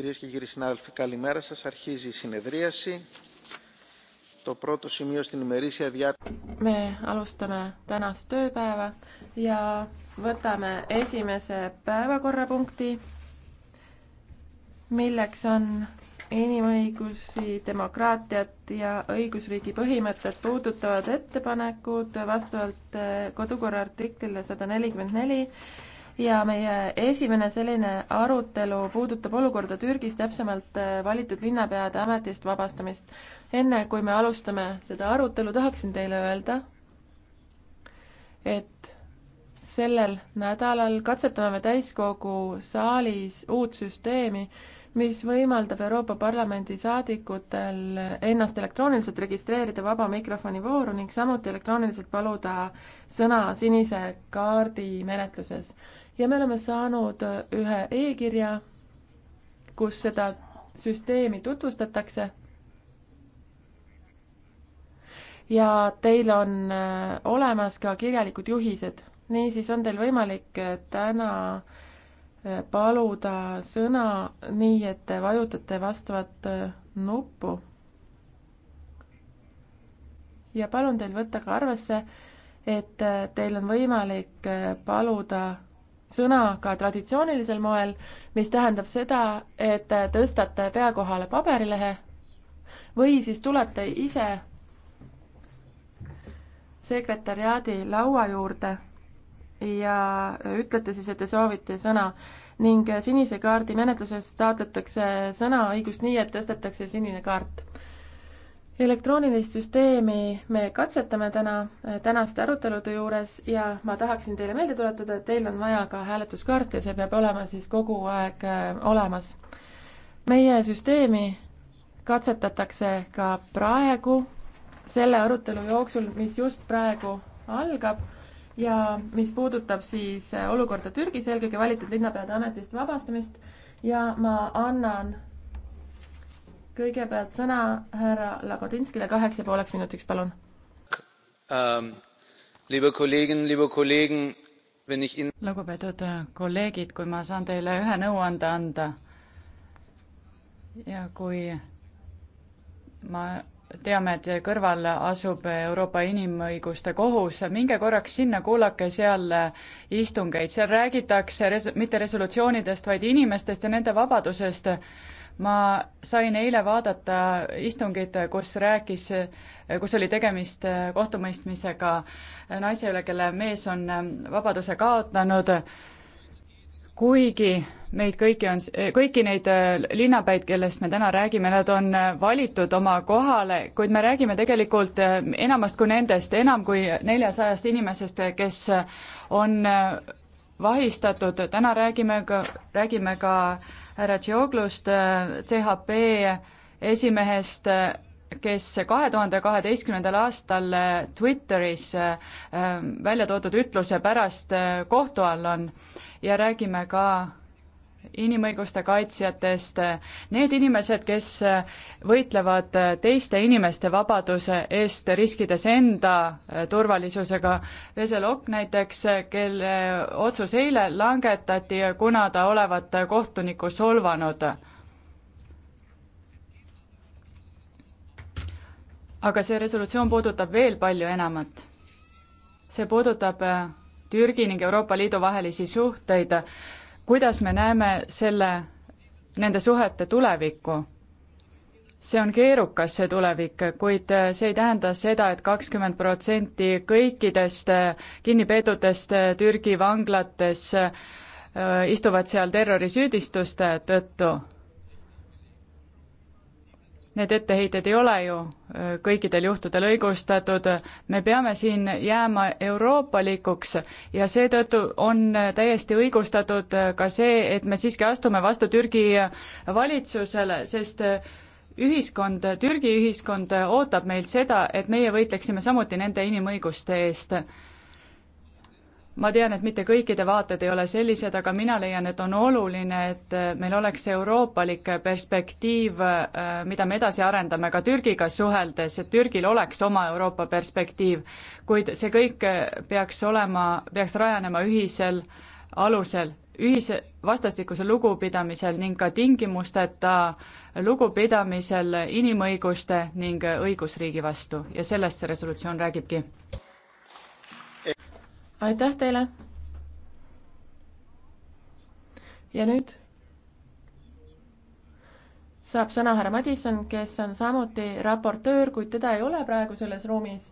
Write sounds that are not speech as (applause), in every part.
Κυρίες και κύριοι συνάδελφοι, καλημέρα σας. Αρχίζει η συνεδρίαση. Το πρώτο σημείο στην ημερήσια διάταξη. Me alustame tänast tööpäeva ja võtame esimese päevakorrapunkti, milleks on inimõigusi, demokraatiat ja õigusriigi põhimõtet puudutavad ettepanekud vastavalt eh, kodukorra artiklile sada nelikümmend neli ja meie esimene selline arutelu puudutab olukorda Türgis, täpsemalt äh, valitud linnapeade ametist vabastamist. enne kui me alustame seda arutelu, tahaksin teile öelda, et sellel nädalal katsetame me täiskogu saalis uut süsteemi, mis võimaldab Euroopa Parlamendi saadikutel ennast elektrooniliselt registreerida vaba mikrofoni vooru ning samuti elektrooniliselt paluda sõna sinise kaardi menetluses ja me oleme saanud äh, ühe e-kirja, kus seda süsteemi tutvustatakse. ja teil on äh, olemas ka kirjalikud juhised, niisiis on teil võimalik äh, täna paluda sõna nii, et te vajutate vastavat nuppu. ja palun teil võtta ka arvesse, et teil on võimalik paluda sõna ka traditsioonilisel moel, mis tähendab seda, et tõstate pea kohale paberilehe või siis tulete ise sekretäriaadi laua juurde ja ütlete siis, et te soovite sõna ning sinise kaardi menetluses taotletakse sõnaõigust nii, et tõstetakse sinine kaart elektroonilist süsteemi me katsetame täna äh, tänaste arutelude juures ja ma tahaksin teile meelde tuletada, et teil on vaja ka hääletuskaart ja see peab olema siis kogu aeg äh, olemas. meie süsteemi katsetatakse ka praegu selle arutelu jooksul, mis just praegu algab ja mis puudutab siis äh, olukorda Türgis, eelkõige valitud linnapeade ametist vabastamist ja ma annan kõigepealt sõna härra Lagodinskile kaheks ja pooleks minutiks, palun ähm,. In... lugupeetud kolleegid, kui ma saan teile ühe nõuande anda ja kui ma teame, et kõrval asub Euroopa Inimõiguste Kohus, minge korraks sinna, kuulake seal istungeid, seal räägitakse res-, mitte resolutsioonidest, vaid inimestest ja nende vabadusest ma sain eile vaadata istungit, kus rääkis, kus oli tegemist kohtumõistmisega naise üle, kelle mees on vabaduse kaotanud, kuigi meid kõiki on, kõiki neid linnapäid, kellest me täna räägime, nad on valitud oma kohale, kuid me räägime tegelikult enamast kui nendest, enam kui neljasajast inimesest, kes on vahistatud, täna räägime ka, räägime ka äh, härra Tšioglust, CHP esimehest, kes kahe tuhande kaheteistkümnendal aastal Twitteris ähm, välja toodud ütluse pärast äh, kohtu all on ja räägime ka inimõiguste kaitsjatest, need inimesed, kes võitlevad teiste inimeste vabaduse eest, riskides enda turvalisusega. Veselok näiteks, kelle otsus eile langetati, kuna ta olevat kohtunikku solvanud aga see resolutsioon puudutab veel palju enamat. see puudutab Türgi ning Euroopa Liidu vahelisi suhteid kuidas me näeme selle, nende suhete tulevikku? see on keerukas, see tulevik, kuid see ei tähenda seda et, et kakskümmend protsenti kõikidest kinnipeetutest Türgi vanglates äh, istuvad seal terrorisüüdistuste tõttu need etteheited ei ole ju äh, kõikidel juhtudel õigustatud, me peame siin jääma euroopalikuks ja seetõttu on äh, täiesti õigustatud äh, ka see, et me siiski astume vastu Türgi valitsusele, sest ühiskond, Türgi ühiskond ootab meilt seda, et meie võitleksime samuti nende inimõiguste eest ma tean, et mitte kõikide vaated ei ole sellised, aga mina leian, et on oluline, et äh, meil oleks euroopalik perspektiiv, äh, mida me edasi arendame ka Türgiga suheldes, et Türgil oleks oma Euroopa perspektiiv. kuid see kõik äh, peaks olema, peaks rajanema ühisel alusel, ühise, vastastikusel lugupidamisel ning ka tingimusteta lugupidamisel inimõiguste ning õigusriigi vastu ja sellest see resolutsioon räägibki aitäh teile. ja nüüd saab sõna härra Madisson, kes on samuti raportöör, kuid teda ei ole praegu selles ruumis.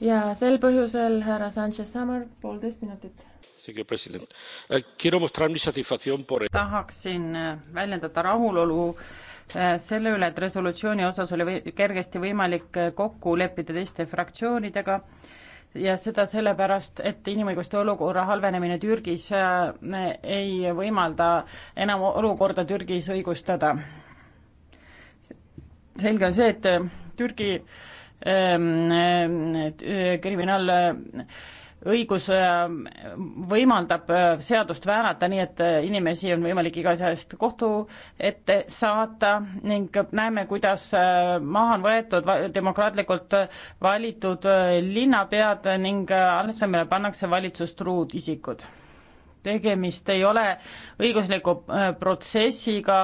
ja sel põhjusel härra Sanchez Samar, poolteist minutit. Eh, tahaksin eh, väljendada rahulolu eh, selle üle, et resolutsiooni osas oli kergesti võimalik kokku leppida teiste fraktsioonidega ja seda sellepärast, et inimõiguste olukorra halvenemine Türgis äh, ei võimalda enam olukorda Türgis õigustada. selge on see, et Türgi ähm, äh, äh, kriminaal õigus äh, võimaldab äh, seadust väänata, nii et äh, inimesi on võimalik iga asja eest kohtu ette saata ning näeme, kuidas maha on võetud demokraatlikult valitud linnapead ning asemele pannakse valitsustruud isikud. tegemist ei ole õigusliku protsessiga,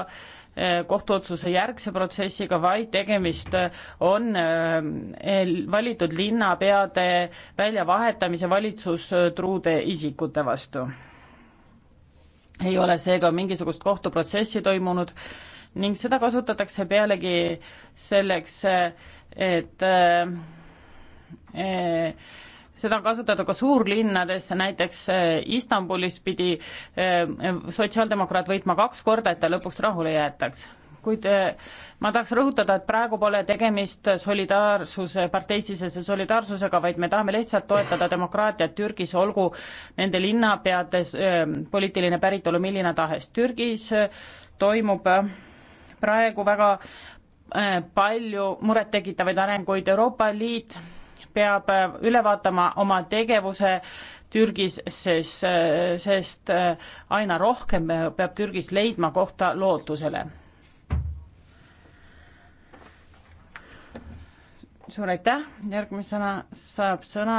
kohtuotsuse järgse protsessiga, vaid tegemist on eh, valitud linnapeade väljavahetamise valitsustruude isikute vastu. ei ole seega mingisugust kohtuprotsessi toimunud ning seda kasutatakse pealegi selleks, et äh, äh, seda on kasutatud ka suurlinnades, näiteks eh, Istanbulis pidi eh, sotsiaaldemokraat võitma kaks korda, et ta lõpuks rahule jäetaks. kuid eh, ma tahaks rõhutada, et praegu pole tegemist solidaarsuse, parteisisese solidaarsusega, vaid me tahame lihtsalt toetada demokraatiat Türgis, olgu nende linnapeade poliitiline päritolu milline tahes. Türgis toimub praegu väga palju murettekitavaid arenguid, Euroopa Liit peab äh, üle vaatama oma tegevuse Türgis, sest, äh, sest äh, aina rohkem peab Türgis leidma kohta lootusele. suur aitäh, järgmisena saab sõna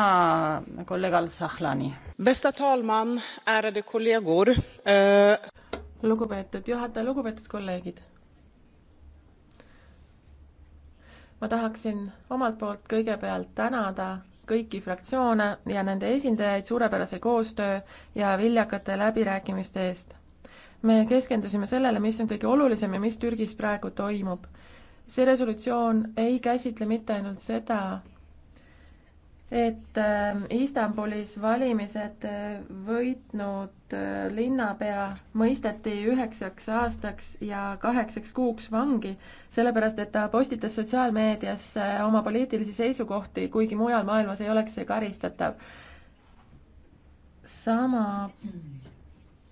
kolleeg Al-Sahlani. lugupeetud juhataja, lugupeetud kolleegid ma tahaksin omalt poolt kõigepealt tänada kõiki fraktsioone ja nende esindajaid suurepärase koostöö ja viljakate läbirääkimiste eest. me keskendusime sellele, mis on kõige olulisem ja mis Türgis praegu toimub. see resolutsioon ei käsitle mitte ainult seda, et ähm, Istanbulis valimised äh, võitnud äh, linnapea mõisteti üheksaks aastaks ja kaheksaks kuuks vangi, sellepärast et ta postitas sotsiaalmeediasse äh, oma poliitilisi seisukohti, kuigi mujal maailmas ei oleks see karistatav. sama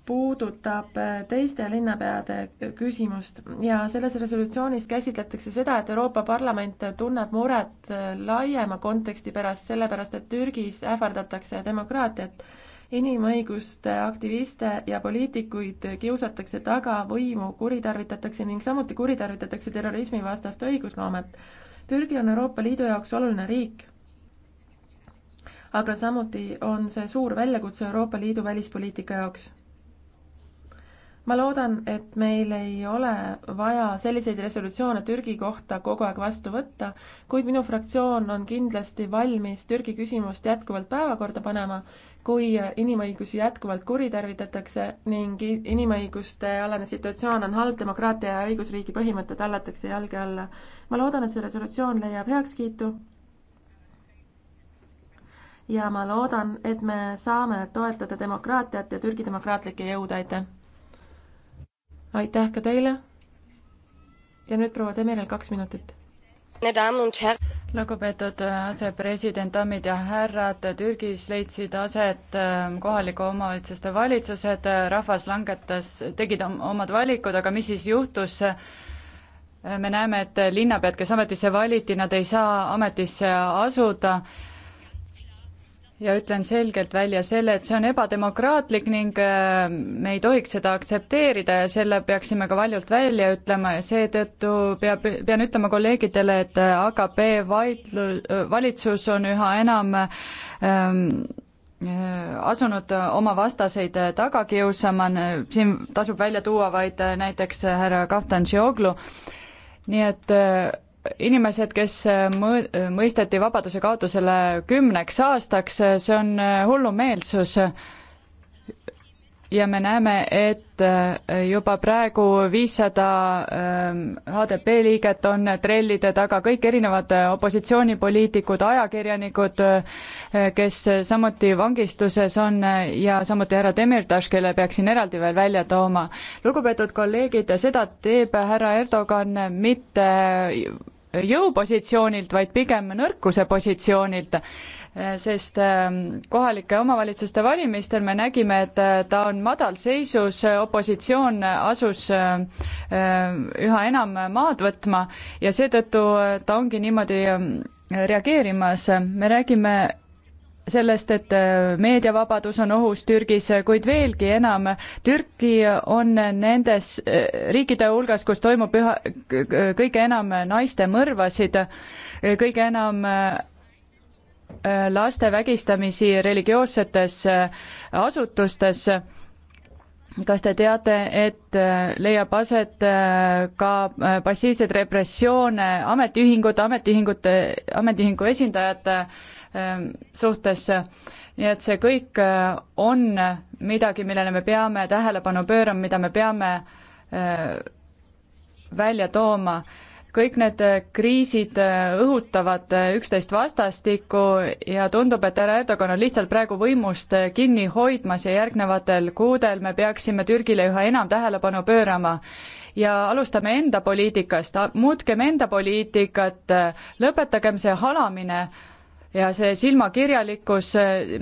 puudutab äh, teiste linnapeade küsimust ja selles resolutsioonis käsitletakse seda, et Euroopa Parlament tunneb muret äh, laiema konteksti pärast, sellepärast et Türgis ähvardatakse demokraatiat. inimõiguste aktiviste ja poliitikuid kiusatakse taga, võimu kuritarvitatakse ning samuti kuritarvitatakse terrorismivastast õigusloomet. Türgi on Euroopa Liidu jaoks oluline riik aga samuti on see suur väljakutse Euroopa Liidu välispoliitika jaoks ma loodan, et meil ei ole vaja selliseid resolutsioone Türgi kohta kogu aeg vastu võtta, kuid minu fraktsioon on kindlasti valmis Türgi küsimust jätkuvalt päevakorda panema, kui inimõigusi jätkuvalt kuritarvitatakse ning inimõiguste alane situatsioon on halb, demokraatia ja õigusriigi põhimõtted hallatakse jalge alla. ma loodan, et see resolutsioon leiab heakskiitu ja ma loodan, et me saame toetada demokraatiat ja Türgi demokraatlikke jõude, aitäh! aitäh ka teile. ja nüüd proua Temerel kaks minutit lugupeetud äh, asepresident, daamid ja härrad, Türgis leidsid aset äh, kohalike omavalitsuste valitsused, äh, rahvas langetas, tegid omad valikud, aga mis siis juhtus? me näeme, et linnapead, kes ametisse valiti, nad ei saa ametisse asuda ja ütlen selgelt välja selle, et see on ebademokraatlik ning äh, me ei tohiks seda aktsepteerida ja selle peaksime ka valjult välja ütlema ja seetõttu peab, pean ütlema kolleegidele, et äh, AKP vaidlu-, äh, valitsus on üha enam ähm, asunud oma vastaseid taga kiusama, siin tasub välja tuua vaid näiteks härra Kahtan Tšioglu, nii et äh, inimesed, kes äh, mõ-, äh, mõisteti vabaduse kaotusele kümneks aastaks, äh, see on hullumeelsus. ja me näeme, et juba praegu viissada HDP ähm, liiget on trellide taga, kõik erinevad opositsioonipoliitikud, ajakirjanikud, kes samuti vangistuses on ja samuti härra Demirtas, kelle peaksin eraldi veel välja tooma. lugupeetud kolleegid, seda teeb härra Erdogan mitte jõupositsioonilt, vaid pigem nõrkuse positsioonilt, sest ähm, kohalike omavalitsuste valimistel me nägime, et äh, ta on madalseisus, opositsioon asus ähm, ähm, üha enam maad võtma ja seetõttu äh, ta ongi niimoodi reageerimas, me räägime sellest, et äh, meediavabadus on ohus Türgis, kuid veelgi enam, Türki on nendes äh, riikide hulgas, kus toimub üha, kõige enam naiste mõrvasid, kõige enam äh, laste vägistamisi religioossetes asutustes. kas te teate, et leiab aset ka passiivseid repressioone ametiühingute, ametiühingute, ametiühingu esindajate Ähm, suhtes. nii et see kõik äh, on midagi, millele me peame tähelepanu pöörama, mida me peame äh, välja tooma. kõik need äh, kriisid õhutavad üksteist vastastikku ja tundub, et härra Erdogan on lihtsalt praegu võimust kinni hoidmas ja järgnevatel kuudel me peaksime Türgile üha enam tähelepanu pöörama ja alustame enda poliitikast, muutkem enda poliitikat, lõpetagem see halamine ja see silmakirjalikkus,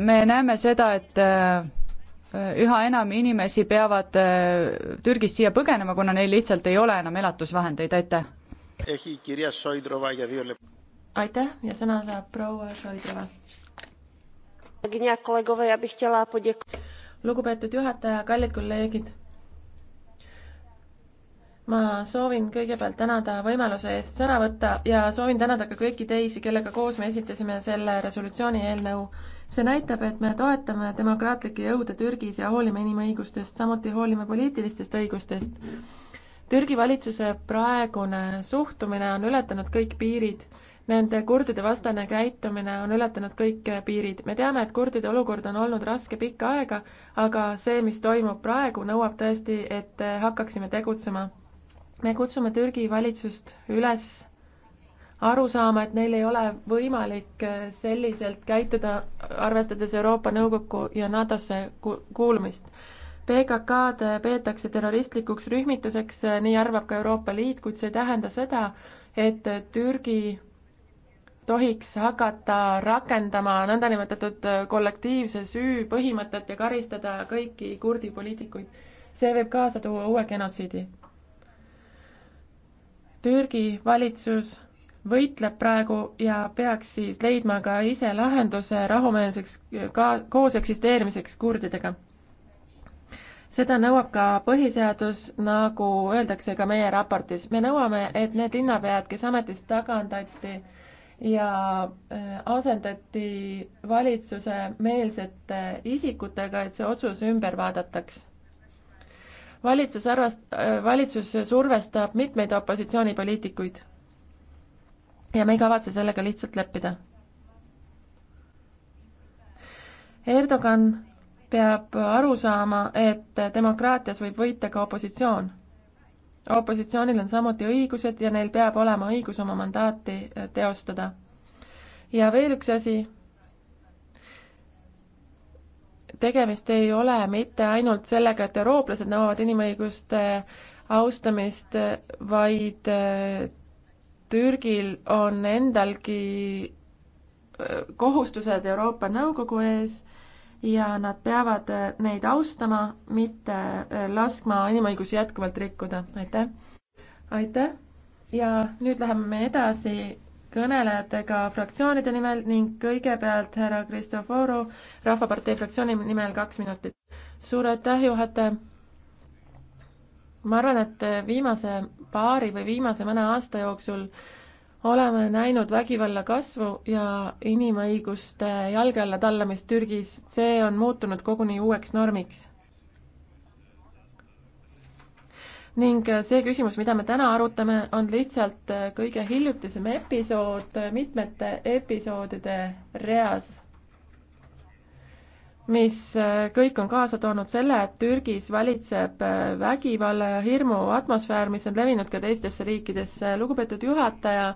me näeme seda, et äh, üha enam inimesi peavad äh, Türgist siia põgenema, kuna neil lihtsalt ei ole enam elatusvahendeid, aitäh. aitäh ja sõna saab proua Šoidrova. lugupeetud juhataja, kallid kolleegid ma soovin kõigepealt tänada võimaluse eest sõna võtta ja soovin tänada ka kõiki teisi, kellega koos me esitasime selle resolutsiooni eelnõu. see näitab, et me toetame demokraatlikke jõude Türgis ja hoolime inimõigustest, samuti hoolime poliitilistest õigustest. Türgi valitsuse praegune suhtumine on ületanud kõik piirid. Nende kurdide vastane käitumine on ületanud kõik piirid. me teame, et kurdide olukord on olnud raske pikka aega, aga see, mis toimub praegu, nõuab tõesti, et hakkaksime tegutsema me kutsume Türgi valitsust üles aru saama, et neil ei ole võimalik äh, selliselt käituda, arvestades Euroopa Nõukokku ja NATO-sse kuulumist. PKK-d peetakse terroristlikuks rühmituseks, äh, nii arvab ka Euroopa Liit, kuid see ei tähenda seda, et äh, Türgi tohiks hakata rakendama nõndanimetatud kollektiivse süü põhimõtet ja karistada kõiki kurdi poliitikuid. see võib kaasa tuua uue genotsiidi Türgi valitsus võitleb praegu ja peaks siis leidma ka ise lahenduse rahumeelseks ka-, koos eksisteerimiseks kurdidega. seda nõuab ka põhiseadus, nagu öeldakse ka meie raportis. me nõuame, et need linnapead, kes ametist tagandati ja äh, asendati valitsuse meelsete isikutega, et see otsus ümber vaadataks valitsus arvast-, äh, valitsus survestab mitmeid opositsioonipoliitikuid. ja me ei kavatse sellega lihtsalt leppida. Erdogan peab aru saama, et demokraatias võib võita ka opositsioon. opositsioonil on samuti õigused ja neil peab olema õigus oma mandaati äh, teostada. ja veel üks asi tegemist ei ole mitte ainult sellega, et eurooplased nõuavad inimõiguste austamist, vaid äh, Türgil on endalgi äh, kohustused Euroopa Nõukogu ees ja nad peavad äh, neid austama, mitte laskma inimõigusi jätkuvalt rikkuda, aitäh! aitäh ja nüüd läheme edasi kõnelejatega fraktsioonide nimel ning kõigepealt härra Kristoforu Rahvapartei fraktsiooni nimel kaks minutit. suur aitäh, juhataja! ma arvan, et viimase paari või viimase mõne aasta jooksul oleme näinud vägivalla kasvu ja inimõiguste jalge alla tallamist Türgis, see on muutunud koguni uueks normiks ning äh, see küsimus, mida me täna arutame, on lihtsalt äh, kõige hiljutisem episood äh, mitmete episoodide reas, mis kõik on kaasa toonud selle, et Türgis valitseb vägivalla ja hirmu atmosfäär, mis on levinud ka teistesse riikidesse. lugupeetud juhataja,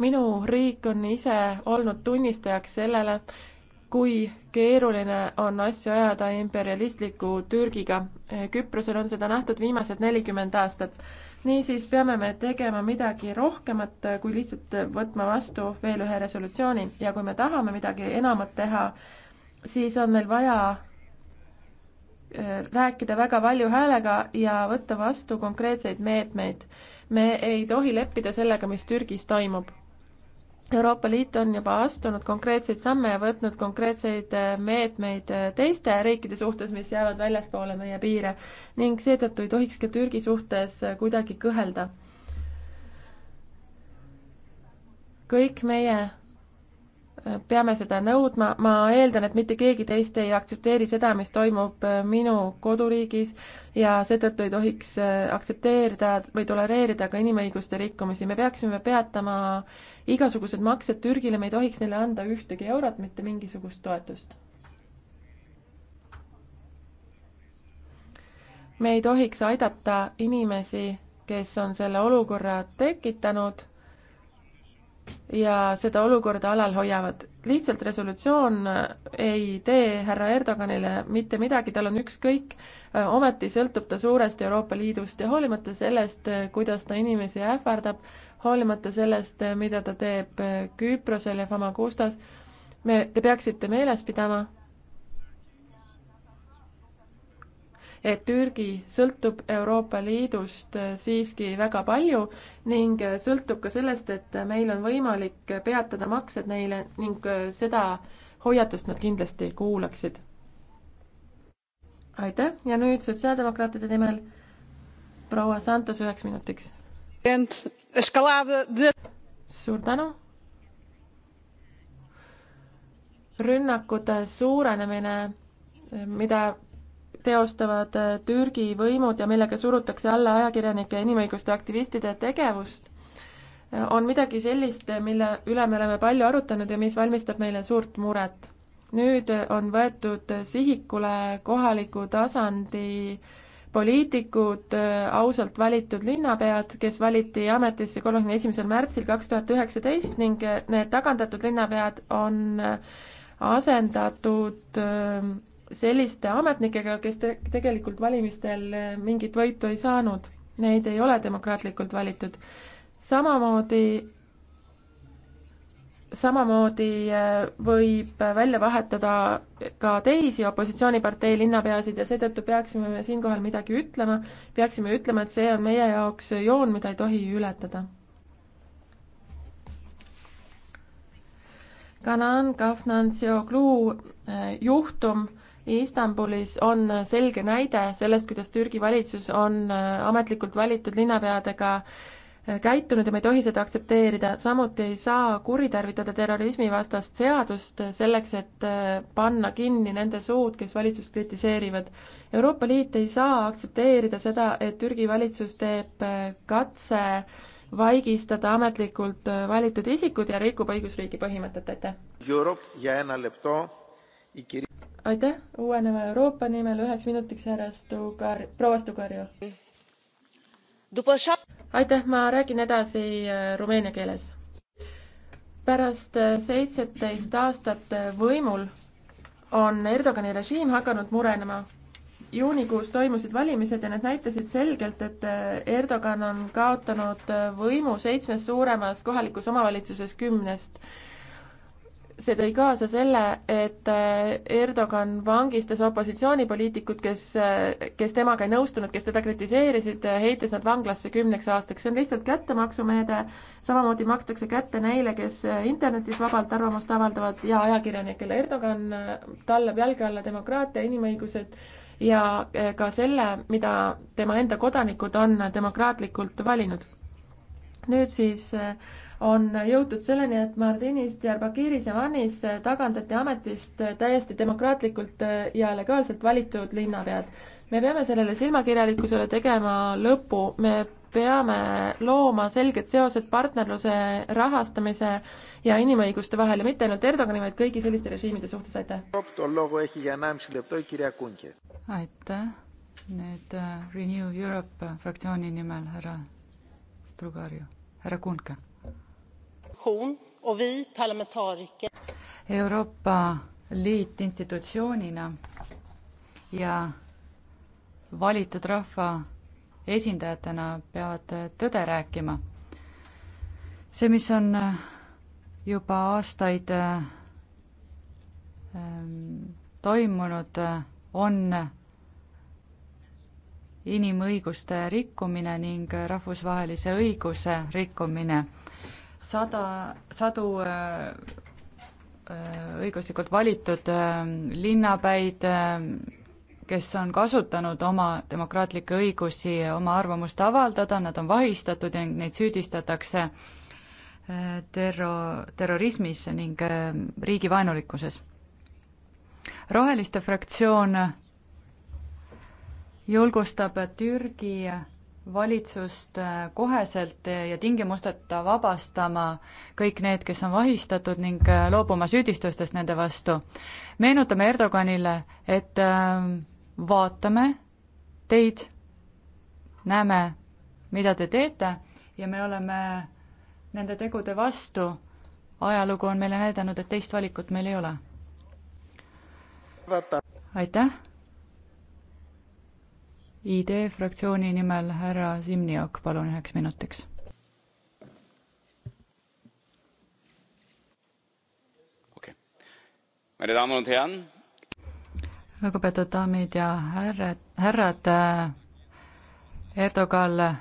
minu riik on ise olnud tunnistajaks sellele, kui keeruline on asju ajada imperialistliku Türgiga. Küprosel on seda nähtud viimased nelikümmend aastat. niisiis peame me tegema midagi rohkemat, kui lihtsalt võtma vastu veel ühe resolutsiooni ja kui me tahame midagi enamat teha, siis on meil vaja äh, rääkida väga valju häälega ja võtta vastu konkreetseid meetmeid. me ei tohi leppida sellega, mis Türgis toimub Euroopa Liit on juba astunud konkreetseid samme ja võtnud konkreetseid äh, meetmeid äh, teiste riikide suhtes, mis jäävad väljaspoole meie piire ning seetõttu ei tohiks ka Türgi suhtes äh, kuidagi kõhelda. kõik meie peame seda nõudma, ma eeldan, et mitte keegi teist ei aktsepteeri seda, mis toimub äh, minu koduriigis ja seetõttu ei tohiks äh, aktsepteerida või tolereerida ka inimõiguste rikkumisi. me peaksime peatama igasugused maksed Türgile, me ei tohiks neile anda ühtegi eurot, mitte mingisugust toetust. me ei tohiks aidata inimesi, kes on selle olukorra tekitanud ja seda olukorda alal hoiavad. lihtsalt resolutsioon ei tee härra Erdoganile mitte midagi, tal on ükskõik, ometi sõltub ta suuresti Euroopa Liidust ja hoolimata sellest, kuidas ta inimesi ähvardab, hoolimata sellest, mida ta teeb Küprosel ja Famagustas, me, te peaksite meeles pidama, et Türgi sõltub Euroopa Liidust äh, siiski väga palju ning äh, sõltub ka sellest, et äh, meil on võimalik peatada maksed neile ning seda hoiatust nad kindlasti kuulaksid. aitäh ja nüüd sotsiaaldemokraatide nimel proua Santos üheks minutiks. suur tänu rünnakute suurenemine, mida teostavad äh, Türgi võimud ja millega surutakse alla ajakirjanike ja inimõiguste aktivistide tegevust, äh, on midagi sellist, mille üle me oleme palju arutanud ja mis valmistab meile suurt muret. nüüd äh, on võetud sihikule kohaliku tasandi poliitikud, ausalt valitud linnapead, kes valiti ametisse kolmekümne esimesel märtsil kaks tuhat üheksateist ning need tagandatud linnapead on asendatud selliste ametnikega, kes te tegelikult valimistel eh, mingit võitu ei saanud. Neid ei ole demokraatlikult valitud. samamoodi, samamoodi eh, võib välja vahetada ka teisi opositsioonipartei linnapeasid ja seetõttu peaksime me siinkohal midagi ütlema, peaksime ütlema, et see on meie jaoks joon, mida ei tohi ületada. Kanan Kafnan Seoglu eh, juhtum Istanbulis on selge näide sellest, kuidas Türgi valitsus on äh, ametlikult valitud linnapeadega äh, käitunud ja me ei tohi seda aktsepteerida, samuti ei saa kuritarvitada terrorismivastast seadust selleks, et äh, panna kinni nende suud, kes valitsust kritiseerivad. Euroopa Liit ei saa aktsepteerida seda, et Türgi valitsus teeb katse vaigistada ametlikult valitud isikud ja rikub õigusriigi põhimõtet, aitäh! aitäh, uueneva Euroopa nimel üheks minutiks härra Stugar, proua Stugarju. aitäh, ma räägin edasi äh, rumeenia keeles. pärast äh, seitseteist aastat äh, võimul on Erdogani režiim hakanud murenema. juunikuus toimusid valimised ja need näitasid selgelt, et Erdogan on kaotanud võimu seitsmes suuremas kohalikus omavalitsuses kümnest see tõi kaasa selle, et äh, Erdogan vangistas opositsioonipoliitikud, kes, äh, kes temaga ei nõustunud, kes teda kritiseerisid, äh, heites nad vanglasse kümneks aastaks. see on lihtsalt kättemaksumeede, samamoodi makstakse kätte neile, kes internetis vabalt arvamust avaldavad ja ajakirjanikele. Erdogan tallab jalge alla demokraatia, inimõigused ja ka selle, mida tema enda kodanikud on demokraatlikult valinud. nüüd siis äh, on jõutud selleni, et Mardinis, Diyarbakiris ja Vannis tagandati ametist täiesti demokraatlikult ja legaalselt valitud linnapead. me peame sellele silmakirjalikkusele tegema lõpu, me peame looma selged seosed partnerluse rahastamise ja inimõiguste vahel ja mitte ainult Erdogani, vaid kõigi selliste režiimide suhtes, aitäh! aitäh, nüüd äh, Renew Europe fraktsiooni nimel härra Strugarju, härra Kunke Euroopa Liit institutsioonina ja valitud rahva esindajatena peavad tõde rääkima. see, mis on äh, juba aastaid äh, ähm, toimunud, äh, on inimõiguste rikkumine ning rahvusvahelise õiguse rikkumine sada, sadu äh, äh, õiguslikult valitud äh, linnapäid, kes on kasutanud oma demokraatlikke õigusi oma arvamust avaldada, nad on vahistatud ning neid süüdistatakse terro-, terrorismis ning riigivaenulikkuses. roheliste fraktsioon julgustab Türgi valitsust äh, koheselt äh, ja tingimusteta vabastama kõik need, kes on vahistatud ning äh, loobuma süüdistustest nende vastu. meenutame Erdoganile, et ähm, vaatame teid, näeme, mida te teete ja me oleme nende tegude vastu. ajalugu on meile näidanud, et teist valikut meil ei ole. aitäh! ID fraktsiooni nimel härra Simniok, palun üheks minutiks. lugupeetud daamid ja härrad, härrad, äh, Erdogan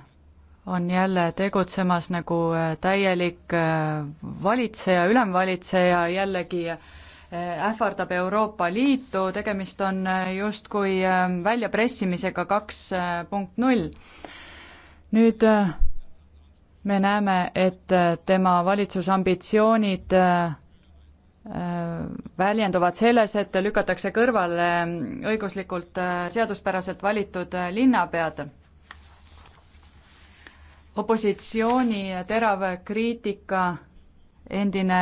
on jälle tegutsemas nagu äh, täielik äh, valitseja, ülemvalitseja, jällegi äh, Äh, ähvardab Euroopa Liitu, tegemist on äh, justkui äh, väljapressimisega kaks punkt null. nüüd me näeme, et tema valitsusambitsioonid väljenduvad selles, et lükatakse kõrvale õiguslikult seaduspäraselt valitud linnapead. opositsiooni terav kriitika endine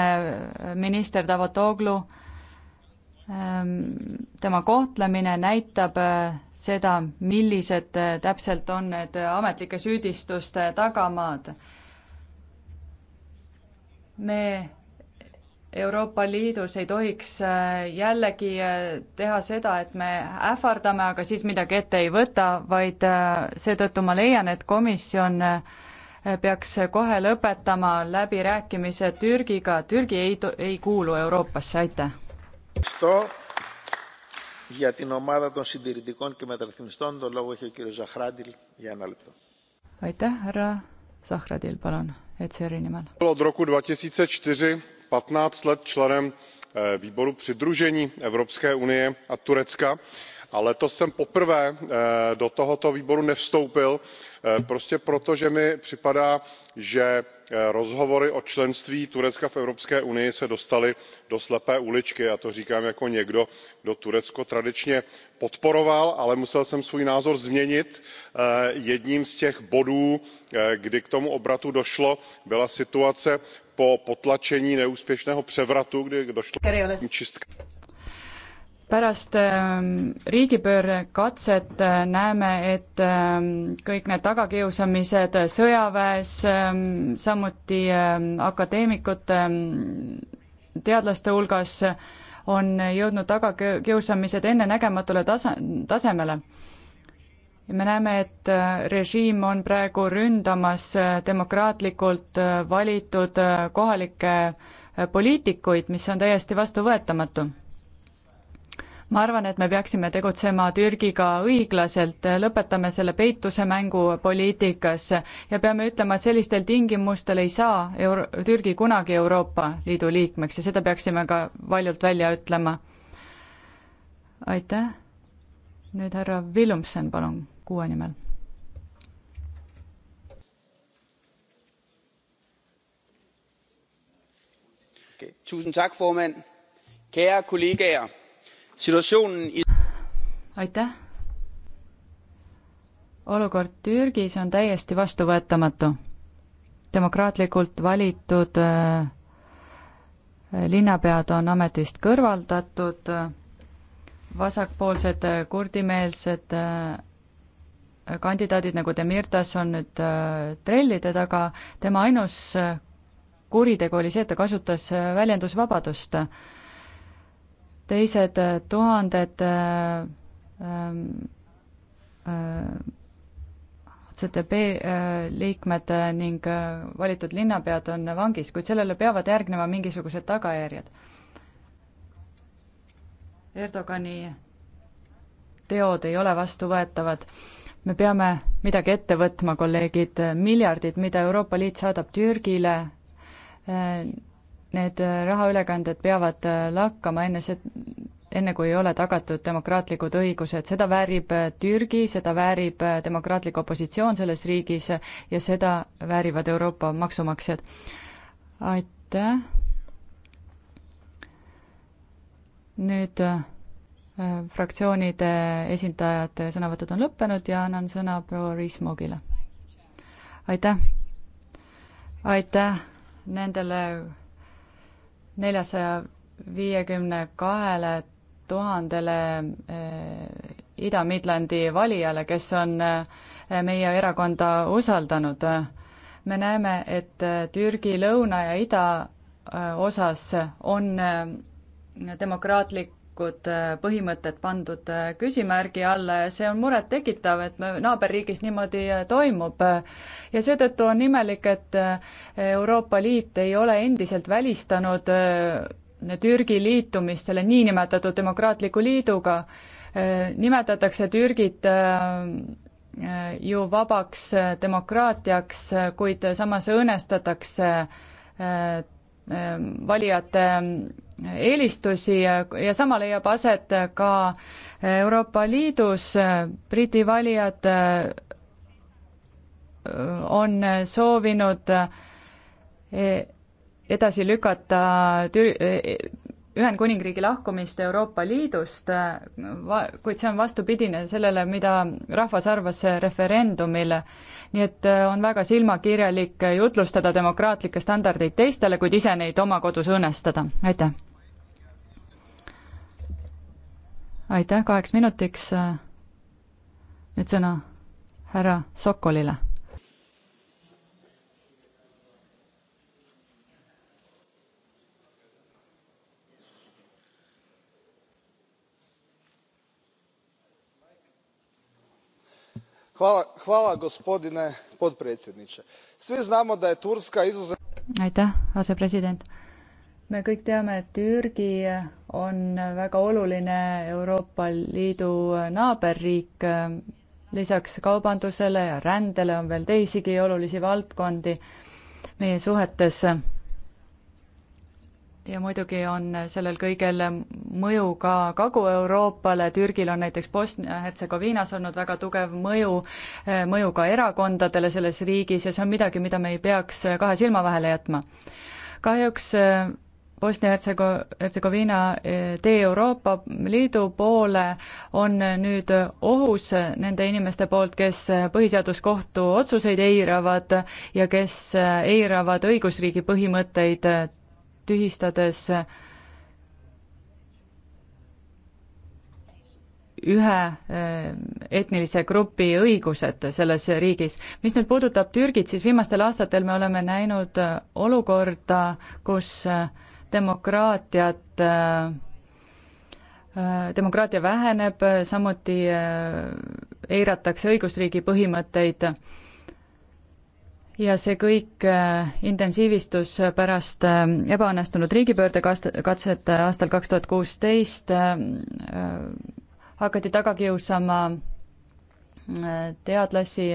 minister Davutoglu Ehm, tema kohtlemine näitab äh, seda, millised äh, täpselt on need ametlike süüdistuste tagamaad. me Euroopa Liidus ei tohiks äh, jällegi teha seda, et me ähvardame, aga siis midagi ette ei võta, vaid seetõttu ma leian, et komisjon peaks kohe lõpetama läbirääkimised Türgiga, Türgi ei, ei kuulu Euroopasse, aitäh! aitäh härra zahradil palun ecr-i nimel. od roku two thousand and four patnáct let členem eh, výboru přidružení evropské unie a turecka a letos jsem poprvé eh, do tohoto výboru nevstoupil eh, prostě proto že mi připadá že Eh, rozhovory o členství turecka v evropské unii se dostaly do slepé uličky. já to říkám jako někdo kdo turecko tradičně podporoval ale musel jsem svůj názor změnit. Eh, jedním z těch bodů eh, kdy k tomu obratu došlo byla situace po potlačení neúspěšného převratu kdy došlo k čistkám pärast ähm, riigipöördekatset äh, näeme, et ähm, kõik need tagakiusamised sõjaväes, ähm, samuti akadeemikute, teadlaste hulgas on jõudnud tagakiusamised ennenägematule tasa, tasemele. ja me näeme, et äh, režiim on praegu ründamas äh, demokraatlikult valitud kohalikke poliitikuid, mis on täiesti vastuvõetamatu ma arvan, et me peaksime tegutsema Türgiga õiglaselt, lõpetame selle peituse mängu poliitikas ja peame ütlema, et sellistel tingimustel ei saa Euro-, Türgi kunagi Euroopa Liidu liikmeks ja seda peaksime ka valjult välja ütlema. aitäh, nüüd härra Villumsen, palun, kuue nimel tusind tak formand kære kollegaer aitäh. olukord Türgis on täiesti vastuvõetamatu. demokraatlikult valitud äh, linnapead on ametist kõrvaldatud, vasakpoolsed äh, kurdimeelsed äh, kandidaadid nagu Demirtas on nüüd trellide taga, tema ainus kuritegu oli see, et ta kasutas väljendusvabadust teised äh, tuhanded äh, ähm, äh, CTB liikmed ning valitud linnapead on vangis, kuid sellele peavad järgnema mingisugused tagajärjed. Erdogani teod ei ole vastuvõetavad. me peame midagi ette võtma, kolleegid, miljardid, mida Euroopa Liit saadab Türgile, need äh, rahaülekanded peavad äh, lakkama enne see, enne kui ei ole tagatud demokraatlikud õigused, seda väärib äh, Türgi, seda väärib demokraatlik opositsioon selles riigis ja seda väärivad Euroopa maksumaksjad. aitäh. nüüd äh, fraktsioonide esindajate sõnavõtud on lõppenud ja annan sõna proua Riis-Mogile. aitäh. aitäh nendele neljasaja viiekümne kahele tuhandele eh, Ida-Midlandi valijale, kes on eh, meie erakonda usaldanud. me näeme, et eh, Türgi lõuna ja ida osas on demokraatlik õiguslikud äh, põhimõtted pandud äh, küsimärgi alla ja see on murettekitav, et naaberriigis niimoodi äh, toimub. ja seetõttu on imelik, et Euroopa Liit ei ole endiselt välistanud Türgi liitumist selle niinimetatud demokraatliku liiduga. nimetatakse Türgit ju vabaks demokraatiaks, kuid samas õõnestatakse valijate eelistusi ja sama leiab aset ka Euroopa Liidus, Briti valijad äh, on soovinud äh, edasi lükata äh, Ühendkuningriigi lahkumist Euroopa Liidust, kuid see on vastupidine sellele, mida rahvas arvas referendumil. nii et on väga silmakirjalik jutlustada demokraatlikke standardeid teistele, kuid ise neid oma kodus õõnestada, aitäh! aitäh kaheks minutiks. Äh, nüüd sõna härra Sokolile. gospodine potpredsjednie svi znamo da je turska izuzetno. aitäh asepresident me kõik teame, et Türgi on väga oluline Euroopa Liidu naaberriik. lisaks kaubandusele ja rändele on veel teisigi olulisi valdkondi meie suhetes. ja muidugi on sellel kõigel mõju ka Kagu-Euroopale, Türgil on näiteks Bosnia-Hertsegoviinas olnud väga tugev mõju, mõju ka erakondadele selles riigis ja see on midagi, mida me ei peaks kahe silma vahele jätma. kahjuks Bosnia-Hertsego-Hertsegoviina eh, tee Euroopa Liidu poole on nüüd ohus nende inimeste poolt, kes põhiseaduskohtu otsuseid eiravad ja kes eiravad õigusriigi põhimõtteid, tühistades ühe eh, etnilise grupi õigused selles riigis. mis nüüd puudutab Türgit, siis viimastel aastatel me oleme näinud eh, olukorda, kus äh, demokraatiat, äh, äh, demokraatia väheneb, samuti äh, eiratakse õigusriigi põhimõtteid ja see kõik intensiivistus pärast ebaõnnestunud riigipöördekatset aastal kaks tuhat kuusteist, hakati taga kiusama teadlasi,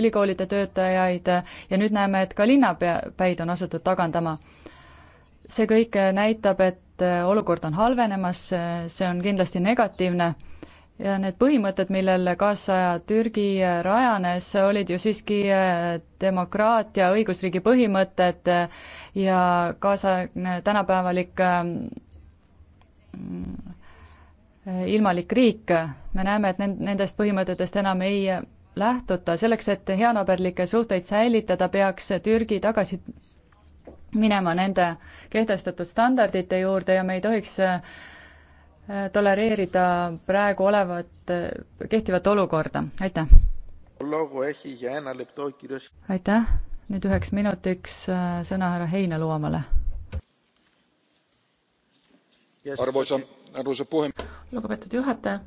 ülikoolide töötajaid ja nüüd näeme, et ka linnapäid on asutud tagandama see kõik näitab, et äh, olukord on halvenemas, äh, see on kindlasti negatiivne ja need põhimõtted, millel kaasaja Türgi äh, rajanes, olid ju siiski demokraatia, õigusriigi põhimõtted ja kaasaegne tänapäevalik mm, ilmalik riik, me näeme, et nendest põhimõtetest enam ei lähtuta, selleks et heanaaberlikke suhteid säilitada, peaks Türgi tagasi minema nende kehtestatud standardite juurde ja me ei tohiks äh, tolereerida praegu olevat, äh, kehtivat olukorda, aitäh. aitäh, nüüd üheks minutiks äh, sõna härra Heinaluomale. lugupeetud juhataja.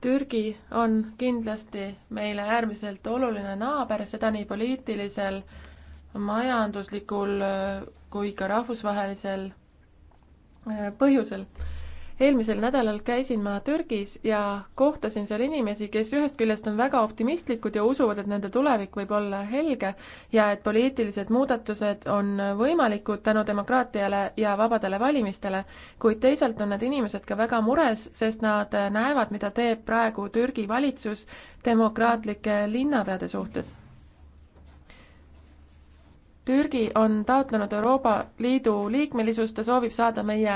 Türgi on kindlasti meile äärmiselt oluline naaber, seda nii poliitilisel äh, majanduslikul äh, kui ka rahvusvahelisel äh, põhjusel. eelmisel nädalal käisin ma Türgis ja kohtasin seal inimesi, kes ühest küljest on väga optimistlikud ja usuvad, et nende tulevik võib olla helge ja et poliitilised muudatused on võimalikud tänu demokraatiale ja vabadele valimistele, kuid teisalt on need inimesed ka väga mures, sest nad näevad, mida teeb praegu Türgi valitsus demokraatlike linnapeade suhtes Türgi on taotlenud Euroopa Liidu liikmelisust, ta soovib saada meie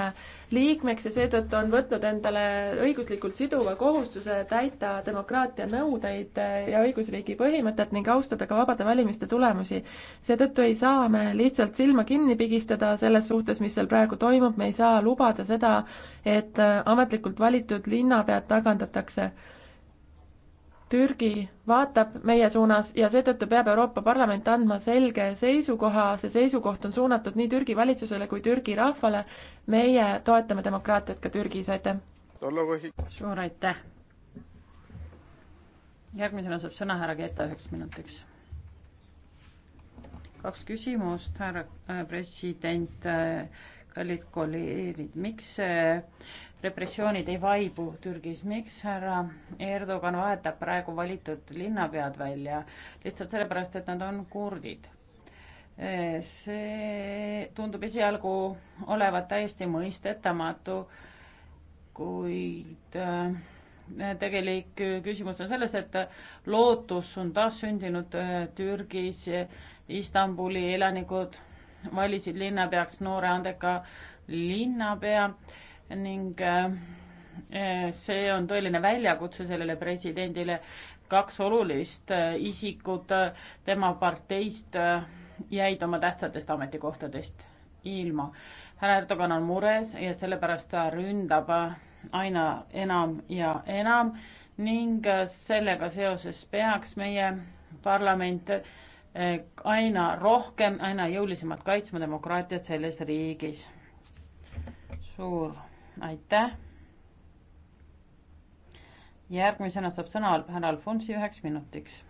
liikmeks ja seetõttu on võtnud endale õiguslikult siduva kohustuse täita demokraatia nõudeid ja õigusriigi põhimõtet ning austada ka vabade valimiste tulemusi. seetõttu ei saa me lihtsalt silma kinni pigistada selles suhtes, mis seal praegu toimub, me ei saa lubada seda, et ametlikult valitud linnapead tagandatakse Türgi vaatab meie suunas ja seetõttu peab Euroopa Parlament andma selge seisukoha, see seisukoht on suunatud nii Türgi valitsusele kui Türgi rahvale. meie toetame demokraatiat ka Türgis, aitäh! suur aitäh! järgmisena saab sõna härra Keeta üheks minutiks. kaks küsimust, härra äh, president, äh, kallid kolleegid, miks äh, repressioonid ei vaibu Türgis, miks härra Erdogan vahetab praegu valitud linnapead välja? lihtsalt sellepärast, et nad on kurdid. see tundub esialgu olevat täiesti mõistetamatu, kuid äh, tegelik küsimus on selles, et lootus on taassündinud äh, Türgis, Istanbuli elanikud valisid linnapeaks noore andeka linnapea ning äh, äh, see on tõeline väljakutse sellele presidendile. kaks olulist äh, isikut tema parteist jäid oma tähtsatest ametikohtadest ilma. härra Erdogan on mures ja sellepärast ta ründab aina enam ja enam ning sellega seoses peaks meie parlament aina rohkem, aina jõulisemalt kaitsma demokraatiat selles riigis. suur aitäh. järgmisena saab sõna härra Alfonsi üheks minutiks.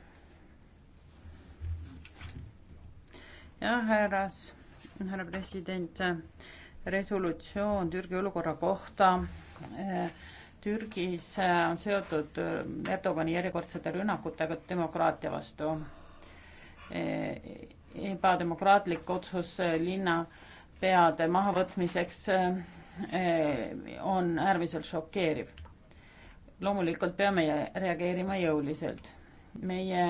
jah, härras, härra president, resolutsioon Türgi olukorra kohta eh, Türgis eh, on seotud eh, Erdogani järjekordsete rünnakutega demokraatia vastu. ebademokraatlik otsus linnapeade mahavõtmiseks Eh, on äärmiselt šokeeriv. loomulikult peame reageerima jõuliselt. meie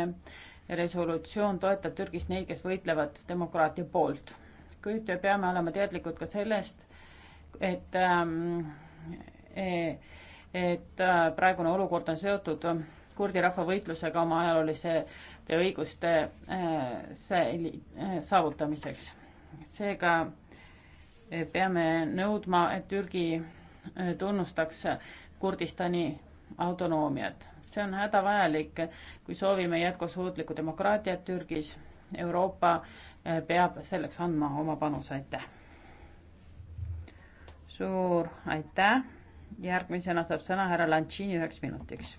resolutsioon toetab Türgis neid, kes võitlevad demokraatia poolt, kuid peame olema teadlikud ka sellest, et ehm, eh, et eh, praegune olukord on seotud kurdi rahvavõitlusega oma ajalooliste õiguste saavutamiseks. seega peame nõudma, et Türgi äh, tunnustaks Kurdistani autonoomiat. see on hädavajalik, kui soovime jätkusuutlikku demokraatiat Türgis. Euroopa äh, peab selleks andma oma panuse, aitäh. suur aitäh. järgmisena saab sõna härra Lantšini üheks minutiks.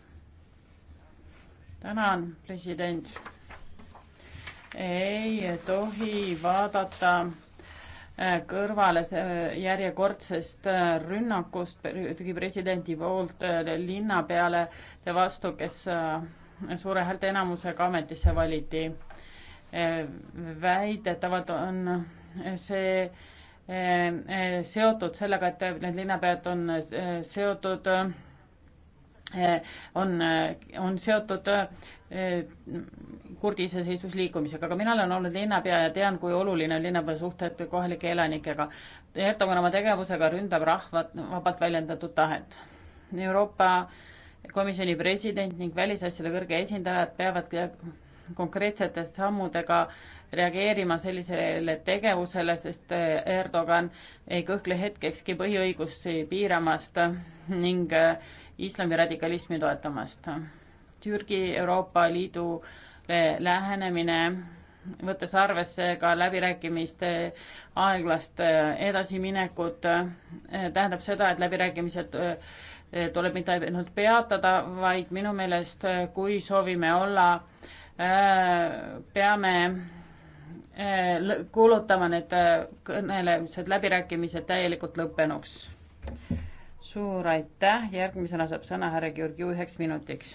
tänan, president. ei tohi vaadata Äh, kõrvale äh, järjekordsest äh, rünnakust tegi presidendi poolt linnapeale vastu, kes suure häälteenamusega ametisse valiti. väidetavalt on see seotud sellega, et need linnapead on seotud on, on seotud eh, kurdi iseseisvusliikumisega, aga mina olen olnud linnapea ja tean, kui oluline on linnapea suhted kohalike elanikega. Erdogan oma tegevusega ründab rahva vabalt väljendatud tahet. Euroopa Komisjoni president ning välisasjade kõrge esindajad peavad konkreetsete sammudega reageerima sellisele tegevusele, sest Erdogan ei kõhkle hetkekski põhiõigusi piiramast ning eh, islami radikalismi toetamast. Türgi Euroopa Liidule lähenemine, võttes arvesse ka läbirääkimiste aeglast edasiminekut, tähendab seda, et läbirääkimised eh, tuleb mitte ainult peatada, vaid minu meelest, kui soovime olla, eh, peame eh, kuulutama need kõnelemised, läbirääkimised täielikult lõppenuks suur aitäh, järgmisena saab sõna härra Georgiu üheks minutiks.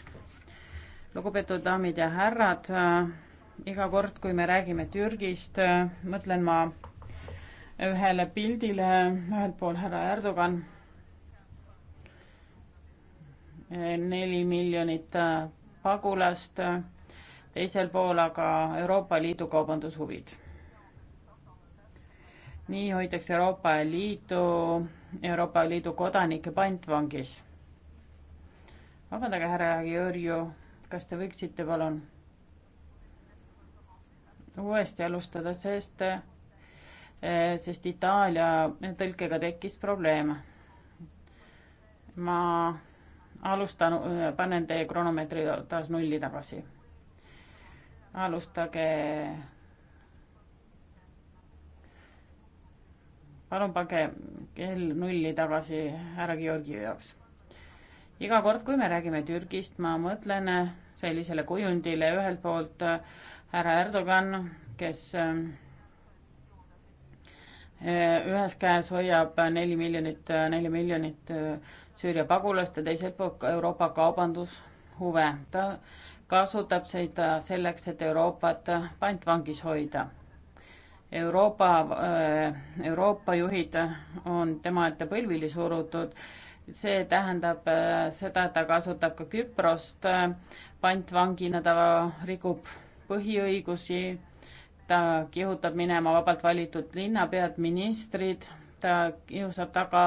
lugupeetud daamid ja härrad äh,, iga kord, kui me räägime Türgist äh,, mõtlen ma ühele pildile, ühel pool härra Erdogan, neli miljonit äh, pagulast, teisel pool aga Euroopa Liidu kaubandushuvid. nii hoitakse Euroopa Liitu Euroopa Liidu kodanikke pantvangis. vabandage, härra Georgiou, kas te võiksite palun uuesti alustada, sest, eh, sest Itaalia tõlkega tekkis probleem. ma alustan, eh, panen teie kronomeetri taas nulli tagasi. alustage palun pange kell nulli tagasi härra Georgi jaoks. iga kord, kui me räägime Türgist, ma mõtlen sellisele kujundile ühelt poolt äh, härra Erdogan, kes äh, ühes käes hoiab neli miljonit, äh, neli miljonit Süüria pagulast ja teiselt poolt Euroopa kaubandushuve. ta kasutab seda selleks, et Euroopat pantvangis hoida. Euroopa, äh, Euroopa juhid on tema ette põlvili surutud. see tähendab äh, seda, et ta kasutab ka Küprost äh, pantvangina, ta rikub põhiõigusi, ta kihutab minema vabalt valitud linnapead, ministrid, ta kiusab taga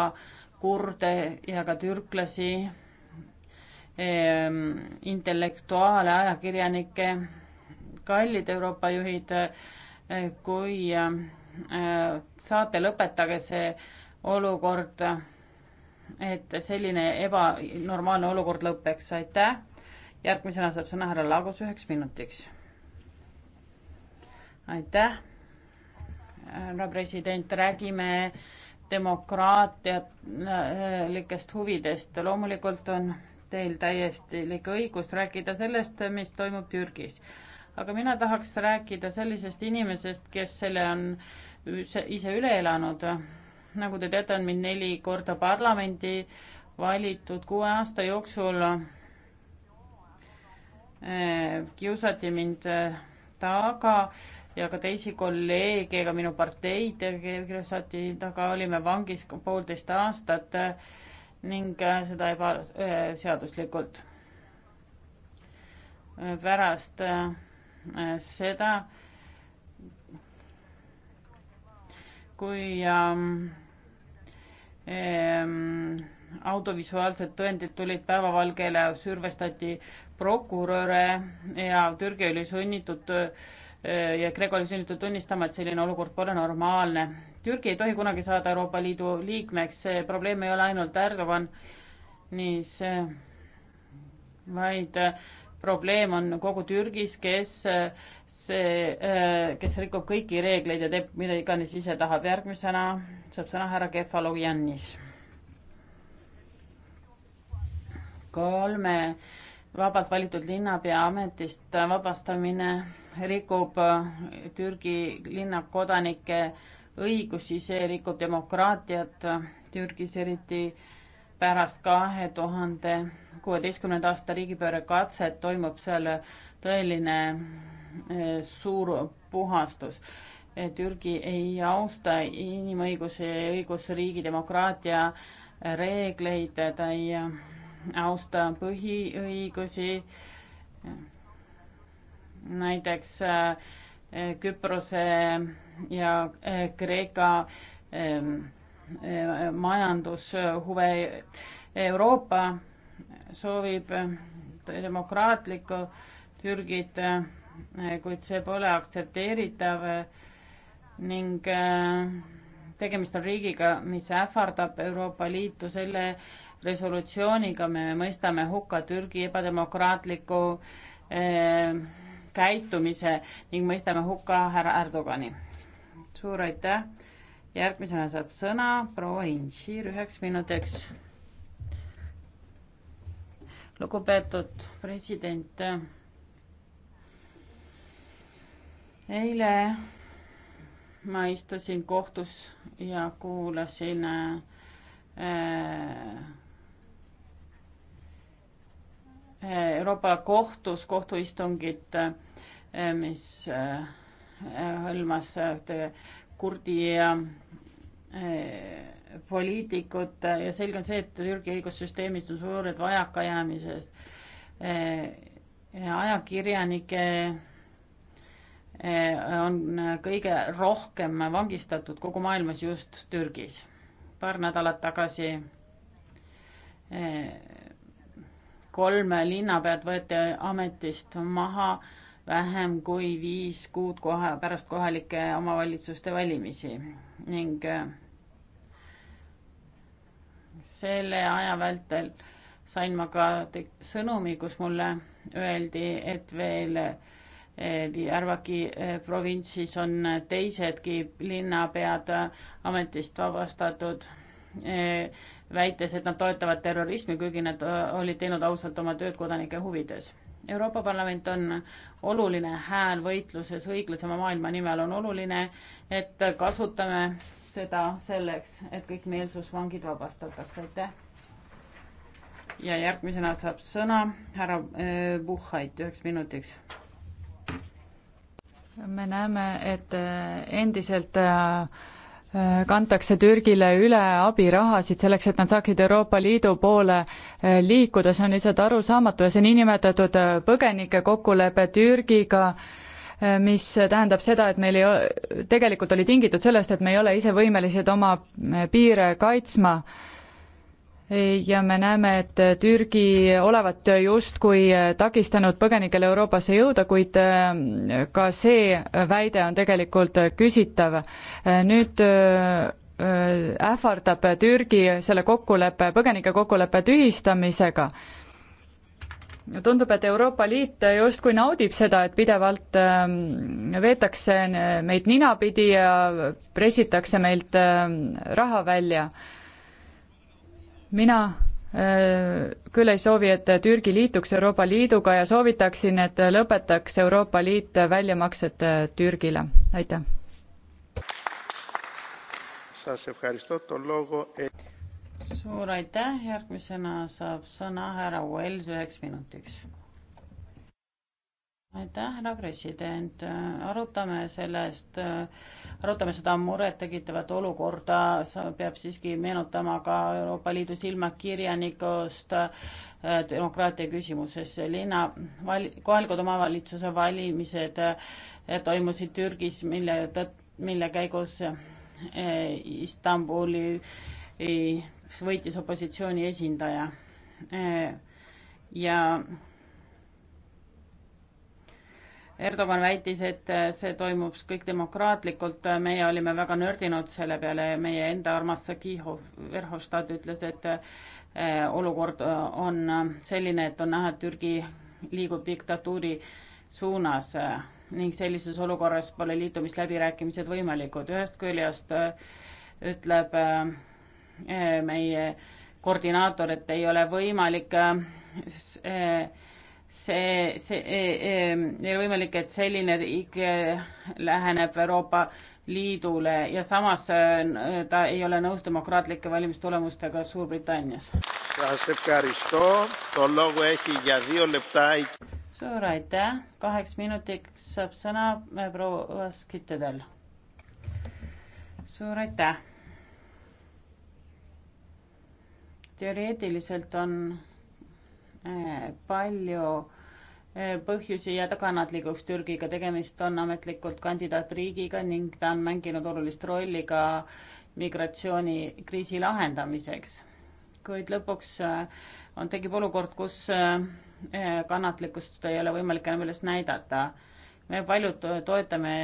kurde ja ka türklasi, ähm, intellektuaale, ajakirjanikke, kallid Euroopa juhid kui äh, saate, lõpetage see olukord, et selline ebanormaalne olukord lõpeks, aitäh. järgmisena saab sõna härra Laagus üheks minutiks. aitäh, härra president, räägime demokraatialikest huvidest, loomulikult on teil täiesti õigus rääkida sellest, mis toimub Türgis aga mina tahaks rääkida sellisest inimesest, kes selle on ise üle elanud. nagu te teate, on mind neli korda parlamendi valitud kuue aasta jooksul. Eh, kiusati mind eh, taga ja ka teisi kolleege, ka minu parteid eh, kiusati taga, olime vangis poolteist aastat ning seda ebaseaduslikult. pärast seda, kui ähm, ähm, autovisuaalsed tõendid tulid päevavalgele, survestati prokuröre ja Türgi oli sunnitud äh, ja Kreeka oli sunnitud tunnistama, et selline olukord pole normaalne. Türgi ei tohi kunagi saada Euroopa Liidu liikmeks, see probleem ei ole ainult Erdogan, nii see vaid probleem on kogu Türgis, kes see, äh, kes rikub kõiki reegleid ja teeb mida iganes ise tahab. järgmisena saab sõna härra Kefalogiannis. kolme vabalt valitud linnapea ametist vabastamine rikub äh, Türgi linnakodanike õigusi, see rikub demokraatiat Türgis, eriti pärast kahe tuhande kuueteistkümnenda aasta riigipööre katset toimub seal tõeline eh, suur puhastus. Eh, Türgi ei austa inimõigusi, õigusriigi, demokraatia eh, reegleid, ta ei austa põhiõigusi. näiteks Küprose ja Kreeka majandushuve. Euroopa soovib demokraatlikku Türgit, kuid see pole aktsepteeritav ning äh, tegemist on riigiga, mis ähvardab Euroopa Liitu selle resolutsiooniga me mõistame hukka Türgi ebademokraatliku äh, käitumise ning mõistame hukka härra Erdogani. suur aitäh järgmisena saab sõna proua Inšir üheks minutiks. lugupeetud president. eile ma istusin kohtus ja kuulasin äh, Euroopa kohtus kohtuistungit, mis äh, hõlmas ühte äh, kurdi eh, poliitikud ja selge on see, et Türgi õigussüsteemis on suured vajakajäämised. Eh, eh, ajakirjanikke on kõige rohkem vangistatud kogu maailmas just Türgis. paar nädalat tagasi kolm linnapead võeti ametist maha vähem kui viis kuud kohe pärast kohalike omavalitsuste valimisi ning äh, selle aja vältel sain ma ka sõnumi, kus mulle öeldi, et veel äh, Järvaki äh, provintsis on teisedki linnapead ametist vabastatud, väites, et nad toetavad terrorismi, kuigi nad olid teinud ausalt oma tööd kodanike huvides. Euroopa Parlament on oluline hääl võitluses õiglasema maailma nimel, on oluline, et kasutame seda selleks, et kõik meelsusvangid vabastatakse, aitäh. ja järgmisena saab sõna härra Puhhait äh, üheks minutiks. me näeme, et äh, endiselt äh, Äh, kantakse Türgile üle abirahasid selleks, et nad saaksid Euroopa Liidu poole äh, liikuda, see on lihtsalt arusaamatu ja see niinimetatud äh, põgenike kokkulepe Türgiga, mis tähendab seda, et meil ei, tegelikult oli tingitud sellest, et me ei ole ise võimelised oma piire kaitsma ja me näeme, et Türgi olevat justkui takistanud põgenikel Euroopasse jõuda, kuid äh, ka see väide on tegelikult küsitav. Äh, nüüd äh, ähvardab Türgi selle kokkuleppe, põgenike kokkuleppe tühistamisega. tundub, et Euroopa Liit justkui naudib seda, et pidevalt veetakse meid ninapidi ja pressitakse meilt raha välja mina äh, küll ei soovi, et Türgi liituks Euroopa Liiduga ja soovitaksin, et lõpetaks Euroopa Liit väljamaksed äh, Türgile, aitäh. suur aitäh, järgmisena saab sõna härra Wells üheks minutiks aitäh, härra president, arutame sellest, arutame seda murettekitavat olukorda, peab siiski meenutama ka Euroopa Liidu silmakirjanikust äh, demokraatia küsimuses. linna val-, kohalikud omavalitsuse valimised äh, toimusid Türgis, mille tõtt-, mille käigus äh, Istanbuli võitis opositsiooni esindaja ja Erdogan väitis, et äh, see toimub kõik demokraatlikult, äh, meie olime väga nördinud selle peale ja meie enda armas Sakihov Verhofstadt ütles, et äh, olukord on selline, et on näha, et Türgi liigub diktatuuri suunas ning sellises olukorras pole liitumisläbirääkimised võimalikud. ühest küljest ütleb meie koordinaator, et ei ole võimalik see, see e, e, ei ole võimalik, et selline riik e, läheneb Euroopa Liidule ja samas ta ei ole nõus demokraatlike valimistulemustega Suurbritannias. suur aitäh, kaheks minutiks saab sõna proua Skittedel. suur aitäh. teoreetiliselt on Eh, palju eh, põhjusi jääda kannatlikuks Türgiga, tegemist on ametlikult kandidaatriigiga ning ta on mänginud olulist rolli ka migratsioonikriisi lahendamiseks. kuid lõpuks eh, on, tekib olukord, kus kannatlikkust ei ole võimalik enam üles näidata. me paljud toetame,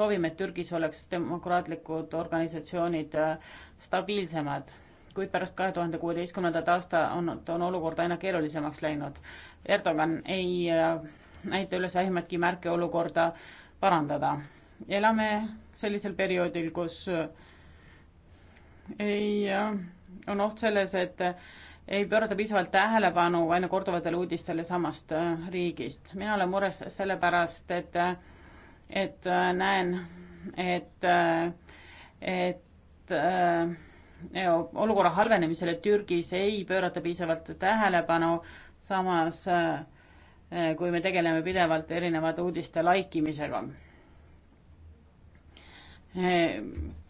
soovime, et Türgis oleks demokraatlikud organisatsioonid stabiilsemad kuid pärast kahe tuhande kuueteistkümnendat aasta on, on olukord aina keerulisemaks läinud. Erdogan ei äh, näita üles vähimatki märke olukorda parandada. elame sellisel perioodil, kus äh, ei, äh, on oht selles, et ei pöörata piisavalt tähelepanu aina korduvatele uudistele samast riigist. mina olen mures sellepärast, et, et näen, et, et, et olukorra halvenemisele Türgis ei pöörata piisavalt tähelepanu, samas eh, kui me tegeleme pidevalt erinevate uudiste laikimisega. Eh,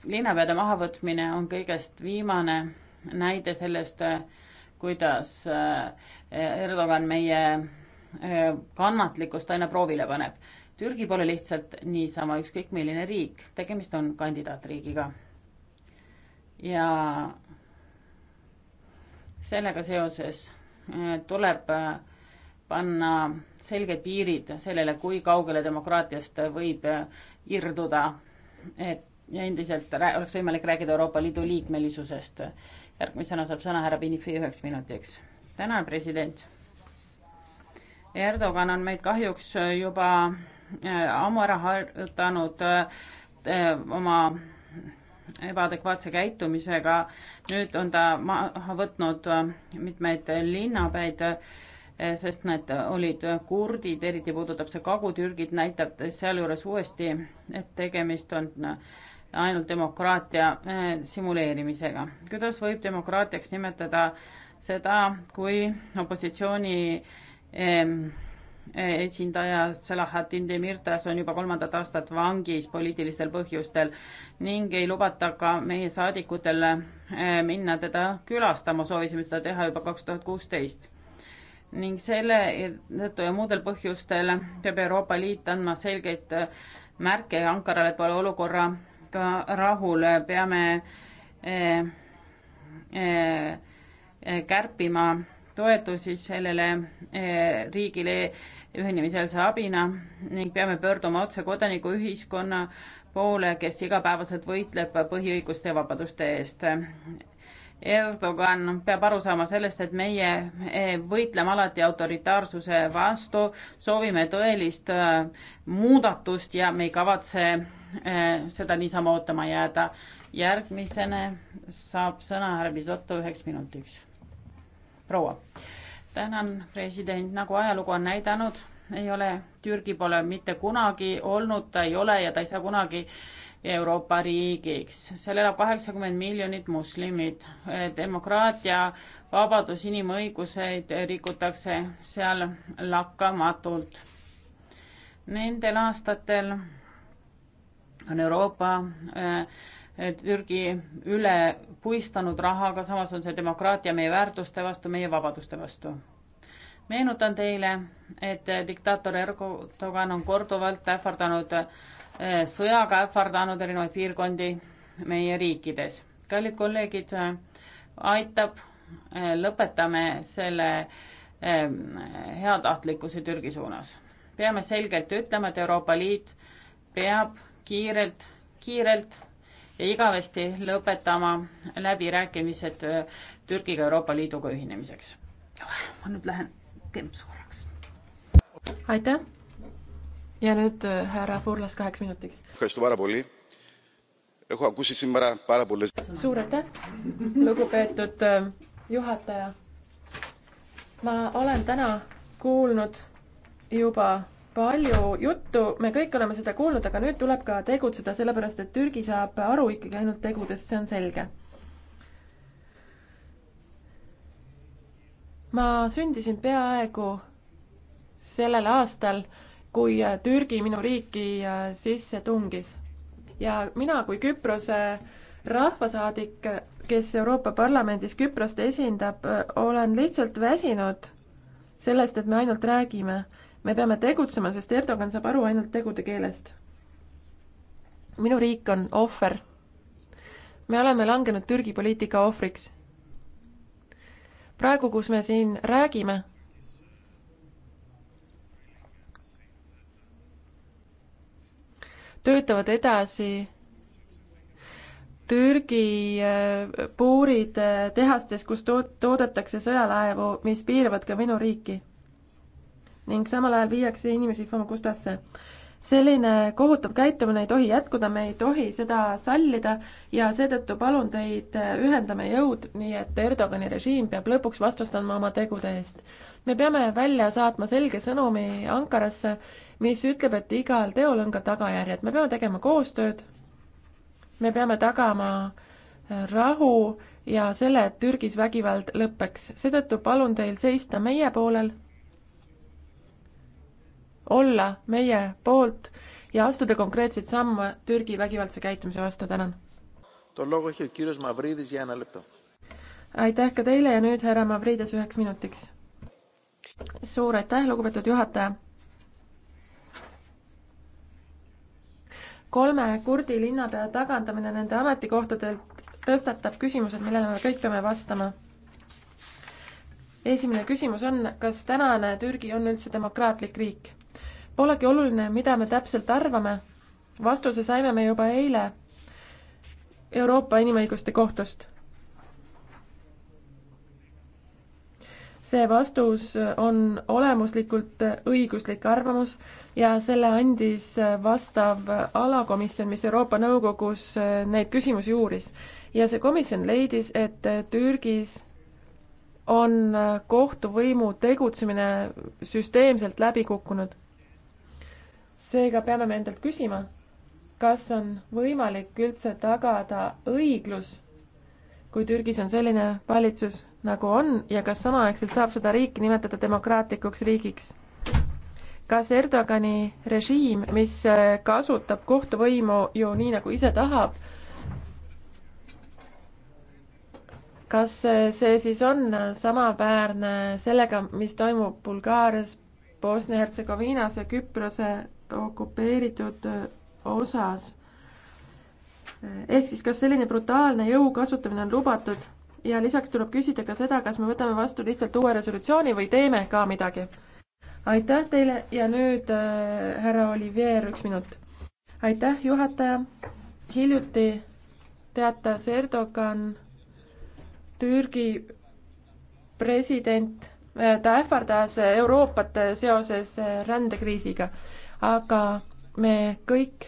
linnapeade mahavõtmine on kõigest viimane näide sellest, kuidas eh, Erdogan meie kannatlikkust aina proovile paneb. Türgi pole lihtsalt niisama ükskõik milline riik, tegemist on kandidaatriigiga ja sellega seoses äh, tuleb äh, panna selged piirid sellele, kui kaugele demokraatiast võib äh, irduda, et ja endiselt oleks võimalik rääkida Euroopa Liidu liikmelisusest. järgmisena saab sõna härra Benifi üheks minutiks. tänan, president. Erdogan on meid kahjuks juba ammu ära harjutanud oma ebaadekvaatse käitumisega. nüüd on ta maha võtnud äh, mitmeid linnapäid, äh, sest need olid kurdid, eriti puudutab see Kagu-Türgit, näitab sealjuures uuesti, et tegemist on äh, ainult demokraatia simuleerimisega. kuidas võib demokraatiaks nimetada seda, kui opositsiooni esindaja Salahatin Demirtas on juba kolmandat aastat vangis poliitilistel põhjustel ning ei lubata ka meie saadikutel eh, minna teda külastama, soovisime seda teha juba kaks tuhat kuusteist. ning selle tõttu ja muudel põhjustel peab Euroopa Liit andma selgeid eh, märke Ankarale, et pole olukorraga rahul, peame eh, eh, kärpima toetusi sellele eh, riigile ühinemiseelse abina ning peame pöörduma otse kodanikuühiskonna poole, kes igapäevaselt võitleb põhiõiguste ja vabaduste eest. Erdogan peab aru saama sellest, et meie e, võitleme alati autoritaarsuse vastu, soovime tõelist e, muudatust ja me ei kavatse e, seda niisama ootama jääda. järgmisena saab sõna härra Bisotto üheks minutiks. proua tänan, president, nagu ajalugu on näidanud, ei ole, Türgi pole mitte kunagi olnud, ta ei ole ja ta ei saa kunagi Euroopa riigiks. seal elab kaheksakümmend miljonit muslimit. demokraatia, vabadus, inimõiguseid rikutakse seal lakkamatult. Nendel aastatel on Euroopa äh, Türgi üle puistanud rahaga, samas on see demokraatia meie väärtuste vastu, meie vabaduste vastu. meenutan teile, et diktaator Erdogan on korduvalt ähvardanud, eh, sõjaga ähvardanud erinevaid piirkondi meie riikides. kallid kolleegid, aitab, eh, lõpetame selle eh, heatahtlikkuse Türgi suunas. peame selgelt ütlema, et Euroopa Liit peab kiirelt, kiirelt ja igavesti lõpetama läbirääkimised äh, Türgiga Euroopa Liiduga ühinemiseks. ma nüüd lähen kempsu korraks. aitäh. ja nüüd äh, härra Furlas kaheks minutiks. suur aitäh, lugupeetud äh, juhataja. ma olen täna kuulnud juba palju juttu, me kõik oleme seda kuulnud, aga nüüd tuleb ka tegutseda, sellepärast et Türgi saab aru ikkagi ainult tegudest, see on selge. ma sündisin peaaegu sellel aastal, kui Türgi minu riiki äh, sisse tungis. ja mina kui Küprose rahvasaadik, kes Euroopa Parlamendis Küprost esindab, äh, olen lihtsalt väsinud sellest, et me ainult räägime me peame tegutsema, sest Erdogan saab aru ainult tegude keelest. minu riik on ohver. me oleme langenud Türgi poliitika ohvriks. praegu, kus me siin räägime, töötavad edasi Türgi äh, puurid äh, tehastes, kus to-, toodetakse sõjalaevu, mis piiravad ka minu riiki ning samal ajal viiakse inimesi Famagustasse selline kohutav käitumine ei tohi jätkuda, me ei tohi seda sallida ja seetõttu palun teid, ühendame jõud, nii et Erdogani režiim peab lõpuks vastust andma oma tegude eest. me peame välja saatma selge sõnumi Ankarasse, mis ütleb, et igal teol on ka tagajärjed, me peame tegema koostööd, me peame tagama rahu ja selle, et Türgis vägivald lõpeks. seetõttu palun teil seista meie poolel olla meie poolt ja astuda konkreetseid samme Türgi vägivaldse käitumise vastu, tänan. aitäh ka teile ja nüüd härra Mavrides üheks minutiks. suur aitäh, lugupeetud juhataja. kolme kurdi linnapea tagandamine nende ametikohtadelt tõstatab küsimused, millele me kõik peame vastama. esimene küsimus on, kas tänane Türgi on üldse demokraatlik riik? Polegi oluline, mida me täpselt arvame. vastuse saime me juba eile Euroopa Inimõiguste Kohtust. see vastus on olemuslikult õiguslik arvamus ja selle andis vastav alakomisjon, mis Euroopa Nõukogus neid küsimusi uuris. ja see komisjon leidis, et Türgis on kohtuvõimu tegutsemine süsteemselt läbi kukkunud seega peame me endalt küsima, kas on võimalik üldse tagada õiglus, kui Türgis on selline valitsus, nagu on ja kas samaaegselt saab seda riiki nimetada demokraatlikuks riigiks? kas Erdogani režiim, mis äh, kasutab kohtuvõimu ju nii, nagu ise tahab, kas äh, see siis on samaväärne sellega, mis toimub Bulgaarias, Bosnia-Hertsegoviinas ja Küprose okupeeritud äh, osas. ehk siis, kas selline brutaalne jõu kasutamine on lubatud ja lisaks tuleb küsida ka seda, kas me võtame vastu lihtsalt uue resolutsiooni või teeme ka midagi. aitäh teile ja nüüd äh, härra Olivier, üks minut. aitäh, juhataja. hiljuti teatas Erdogan, Türgi president, äh, ta ähvardas Euroopat äh, seoses rändekriisiga aga me kõik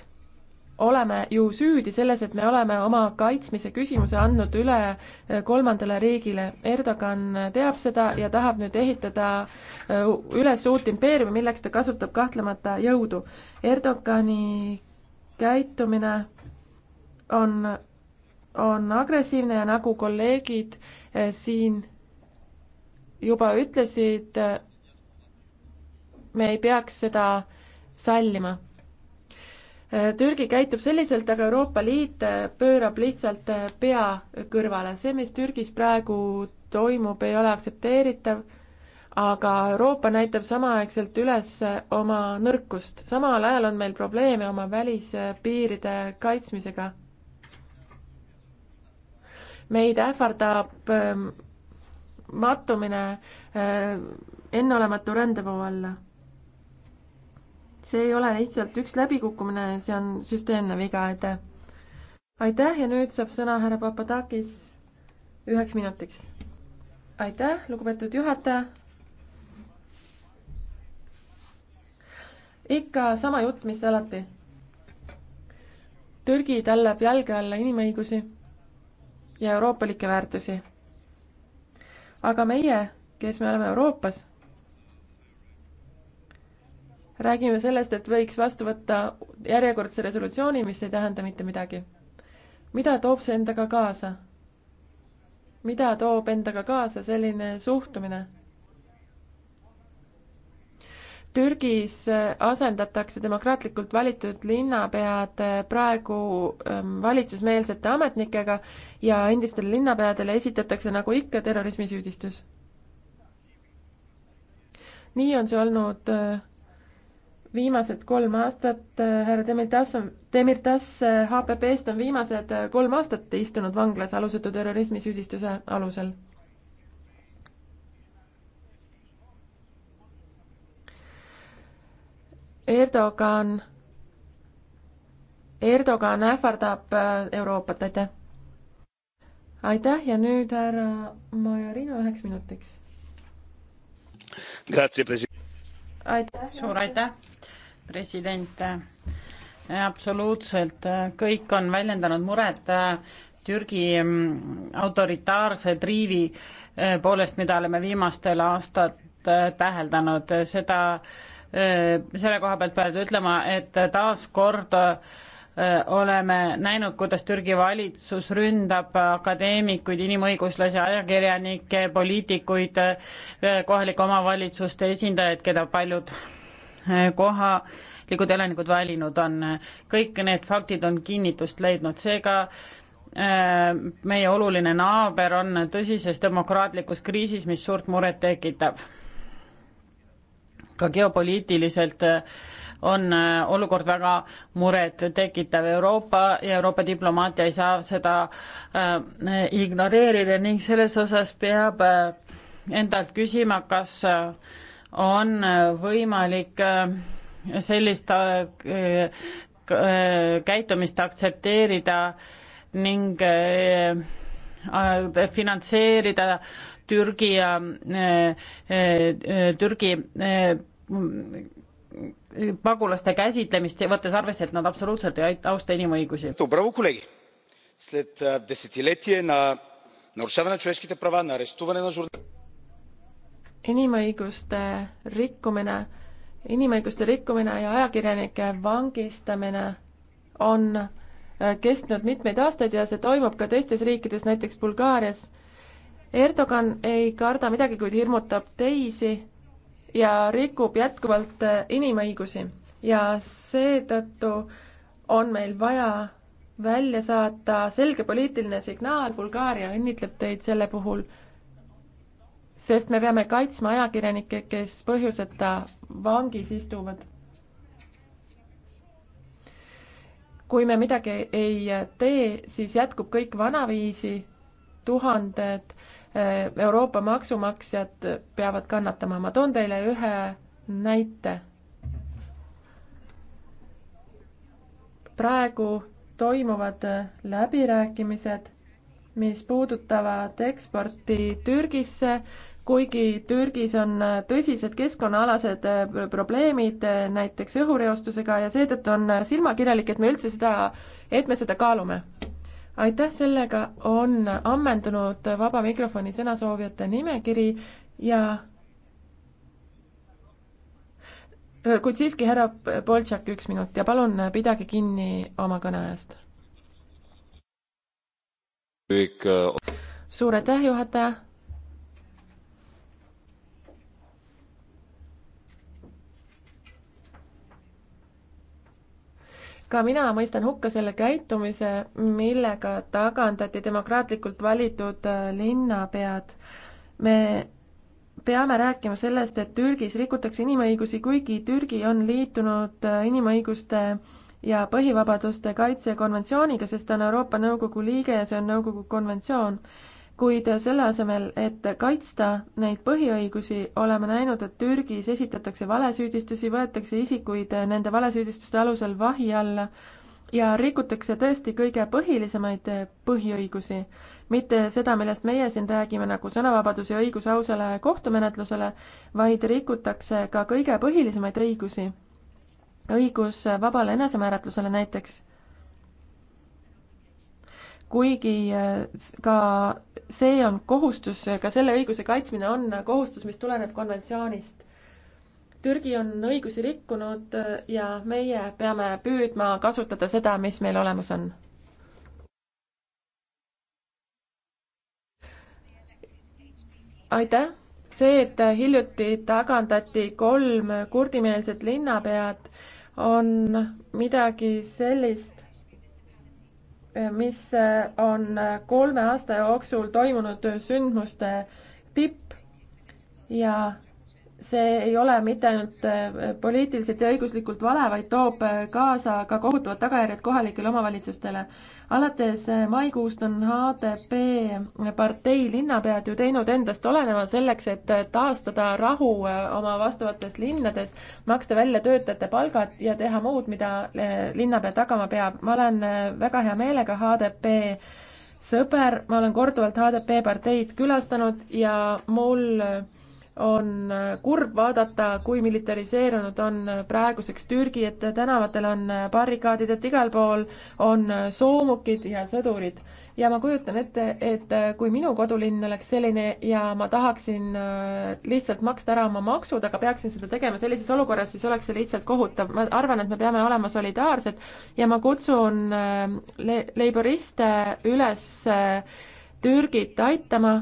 oleme ju süüdi selles, et me oleme oma kaitsmise küsimuse andnud üle eh, kolmandale riigile. Erdogan teab seda ja tahab nüüd ehitada eh, üles uut impeeriumi, milleks ta kasutab kahtlemata jõudu. Erdogani käitumine on, on agressiivne ja nagu kolleegid eh, siin juba ütlesid, me ei peaks seda äh, sallima. Äh, Türgi käitub selliselt, aga Euroopa Liit äh, pöörab lihtsalt äh, pea kõrvale. see, mis Türgis praegu toimub, ei ole aktsepteeritav, aga Euroopa näitab samaaegselt üles oma nõrkust. samal ajal on meil probleeme oma välispiiride kaitsmisega. meid ähvardab ähm, mattumine enneolematu rändevoo alla see ei ole lihtsalt üks läbikukkumine, see on süsteemne viga, aitäh. aitäh ja nüüd saab sõna härra Papadakis üheks minutiks. aitäh, lugupeetud juhataja. ikka sama jutt, mis alati. Türgi tallab jalge alla inimõigusi ja euroopalikke väärtusi. aga meie, kes me oleme Euroopas räägime sellest, et võiks vastu võtta järjekordse resolutsiooni, mis ei tähenda mitte midagi. mida toob see endaga kaasa? mida toob endaga kaasa selline suhtumine? Türgis asendatakse demokraatlikult valitud linnapead praegu ähm, valitsusmeelsete ametnikega ja endistele linnapeadele esitatakse nagu ikka terrorismisüüdistus. nii on see olnud äh, viimased kolm aastat äh, härra Demirtas on, Demirtas HPP-st äh, on viimased äh, kolm aastat istunud vanglas alusetu terrorismisüüdistuse alusel. Erdogan, Erdogan ähvardab Euroopat, aitäh. aitäh ja nüüd härra Majorino üheks minutiks. Grazie, president aitäh. suur aitäh, president. absoluutselt, äh, kõik on väljendanud muret äh, Türgi mm, autoritaarse triivi äh, poolest, mida oleme viimastel aastatel täheldanud, seda, selle koha pealt peab ütlema, et taaskord oleme näinud, kuidas Türgi valitsus ründab akadeemikuid, inimõiguslasi, ajakirjanikke, poliitikuid, kohalike omavalitsuste esindajaid, keda paljud kohalikud elanikud valinud on. kõik need faktid on kinnitust leidnud, seega meie oluline naaber on tõsises demokraatlikus kriisis, mis suurt muret tekitab. ka geopoliitiliselt äh, on äh, olukord väga muret tekitav. Euroopa ja Euroopa diplomaatia ei saa seda äh, ignoreerida ning selles osas peab äh, endalt küsima, kas on võimalik sellist käitumist aktsepteerida ning finantseerida Türgi ja Türgi pagulaste käsitlemist, võttes arvesse, et nad absoluutselt ei austa inimõigusi. След десетилетие на нарушаване на човешките права, на арестуване на журналисти. Inimõiguste rikkumine, inimõiguste rikkumine ja ajakirjanike vangistamine on äh, kestnud mitmeid aastaid ja see toimub ka teistes riikides, näiteks Bulgaarias. Erdogan ei karda midagi, kuid hirmutab teisi ja rikub jätkuvalt äh, inimõigusi ja seetõttu on meil vaja välja saata selge poliitiline signaal, Bulgaaria õnnitleb teid selle puhul, sest me peame kaitsma ajakirjanikke, kes põhjuseta vangis istuvad. kui me midagi ei tee, siis jätkub kõik vanaviisi, tuhanded Äh, Euroopa maksumaksjad peavad kannatama. ma toon teile ühe näite. praegu toimuvad äh, läbirääkimised, mis puudutavad eksporti Türgisse, kuigi Türgis on äh, tõsised keskkonnaalased probleemid, näiteks õhureostusega ja seetõttu on silmakirjalik, et me üldse seda, et me seda kaalume aitäh, sellega on ammendunud vaba mikrofoni sõnasoovijate nimekiri ja kuid siiski, härra Boltšak, üks minut ja palun pidage kinni oma kõneajast. Äh, suur aitäh, juhataja ka mina mõistan hukka selle käitumise, millega tagandati demokraatlikult valitud äh, linnapead. me peame rääkima sellest, et Türgis rikutakse inimõigusi, kuigi Türgi on liitunud äh, inimõiguste ja põhivabaduste kaitse konventsiooniga, sest ta on Euroopa Nõukogu liige ja see on nõukogu konventsioon kuid selle asemel, et kaitsta neid põhiõigusi, oleme näinud, et Türgis esitatakse valesüüdistusi, võetakse isikuid nende valesüüdistuste alusel vahi alla ja rikutakse tõesti kõige põhilisemaid põhiõigusi. mitte seda, millest meie siin räägime, nagu sõnavabadus ja õigus ausale kohtumenetlusele, vaid rikutakse ka kõige põhilisemaid õigusi. õigus vabale enesemääratlusele näiteks kuigi äh, ka see on kohustus, ka selle õiguse kaitsmine on kohustus, mis tuleneb konventsioonist. Türgi on õigusi rikkunud äh, ja meie peame püüdma kasutada seda, mis meil olemas on. aitäh! see, et hiljuti tagandati kolm kurdimeelset linnapead, on midagi sellist, mis äh, on äh, kolme aasta jooksul toimunud sündmuste tipp ja see ei ole mitte ainult äh, poliitiliselt ja õiguslikult vale, vaid toob äh, kaasa ka kohutavad tagajärjed kohalikele omavalitsustele. alates äh, maikuust on HDP partei linnapead ju teinud endast oleneva selleks, et taastada rahu oma vastavates linnades, maksta välja töötajate palgad ja teha muud, mida linnapea tagama peab. ma olen väga hea meelega HDP sõber, ma olen korduvalt HDP parteid külastanud ja mul on kurb vaadata, kui militariseerunud on praeguseks Türgi, et tänavatel on barrikaadid, et igal pool on soomukid ja sõdurid. ja ma kujutan ette, et kui minu kodulinn oleks selline ja ma tahaksin äh, lihtsalt maksta ära oma maksud, aga peaksin seda tegema sellises olukorras, siis oleks see lihtsalt kohutav. ma arvan, et me peame olema solidaarsed ja ma kutsun äh, le-, leiboriste üles äh, Türgit aitama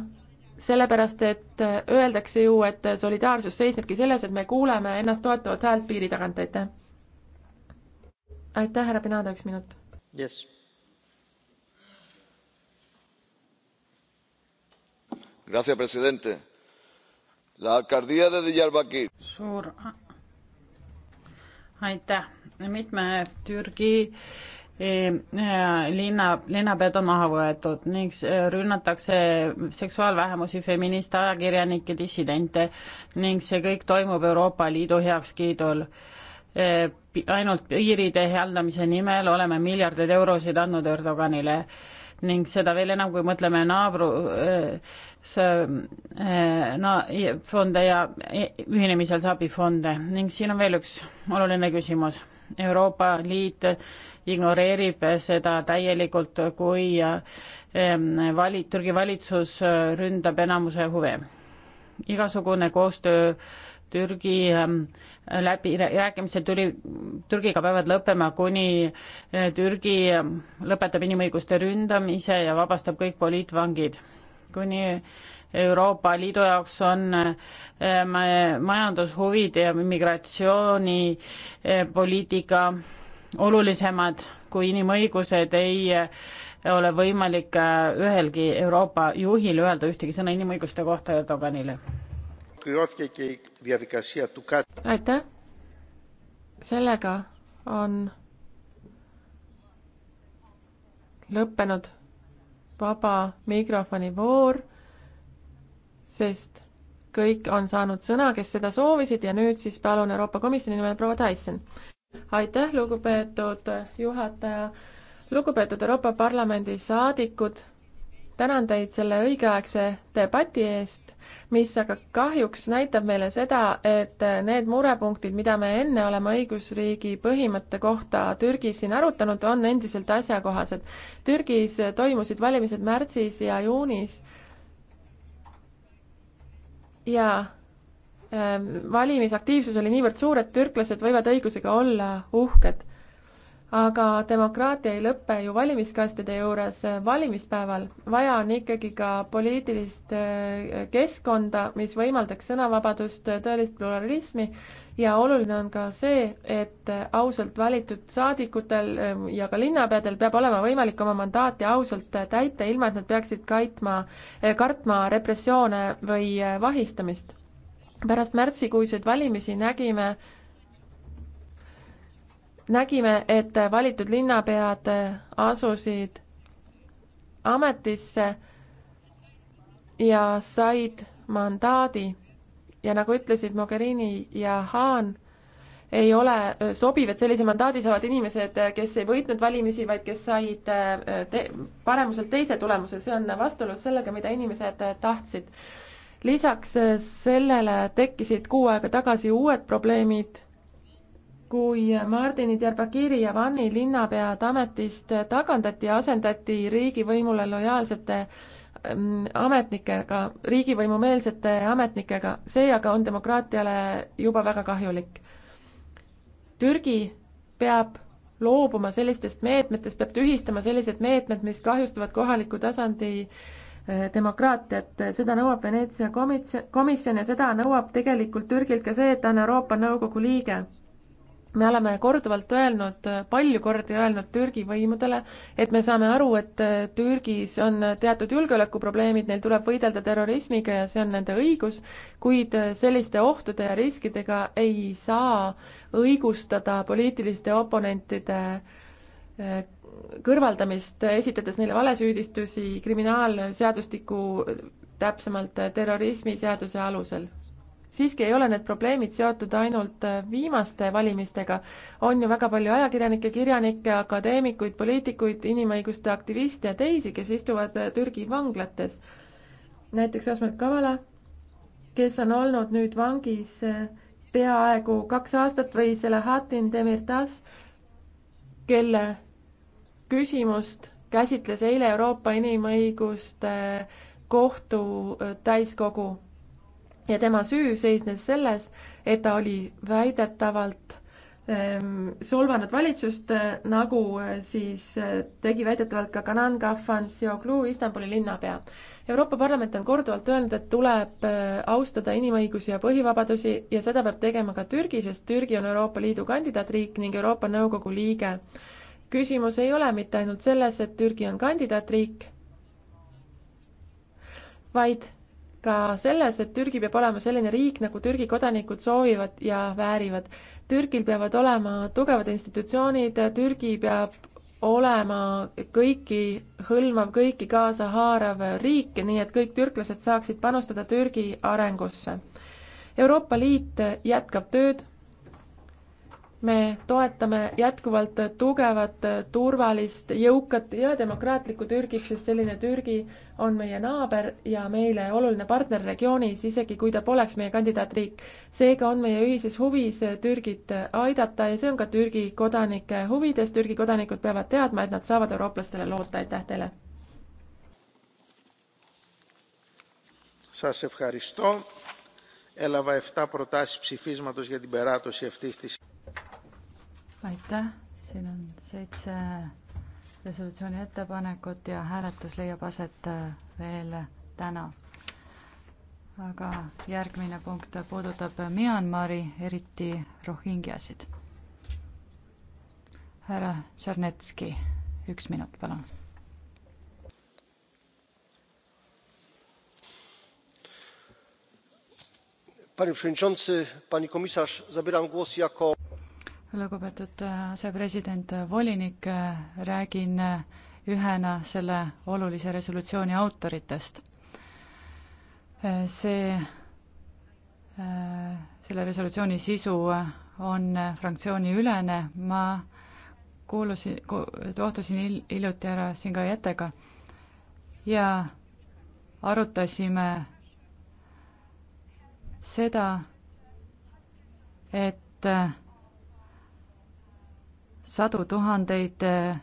sellepärast, et öeldakse ju, et solidaarsus seisnebki selles, et me kuuleme ennast toetavat häält piiri tagant, aitäh. aitäh, härra Pinada, üks minut yes.. Gracias, presidente. La alcaldía de Diyarbakir. suur aitäh, mitme Türgi Äh, linna, linnapead on maha võetud ning rünnatakse seksuaalvähemusi, feministe, ajakirjanikke, dissidente ning see kõik toimub Euroopa Liidu heakskiidul. Äh, ainult piiride haldamise nimel oleme miljardeid eurosid andnud Erdoganile ning seda veel enam, kui mõtleme naabru äh, see na, fonde ja e-, ühinemisel see abifonde ning siin on veel üks oluline küsimus. Euroopa Liit ignoreerib seda täielikult, kui ehm, vali-, Türgi valitsus ründab enamuse huve. igasugune koostöö Türgi ehm, läbi, rääkimised tuli, Türgiga peavad lõppema, kuni eh, Türgi ehm, lõpetab inimõiguste ründamise ja vabastab kõik poliitvangid. kuni Euroopa Liidu jaoks on majandushuvid ja migratsioonipoliitika eh, olulisemad, kui inimõigused ei eh, ole võimalik eh, ühelgi Euroopa juhil öelda ühtegi sõna inimõiguste kohta Erdoganile. aitäh. sellega on lõppenud vaba mikrofoni voor, sest kõik on saanud sõna, kes seda soovisid ja nüüd siis palun Euroopa Komisjoni nimel proua Tyson aitäh, lugupeetud juhataja. lugupeetud Euroopa Parlamendi saadikud, tänan teid selle õigeaegse debati eest, mis aga kahjuks näitab meile seda, et need murepunktid, mida me enne oleme õigusriigi põhimõtte kohta Türgis siin arutanud, on endiselt asjakohased. Türgis toimusid valimised märtsis ja juunis ja Ehm, valimisaktiivsus oli niivõrd suur, et türklased võivad õigusega olla uhked. aga demokraatia ei lõpe ju valimiskastide juures valimispäeval, vaja on ikkagi ka poliitilist ehm, keskkonda, mis võimaldaks sõnavabadust, tõelist pluralismi ja oluline on ka see, et ausalt valitud saadikutel ehm, ja ka linnapeadel peab olema võimalik oma mandaati ausalt täita, ilma et nad peaksid kaitma, kartma repressioone või vahistamist pärast märtsikuiseid valimisi nägime, nägime, et valitud linnapead asusid ametisse ja said mandaadi ja nagu ütlesid Mogherini ja Haan, ei ole sobiv, et sellise mandaadi saavad inimesed, kes ei võitnud valimisi, vaid kes said te paremuselt teise tulemuse, see on vastuolus sellega, mida inimesed tahtsid lisaks eh, sellele tekkisid kuu aega tagasi uued probleemid, kui Mardini Diyarbakiri ja Vanni linnapead ametist tagandati ja asendati riigivõimule lojaalsete mm, ametnikega, riigivõimumeelsete ametnikega, see aga on demokraatiale juba väga kahjulik. Türgi peab loobuma sellistest meetmetest, peab tühistama sellised meetmed, mis kahjustavad kohaliku tasandi äh, demokraatiat, seda nõuab Veneetsia komisjon, komisjon ja seda nõuab tegelikult Türgilt ka see, et ta on Euroopa Nõukogu liige. me oleme korduvalt öelnud, palju kordi öelnud Türgi võimudele, et me saame aru, et Türgis on teatud julgeolekuprobleemid, neil tuleb võidelda terrorismiga ja see on nende õigus, kuid selliste ohtude ja riskidega ei saa õigustada poliitiliste oponentide kõrvaldamist, esitades neile valesüüdistusi kriminaalseadustiku, täpsemalt terrorismiseaduse alusel. siiski ei ole need probleemid seotud ainult viimaste valimistega, on ju väga palju ajakirjanikke, kirjanikke, akadeemikuid, poliitikuid, inimõiguste aktiviste ja teisi, kes istuvad Türgi vanglates. näiteks Osman Kavala, kes on olnud nüüd vangis peaaegu kaks aastat või Selahattin Demirtas, kelle küsimust käsitles eile Euroopa Inimõiguste Kohtu äh, täiskogu ja tema süü seisnes selles, et ta oli väidetavalt ähm, solvanud valitsust, äh, nagu äh, siis tegi väidetavalt ka Kanan Gafan Sioglu, Istanbuli linnapea. Euroopa Parlament on korduvalt öelnud, et tuleb austada inimõigusi ja põhivabadusi ja seda peab tegema ka Türgi, sest Türgi on Euroopa Liidu kandidaatriik ning Euroopa Nõukogu liige küsimus ei ole mitte ainult selles, et Türgi on kandidaatriik, vaid ka selles, et Türgi peab olema selline riik, nagu Türgi kodanikud soovivad ja väärivad. Türgil peavad olema tugevad institutsioonid, Türgi peab olema kõiki hõlmav, kõiki kaasa haarav riik, nii et kõik türklased saaksid panustada Türgi arengusse. Euroopa Liit jätkab tööd me toetame jätkuvalt tugevat, turvalist, jõukat ja demokraatlikku Türgit, sest selline Türgi on meie naaber ja meile oluline partner regioonis, isegi kui ta poleks meie kandidaatriik. seega on meie ühises huvis Türgit aidata ja see on ka Türgi kodanike huvides, Türgi kodanikud peavad teadma, et nad saavad eurooplastele loota, aitäh teile! Σας ευχαριστώ. Έλαβα 7 προτάσεις ψηφίσματος για την περάτωση αυτής της aitäh, siin on seitse resolutsiooni ettepanekut ja hääletus leiab aset äh, veel täna. aga järgmine punkt puudutab Myanmari, eriti rohingjasid. härra Tšernetski, üks minut, palun panie przewodniczący pani komisarz! zabieram głos jako lugupeetud äh, asepresident, äh, volinik, äh, räägin ühena selle olulise resolutsiooni autoritest. see, selle resolutsiooni sisu on fraktsiooniülene, ma kuulusin, kohtusin il-, hiljuti härra Singajatega ja arutasime seda, et sadu tuhandeid eh,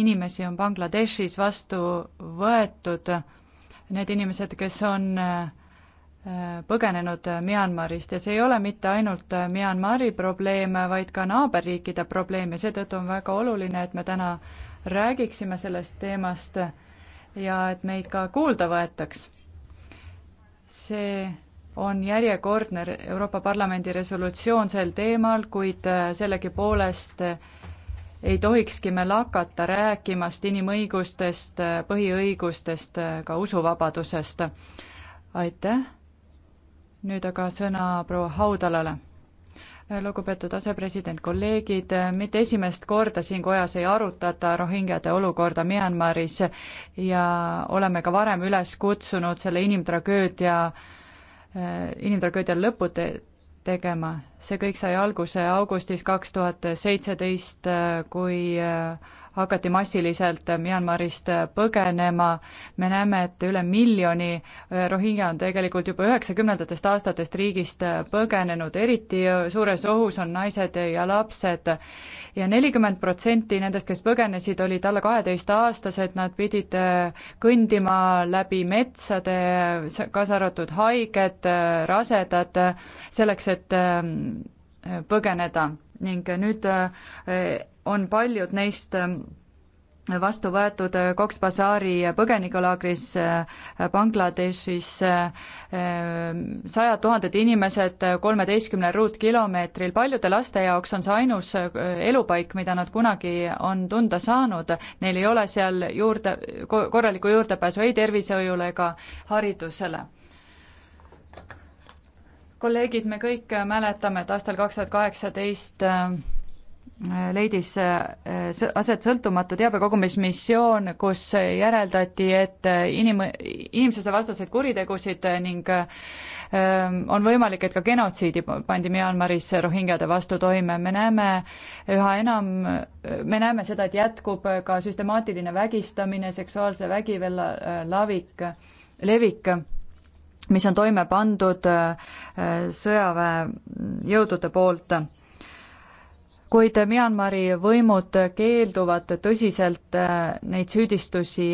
inimesi on Bangladeshis vastu võetud, need inimesed, kes on eh, eh, põgenenud Myanmarist ja see ei ole mitte ainult Myanmari probleem, vaid ka naaberriikide probleem ja seetõttu on väga oluline, et me täna räägiksime sellest teemast ja et meid ka kuulda võetaks. see on järjekordne Euroopa Parlamendi resolutsioon sel teemal, kuid äh, sellegipoolest äh, ei tohikski me lakata rääkimast inimõigustest, äh, põhiõigustest, ka usuvabadusest. aitäh. nüüd aga sõna proua Haudalale. lugupeetud asepresident, kolleegid, mitte esimest korda siin kojas ei arutata rohingjade olukorda Myanmaris ja oleme ka varem üles kutsunud selle inimtragöödia Äh, inimtragöödial lõpu te-, tegema. see kõik sai alguse augustis kaks tuhat seitseteist, äh, kui äh, hakati massiliselt Myanmarist põgenema, me näeme, et üle miljoni rohingja on tegelikult juba üheksakümnendatest aastatest riigist põgenenud, eriti suures ohus on naised ja lapsed ja nelikümmend protsenti nendest, kes põgenesid, olid alla kaheteistaastased, nad pidid äh, kõndima läbi metsade, kaasa arvatud haiged, äh, rasedad, äh, selleks, et põgeneda ning nüüd on paljud neist vastu võetud äh, Cox's Bazari põgenikulaagris äh, Bangladeshis äh, sajad tuhanded inimesed kolmeteistkümnel ruutkilomeetril, paljude laste jaoks on see ainus elupaik, mida nad kunagi on tunda saanud, neil ei ole seal juurde, korralikku juurdepääsu ei tervishoiule ega haridusele kolleegid, me kõik mäletame, et aastal kaks tuhat kaheksateist leidis äh, aset sõltumatu teabekogumismissioon, kus järeldati, et inim-, inimsusevastaseid kuritegusid ning ähm, on võimalik, et ka genotsiidi pandi Myanmaris rohingjade vastu toime, me näeme üha enam, me näeme seda, et jätkub ka süstemaatiline vägistamine, seksuaalse vägivalla äh, lavik, levik mis on toime pandud äh, sõjaväejõudude poolt kuid Myanmari võimud keelduvad tõsiselt äh, neid süüdistusi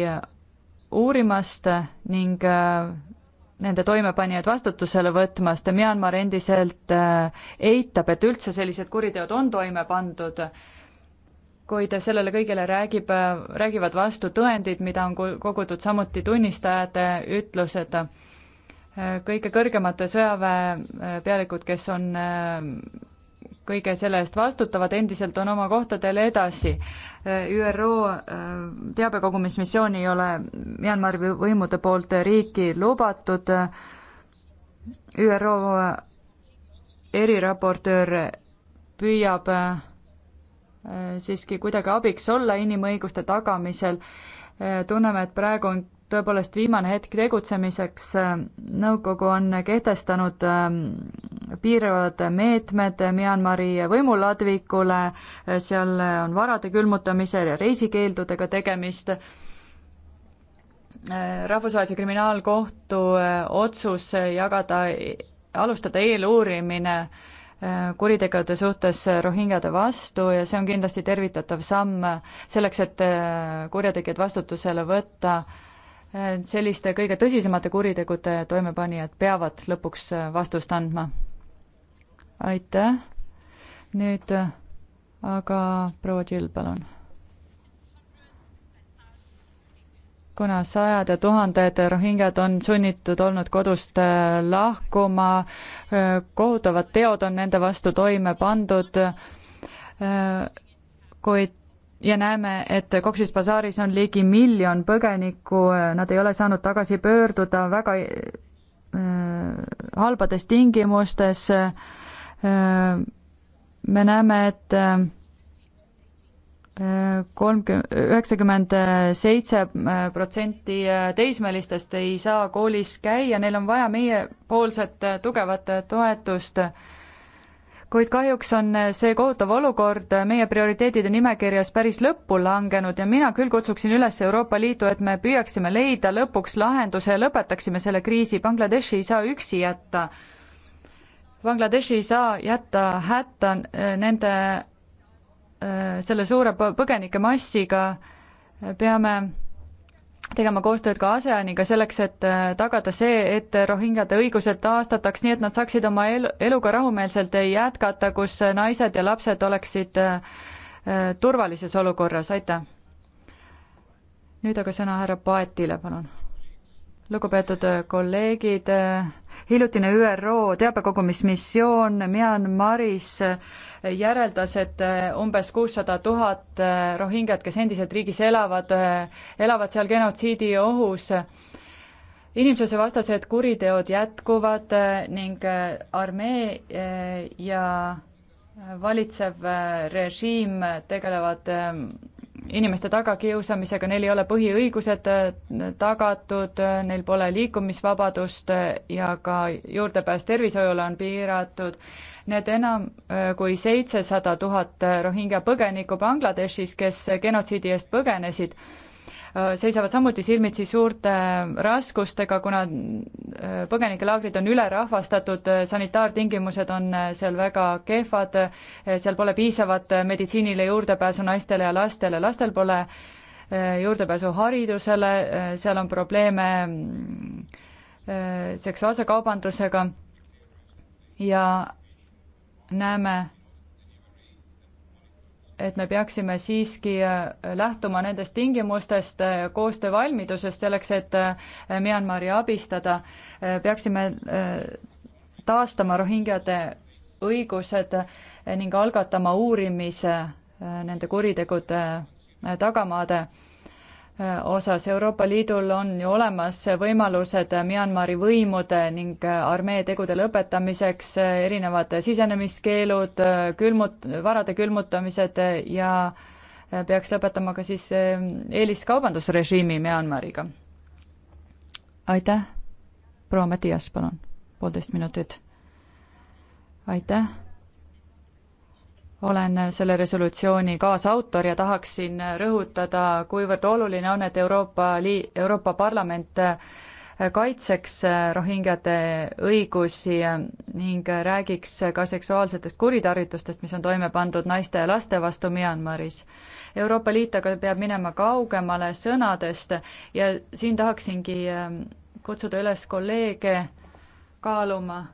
uurimast ning äh, nende toimepanijaid vastutusele võtmast. Myanmar endiselt äh, eitab, et üldse sellised kuriteod on toime pandud, kuid sellele kõigele räägib, räägivad vastu tõendid, mida on kogutud, samuti tunnistajate ütlused kõige kõrgemate sõjaväepealikud, kes on kõige selle eest vastutavad, endiselt on oma kohtadel edasi. ÜRO äh, teabekogumismissioon ei ole Myanmari võimude poolt riiki lubatud, ÜRO eriraportöör püüab äh, siiski kuidagi abiks olla inimõiguste tagamisel, äh, tunneme, et praegu on tõepoolest viimane hetk tegutsemiseks. Äh, nõukogu on kehtestanud ähm, piiravad meetmed Myanmari võimuladvikule, äh, seal on varade külmutamisel ja reisikeeldudega tegemist. Äh, rahvusvahelise kriminaalkohtu otsus jagada, e, alustada eeluurimine kuritegude suhtes rohingjade vastu ja see on kindlasti tervitatav samm selleks, et kurjategijad vastutusele võtta selliste kõige tõsisemate kuritegude toimepanijad peavad lõpuks äh, vastust andma. aitäh, nüüd äh, aga proua Jill, palun. kuna sajad ja tuhanded rohingjad on sunnitud olnud kodust äh, lahkuma, kohutavad teod on nende vastu toime pandud, kuid ja näeme, et Koksis basaaris on ligi miljon põgenikku, nad ei ole saanud tagasi pöörduda väga äh, halbades tingimustes äh,. me näeme, et äh, kolmkümmend, üheksakümmend seitse äh, protsenti äh, teismelistest ei saa koolis käia, neil on vaja meiepoolset tugevat toetust äh, kuid kahjuks on see kohutav olukord meie prioriteedide nimekirjas päris lõppu langenud ja mina küll kutsuksin üles Euroopa Liitu, et me püüaksime leida lõpuks lahenduse ja lõpetaksime selle kriisi, Bangladeshi ei saa üksi jätta. Bangladeshi ei saa jätta hätta äh, nende, äh, selle suure põgenike massiga, peame tegema koostööd ka ASEANiga selleks, et äh, tagada see, et rohingjade õigused taastataks nii, et nad saaksid oma elu, eluga rahumeelselt jätkata, kus naised ja lapsed oleksid äh, äh, turvalises olukorras, aitäh! nüüd aga sõna härra Paetile, palun lugupeetud äh, kolleegid, äh, hiljutine ÜRO teabekogumismissioon Myanmaris äh, järeldas, et umbes kuussada tuhat rohingjat, kes endiselt riigis elavad, elavad seal genotsiidi ohus. inimsusevastased kuriteod jätkuvad ning armee ja valitsev režiim tegelevad ähm, inimeste tagakiusamisega, neil ei ole põhiõigused äh, tagatud, neil pole liikumisvabadust äh, ja ka juurdepääs tervishoiule on piiratud. Need enam äh, kui seitsesada tuhat Rohingja põgenikku Bangladeshis, kes genotsiidi eest põgenesid, Äh, seisavad samuti silmitsi suurte äh, raskustega, kuna äh, põgenikelaagrid on ülerahvastatud, sanitaartingimused on seal väga kehvad, seal pole piisavat meditsiinile juurdepääsu naistele ja lastele, lastel pole juurdepääsu haridusele, seal on probleeme mm, seksuaalse kaubandusega ja näeme et me peaksime siiski äh, lähtuma nendest tingimustest, äh, koostöövalmidusest selleks, et äh, Myanmari abistada, peaksime taastama rohingjade õigused ning algatama uurimise nende kuritegude tagamaade osas. Euroopa Liidul on ju olemas võimalused Myanmari võimude ning armee tegude lõpetamiseks, erinevad sisenemiskeelud, külmut-, varade külmutamised ja peaks lõpetama ka siis eeliskaubandusrežiimi Myanmariga. aitäh, proua Mattias, palun, poolteist minutit. aitäh olen selle resolutsiooni kaasautor ja tahaksin rõhutada, kuivõrd oluline on, et Euroopa Liit, Euroopa Parlament kaitseks rohingjate õigusi ning räägiks ka seksuaalsetest kuritarvitustest, mis on toime pandud naiste ja laste vastu Myanmaris. Euroopa Liit aga peab minema kaugemale sõnadest ja siin tahaksingi kutsuda üles kolleege kaaluma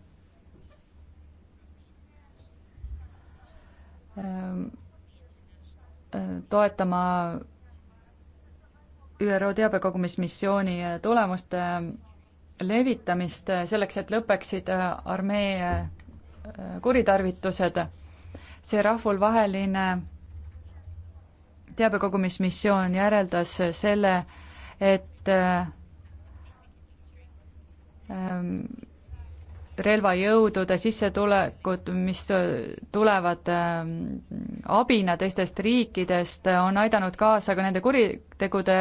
Ähm, äh, toetama ÜRO teabekogumismissiooni äh, tulemuste äh, levitamist selleks, et lõpeksid armee kuritarvitused. see rahvusvaheline teabekogumismissioon järeldas selle, et ähm, relvajõudude sissetulekut, mis tulevad ähm, abina teistest riikidest, on aidanud kaasa ka nende kuritegude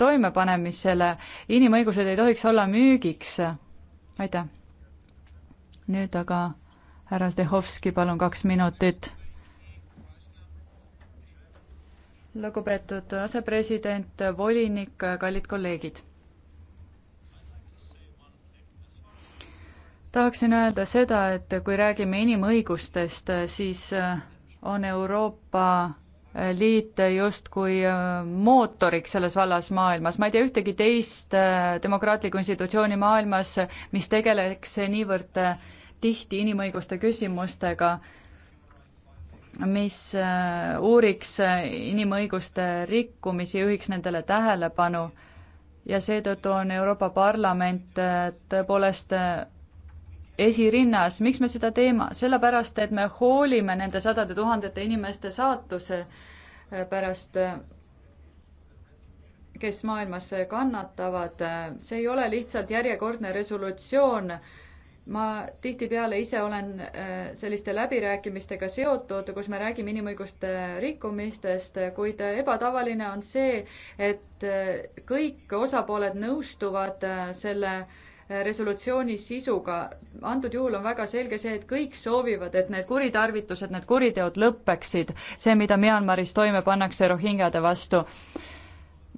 toimepanemisele. inimõigused ei tohiks olla müügiks. aitäh. nüüd aga härra Zdehovski, palun kaks minutit. lugupeetud asepresident, volinik, kallid kolleegid tahaksin öelda seda, et kui räägime inimõigustest, siis äh, on Euroopa äh, Liit justkui äh, mootoriks selles vallas maailmas, ma ei tea ühtegi teist demokraatlikku institutsiooni maailmas, mis tegeleks niivõrd tihti inimõiguste küsimustega, mis uuriks inimõiguste rikkumisi, juhiks nendele tähelepanu ja seetõttu on Euroopa Parlament tõepoolest esirinnas, miks me seda teeme, sellepärast et me hoolime nende sadade tuhandete inimeste saatuse äh, pärast, äh, kes maailmas äh, kannatavad. see ei ole lihtsalt järjekordne resolutsioon. ma tihtipeale ise olen selliste läbirääkimistega seotud, kus me räägime inimõiguste rikkumistest, kuid ebatavaline on see, et kõik osapooled nõustuvad selle äh, resolutsiooni sisuga. antud juhul on väga selge see, et kõik soovivad, et need kuritarvitused, need kuriteod lõpeksid, see, mida Myanmaris toime pannakse rohingjade vastu.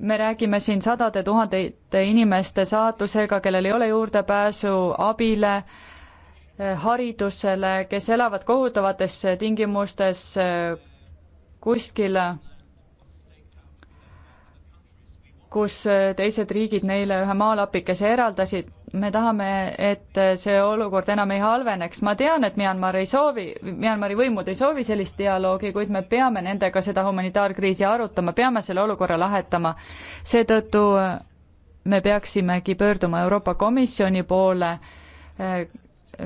me räägime siin sadade tuhandete inimeste saatusega, kellel ei ole juurdepääsu abile, haridusele, kes elavad kohutavates tingimustes kuskil kus teised riigid neile ühe maalapikese eraldasid me tahame, et see olukord enam ei halveneks, ma tean, et Myanmar ei soovi, Myanmari võimud ei soovi sellist dialoogi, kuid me peame nendega seda humanitaarkriisi arutama, peame selle olukorra lahetama. seetõttu me peaksimegi pöörduma Euroopa Komisjoni poole,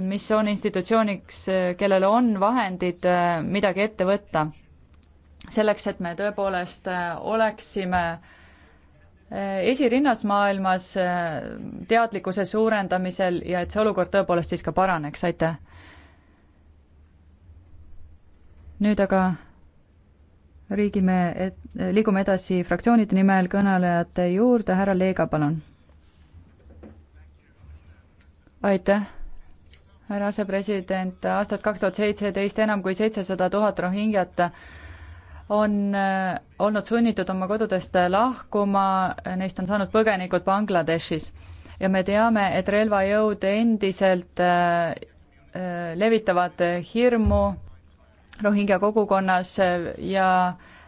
mis on institutsiooniks, kellel on vahendid midagi ette võtta. selleks, et me tõepoolest oleksime äh, Äh, esirinnas maailmas äh, teadlikkuse suurendamisel ja et see olukord tõepoolest siis ka paraneks, aitäh! nüüd aga riigime, et liigume edasi fraktsioonide nimel kõnelejate juurde, härra Leega, palun. aitäh, härra asepresident, aastat kaks tuhat seitseteist enam kui seitsesada tuhat rohingjat on äh, olnud sunnitud oma kodudest lahkuma, neist on saanud põgenikud Bangladeshis. ja me teame, et relvajõud endiselt äh, äh, levitavad hirmu rohingja kogukonnas ja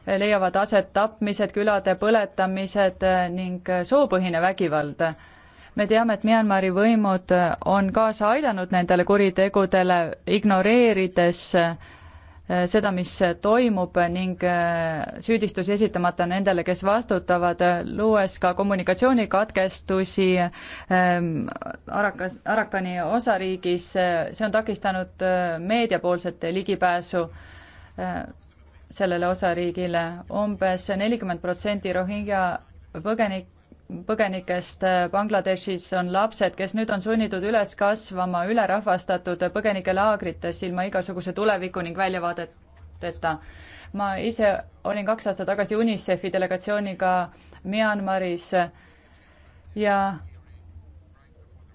leiavad aset tapmised, külade põletamised ning soopõhine vägivald. me teame, et Myanmari võimud on kaasa aidanud nendele kuritegudele, ignoreerides Äh, seda, mis toimub ning äh, süüdistusi esitamata nendele, kes vastutavad, luues ka kommunikatsioonikatkestusi ähm, Arakas, Arakani osariigis, see on takistanud äh, meediapoolset ligipääsu sellele osariigile umbes. umbes nelikümmend protsenti Rohingja põgenik-, põgenikest äh, Bangladeshis on lapsed, kes nüüd on sunnitud üles kasvama ülerahvastatud põgenikelaagrites ilma igasuguse tuleviku ning väljavaadeteta. ma ise olin kaks aastat tagasi UNICEF-i delegatsiooniga Myanmaris ja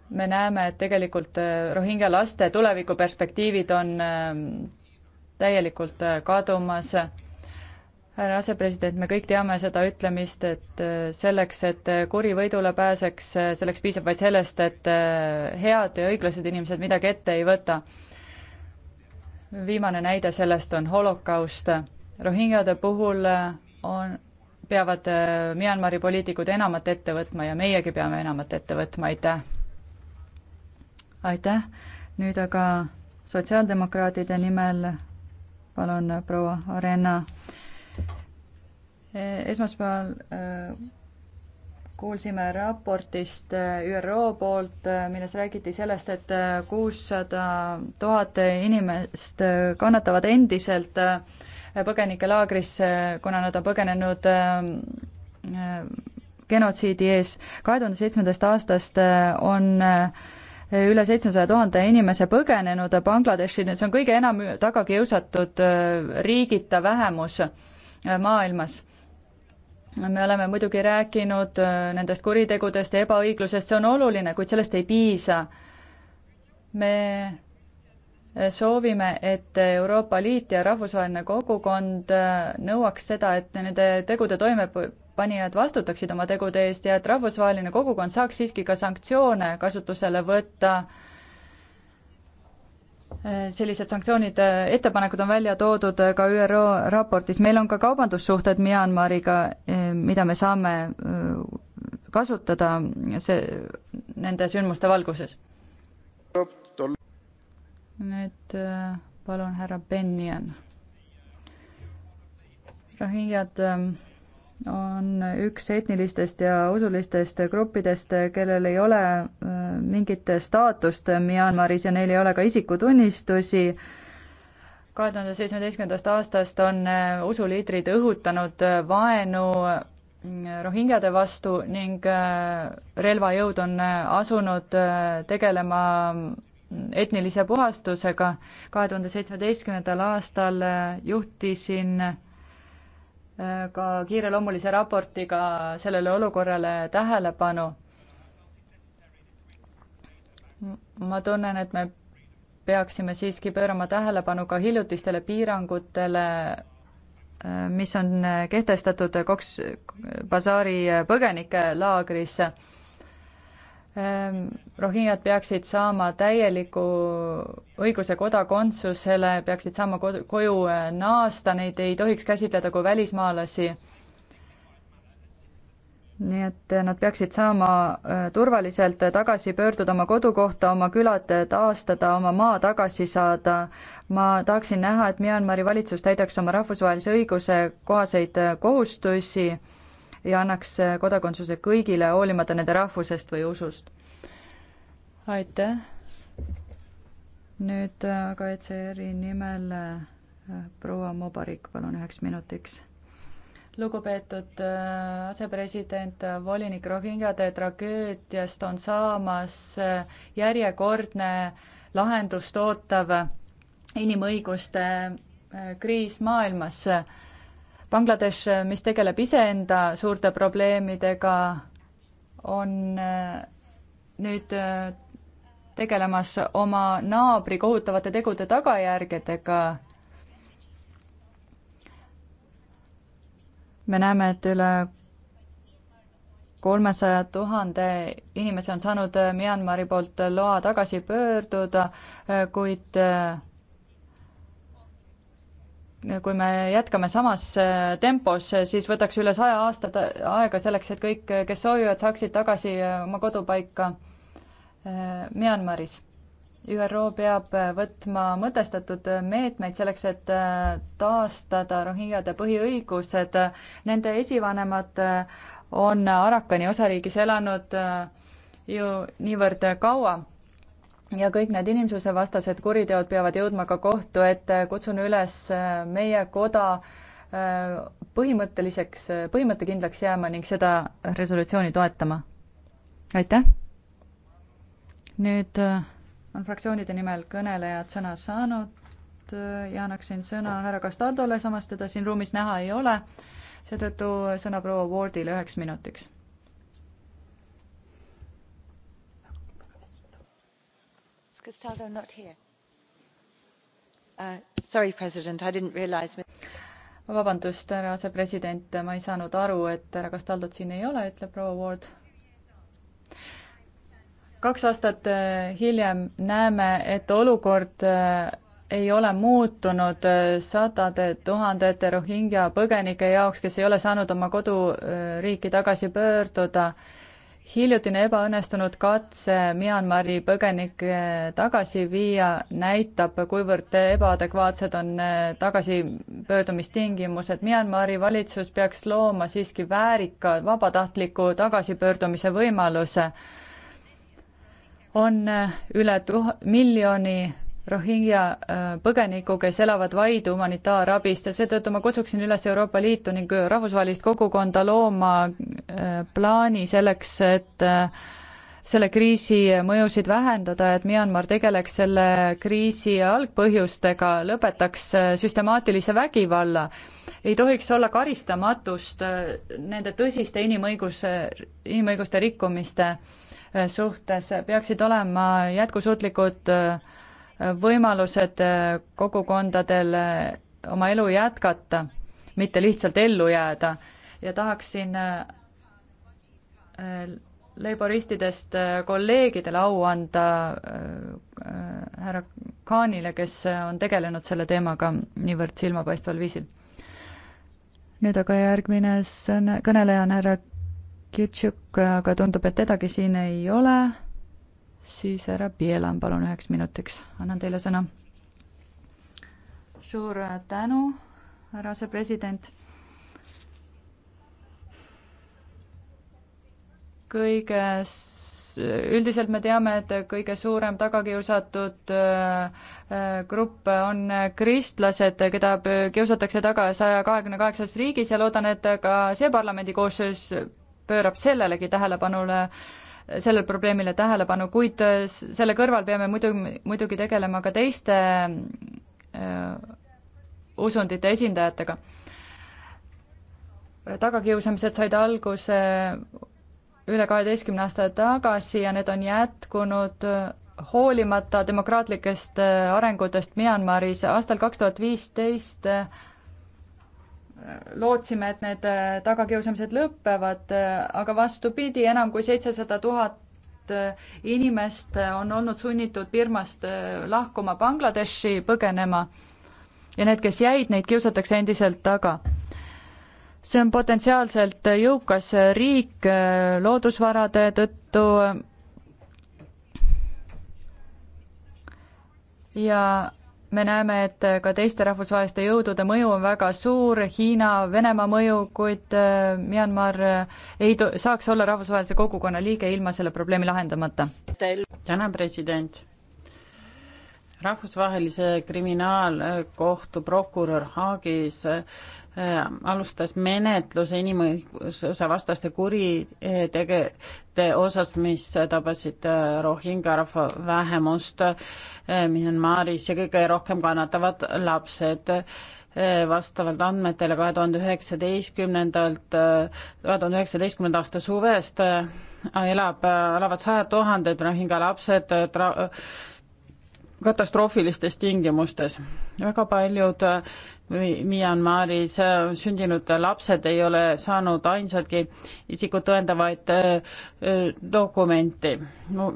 me näeme, et tegelikult äh, Rohingja laste tulevikuperspektiivid on ähm, täielikult äh, kadumas härra asepresident, me kõik teame seda ütlemist, et äh, selleks, et äh, kuri võidule pääseks, äh, selleks piisab vaid sellest, et head ja õiglased inimesed midagi ette ei võta. viimane näide sellest on holokaust. Rohingjade puhul on, peavad Myanmari poliitikud enamat ette võtma ja meiegi peame enamat ette võtma, aitäh! aitäh, nüüd aga sotsiaaldemokraatide nimel palun proua Arena Eh, esmaspäeval eh, kuulsime raportist eh, ÜRO poolt, milles räägiti sellest, et kuussada tuhat inimest kannatavad endiselt põgenikelaagrisse, kuna nad on põgenenud genotsiidi ees. kahe tuhande seitsmendast aastast on üle seitsmesaja tuhande inimese põgenenud Bangladeshi, see on kõige enam tagakiusatud riigita vähemus maailmas me oleme muidugi rääkinud äh, nendest kuritegudest ja ebaõiglusest, see on oluline, kuid sellest ei piisa. me äh, soovime, et Euroopa Liit ja rahvusvaheline kogukond äh, nõuaks seda, et nende tegude toimepanijad vastutaksid oma tegude eest ja et rahvusvaheline kogukond saaks siiski ka sanktsioone kasutusele võtta äh, Äh, sellised sanktsioonid, äh, ettepanekud on välja toodud äh, ka ÜRO raportis, meil on ka kaubandussuhted Myanmariga, mida me saame kasutada see, nende sündmuste valguses. nüüd palun härra Benjan. Rohingyad ähm, on üks etnilistest ja usulistest gruppidest, kellel ei ole äh, mingit staatust Myanmaris ja neil ei ole ka isikutunnistusi. kahe tuhande seitsmeteistkümnendast aastast on äh, usuliidrid õhutanud äh, vaenu rohingjade vastu ning relvajõud on asunud tegelema mm, etnilise puhastusega. kahe tuhande seitsmeteistkümnendal aastal juhtisin ka kiireloomulise raportiga sellele olukorrale tähelepanu. ma tunnen, et me peaksime siiski pöörama tähelepanu ka hiljutistele piirangutele, mis on kehtestatud Koks Basaari põgenikelaagris Ähm, Rohingjad peaksid saama täieliku õiguse kodakondsusele, peaksid saama kod-, koju äh, naasta, neid ei tohiks käsitleda kui välismaalasi. nii et äh, nad peaksid saama äh, turvaliselt tagasi pöörduda oma kodukohta, oma külad taastada, oma maa tagasi saada. ma tahaksin näha, et Myanmari valitsus täidaks oma rahvusvahelise õiguse kohaseid kohustusi ja annaks kodakondsuse kõigile, hoolimata nende rahvusest või usust. aitäh. nüüd aga ECR-i nimel äh, proua Mobarik, palun üheks minutiks lugupeetud äh, asepresident, äh, volinik Rohingyade tragöödiast on saamas järjekordne lahendust ootav inimõiguste kriis maailmas Bangladesh, mis tegeleb iseenda suurte probleemidega, on äh, nüüd äh, tegelemas oma naabri kohutavate tegude tagajärgedega. me näeme, et üle kolmesaja tuhande inimese on saanud Myanmari poolt loa tagasi pöörduda, äh, kuid kui me jätkame samas äh, tempos, äh, siis võtaks üle saja aasta aega selleks, et kõik, äh, kes soovivad, saaksid tagasi oma kodupaika Myanmaris. ÜRO peab võtma mõtestatud meetmeid selleks, et taastada rohingjade põhiõigused. Nende esivanemad on Arakani osariigis elanud ju niivõrd kaua ja kõik need inimsusevastased kuriteod peavad jõudma ka kohtu ette, äh, kutsun üles äh, meie koda äh, põhimõtteliseks, põhimõttekindlaks jääma ning seda resolutsiooni toetama. aitäh! nüüd on fraktsioonide nimel kõnelejad sõna saanud ja annaksin sõna härra Castaldole, samas teda siin ruumis näha ei ole, seetõttu sõna proua Wardile üheks minutiks Uh, vabandust, härra asepresident, ma ei saanud aru, et härra Castaldot siin ei ole, ütleb proua Ward. kaks aastat äh, hiljem näeme, et olukord äh, ei ole muutunud äh, sadade tuhandete Rohingja põgenike jaoks, kes ei ole saanud oma koduriiki tagasi pöörduda hiljutine ebaõnnestunud katse Myanmari põgenikke tagasi viia näitab, kuivõrd ebaadekvaatsed on eh, tagasipöördumistingimused. Myanmari valitsus peaks looma siiski väärika vabatahtliku tagasipöördumise võimaluse. on eh, üle tuha-, miljoni Rohingja äh, põgenikku, kes elavad vaid humanitaarabist ja seetõttu ma kutsuksin üles Euroopa Liitu ning rahvusvahelist kogukonda looma äh, plaani selleks, et äh, selle kriisi mõjusid vähendada, et Myanmar tegeleks selle kriisi algpõhjustega, lõpetaks süstemaatilise vägivalla. ei tohiks olla karistamatust nende tõsiste inimõiguse, inimõiguste rikkumiste suhtes, peaksid olema jätkusuutlikud äh, võimalused äh, kogukondadel äh, oma elu jätkata, mitte lihtsalt ellu jääda ja tahaksin äh, leiboristidest kolleegidele au anda härra Kaanile, kes on tegelenud selle teemaga niivõrd silmapaistval viisil. nüüd aga järgmine sõna, kõneleja on härra Kirtšuk, aga tundub, et tedagi siin ei ole siis härra Pielan, palun üheks minutiks, annan teile sõna. suur tänu, härra asepresident. kõige, üldiselt me teame, et kõige suurem tagakiusatud äh, äh, grupp on kristlased, keda kiusatakse taga saja kahekümne kaheksas riigis ja loodan, et ka see parlamendi koosseis pöörab sellelegi tähelepanule äh, sellele probleemile tähelepanu, kuid äh, selle kõrval peame muidu, muidugi tegelema ka teiste äh, usundite esindajatega. tagakiusamised said alguse üle kaheteistkümne aasta tagasi ja need on jätkunud äh, hoolimata demokraatlikest arengutest Myanmaris. aastal kaks tuhat viisteist lootsime, et need äh, tagakiusamised lõpevad, äh, aga vastupidi, enam kui seitsesada tuhat äh, inimest on olnud sunnitud Birmast lahkuma Bangladeshi, põgenema. ja need, kes jäid, neid kiusatakse endiselt taga. see on potentsiaalselt jõukas riik loodusvarade tõttu ja me näeme, et ka teiste rahvusvaheliste jõudude mõju on väga suur, Hiina, Venemaa mõju, kuid äh, Myanmar äh, ei to-, saaks olla rahvusvahelise kogukonna liige ilma selle probleemi lahendamata. tänan, president! rahvusvahelise kriminaalkohtu prokurör Haagis äh, alustas menetluse inimõiguse vastaste kuritegede osas, mis tabasid äh, Rohingja rahvavähemust äh, Myanmaris ja kõige rohkem kannatavad lapsed vastavalt andmetele kahe tuhande üheksateistkümnendalt, kahe tuhande üheksateistkümnenda aasta suvest elab, elavad sajad tuhanded rohingja lapsed tra-, katastroofilistes tingimustes. väga paljud Myanmaris äh, sündinud lapsed ei ole saanud ainsatki isikut tõendavaid äh, äh, dokumenti.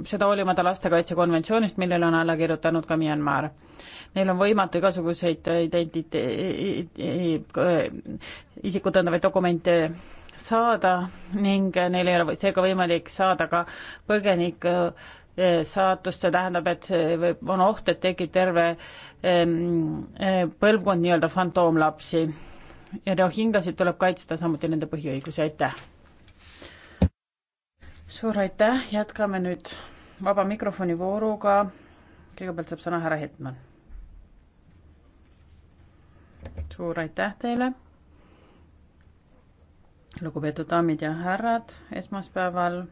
seda hoolimata lastekaitse konventsioonist, millele on alla kirjutanud ka Myanmar. Neil on võimatu igasuguseid identite-, isikut tõendavaid dokumente saada ning neil ei ole seega võimalik saada ka põgenik Eh, saatust, see tähendab, et see võib, on oht, et tekib terve eh, põlvkond nii-öelda fantoomlapsi. ja rohingasid noh, tuleb kaitsta, samuti nende põhiõigusi, aitäh! suur aitäh, jätkame nüüd vaba mikrofoni vooruga, kõigepealt saab sõna härra Hetman. suur aitäh teile! lugupeetud daamid ja härrad, esmaspäeval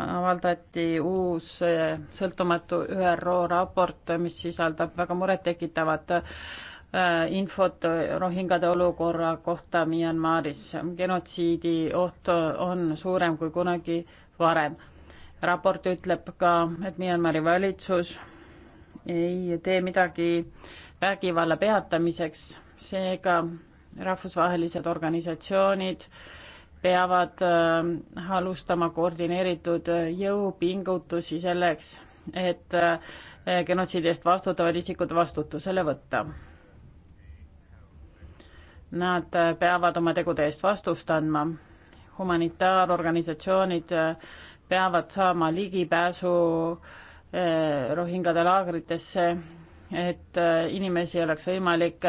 avaldati uus eh, sõltumatu ÜRO raport, mis sisaldab väga murettekitavat eh, infot rohingade olukorra kohta Myanmaris. genotsiidi oht on suurem kui kunagi varem. raport ütleb ka, et Myanmari valitsus ei tee midagi vägivalla peatamiseks, seega rahvusvahelised organisatsioonid äh, peavad äh, alustama koordineeritud äh, jõupingutusi selleks, et äh, genotsiidi eest vastutavad isikud vastutusele võtta. Nad peavad oma tegude eest vastust andma. humanitaarorganisatsioonid peavad saama ligipääsu rohingade laagritesse, et inimesi oleks võimalik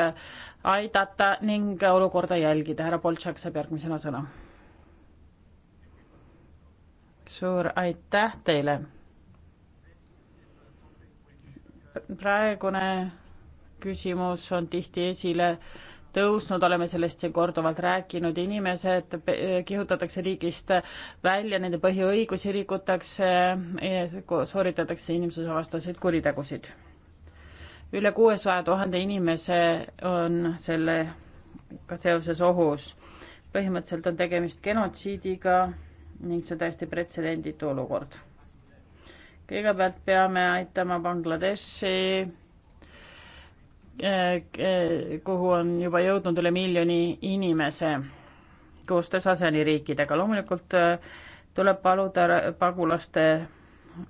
aidata ning olukorda jälgida. härra Boltšak saab järgmisena sõna suur aitäh teile. praegune küsimus on tihti esile tõusnud, oleme sellest siin korduvalt rääkinud, inimesed kihutatakse riigist välja, nende põhiõigusi rikutakse, sooritatakse inimsusevastaseid kuritegusid. üle kuuesaja tuhande inimese on sellega seoses ohus. põhimõtteliselt on tegemist genotsiidiga ning see on täiesti pretsedenditu olukord. kõigepealt peame aitama Bangladeshi, eh, kuhu on juba jõudnud üle miljoni inimese koostöös ASEAN-i riikidega. loomulikult eh, tuleb paluda pagulaste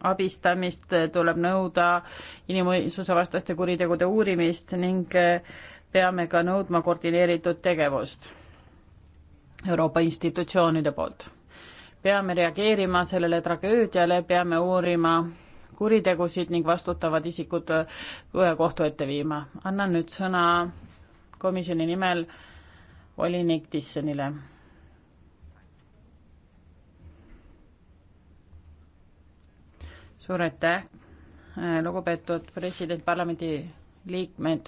abistamist, eh, tuleb nõuda inimõigusevastaste kuritegude uurimist ning peame ka nõudma koordineeritud tegevust Euroopa institutsioonide poolt peame reageerima sellele tragöödiale, peame uurima kuritegusid ning vastutavad isikud äh, kohtu ette viima. annan nüüd sõna komisjoni nimel volinik Tissonile. suur aitäh, äh, lugupeetud president, parlamendi liikmed.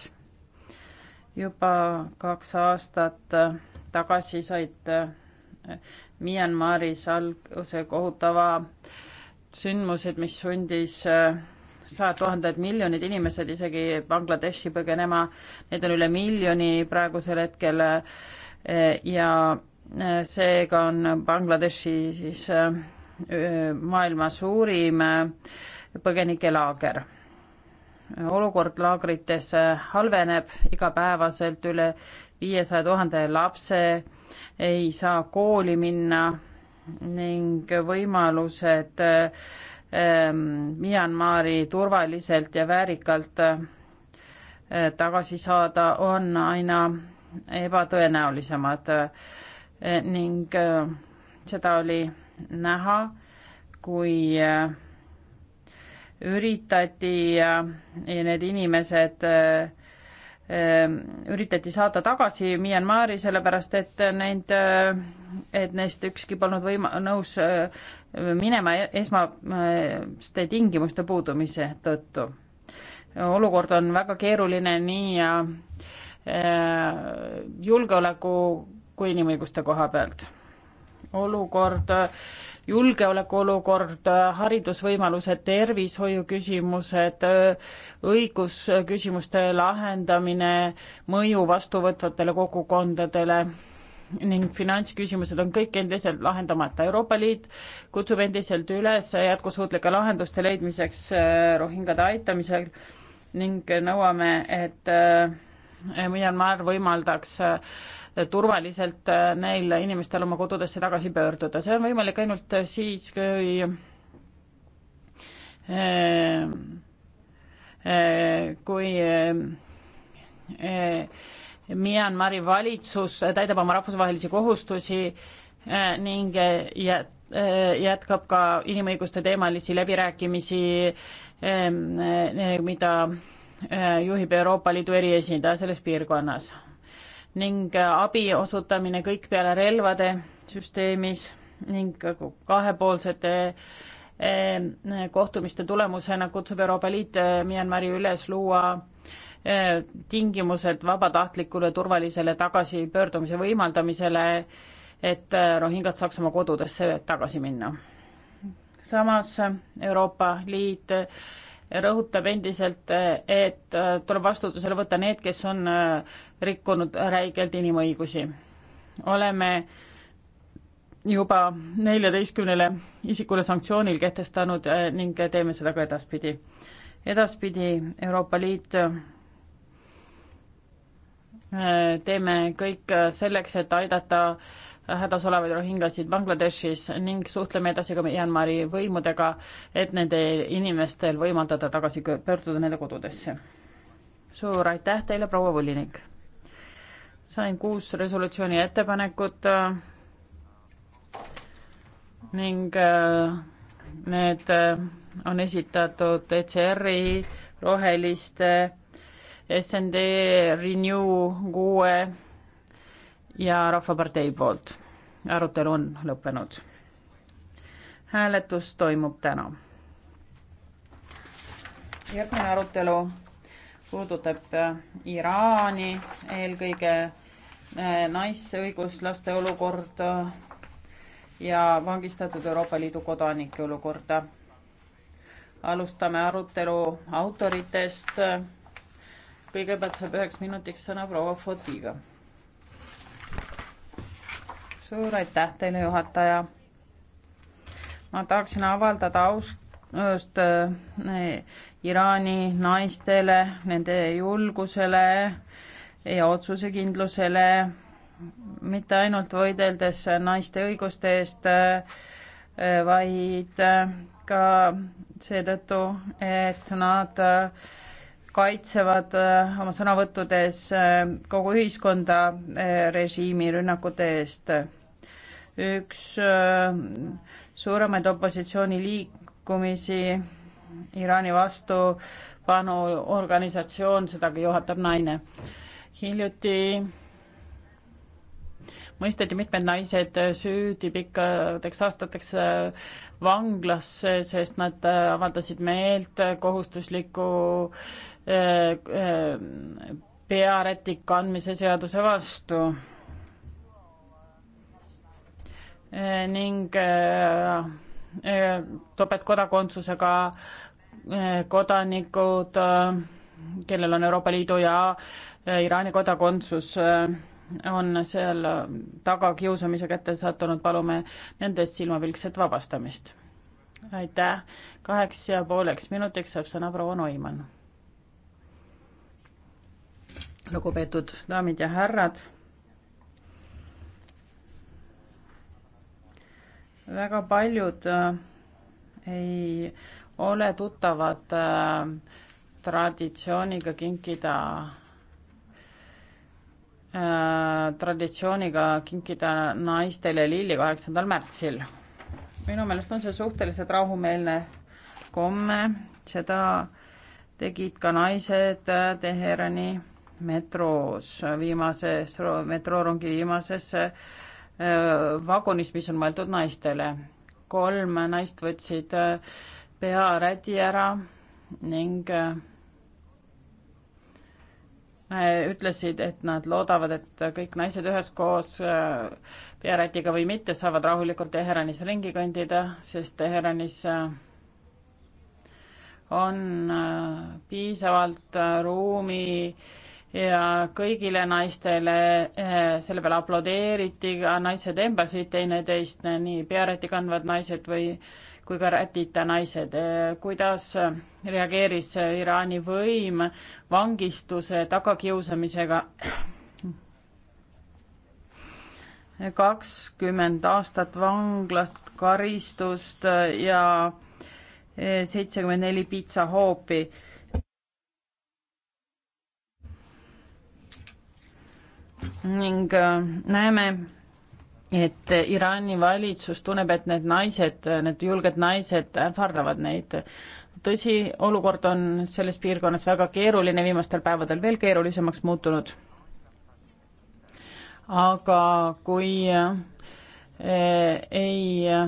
juba kaks aastat tagasi said äh, Myanmaris alguse kohutava sündmused, mis sundis äh, sajad tuhanded miljonid inimesed isegi Bangladeshi põgenema, neid on üle miljoni praegusel hetkel äh, ja äh, seega on Bangladeshi siis maailma suurim põgenikelaager. olukord laagrites halveneb igapäevaselt, üle viiesaja tuhande lapse ei saa kooli minna ning võimalused ähm, Myanmari turvaliselt ja väärikalt äh, tagasi saada on aina ebatõenäolisemad äh, ning äh, seda oli näha, kui üritati need inimesed Ehm, üritati saada tagasi Myanmari, sellepärast et neid, eh, et neist ükski polnud võima-, nõus eh, minema e-, esmaste tingimuste puudumise tõttu. olukord on väga keeruline nii eh, julgeoleku kui inimõiguste koha pealt. olukord julgeolekuolukord, haridusvõimalused, tervishoiu küsimused, õigusküsimuste lahendamine, mõju vastuvõtvatele kogukondadele ning finantsküsimused on kõik endiselt lahendamata. Euroopa Liit kutsub endiselt üles jätkusuutlike lahenduste leidmiseks äh, rohingade aitamisel ning nõuame, et äh, Myanmar võimaldaks äh, turvaliselt äh, neil inimestel oma kodudesse tagasi pöörduda, see on võimalik ainult siis, kui äh, äh, kui Myanmari valitsus täidab oma rahvusvahelisi kohustusi ning jätkab ka inimõiguste teemalisi läbirääkimisi, mida juhib Euroopa Liidu eriesindaja selles piirkonnas ning abi osutamine kõik peale relvade süsteemis ning kahepoolsete eh, kohtumiste tulemusena kutsub Euroopa Liit eh, Myanmari üles luua eh, tingimused vabatahtlikule turvalisele tagasipöördumise võimaldamisele, et rohingad saaks oma kodudesse tagasi minna. samas Euroopa Liit rõhutab endiselt, et äh, tuleb vastutusele võtta need, kes on äh, rikkunud räigelt inimõigusi. oleme juba neljateistkümnele isikule sanktsioonil kehtestanud äh, ning teeme seda ka edaspidi. edaspidi Euroopa Liit teeme kõik selleks, et aidata äh, hädas olevaid rohingasid Bangladeshis ning suhtleme edasi ka Myanmari võimudega, et nende inimestel võimaldada tagasi pöörduda nende kodudesse. suur aitäh teile, proua volinik. sain kuus resolutsiooni ettepanekut äh, ning äh, need äh, on esitatud ECR-i, Roheliste, SND, Renew, kuue ja Rahvapartei poolt. arutelu on lõppenud. hääletus toimub täna. järgmine arutelu puudutab äh, Iraani, eelkõige äh, naisõiguslaste olukorda ja vangistatud Euroopa Liidu kodanike olukorda. alustame arutelu autoritest. kõigepealt saab üheks minutiks sõna proua Fotiga suur aitäh teile, juhataja. ma tahaksin avaldada austust äh, Iraani naistele, nende julgusele ja otsusekindlusele, mitte ainult võideldes naiste õiguste eest äh,, vaid äh, ka seetõttu, et nad äh, kaitsevad äh, oma sõnavõttudes äh, kogu ühiskonda äh, režiimi rünnakute eest. üks suuremaid opositsiooniliikumisi Iraani vastupanu organisatsioon, seda ka juhatab naine. hiljuti mõisteti mitmed naised süüdi pikkadeks aastateks vanglasse, sest nad avaldasid meelt kohustusliku Äh, äh, pearätika andmise seaduse vastu äh, ning topeltkodakondsusega kodanikud, kellel on Euroopa Liidu ja Iraani kodakondsus, on seal taga kiusamise kätte sattunud, palume nende eest silmapilkset vabastamist. aitäh, kaheks ja pooleks minutiks saab sõna proua Noimann lugupeetud daamid ja härrad. väga paljud äh, ei ole tuttavad äh, traditsiooniga kinkida äh,, traditsiooniga kinkida naistele lilli kaheksandal märtsil. minu meelest on see suhteliselt rahumeelne komme, seda tegid ka naised äh, Teherani metroos viimases, metroorongi viimases äh, vagunis, mis on mõeldud naistele. kolm naist võtsid äh, pearädi ära ning äh, ütlesid, et nad loodavad, et kõik naised üheskoos pearätiga või mitte saavad rahulikult Teheranis ringi kõndida, sest Teheranis on piisavalt ruumi äh, ja kõigile naistele eh, selle peale aplodeeriti, ka naised embasid teineteist, nii pearäti kandvad naised või kui ka rätita naised. Eh, kuidas eh, reageeris Iraani võim vangistuse tagakiusamisega? (clears throat) kakskümmend aastat vanglast karistust ja seitsekümmend neli piitsahoopi ning äh, näeme, et Iraani valitsus tunneb, et need naised, need julged naised ähvardavad neid. tõsi, olukord on selles piirkonnas väga keeruline, viimastel päevadel veel keerulisemaks muutunud. aga kui äh, ei äh,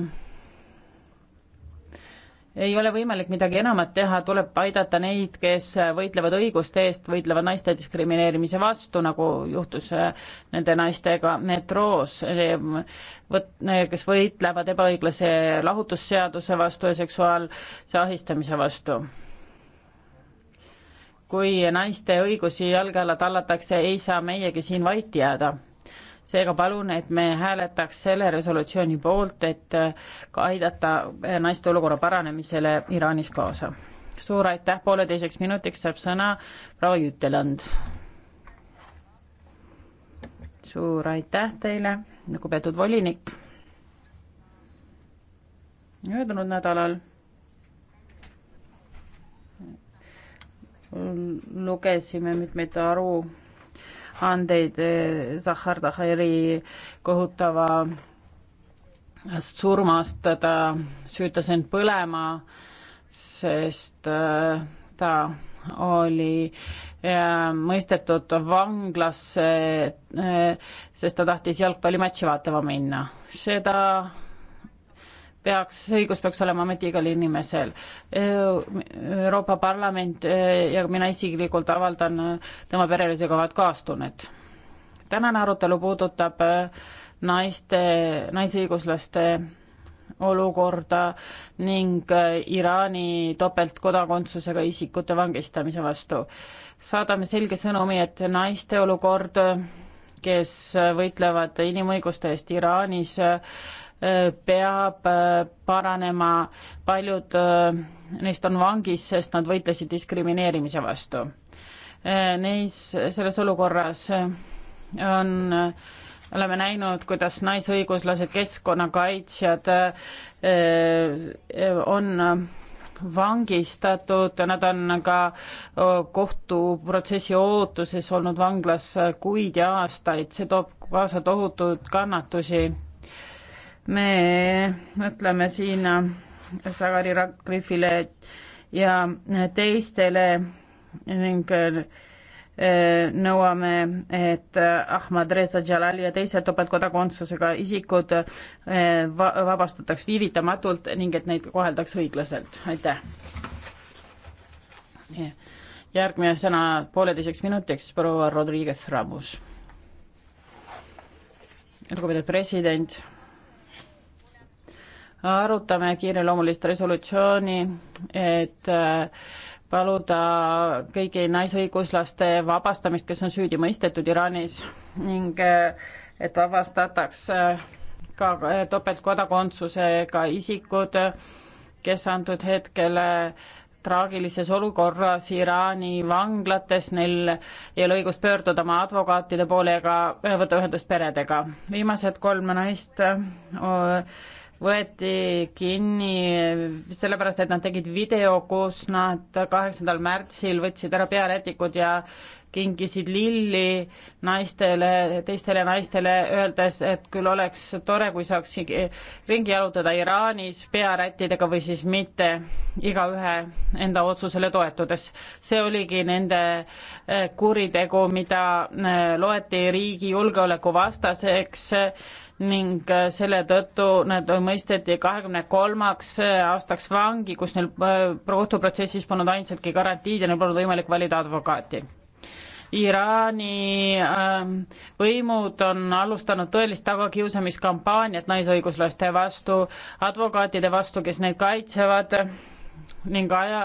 ei ole võimalik midagi enamat teha, tuleb aidata neid, kes võitlevad õiguste eest, võitlevad naiste diskrimineerimise vastu, nagu juhtus äh, nende naistega metroos, äh, võt-, äh, kes võitlevad ebaõiglase lahutusseaduse vastu ja seksuaalse ahistamise vastu kui naiste õigusi jalge alla tallatakse, ei saa meiegi siin vait jääda seega palun, et me hääletaks selle resolutsiooni poolt, et äh, ka aidata äh, naiste olukorra paranemisele Iraanis kaasa. suur aitäh, pooleteiseks minutiks saab sõna proua Jüteland. suur aitäh teile, lugupeetud volinik. möödunud nädalal lugesime mitmeid aru andeid eh, Zahhar Tahiri kohutava surmast, ta süütas end põlema, sest eh, ta oli eh, mõistetud vanglasse, sest ta tahtis jalgpallimatši vaatama minna. seda peaks, õigus peaks olema ometi igal inimesel. Euroopa Parlament eh, ja mina isiklikult avaldan eh, tema perele sügavat kaastunnet. tänane arutelu puudutab eh, naiste, naisõiguslaste olukorda ning Iraani topeltkodakondsusega isikute vangistamise vastu. saadame selge sõnumi, et naiste olukord, kes võitlevad inimõiguste eest Iraanis, peab äh, paranema, paljud äh, neist on vangis, sest nad võitlesid diskrimineerimise vastu. Äh, neis, selles olukorras on oleme näinud, kuidas naisõiguslased, keskkonnakaitsjad on vangistatud, nad on ka kohtuprotsessi ootuses olnud vanglas kuid ja aastaid, see toob kaasa tohutuid kannatusi me mõtleme siin Sagari Radcliffe'ile ja teistele ning e, nõuame, et Ahmad Reza Jalali ja teised topeltkodakondsusega isikud e, vabastataks viivitamatult ning et neid koheldaks õiglaselt, aitäh. järgmine sõna pooleteiseks minutiks, proua Rodriguez Ramos. lugupeetud president arutame kiireloomulist resolutsiooni, et äh, paluda kõigi naisõiguslaste vabastamist, kes on süüdi mõistetud Iraanis ning äh, et vabastataks äh, ka topeltkodakondsusega isikud, kes antud hetkel traagilises olukorras Iraani vanglates, neil ei ole õigust pöörduda oma advokaatide poole ega võtta ühendust peredega. viimased kolm naist võeti kinni sellepärast, et nad tegid video, kus nad kaheksandal märtsil võtsid ära pearätikud ja kingisid lilli naistele, teistele naistele, öeldes, et küll oleks tore, kui saaks ringi jalutada Iraanis pearättidega või siis mitte, igaühe enda otsusele toetudes. see oligi nende eh, kuritegu, mida eh, loeti riigi julgeoleku vastaseks ning äh, selle tõttu nad mõisteti kahekümne kolmaks äh, aastaks vangi, kus neil kohtuprotsessis äh, polnud ainsadki garantiid ja neil polnud võimalik valida advokaati. Iraani ähm, võimud on alustanud tõelist tagakiusamiskampaaniat naisõiguslaste vastu, advokaatide vastu, kes neid kaitsevad ning aja,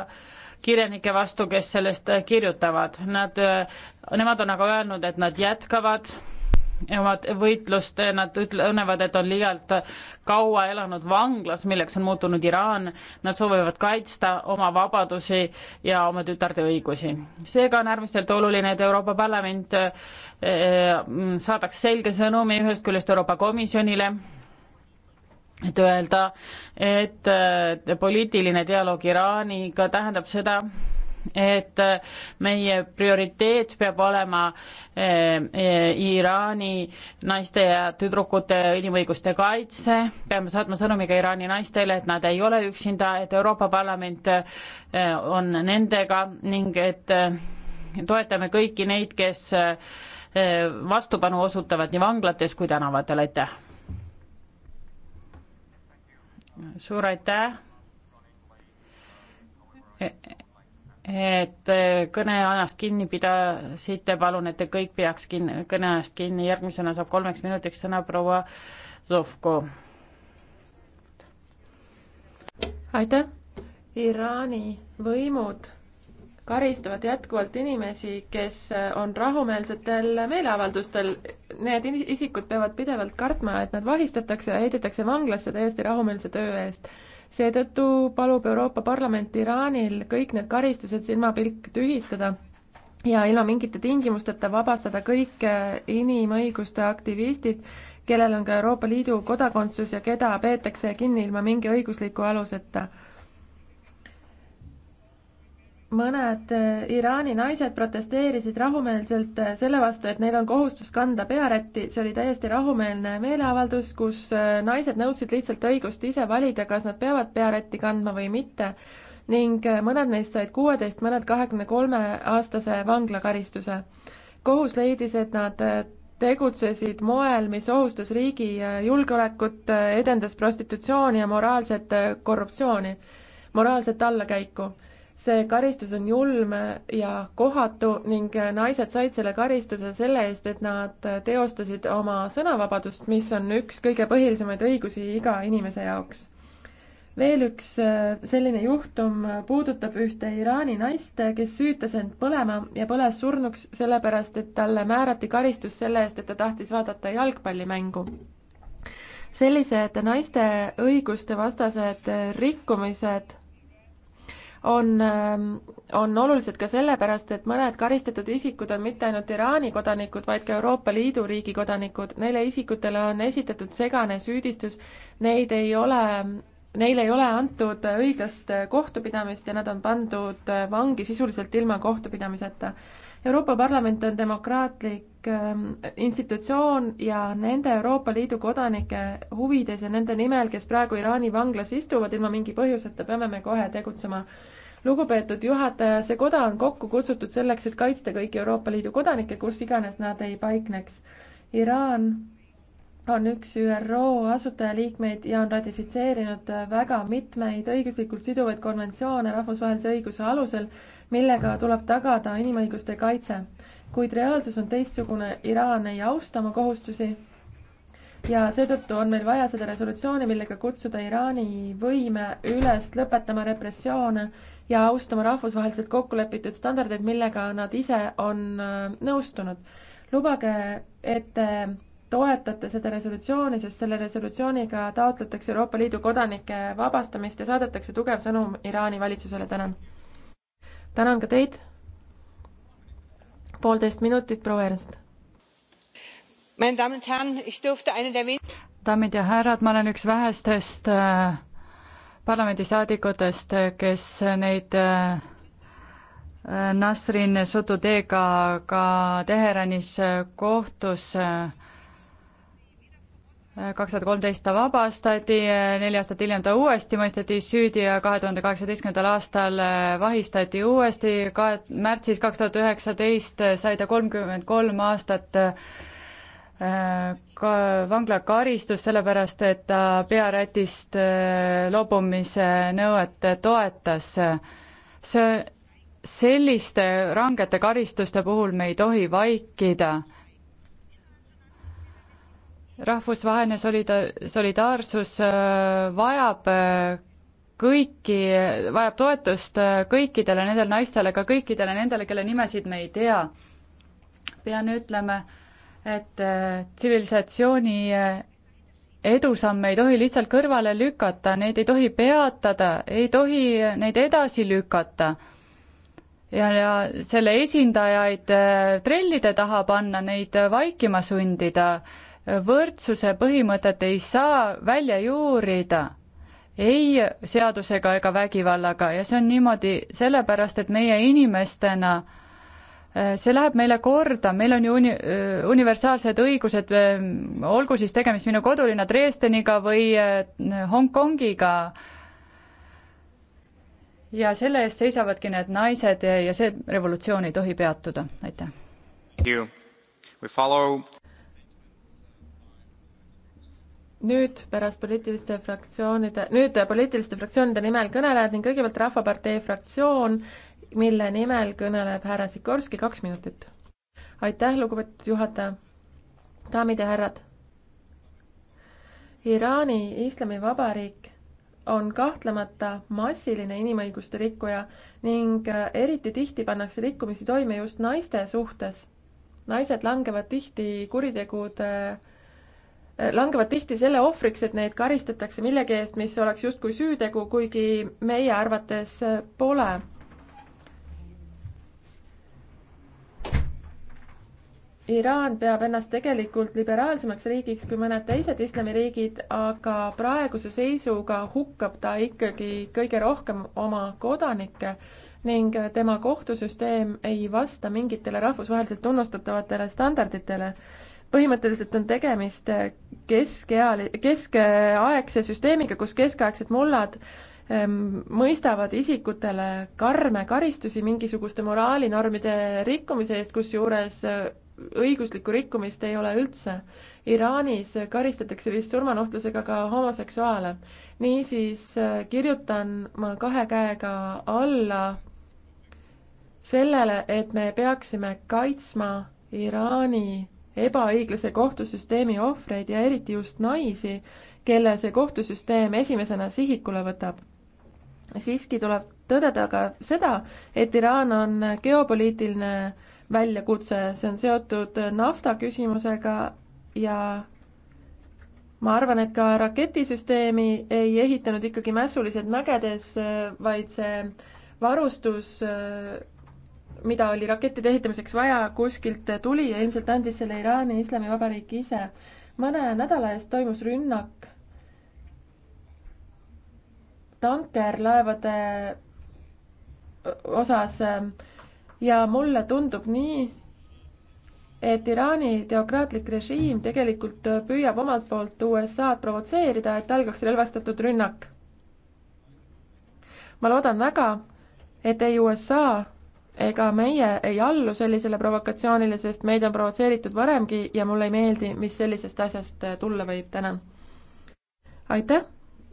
kirjanike vastu, kes sellest kirjutavad. Nad, nemad on aga öelnud, et nad jätkavad omad võitlust, nad ütlevad, et on liialt kaua elanud vanglas, milleks on muutunud Iraan, nad soovivad kaitsta oma vabadusi ja oma tütarde õigusi. seega on äärmiselt oluline, et Euroopa Parlament eh, mm, saadaks selge sõnumi ühest küljest Euroopa Komisjonile, et öelda, et eh, poliitiline dialoog Iraaniga tähendab seda, et äh, meie prioriteet peab olema äh, äh, Iraani naiste ja tüdrukute inimõiguste kaitse, peame saatma sõnumi ka Iraani naistele, et nad ei ole üksinda, et Euroopa Parlament on nendega ning et toetame kõiki neid, kes vastupanu osutavad nii vanglates kui tänavatel, aitäh! suur aitäh! et kõneajast kinni pidasite, palun, et te kõik peaks kinni, kõneajast kinni, järgmisena saab kolmeks minutiks sõna proua Zovko. aitäh, Iraani võimud karistavad jätkuvalt inimesi, kes on rahumeelsetel meeleavaldustel. Need isikud peavad pidevalt kartma, et nad vahistatakse ja heidetakse vanglasse täiesti rahumeelse töö eest seetõttu palub Euroopa Parlament Iraanil kõik need karistused silmapilk tühistada ja ilma mingite tingimusteta vabastada kõik inimõiguste aktivistid, kellel on ka Euroopa Liidu kodakondsus ja keda peetakse kinni ilma mingi õigusliku aluseta mõned äh, Iraani naised protesteerisid rahumeelselt äh, selle vastu, et neil on kohustus kanda pearätti, see oli täiesti rahumeelne meeleavaldus, kus äh, naised nõudsid lihtsalt õigust ise valida, kas nad peavad pearätti kandma või mitte ning mõned neist said kuueteist, mõned kahekümne kolme aastase vanglakaristuse. kohus leidis, et nad tegutsesid moel, mis ohustas riigi julgeolekut, edendas prostitutsiooni ja moraalset korruptsiooni, moraalset allakäiku see karistus on julm ja kohatu ning naised said selle karistuse selle eest, et nad teostasid oma sõnavabadust, mis on üks kõige põhilisemaid õigusi iga inimese jaoks. veel üks äh, selline juhtum puudutab ühte Iraani naist, kes süütas end põlema ja põles surnuks sellepärast, et talle määrati karistus selle eest, et ta tahtis vaadata jalgpallimängu sellised naiste õiguste vastased rikkumised on, ähm, on olulised ka sellepärast, et mõned karistatud isikud on mitte ainult Iraani kodanikud, vaid ka Euroopa Liidu riigi kodanikud. Neile isikutele on esitatud segane süüdistus, neid ei ole, neile ei ole antud õiglast kohtupidamist ja nad on pandud vangi sisuliselt ilma kohtupidamiseta. Euroopa Parlament on demokraatlik ähm, institutsioon ja nende Euroopa Liidu kodanike huvides ja nende nimel, kes praegu Iraani vanglas istuvad ilma mingi põhjuseta, peame me kohe tegutsema lugupeetud juhataja, see koda on kokku kutsutud selleks, et kaitsta kõiki Euroopa Liidu kodanikke, kus iganes nad ei paikneks. Iraan on üks ÜRO asutajaliikmeid ja on ratifitseerinud väga mitmeid õiguslikult siduvaid konventsioone rahvusvahelise õiguse alusel, millega tuleb tagada inimõiguste kaitse. kuid reaalsus on teistsugune, Iraan ei austa oma kohustusi ja seetõttu on meil vaja seda resolutsiooni, millega kutsuda Iraani võime üles lõpetama repressioone ja austama rahvusvaheliselt kokku lepitud standardeid, millega nad ise on äh, nõustunud. lubage, et te toetate seda resolutsiooni, sest selle resolutsiooniga taotletakse Euroopa Liidu kodanike vabastamist ja saadetakse tugev sõnum Iraani valitsusele, tänan. tänan ka teid. poolteist minutit, proua Ernst. daamid ja härrad, ma olen üks vähestest äh, parlamendisaadikutest, kes neid äh, Nasrin Sotudega ka Teheranis kohtus kaks tuhat kolmteist ta vabastati, neli aastat hiljem ta uuesti mõisteti süüdi ja kahe tuhande kaheksateistkümnendal aastal vahistati uuesti, kahe, märtsis kaks tuhat üheksateist sai ta kolmkümmend kolm aastat ka vanglakaristus, sellepärast et ta pearätist äh, loobumise nõuet toetas. see, selliste rangete karistuste puhul me ei tohi vaikida. rahvusvaheline solida-, solidaarsus äh, vajab äh, kõiki, vajab toetust kõikidele nendele naistele, ka kõikidele nendele, kelle nimesid me ei tea. pean ütlema, et äh, tsivilisatsiooni äh, edusamme ei tohi lihtsalt kõrvale lükata, neid ei tohi peatada, ei tohi neid edasi lükata. ja, ja selle esindajaid äh, trellide taha panna, neid vaikima sundida, võrdsuse põhimõtet ei saa välja juurida ei seadusega ega vägivallaga ja see on niimoodi sellepärast, et meie inimestena äh, Äh, see läheb meile korda, meil on ju uni-, äh, universaalsed õigused, äh, olgu siis tegemist minu kodulinna Dresdeniga või Hongkongiga, ja selle eest seisavadki need naised ja, ja see revolutsioon ei tohi peatuda, aitäh. nüüd pärast poliitiliste fraktsioonide, nüüd poliitiliste fraktsioonide nimel kõnelejad ning kõigepealt Rahvapartei fraktsioon mille nimel kõneleb härra Sikorski kaks minutit. aitäh, lugupeetud juhataja. daamid ja härrad. Iraani Islamivabariik on kahtlemata massiline inimõiguste rikkuja ning äh, eriti tihti pannakse rikkumisi toime just naiste suhtes. naised langevad tihti kuritegude äh, langevad tihti selle ohvriks, et neid karistatakse millegi eest, mis oleks justkui süütegu, kuigi meie arvates äh, pole Iraan peab ennast tegelikult liberaalsemaks riigiks kui mõned teised islamiriigid, aga praeguse seisuga hukkab ta ikkagi kõige rohkem oma kodanikke ning tema kohtusüsteem ei vasta mingitele rahvusvaheliselt tunnustatavatele standarditele. põhimõtteliselt on tegemist keskeali-, keskaegse süsteemiga, kus keskaegsed mullad ehm, mõistavad isikutele karme karistusi mingisuguste moraalinormide rikkumise eest, kusjuures õiguslikku rikkumist ei ole üldse. Iraanis karistatakse vist surmanuhtlusega ka homoseksuaale. niisiis äh, kirjutan ma kahe käega alla sellele, et me peaksime kaitsma Iraani ebaõiglase kohtusüsteemi ohvreid ja eriti just naisi, kelle see kohtusüsteem esimesena sihikule võtab. siiski tuleb tõdeda ka seda, et Iraan on geopoliitiline väljakutse, see on seotud nafta küsimusega ja ma arvan, et ka raketisüsteemi ei ehitanud ikkagi mässulised mägedes, vaid see varustus, mida oli rakettide ehitamiseks vaja, kuskilt tuli ja ilmselt andis selle Iraani Islamivabariik ise. mõne nädala eest toimus rünnak tankerlaevade osas äh, ja mulle tundub nii, et Iraani teokraatlik režiim tegelikult püüab omalt poolt USA-d provotseerida, et algaks relvastatud rünnak. ma loodan väga, et ei USA ega meie ei allu sellisele provokatsioonile, sest meid on provotseeritud varemgi ja mulle ei meeldi, mis sellisest asjast tulla võib. tänan. aitäh,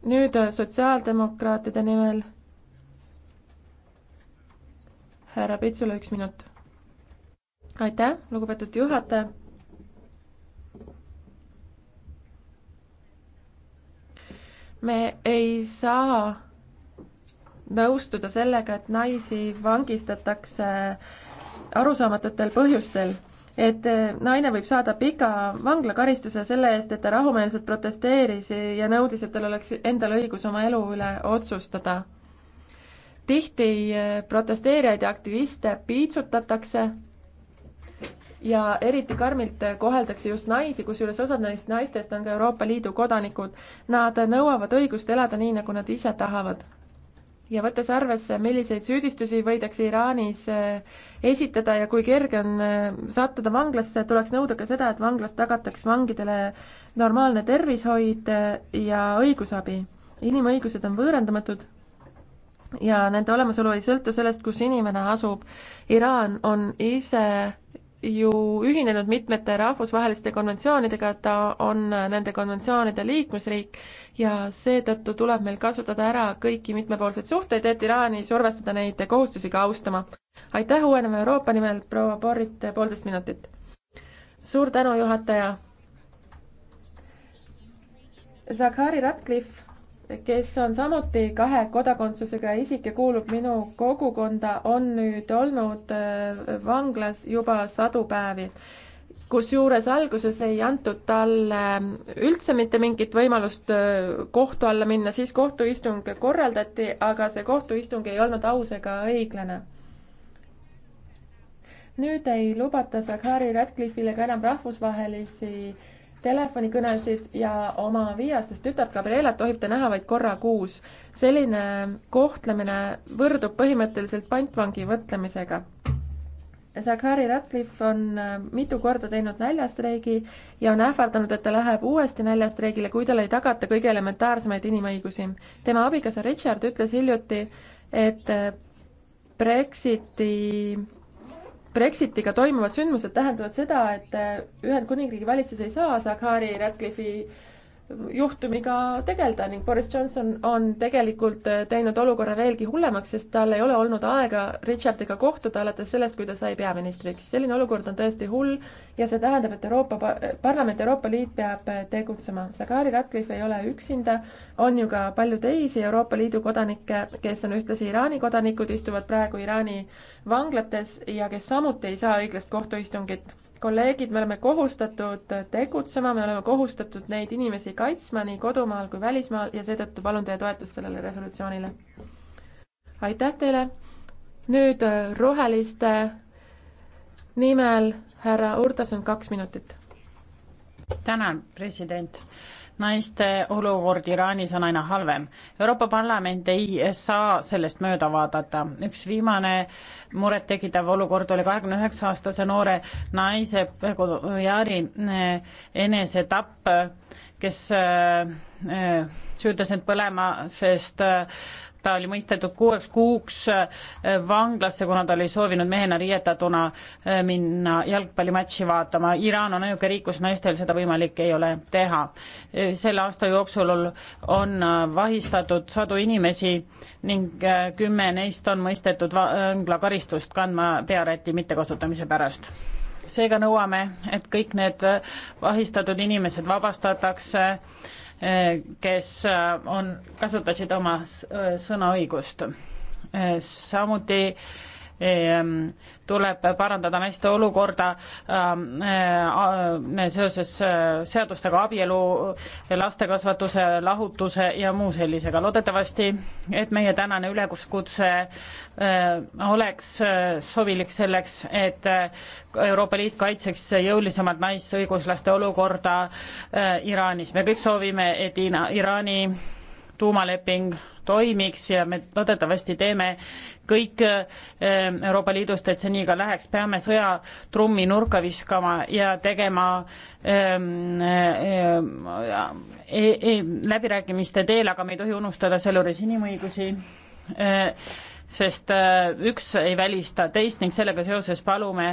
nüüd sotsiaaldemokraatide nimel härra Pitsule üks minut. aitäh, lugupeetud juhataja. me ei saa nõustuda sellega, et naisi vangistatakse arusaamatutel põhjustel et eh, naine võib saada pika vanglakaristuse selle eest, et ta rahumeelselt protesteeris ja nõudis, et tal oleks endal õigus oma elu üle otsustada tihti äh, protesteerijaid ja aktiviste piitsutatakse ja eriti karmilt äh, koheldakse just naisi, kusjuures osad neist naistest on ka Euroopa Liidu kodanikud. Nad nõuavad õigust elada nii, nagu nad ise tahavad. ja võttes arvesse, milliseid süüdistusi võidakse Iraanis äh, esitada ja kui kerge on sattuda vanglasse, tuleks nõuda ka seda, et vanglas tagataks vangidele normaalne tervishoid ja õigusabi. inimõigused on võõrandamatud ja nende olemasolu ei sõltu sellest, kus inimene asub. Iraan on ise ju ühinenud mitmete rahvusvaheliste konventsioonidega, ta on nende konventsioonide liikmesriik ja seetõttu tuleb meil kasutada ära kõiki mitmepoolseid suhteid, et Iraani survestada neid kohustusi ka austama. aitäh, uueneva Euroopa nimel, proua Borrit, poolteist minutit. suur tänu, juhataja. Zakhari Ratcliffe kes on samuti kahe kodakondsusega isik ja kuulub minu kogukonda, on nüüd olnud äh, vanglas juba sadu päevi. kusjuures alguses ei antud talle äh, üldse mitte mingit võimalust äh, kohtu alla minna, siis kohtuistung korraldati, aga see kohtuistung ei olnud aus ega õiglane nüüd ei lubata Zachary Radcliffe'ile ka enam rahvusvahelisi telefonikõnesid ja oma viieaastast tütart Gabrielat tohib ta näha vaid korra kuus. selline kohtlemine võrdub põhimõtteliselt pantvangi võtlemisega. Zakhari Ratliff on äh, mitu korda teinud näljastreigi ja on ähvardanud, et ta läheb uuesti näljastreigile, kui talle ei tagata kõige elementaarsemaid inimõigusi. tema abikaasa Richard ütles hiljuti, et äh, Brexiti Brexitiga toimuvad sündmused tähendavad seda, et äh, Ühendkuningriigi valitsus ei saa Zaghari Ratcliffe'i juhtumiga tegeleda ning Boris Johnson on tegelikult äh, teinud olukorra veelgi hullemaks, sest tal ei ole olnud aega Richardiga kohtuda alates sellest, kui ta sai peaministriks. selline olukord on tõesti hull ja see tähendab, et Euroopa Parlament, Euroopa Liit peab äh, tegutsema. Sagari Ratcliffe ei ole üksinda, on ju ka palju teisi Euroopa Liidu kodanikke, kes on ühtlasi Iraani kodanikud, istuvad praegu Iraani vanglates ja kes samuti ei saa õiglast kohtuistungit kolleegid, me oleme kohustatud tegutsema, me oleme kohustatud neid inimesi kaitsma nii kodumaal kui välismaal ja seetõttu palun teie toetust sellele resolutsioonile. aitäh teile. nüüd äh, roheliste nimel härra Urtas on kaks minutit. tänan, president naiste olukord Iraanis on aina halvem. Euroopa Parlament ei saa sellest mööda vaadata. üks viimane murettekitav olukord oli kahekümne üheksa aastase noore naise Jaari eh, enesetapp, kes eh, eh, süüdas end põlema, sest ta oli mõistetud kuueks kuuks äh, vanglasse, kuna ta oli soovinud mehena riietatuna äh, minna jalgpallimatši vaatama. Iraan on ainuke riik, kus naistel seda võimalik ei ole teha. Äh, selle aasta jooksul on vahistatud sadu inimesi ning kümme neist on mõistetud vanglakaristust kandma pearäti mittekasutamise pärast seega nõuame, et kõik need vahistatud inimesed vabastatakse äh, Eh, kes eh, on, kasutasid oma eh, sõnaõigust. samuti Ehm, tuleb parandada naiste olukorda ähm, äh, äh, seoses äh, seadustega abielu, lastekasvatuse, lahutuse ja muu sellisega. loodetavasti, et meie tänane üleskutse oleks sobilik selleks, et Euroopa Liit kaitseks jõulisemalt naisõiguslaste olukorda Iraanis. me kõik soovime, et Ina, Iraani tuumaleping toimiks ja me loodetavasti teeme kõik ähm, Euroopa Liidust, et see nii ka läheks, peame sõjatrummi nurka viskama ja tegema ähm, ähm, äh, äh, läbirääkimiste teel, aga me ei tohi unustada selle juures inimõigusi äh, sest äh, üks ei välista teist ning sellega seoses palume,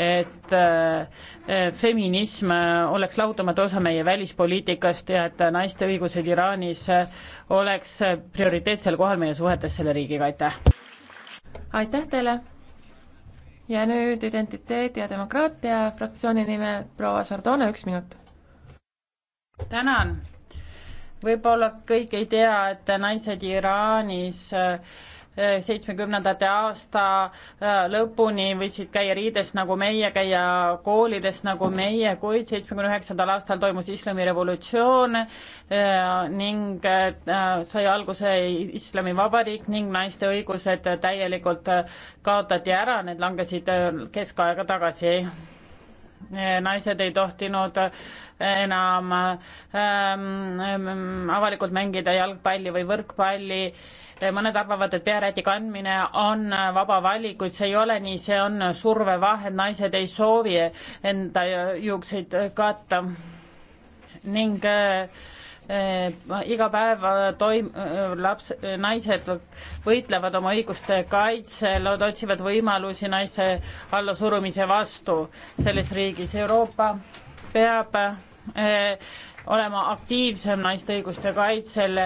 et äh, äh, feminism oleks lahutamatu osa meie välispoliitikast ja et naiste õigused Iraanis oleks prioriteetsel kohal meie suhetes selle riigiga, aitäh! aitäh teile! ja nüüd Identiteedi ja demokraatia fraktsiooni nimel proua Sardone, üks minut. tänan! võib-olla kõik ei tea, et naised Iraanis äh, seitsmekümnendate aasta äh, lõpuni võisid käia riides nagu meie, käia koolides nagu meie, kuid seitsmekümne üheksandal aastal toimus islamirevolutsioon äh, ning äh, sai alguse Islamivabariik ning naiste õigused täielikult kaotati ära, need langesid keskaega tagasi naised ei tohtinud enam ähm, avalikult mängida jalgpalli või võrkpalli Eh, mõned arvavad, et pearäti kandmine on eh, vaba valik, kuid see ei ole nii, see on survevahend, naised ei soovi enda juukseid katta. ning äh, iga päev toim-, laps, naised võitlevad oma õiguste kaitsel, nad otsivad võimalusi naiste allasurumise vastu selles riigis. Euroopa peab olema aktiivsem naiste õiguste kaitsel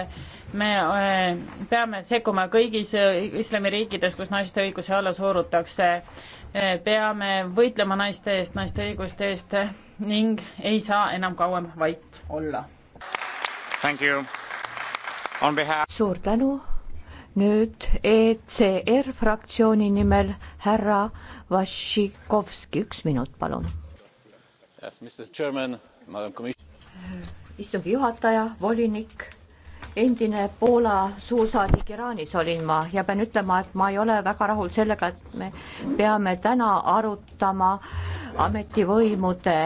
me äh, peame sekkuma kõigis äh, islamiriikides, kus naiste õigusi alla surutakse. Äh, peame võitlema naiste eest, naiste õiguste eest ning ei saa enam kauem vait olla. Behalf... suur tänu. nüüd ECR fraktsiooni nimel härra Vašikovski, üks minut, palun yes,. istungi juhataja, volinik endine Poola suursaadik Iraanis olin ma ja pean ütlema, et ma ei ole väga rahul sellega, et me peame täna arutama ametivõimude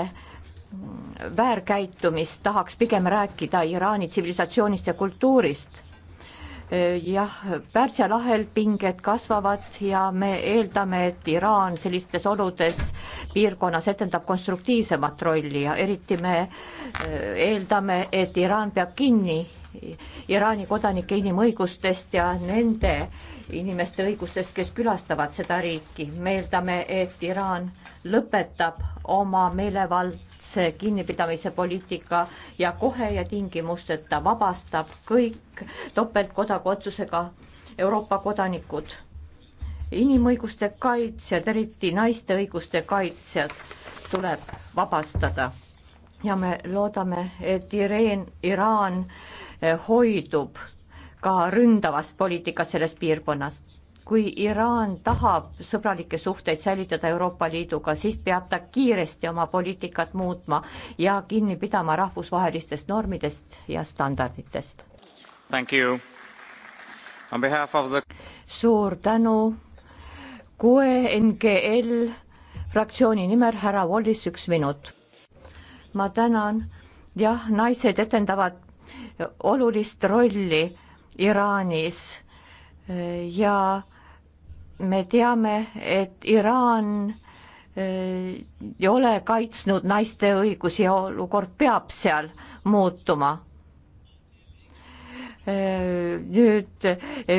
väärkäitumist, tahaks pigem rääkida Iraani tsivilisatsioonist ja kultuurist. jah, Pärsia lahel pinged kasvavad ja me eeldame, et Iraan sellistes oludes piirkonnas etendab konstruktiivsemat rolli ja eriti me eh, eeldame, et Iraan peab kinni Iraani kodanike inimõigustest ja nende inimeste õigustest, kes külastavad seda riiki. meeldame, et Iraan lõpetab oma meelevaldse kinnipidamise poliitika ja kohe ja tingimusteta vabastab kõik topeltkodakondsusega Euroopa kodanikud. inimõiguste kaitsjad, eriti naiste õiguste kaitsjad tuleb vabastada ja me loodame, et Ireen, Iraan Eh, hoidub ka ründavast poliitikast selles piirkonnas. kui Iraan tahab sõbralikke suhteid säilitada Euroopa Liiduga, siis peab ta kiiresti oma poliitikat muutma ja kinni pidama rahvusvahelistest normidest ja standarditest. The... suur tänu. kuue NGL fraktsiooni nimel härra Wallis, üks minut. ma tänan. jah, naised etendavad olulist rolli Iraanis ja me teame, et Iraan e, ei ole kaitsnud naiste õigusi ja olukord peab seal muutuma. E, nüüd e,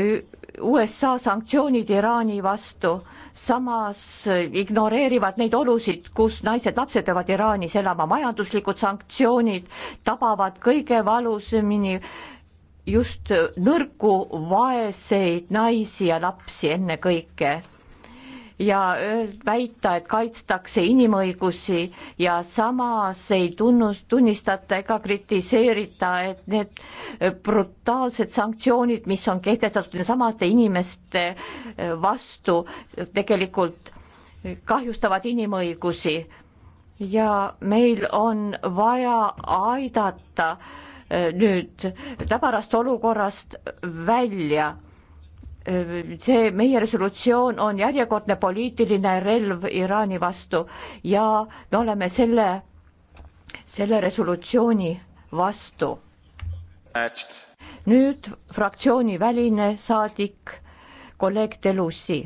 USA sanktsioonid Iraani vastu samas ignoreerivad neid olusid, kus naised-lapsed peavad Iraanis elama, majanduslikud sanktsioonid tabavad kõige valusamini just nõrku, vaeseid naisi ja lapsi ennekõike ja väita, et kaitstakse inimõigusi ja samas ei tunnus, tunnistata ega kritiseerita, et need brutaalsed sanktsioonid, mis on kehtestatud nendesamade inimeste vastu, tegelikult kahjustavad inimõigusi ja meil on vaja aidata nüüd täbarast olukorrast välja see meie resolutsioon on järjekordne poliitiline relv Iraani vastu ja me oleme selle, selle resolutsiooni vastu. nüüd fraktsiooni väline saadik, kolleeg Delussi.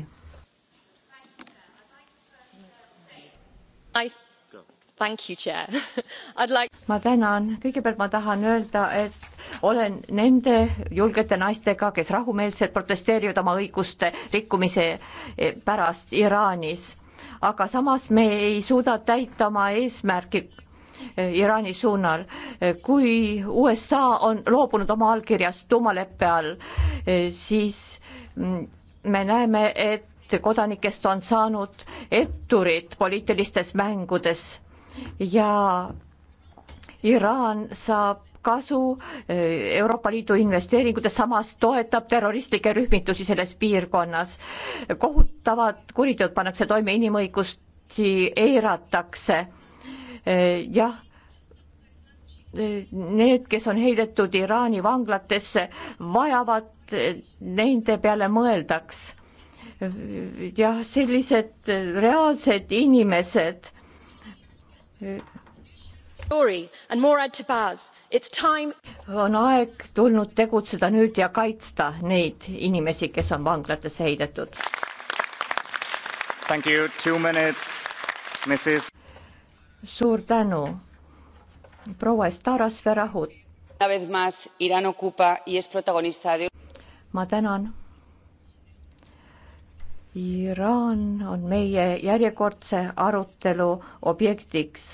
(laughs) Like... ma tänan, kõigepealt ma tahan öelda, et olen nende julgete naistega, kes rahumeelselt protesteerivad oma õiguste rikkumise pärast Iraanis. aga samas me ei suuda täita oma eesmärki eh, Iraani suunal. Eh, kui USA on loobunud oma allkirjast tuumaleppe all, eh, siis mm, me näeme, et kodanikest on saanud etturid poliitilistes mängudes ja Iraan saab kasu eh, Euroopa Liidu investeeringutest, samas toetab terroristlikke rühmitusi selles piirkonnas. kohutavad kuriteod pannakse toime, inimõigusi eiratakse. Eh, jah eh, need, kes on heidetud Iraani vanglatesse, vajavad, nende peale mõeldaks. jah, sellised reaalsed inimesed on aeg tulnud tegutseda nüüd ja kaitsta neid inimesi, kes on vanglatesse heidetud. suur tänu, proua Estaras Verahut. ma tänan Iraan on meie järjekordse arutelu objektiks.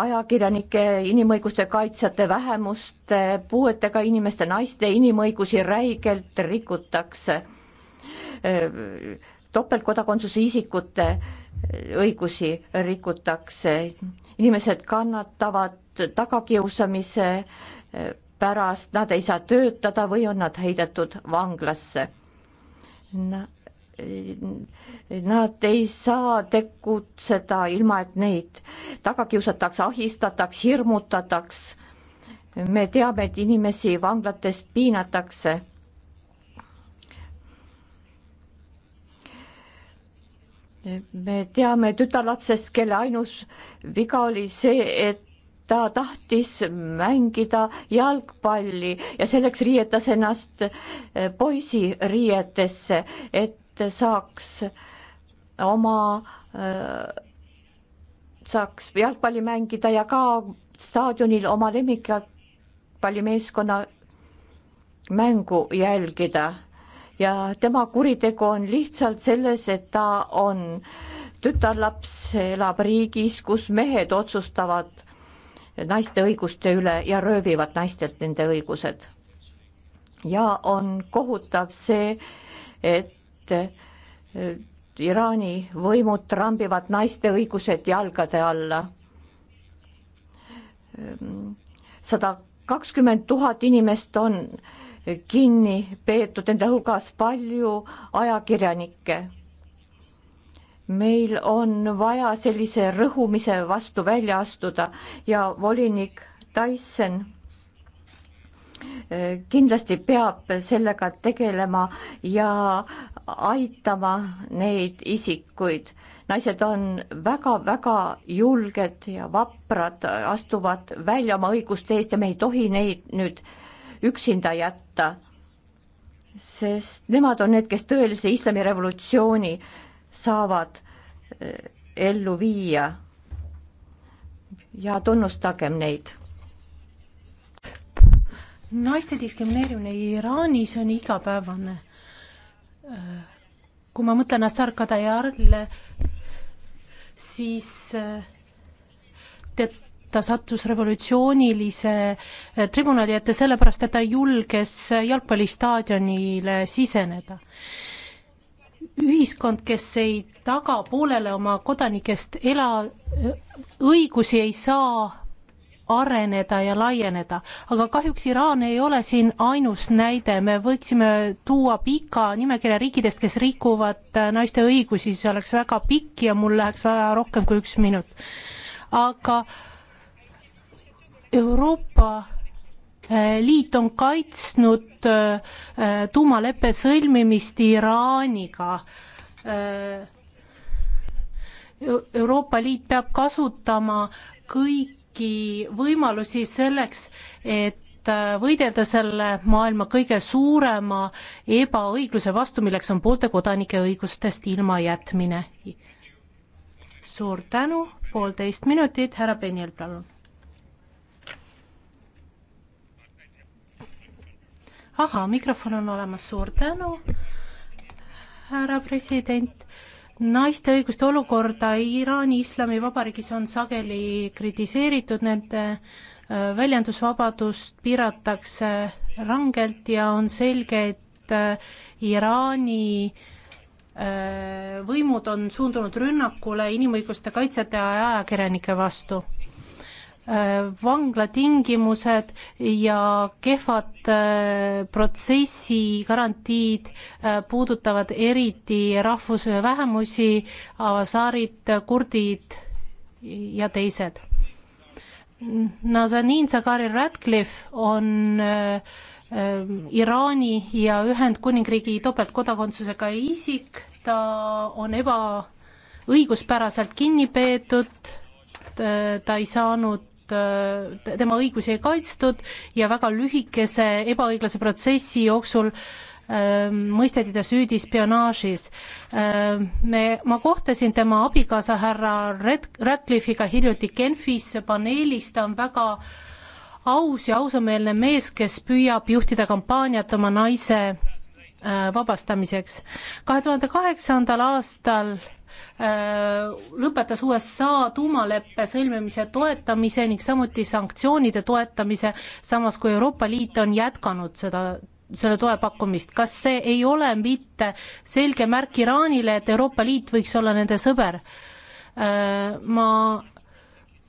ajakirjanike, inimõiguste kaitsjate, vähemuste, puuetega inimeste, naiste inimõigusi räigelt rikutakse. Äh, topeltkodakondsuse isikute äh, õigusi rikutakse, inimesed kannatavad tagakiusamise äh, pärast, nad ei saa töötada või on nad heidetud vanglasse Nad ei saa tegutseda ilma, et neid taga kiusatakse, ahistataks, hirmutataks. me teame, et inimesi vanglates piinatakse. me teame tütarlapsest, kelle ainus viga oli see, et ta tahtis mängida jalgpalli ja selleks riietas ennast poisiriietesse, et et saaks oma, äh, saaks jalgpalli mängida ja ka staadionil oma lemmikjalgpallimeeskonna mängu jälgida. ja tema kuritegu on lihtsalt selles, et ta on tütarlaps, elab riigis, kus mehed otsustavad naiste õiguste üle ja röövivad naistelt nende õigused. ja on kohutav see, et et eh, Iraani võimud trambivad naiste õigused jalgade alla. sada kakskümmend tuhat inimest on kinni peetud, nende hulgas palju ajakirjanikke. meil on vaja sellise rõhumise vastu välja astuda ja volinik Tyson kindlasti peab sellega tegelema ja aitama neid isikuid. naised on väga-väga julged ja vaprad, astuvad välja oma õiguste eest ja me ei tohi neid nüüd üksinda jätta. sest nemad on need, kes tõelise islamirevolutsiooni saavad eh, ellu viia. ja tunnustagem neid naiste diskrimineerimine Iraanis on igapäevane. Äh, kui ma mõtlen Assar Kadajarile, siis äh, ta sattus revolutsioonilise äh, tribunali ette sellepärast, et ta julges jalgpallistaadionile siseneda. ühiskond, kes ei taga poolele oma kodanikest ela-, õigusi, ei saa areneda ja laieneda. aga kahjuks Iraan ei ole siin ainus näide, me võiksime tuua pika nimekirja riikidest, kes rikuvad äh, naiste õigusi, see oleks väga pikk ja mul läheks vaja rohkem kui üks minut. aga Euroopa äh, Liit on kaitsnud äh, tuumaleppe sõlmimist Iraaniga Euroopa Liit peab kasutama kõik kõiki võimalusi selleks, et äh, võidelda selle maailma kõige suurema ebaõigluse vastu, milleks on poolte kodanike õigustest ilmajätmine. suur tänu, poolteist minutit, härra Penjel, palun. ahhaa, mikrofon on olemas, suur tänu, härra president naiste õiguste olukorda Iraani Islamivabariigis on sageli kritiseeritud, nende äh, väljendusvabadust piiratakse rangelt ja on selge, et äh, Iraani äh, võimud on suundunud rünnakule inimõiguste kaitsjate ja ajakirjanike vastu. Äh, vanglatingimused ja kehvad äh, protsessi garantiid äh, puudutavad eriti rahvusvähemusi, avasaarid, kurdid ja teised Nazanin Zaghari Ratcliffe on äh, äh, Iraani ja Ühendkuningriigi topeltkodakondsusega isik, ta on ebaõiguspäraselt kinni peetud, ta ei saanud Äh, tema õigusi ei kaitstud ja väga lühikese ebaõiglase protsessi jooksul äh, mõisteti ta süüdi spionaažis. Äh, me, ma kohtasin tema abikaasa härra Red-, Radcliffe'iga hiljuti Genfis paneelis, ta on väga aus ja ausameelne mees, kes püüab juhtida kampaaniat oma naise vabastamiseks. kahe tuhande kaheksandal aastal Äh, lõpetas USA tuumaleppe sõlmimise toetamise ning samuti sanktsioonide toetamise, samas kui Euroopa Liit on jätkanud seda selle toe pakkumist, kas see ei ole mitte selge märk Iraanile, et Euroopa Liit võiks olla nende sõber? Äh, ma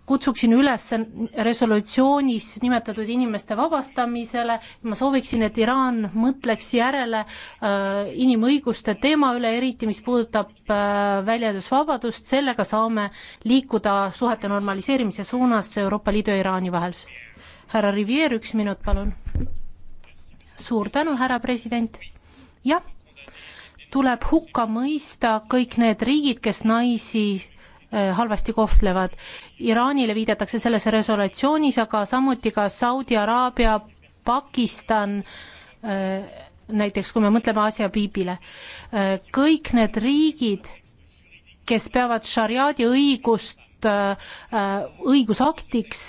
kutsuksin üles resolutsioonis nimetatud inimeste vabastamisele, ma sooviksin, et Iraan mõtleks järele äh, inimõiguste teema üle, eriti mis puudutab äh, väljendusvabadust, sellega saame liikuda suhete normaliseerimise suunas Euroopa Liidu ja Iraani vahel. härra Rivier, üks minut, palun. suur tänu, härra president. jah, tuleb hukka mõista kõik need riigid, kes naisi Äh, halvasti kohtlevad. Iraanile viidatakse selles resolutsioonis, aga samuti ka Saudi Araabia, Pakistan, äh, näiteks kui me mõtleme Aasia piibile, äh, kõik need riigid, kes peavad šariaadi õigust õigusaktiks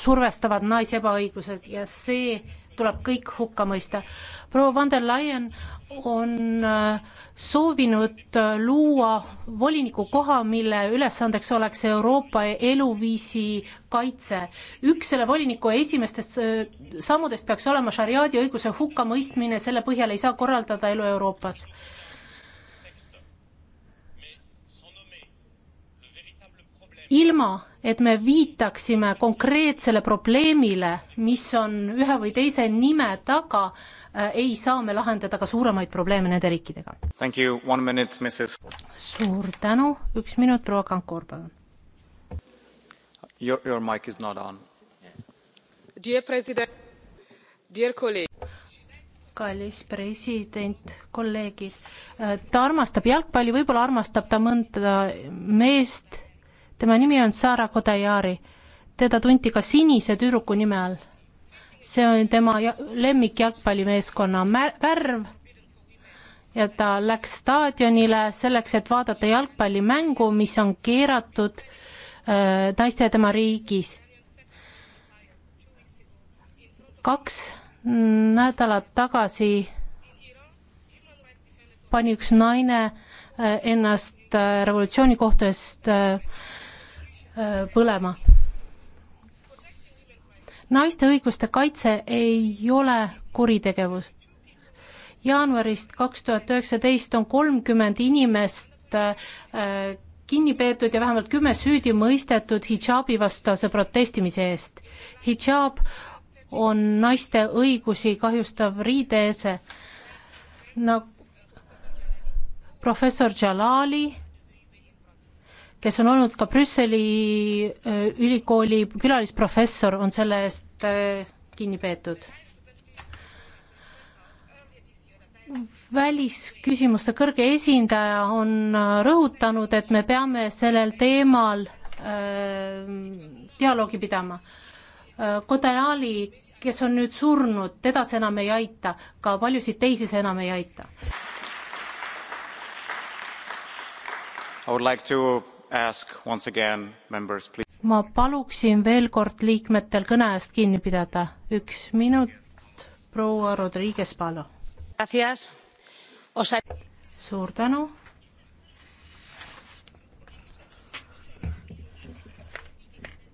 survestavad naisi ebaõigused ja see tuleb kõik hukka mõista. proua von der Leyen on äh, soovinud äh, luua voliniku koha, mille ülesandeks oleks Euroopa eluviisi kaitse. üks selle voliniku esimestest äh, sammudest peaks olema šariaadi õiguse hukkamõistmine, selle põhjal ei saa korraldada elu Euroopas ilma, et me viitaksime konkreetsele probleemile, mis on ühe või teise nime taga, äh, ei saa me lahendada ka suuremaid probleeme nende riikidega. suur tänu, üks minut, proua Kankur, palun. Your, your mic is not on. Dear president, dear kolleeg kallis president, kolleegid. Äh, ta armastab jalgpalli, võib-olla armastab ta mõnda meest tema nimi on Sara Kodajari. teda tunti ka sinise tüdruku nime all. see on tema lemmik jalgpallimeeskonna värv ja ta läks staadionile selleks, et vaadata jalgpallimängu, mis on keeratud äh, naiste ja tema riigis. kaks nädalat tagasi pani üks naine äh, ennast äh, revolutsioonikohtadest äh, põlema. naiste õiguste kaitse ei ole kuritegevus. jaanuarist kaks tuhat üheksateist on kolmkümmend inimest äh, kinni peetud ja vähemalt kümme süüdi mõistetud hidžaabi vastase protestimise eest. hidžaab on naiste õigusi kahjustav riideese, nagu professor Jalali kes on olnud ka Brüsseli äh, ülikooli külalisprofessor, on selle eest äh, kinni peetud. välisküsimuste kõrge esindaja on äh, rõhutanud, et me peame sellel teemal dialoogi pidama. Kodanali, kes on nüüd surnud, teda see enam ei aita, ka paljusid teisi see enam ei aita. I would like to Members, ma paluksin veel kord liikmetel kõne eest kinni pidada. üks minut, proua Rodriguez Palo. suur tänu.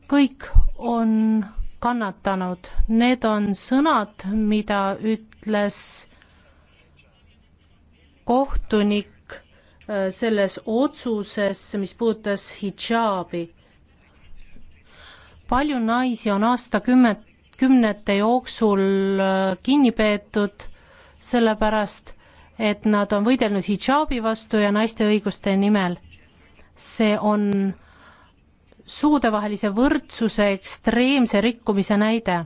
kõik on kannatanud, need on sõnad, mida ütles kohtunik Äh, selles otsuses, mis puudutas hidžaabi. palju naisi on aastakümmet, kümnete jooksul äh, kinni peetud sellepärast, et nad on võidelnud hidžaabi vastu ja naiste õiguste nimel. see on suudevahelise võrdsuse ekstreemse rikkumise näide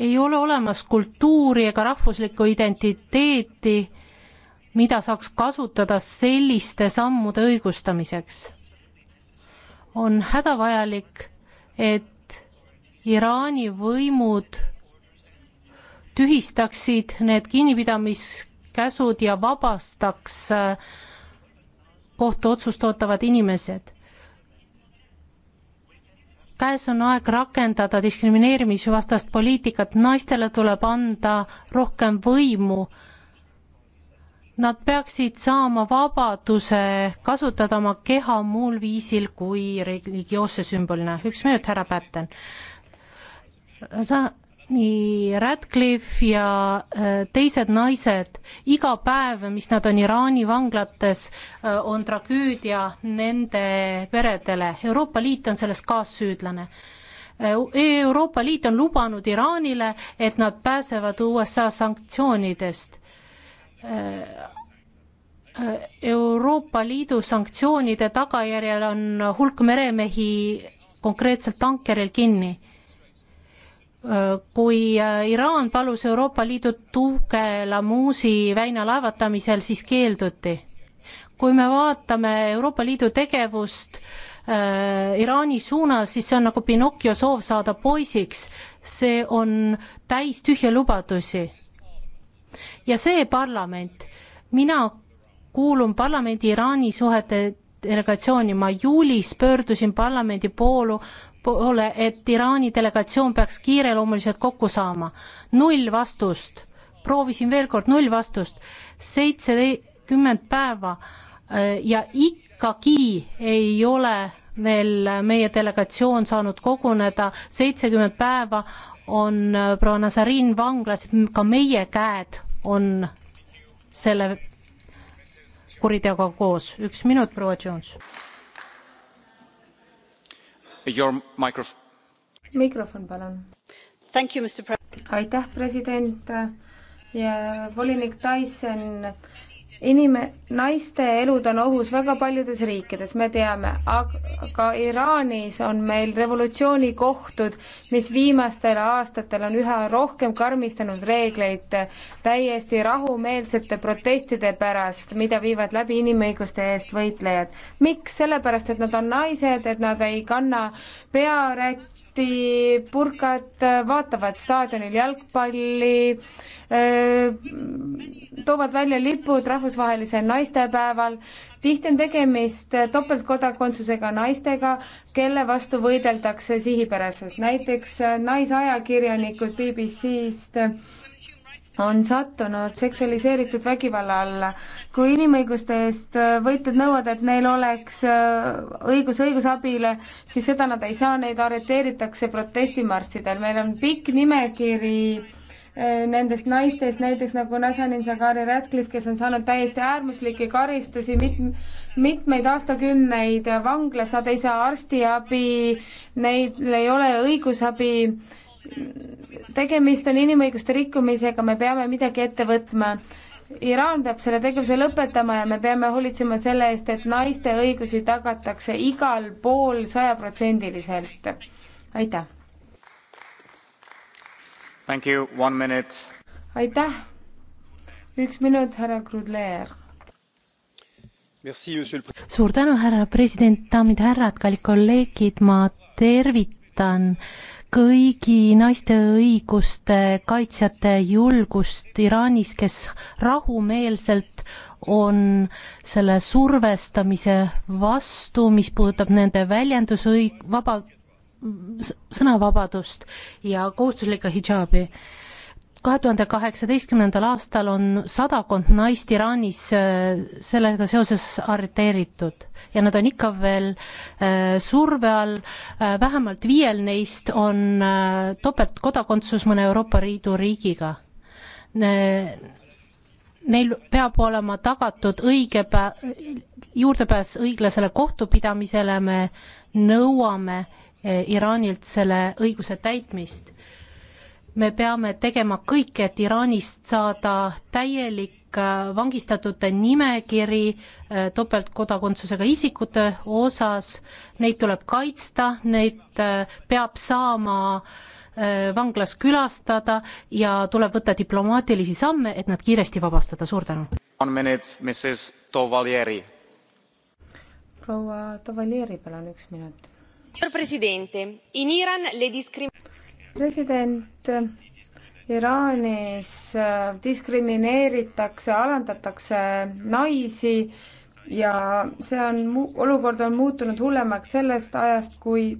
ei ole olemas kultuuri ega rahvuslikku identiteeti, mida saaks kasutada selliste sammude õigustamiseks. on hädavajalik, et Iraani võimud tühistaksid need kinnipidamiskäsud ja vabastaks äh, kohtuotsust ootavad inimesed käes on aeg rakendada diskrimineerimisvastast poliitikat, naistele tuleb anda rohkem võimu Nad peaksid saama vabaduse kasutada oma keha muul viisil kui religioosse sümbolina. üks minut, härra Pätten. sa, nii Radcliffe ja äh, teised naised, iga päev, mis nad on Iraani vanglates, äh, on tragöödia nende peredele. Euroopa Liit on selles kaassüüdlane äh, Euroopa Liit on lubanud Iraanile, et nad pääsevad USA sanktsioonidest. Äh, äh, Euroopa Liidu sanktsioonide tagajärjel on hulk meremehi konkreetselt tankeril kinni. Äh, kui Iraan palus Euroopa Liidu tuge Lamuusi väina laevatamisel, siis keelduti. kui me vaatame Euroopa Liidu tegevust äh, Iraani suunas, siis see on nagu Pinocchio soov saada poisiks, see on täis tühje lubadusi ja see parlament, mina kuulun parlamendi Iraani suhete delegatsiooni, ma juulis pöördusin parlamendi poolu, poole, et Iraani delegatsioon peaks kiireloomuliselt kokku saama. null vastust, proovisin veel kord, null vastust, seitsekümmend päeva äh, ja ikkagi ei ole veel meie delegatsioon saanud koguneda, seitsekümmend päeva on äh, proua Nazarin vanglas, ka meie käed on selle kuriteoga koos. üks minut, proua Jones. Mikrofon. mikrofon, palun. aitäh, president ja volinik Tyson inime-, naiste elud on ohus väga paljudes riikides, me teame, aga Iraanis on meil revolutsioonikohtud, mis viimastel aastatel on üha rohkem karmistanud reegleid täiesti rahumeelsete protestide pärast, mida viivad läbi inimõiguste eest võitlejad. miks? sellepärast, et nad on naised, et nad ei kanna pearätt, purkad, vaatavad staadionil jalgpalli, toovad välja lipud rahvusvahelisel naistepäeval. tihti on tegemist topeltkodakondsusega naistega, kelle vastu võideldakse sihipäraselt, näiteks naisajakirjanikud BBC-st on sattunud seksualiseeritud vägivalla alla. kui inimõiguste eest äh, võitjad nõuavad, et neil oleks äh, õigus õigusabile, siis seda nad ei saa, neid arreteeritakse protestimarssidel. meil on pikk nimekiri äh, nendest naistest, näiteks nagu Nazanin Zaghari Ratcliffe, kes on saanud täiesti äärmuslikke karistusi mit-, mitmeid aastakümneid vanglas, nad ei saa arstiabi, neil ei ole õigusabi tegemist on inimõiguste rikkumisega, me peame midagi ette võtma. Iraan peab selle tegevuse lõpetama ja me peame hoolitsema selle eest, et naiste õigusi tagatakse igal pool sajaprotsendiliselt. aitäh. aitäh. üks minut, härra Krudler. suur tänu, härra president, daamid ja härrad, kallid kolleegid, ma tervitan äh, kõigi naiste õiguste kaitsjate julgust Iraanis, kes rahumeelselt on selle survestamise vastu, mis puudutab nende väljendusõig-, vaba, sõnavabadust ja kohustuslikku hidžaabi. kahe tuhande kaheksateistkümnendal aastal on sadakond naist Iraanis äh, sellega seoses arreteeritud ja nad on ikka veel äh, surve all, äh, vähemalt viiel neist on äh, topeltkodakondsus mõne Euroopa Liidu riigiga neil peab olema tagatud õige pä-, juurdepääs õiglasele kohtupidamisele, me nõuame Iraanilt selle õiguse täitmist. me peame tegema kõik, et Iraanist saada täielik pikk vangistatute nimekiri äh, topeltkodakondsusega isikute osas, neid tuleb kaitsta, neid äh, peab saama äh, vanglas külastada ja tuleb võtta diplomaatilisi samme, et nad kiiresti vabastada, suur tänu. proua Tavalieri, palun üks minut. president, Iraanis äh, diskrimineeritakse, alandatakse naisi ja see on, olukord on muutunud hullemaks sellest ajast, kui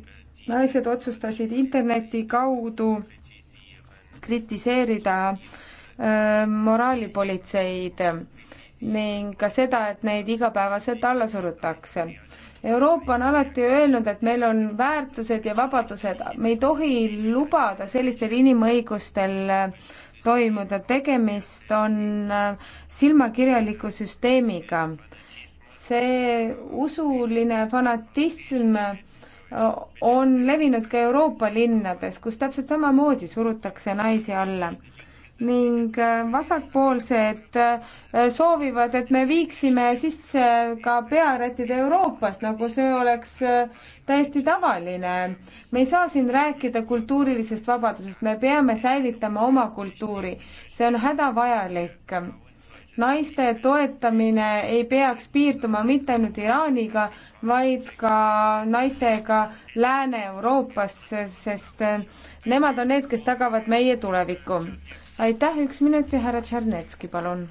naised otsustasid interneti kaudu kritiseerida äh, moraalipolitseid ning ka seda, et neid igapäevaselt alla surutakse Euroopa on alati öelnud, et meil on väärtused ja vabadused, me ei tohi lubada sellistel inimõigustel äh, toimuda, tegemist on äh, silmakirjaliku süsteemiga. see usuline fanatism äh, on levinud ka Euroopa linnades, kus täpselt samamoodi surutakse naisi alla ning äh, vasakpoolsed äh, soovivad, et me viiksime sisse ka pearätid Euroopas, nagu see oleks äh, täiesti tavaline. me ei saa siin rääkida kultuurilisest vabadusest, me peame säilitama oma kultuuri, see on hädavajalik. naiste toetamine ei peaks piirduma mitte ainult Iraaniga, vaid ka naistega Lääne-Euroopas, sest nemad on need, kes tagavad meie tuleviku aitäh, üks minut ja härra Tšernetski, palun.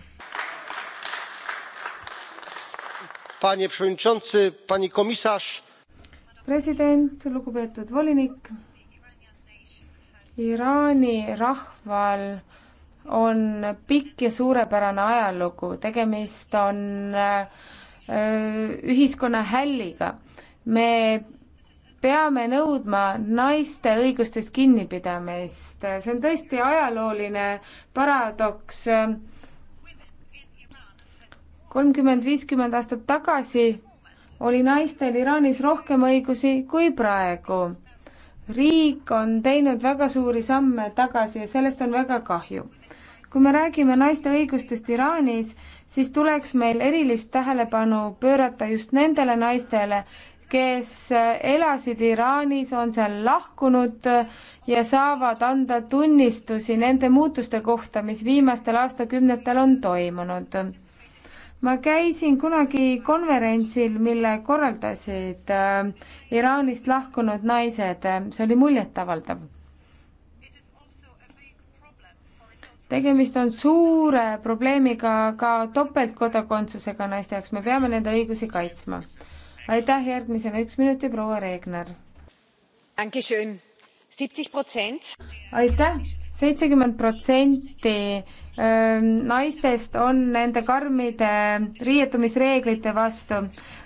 president, lugupeetud volinik. Iraani rahval on pikk ja suurepärane ajalugu, tegemist on äh, ühiskonna hälliga. me peame nõudma naiste õigustest kinnipidamist. see on tõesti ajalooline paradoks. kolmkümmend, viiskümmend aastat tagasi oli naistel Iraanis rohkem õigusi kui praegu. riik on teinud väga suuri samme tagasi ja sellest on väga kahju. kui me räägime naiste õigustest Iraanis, siis tuleks meil erilist tähelepanu pöörata just nendele naistele, kes elasid Iraanis, on seal lahkunud ja saavad anda tunnistusi nende muutuste kohta, mis viimastel aastakümnetel on toimunud. ma käisin kunagi konverentsil, mille korraldasid äh, Iraanist lahkunud naised, see oli muljetavaldav. tegemist on suure probleemiga ka topeltkodakondsusega naiste jaoks, me peame nende õigusi kaitsma aitäh, järgmisena üks minut ja proua Regner. aitäh, seitsekümmend protsenti ähm, naistest on nende karmide riietumisreeglite vastu.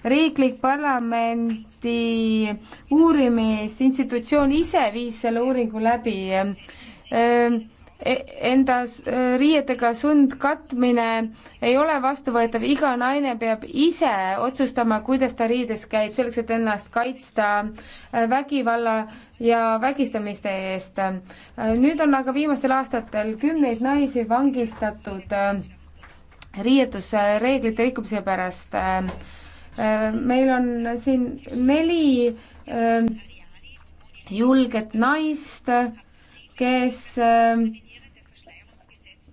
riiklik parlamendi uurimisinstitutsioon ise viis selle uuringu läbi ähm, E, enda riietega sundkatmine ei ole vastuvõetav, iga naine peab ise otsustama, kuidas ta riides käib, selleks et ennast kaitsta äh, vägivalla ja vägistamiste eest. Äh, nüüd on aga viimastel aastatel kümneid naisi vangistatud äh, riietusreeglite rikkumise pärast. meil on siin neli julget naist, kes äh,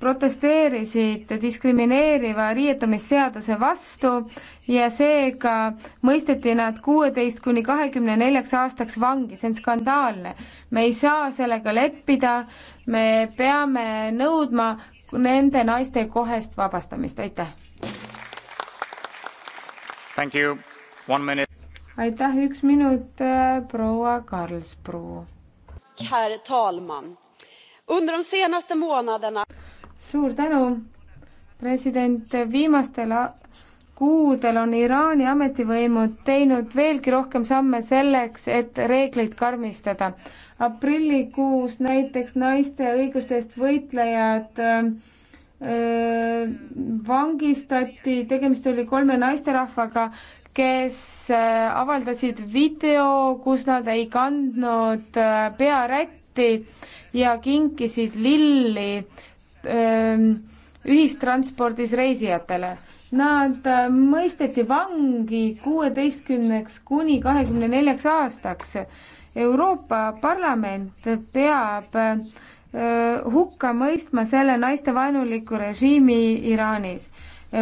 protesteerisid diskrimineeriva riietumisseaduse vastu ja seega mõisteti nad kuueteist kuni kahekümne neljaks aastaks vangi, see on skandaalne. me ei saa sellega leppida, me peame nõudma nende naiste kohest vabastamist, aitäh. aitäh, üks minut äh,, proua Karlspruu. Herr talman, under de senaste månaderna suur tänu, president, viimastel kuudel on Iraani ametivõimud teinud veelgi rohkem samme selleks, et reegleid karmistada. aprillikuus näiteks naiste õiguste eest võitlejad öö, vangistati, tegemist oli kolme naisterahvaga, kes avaldasid video, kus nad ei kandnud pearätti ja kinkisid lilli Ähm, ühistranspordis reisijatele. Nad äh, mõisteti vangi kuueteistkümneks kuni kahekümne neljaks aastaks. Euroopa Parlament peab äh, hukka mõistma selle naistevaenuliku režiimi Iraanis.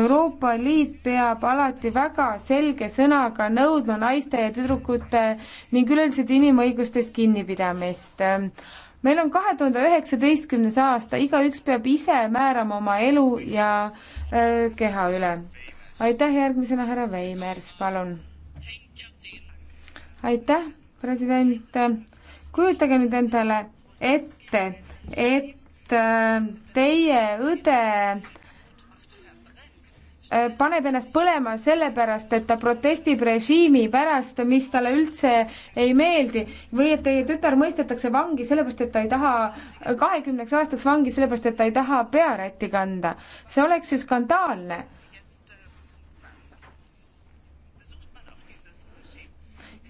Euroopa Liit peab alati väga selge sõnaga nõudma naiste ja tüdrukute ning üleüldiselt inimõigustest kinnipidamist meil on kahe tuhande üheksateistkümnes aasta, igaüks peab ise määrama oma elu ja öö, äh, keha üle. aitäh, järgmisena härra Veimers, palun. aitäh, president. kujutage nüüd endale ette, et äh, teie õde Äh, paneb ennast põlema sellepärast, et ta protestib režiimi pärast, mis talle üldse ei meeldi või et teie tütar mõistetakse vangi sellepärast, et ta ei taha, kahekümneks aastaks vangi sellepärast, et ta ei taha pearätti kanda. see oleks ju skandaalne.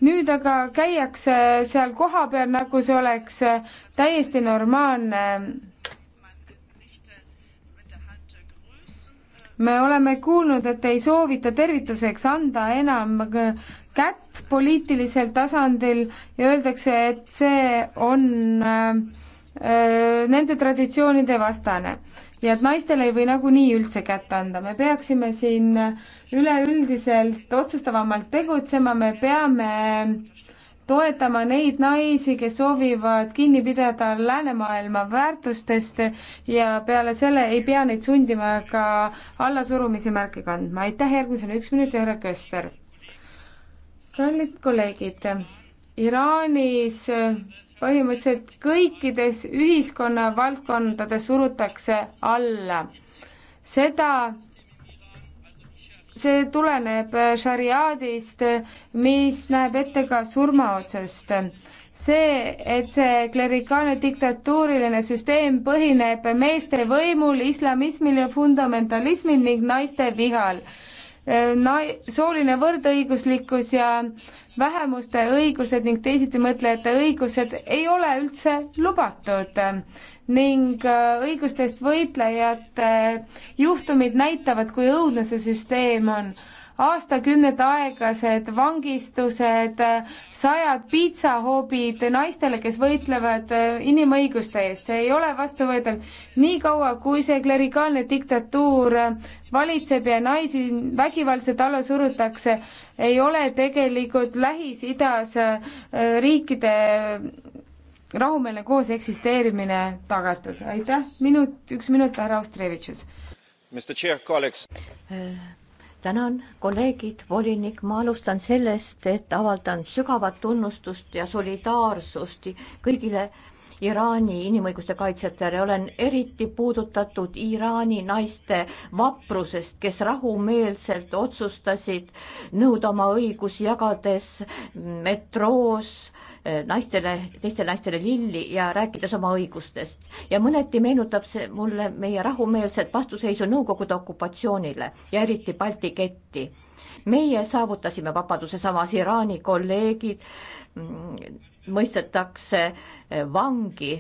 nüüd aga käiakse seal kohapeal, nagu see oleks täiesti normaalne me oleme kuulnud, et ei soovita tervituseks anda enam kätt poliitilisel tasandil ja öeldakse, et see on äh, äh nende traditsioonide vastane ja et naistele ei või nagunii üldse kätt anda, me peaksime siin üleüldiselt otsustavamalt tegutsema, me peame toetama neid naisi, kes soovivad kinni pidada läänemaailma väärtustest ja peale selle ei pea neid sundima ka allasurumise märke kandma. aitäh, järgmisena üks minut, härra Köster. kallid kolleegid, Iraanis põhimõtteliselt kõikides ühiskonnavaldkondades surutakse alla seda, see tuleneb šariaadist, mis näeb ette ka surmaotsust. see, et see klerikaalne diktatuuriline süsteem põhineb meeste võimul, islamismil ja fundamentalismil ning naiste vihal nai-, sooline võrdõiguslikkus ja vähemuste õigused ning teisitimõtlejate õigused ei ole üldse lubatud ning äh, õigustest võitlejate äh, juhtumid näitavad, kui õudne see süsteem on. aastakümnete aegased vangistused, äh, sajad piitsahoobid naistele, kes võitlevad inimõiguste eest, see ei ole vastuvõetav. niikaua, kui see klerikaalne diktatuur valitseb ja naisi vägivaldselt alla surutakse, ei ole tegelikult Lähis-Idas riikide rahumeelne koos eksisteerimine tagatud. aitäh, minut, üks minut, härra Austrevitšus. tänan, kolleegid, volinik, ma alustan sellest, et avaldan sügavat tunnustust ja solidaarsust kõigile Iraani inimõiguste kaitsjatele, olen eriti puudutatud Iraani naiste vaprusest, kes rahumeelselt otsustasid nõuda oma õigusi, jagades metroos Äh, naistele, teistele naistele lilli ja rääkides oma õigustest ja mõneti meenutab see mulle meie rahumeelset vastuseisu Nõukogude okupatsioonile ja eriti Balti ketti. meie saavutasime vabaduse, samas Iraani kolleegid mm, mõistetakse äh, vangi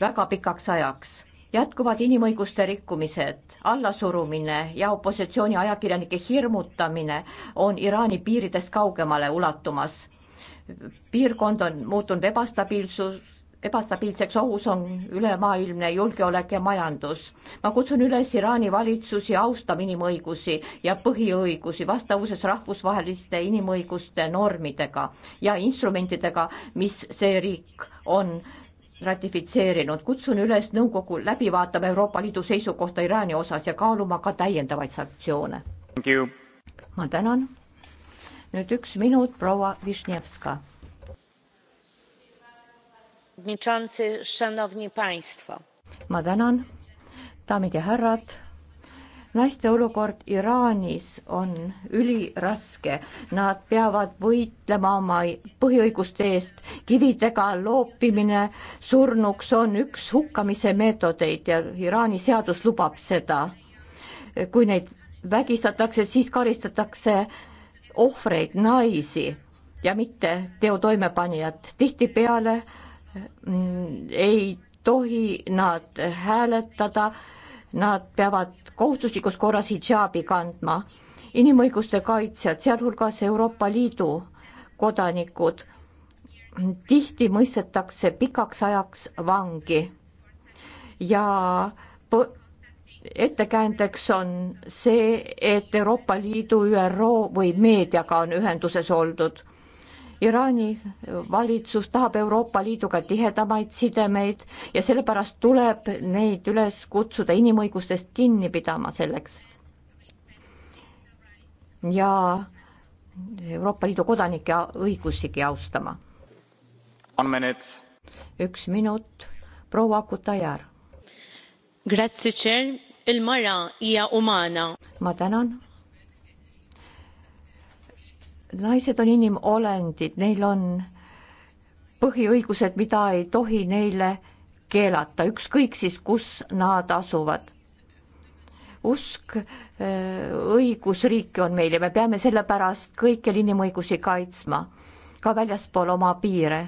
väga pikaks ajaks jätkuvad inimõiguste rikkumised, allasurumine ja opositsiooni ajakirjanike hirmutamine on Iraani piiridest kaugemale ulatumas piirkond on muutunud ebastabiilsus, ebastabiilseks ohus on ülemaailmne julgeolek ja majandus. ma kutsun üles Iraani valitsusi austama inimõigusi ja põhiõigusi vastavuses rahvusvaheliste inimõiguste normidega ja instrumentidega, mis see riik on ratifitseerinud. kutsun üles nõukogu läbi vaatama Euroopa Liidu seisukohta Iraani osas ja kaaluma ka täiendavaid sanktsioone. ma tänan nüüd üks minut, proua Višnevska. ma tänan, daamid ja härrad naiste olukord Iraanis on üliraske, nad peavad võitlema oma põhiõiguste eest, kividega loopimine surnuks on üks hukkamise meetodeid ja Iraani seadus lubab seda. kui neid vägistatakse, siis karistatakse ohvreid, naisi ja mitte teo toimepanijat. tihtipeale mm, ei tohi nad hääletada, nad peavad kohustuslikus korras hidžaabi kandma. inimõiguste kaitsjad, sealhulgas Euroopa Liidu kodanikud, tihti mõistetakse pikaks ajaks vangi ja ettekäändeks on see, et Euroopa Liidu, ÜRO või meediaga on ühenduses oldud. Iraani valitsus tahab Euroopa Liiduga tihedamaid sidemeid ja sellepärast tuleb neid üles kutsuda inimõigustest kinni pidama selleks. ja Euroopa Liidu kodanike õigusigi austama. üks minut, proua Kutajar. Grazie, Chair il-mara hija umana. ma tänan. naised on inimolendid, neil on põhiõigused, mida ei tohi neile keelata, ükskõik siis, kus nad asuvad. usk äh, õigusriiki on meil ja me peame sellepärast kõikjal inimõigusi kaitsma, ka väljaspool oma piire.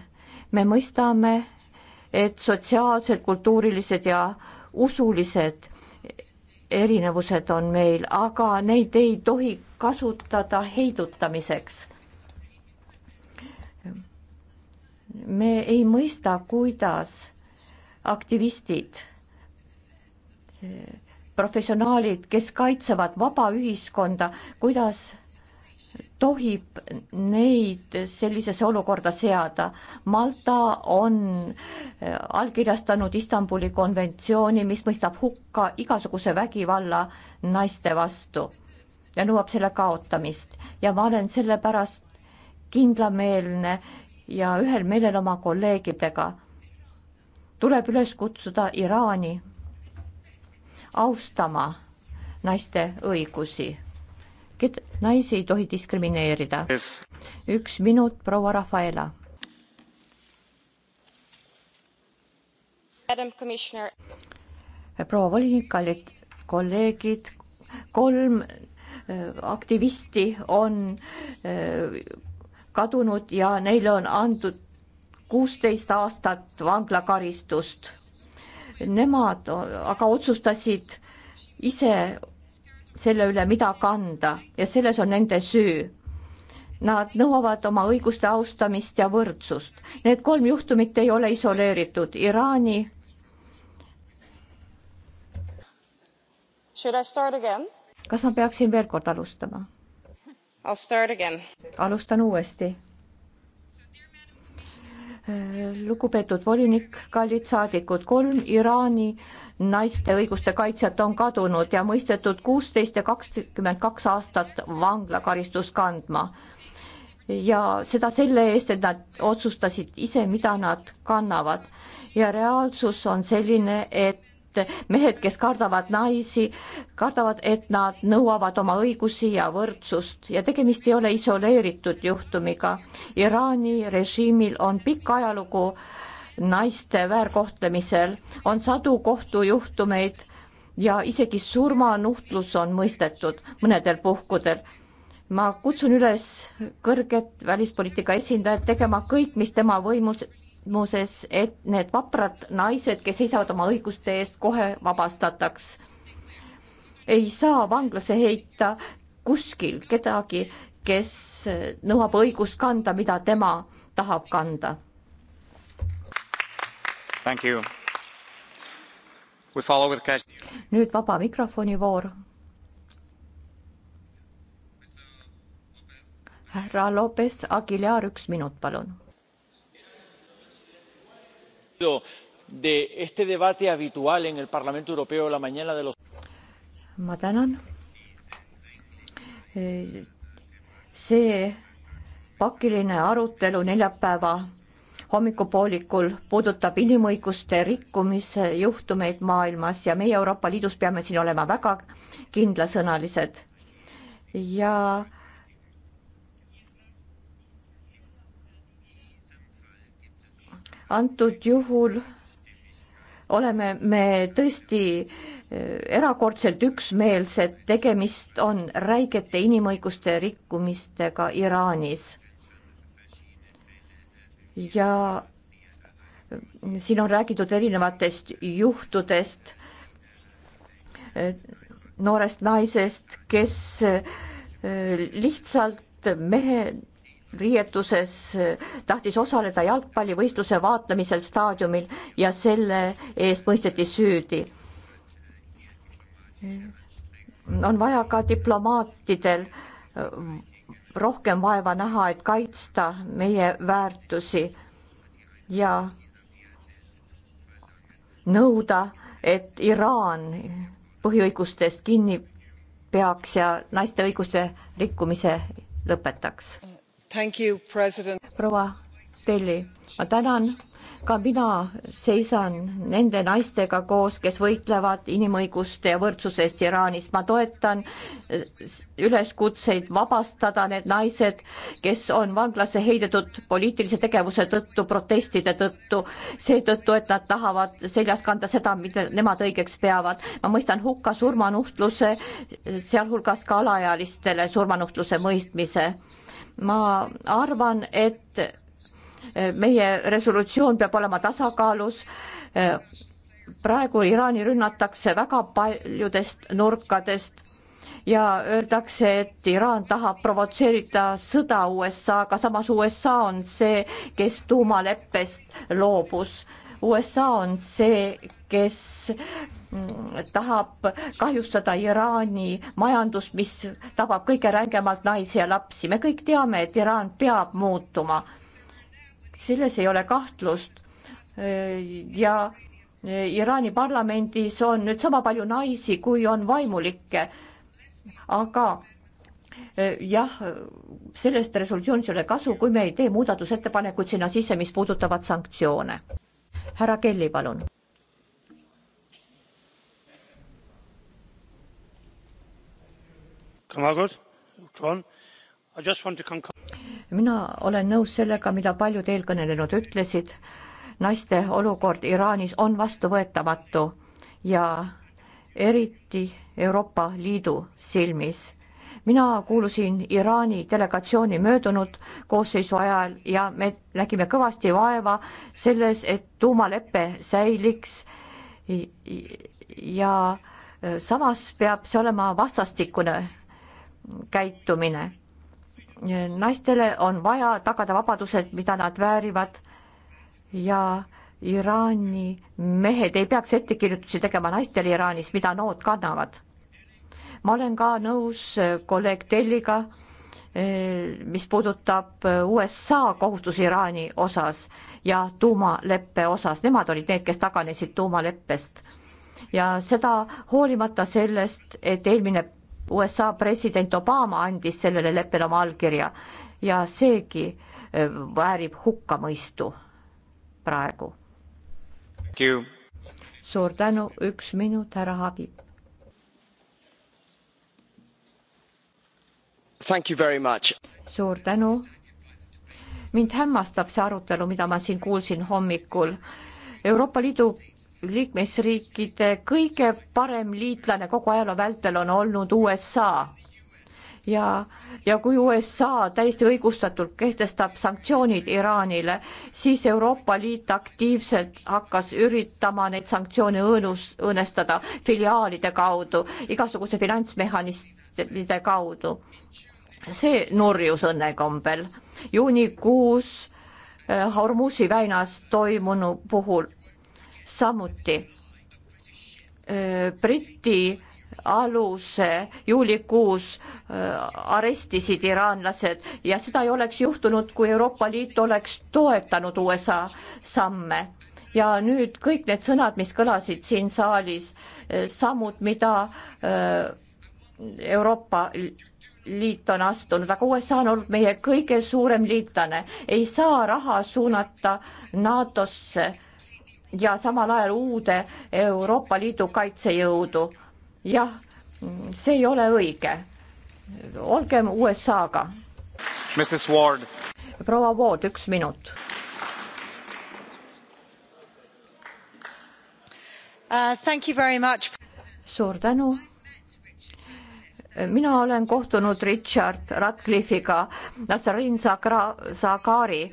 me mõistame, et sotsiaalsed, kultuurilised ja usulised erinevused on meil, aga neid ei tohi kasutada heidutamiseks. me ei mõista, kuidas aktivistid, professionaalid, kes kaitsevad vaba ühiskonda, kuidas tohib neid sellisesse olukorda seada. Malta on äh, allkirjastanud Istanbuli konventsiooni, mis mõistab hukka igasuguse vägivalla naiste vastu ja nõuab selle kaotamist ja ma olen sellepärast kindlameelne ja ühel meelel oma kolleegidega. tuleb üles kutsuda Iraani austama naiste õigusi ked-, naisi ei tohi diskrimineerida yes.. üks minut, proua Rafaela. proua volinik, kallid kolleegid, kolm äh, aktivisti on äh, kadunud ja neile on antud kuusteist aastat vanglakaristust. Nemad aga otsustasid ise selle üle, mida kanda ja selles on nende süü. Nad nõuavad oma õiguste austamist ja võrdsust. Need kolm juhtumit ei ole isoleeritud. Iraani kas ma peaksin veel kord alustama? alustan uuesti lugupeetud volinik, kallid saadikud, kolm Iraani naiste õiguste kaitsjat on kadunud ja mõistetud kuusteist ja kakskümmend kaks aastat vanglakaristust kandma. ja seda selle eest, et nad otsustasid ise, mida nad kannavad ja reaalsus on selline, et et mehed, kes kardavad naisi, kardavad, et nad nõuavad oma õigusi ja võrdsust ja tegemist ei ole isoleeritud juhtumiga. Iraani režiimil on pikk ajalugu naiste väärkohtlemisel, on sadu kohtujuhtumeid ja isegi surmanuhtlus on mõistetud mõnedel puhkudel ma kutsun üles kõrget välispoliitika esindajat tegema kõik, mis tema võimus küsimuses, et need vaprad naised, kes seisavad oma õiguste eest, kohe vabastataks. ei saa vanglasse heita kuskil kedagi, kes nõuab õigust kanda, mida tema tahab kanda. nüüd vaba mikrofoni voor. härra Lopez Aguilar, üks minut, palun de este debate habitual en el Parlamento Europeo la mañana de los. ma tänan. Eh, see pakiline arutelu neljapäeva hommikupoolikul puudutab inimõiguste rikkumise juhtumeid maailmas ja meie Euroopa Liidus peame siin olema väga kindlasõnalised ja antud juhul oleme me tõesti eh, erakordselt üksmeelsed, tegemist on räigete inimõiguste rikkumistega Iraanis. ja eh, siin on räägitud erinevatest juhtudest, eh, noorest naisest, kes lihtsalt mehe riietuses tahtis osaleda jalgpallivõistluse vaatlemisel staadiumil ja selle eest mõisteti süüdi. on vaja ka diplomaatidel rohkem vaeva näha, et kaitsta meie väärtusi ja nõuda, et Iraan põhiõigustest kinni peaks ja naiste õiguste rikkumise lõpetaks proua Telli, ma tänan, ka mina seisan nende naistega koos, kes võitlevad inimõiguste ja võrdsuse eest Iraanis. ma toetan üleskutseid vabastada need naised, kes on vanglasse heidetud poliitilise tegevuse tõttu, protestide tõttu, seetõttu, et nad tahavad seljas kanda seda, mida nemad õigeks peavad. ma mõistan hukka surmanuhtluse, sealhulgas ka alaealistele surmanuhtluse mõistmise ma arvan, et e, meie resolutsioon peab olema tasakaalus. E, praegu Iraani rünnatakse väga paljudest nurkadest ja öeldakse, et Iraan tahab provotseerida sõda USA-ga, samas USA on see, kes tuumaleppest loobus USA on see, kes mm, tahab kahjustada Iraani majandust, mis tabab kõige rängemalt naisi ja lapsi. me kõik teame, et Iraan peab muutuma. selles ei ole kahtlust. Äh, ja äh, Iraani parlamendis on nüüd sama palju naisi, kui on vaimulikke. aga äh, jah, sellest resolutsioonist ei ole kasu, kui me ei tee muudatusettepanekuid sinna sisse, mis puudutavad sanktsioone härra Kelly, palun. mina olen nõus sellega, mida paljud eelkõnelenud ütlesid. naiste olukord Iraanis on vastuvõetamatu ja eriti Euroopa Liidu silmis mina kuulusin Iraani delegatsiooni möödunud koosseisu ajal ja me nägime kõvasti vaeva selles, et tuumalepe säiliks. ja e, samas peab see olema vastastikune käitumine. E, naistele on vaja tagada vabadused, mida nad väärivad ja Iraani mehed ei peaks ettekirjutusi tegema naistele Iraanis, mida nood kannavad ma olen ka nõus äh, kolleeg Telliga, äh, mis puudutab äh, USA kohustusi Iraani osas ja tuumaleppe osas, nemad olid need, kes taganesid tuumaleppest. ja seda hoolimata sellest, et eelmine USA president Obama andis sellele leppele oma allkirja ja seegi väärib hukkamõistu praegu. suur tänu, üks minut, härra Habib suur tänu. mind hämmastab see arutelu, mida ma siin kuulsin hommikul. Euroopa Liidu liikmesriikide kõige parem liitlane kogu ajaloo vältel on olnud USA ja, ja kui USA täiesti õigustatult kehtestab sanktsioonid Iraanile, siis Euroopa Liit aktiivselt hakkas üritama neid sanktsioone õõnus, õõnestada filiaalide kaudu, igasuguste finantsmehhanismide kaudu see nurjus õnnekombel. juunikuus äh, Hormusi väinas toimunu puhul samuti äh, Briti aluse juulikuus äh, arestisid iraanlased ja seda ei oleks juhtunud, kui Euroopa Liit oleks toetanud USA samme. ja nüüd kõik need sõnad, mis kõlasid siin saalis, sammud, mida Euroopa liit on astunud, aga USA on olnud meie kõige suurem liitlane, ei saa raha suunata NATO-sse ja samal ajal uude Euroopa Liidu kaitsejõudu. jah, see ei ole õige. olgem USA-ga. proua Ward, üks minut uh,. suur tänu mina olen kohtunud Richard Radcliffe'iga, Nassarin Sakra-, Sakari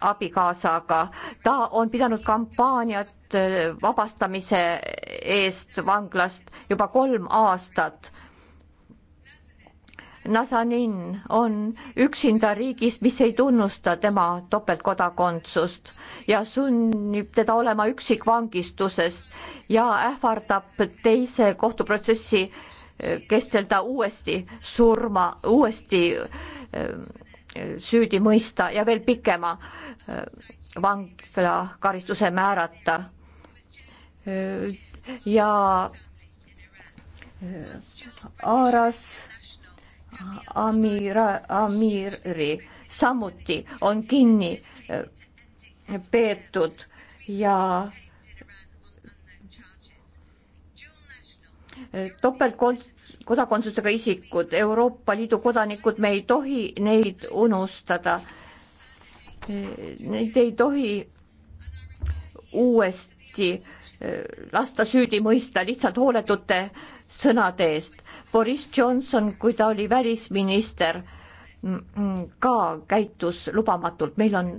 abikaasaga, ta on pidanud kampaaniat äh, vabastamise eest vanglast juba kolm aastat. Nazanin on üksinda riigist, mis ei tunnusta tema topeltkodakondsust ja sunnib teda olema üksikvangistusest ja ähvardab teise kohtuprotsessi kestelda uuesti surma, uuesti ähm, süüdi mõista ja veel pikema äh, vanglakaristuse määrata. Äh, ja äh, Aras Amira, Amiri samuti on kinni peetud ja topeltkodakondsusega isikud, Euroopa Liidu kodanikud, me ei tohi neid unustada. Neid ei tohi uuesti eh, lasta süüdi mõista lihtsalt hooletute sõnade eest. Boris Johnson, kui ta oli välisminister, ka käitus lubamatult, meil on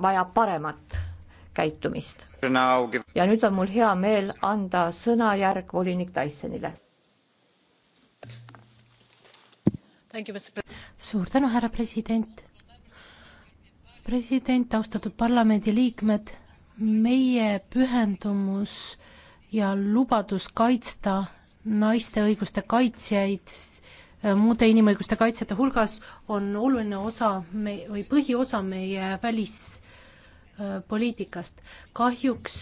vaja paremat käitumist ja nüüd on mul hea meel anda sõnajärg volinik Tysonile. suur tänu, härra president. president, austatud parlamendiliikmed, meie pühendumus ja lubadus kaitsta naiste õiguste kaitsjaid eh, muude inimõiguste kaitsjate hulgas on oluline osa me- või põhiosa meie välis- Äh, poliitikast. kahjuks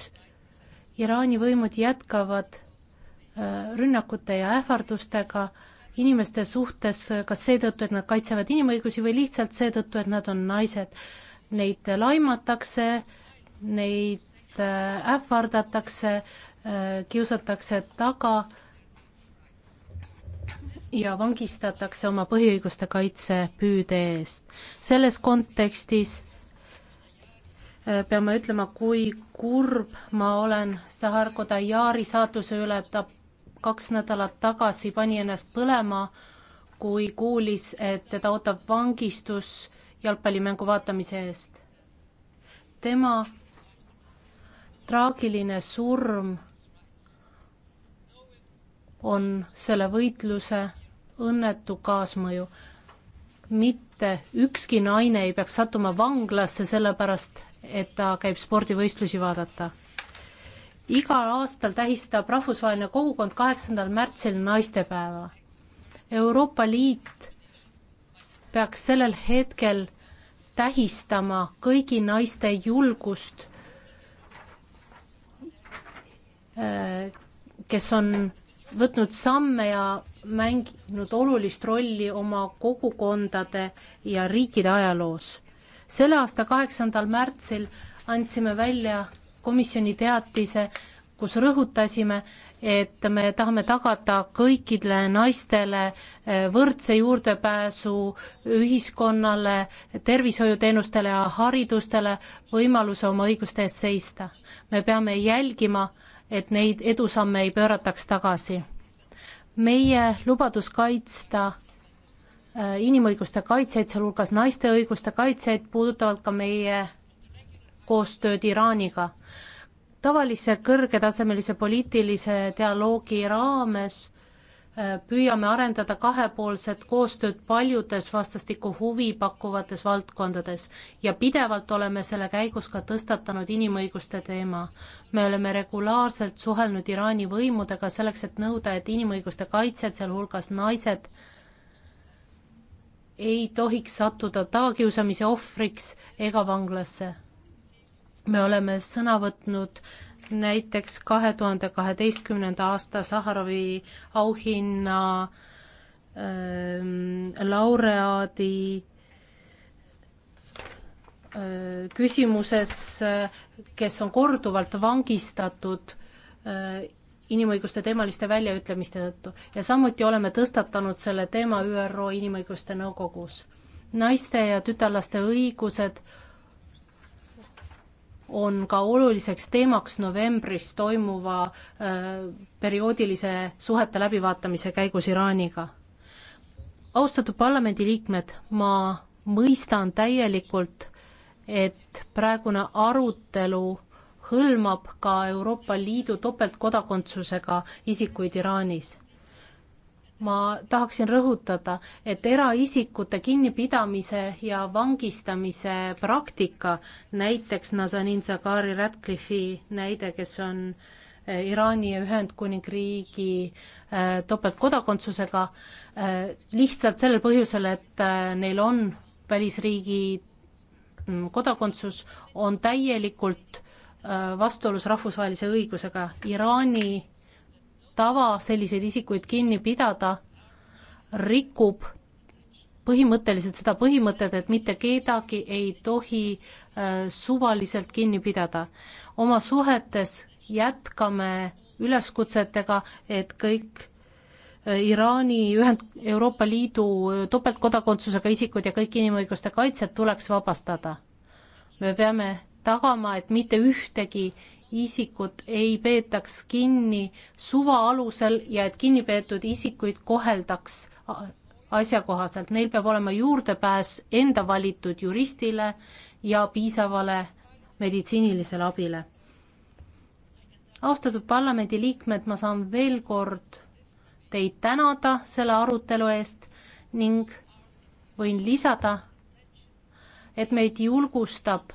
Iraani võimud jätkavad äh, rünnakute ja ähvardustega inimeste suhtes, äh, kas seetõttu, et nad kaitsevad inimõigusi või lihtsalt seetõttu, et nad on naised. Neid laimatakse, neid ähvardatakse, kiusatakse taga ja vangistatakse oma põhiõiguste kaitse püüde eest. selles kontekstis Äh, pean ma ütlema, kui kurb ma olen Saharko Dajari saatuse üle, ta kaks nädalat tagasi pani ennast põlema, kui kuulis, et teda ootab vangistus jalgpallimängu vaatamise eest. tema traagiline surm on selle võitluse õnnetu kaasmõju. mit-, et ükski naine ei peaks sattuma vanglasse sellepärast, et ta käib spordivõistlusi vaadata. igal aastal tähistab rahvusvaheline kogukond kaheksandal märtsil naistepäeva. Euroopa Liit peaks sellel hetkel tähistama kõigi naiste julgust, äh, kes on võtnud samme ja mänginud olulist rolli oma kogukondade ja riikide ajaloos. selle aasta kaheksandal märtsil andsime välja komisjoni teatise, kus rõhutasime, et me tahame tagada kõikidele naistele eh, võrdse juurdepääsu ühiskonnale, tervishoiuteenustele ja haridustele, võimaluse oma õiguste eest seista. me peame jälgima, et neid edusamme ei pöörataks tagasi meie lubadus kaitsta äh, inimõiguste kaitsjaid, sealhulgas naiste õiguste kaitsjaid, puudutavad ka meie koostööd Iraaniga. tavalise kõrgetasemelise poliitilise dialoogi raames püüame arendada kahepoolset koostööd paljudes vastastikku huvi pakkuvates valdkondades ja pidevalt oleme selle käigus ka tõstatanud inimõiguste teema. me oleme regulaarselt suhelnud Iraani võimudega selleks, et nõuda, et inimõiguste kaitsjad, sealhulgas naised, ei tohiks sattuda tagakiusamise ohvriks ega vanglasse. me oleme sõna võtnud äh, näiteks kahe tuhande kaheteistkümnenda aasta Saharovi auhinna ähm, laureaadi äh, küsimuses äh,, kes on korduvalt vangistatud äh, inimõiguste teemaliste väljaütlemiste tõttu ja samuti oleme tõstatanud selle teema ÜRO Inimõiguste Nõukogus. naiste ja tütarlaste õigused äh, on ka oluliseks teemaks novembris toimuva äh, perioodilise suhete läbivaatamise käigus Iraaniga. austatud parlamendiliikmed, ma mõistan täielikult, et praegune arutelu hõlmab ka Euroopa Liidu topeltkodakondsusega isikuid Iraanis ma tahaksin rõhutada, et eraisikute kinnipidamise ja vangistamise praktika, näiteks Nazanin Zaghari Ratcliffe'i näide, kes on eh, Iraani ja Ühendkuningriigi eh, topeltkodakondsusega, eh, lihtsalt sellel põhjusel, et neil on välisriigi mm, kodakondsus, on täielikult vastuolus rahvusvahelise õigusega. Iraani tava selliseid isikuid kinni pidada rikub põhimõtteliselt seda põhimõtet, et mitte kedagi ei tohi äh, suvaliselt kinni pidada. oma suhetes jätkame üleskutsetega, et kõik äh, Iraani ühend, Euroopa Liidu äh, topeltkodakondsusega isikud ja kõik inimõiguste kaitsjad tuleks vabastada. me peame tagama, et mitte ühtegi isikut ei peetaks kinni suva alusel ja et kinnipeetud isikuid koheldaks asjakohaselt, neil peab olema juurdepääs enda valitud juristile ja piisavale meditsiinilisele abile. austatud parlamendiliikmed, ma saan veel kord teid tänada selle arutelu eest ning võin lisada, et meid julgustab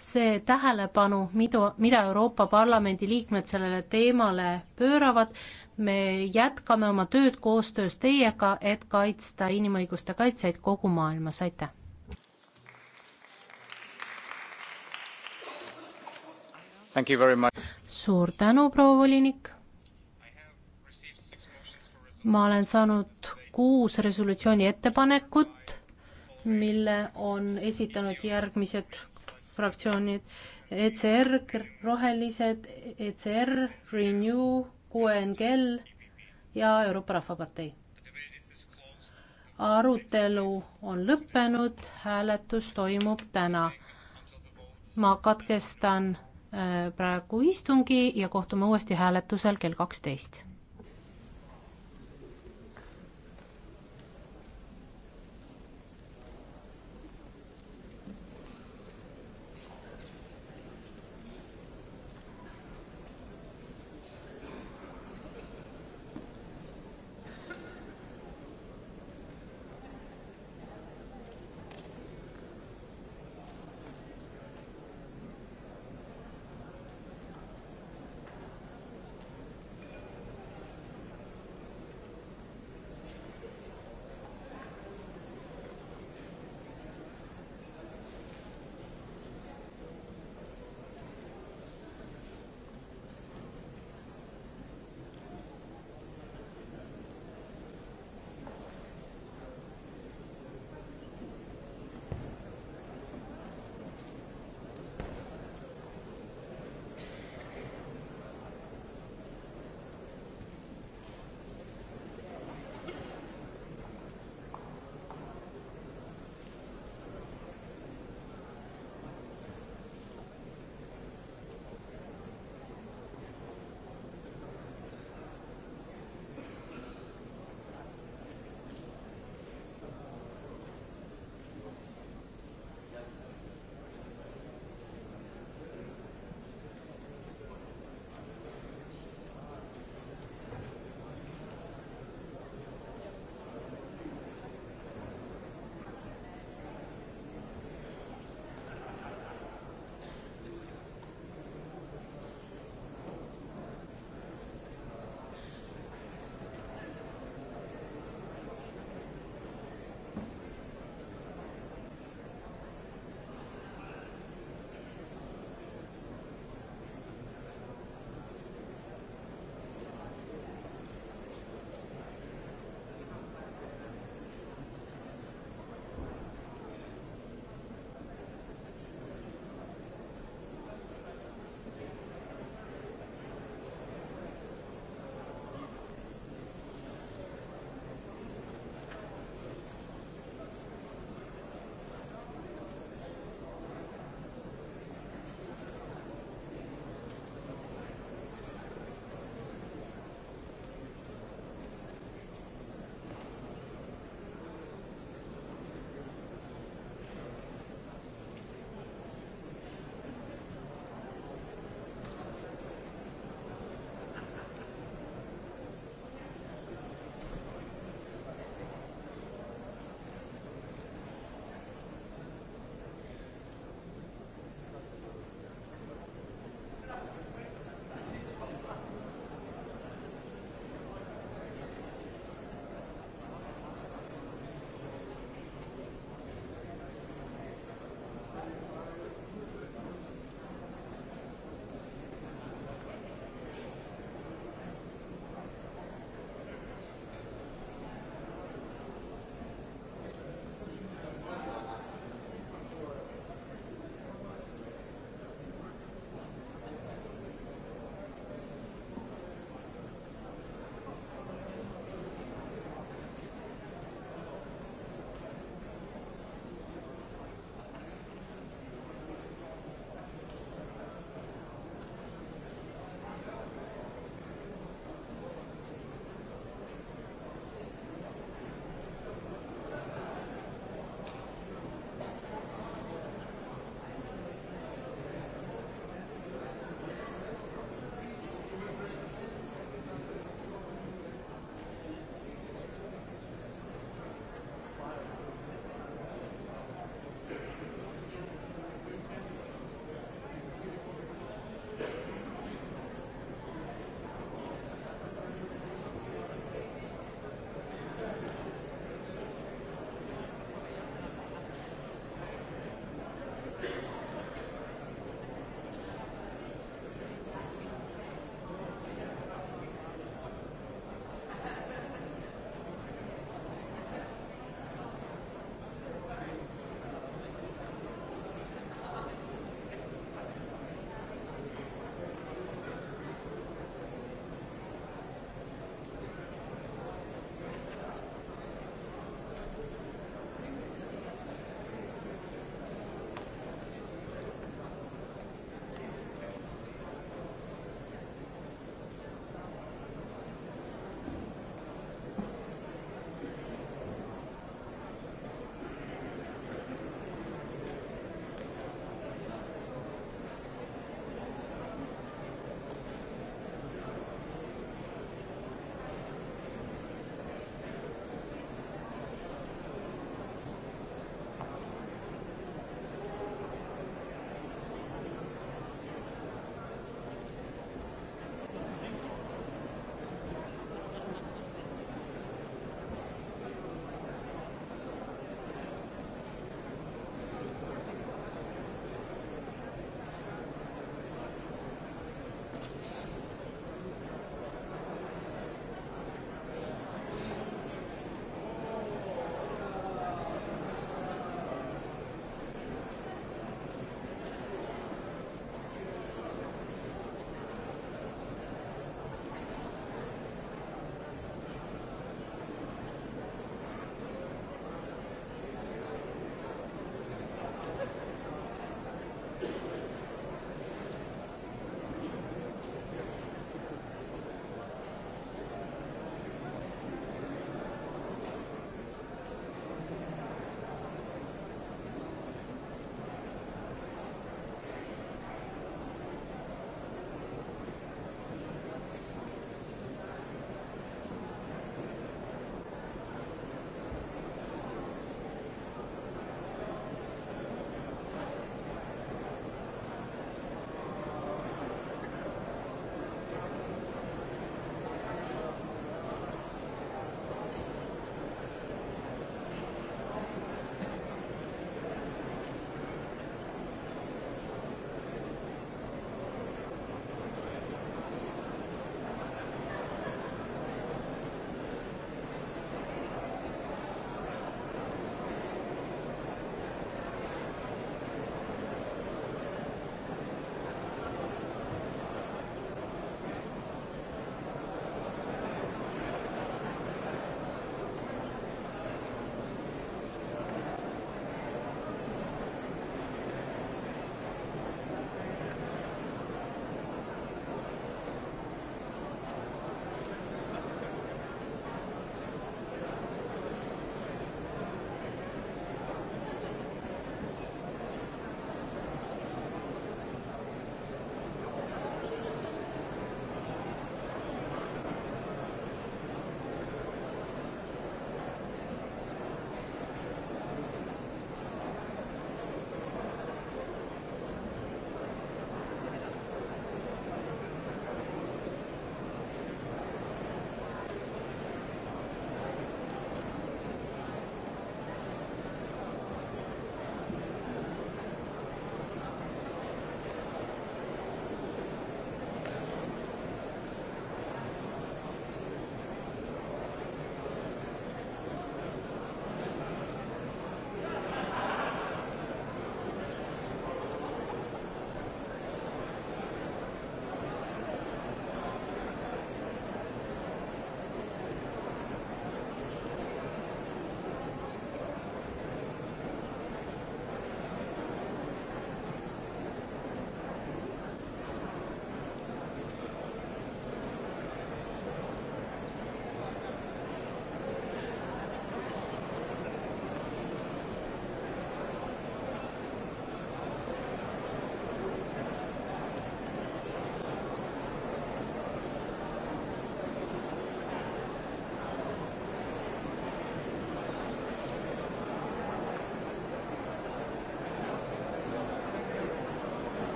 see tähelepanu, mida, mida Euroopa Parlamendi liikmed sellele teemale pööravad, me jätkame oma tööd koostöös teiega, et kaitsta inimõiguste kaitsjaid kogu maailmas, aitäh! suur tänu, proua volinik! ma olen saanud kuus resolutsiooni ettepanekut, mille on esitanud järgmised fraktsioonid, ECR, Rohelised, ECR, Renew, QNGL ja Euroopa Rahvapartei. arutelu on lõppenud, hääletus toimub täna. ma katkestan äh, praegu istungi ja kohtume uuesti hääletusel kell kaksteist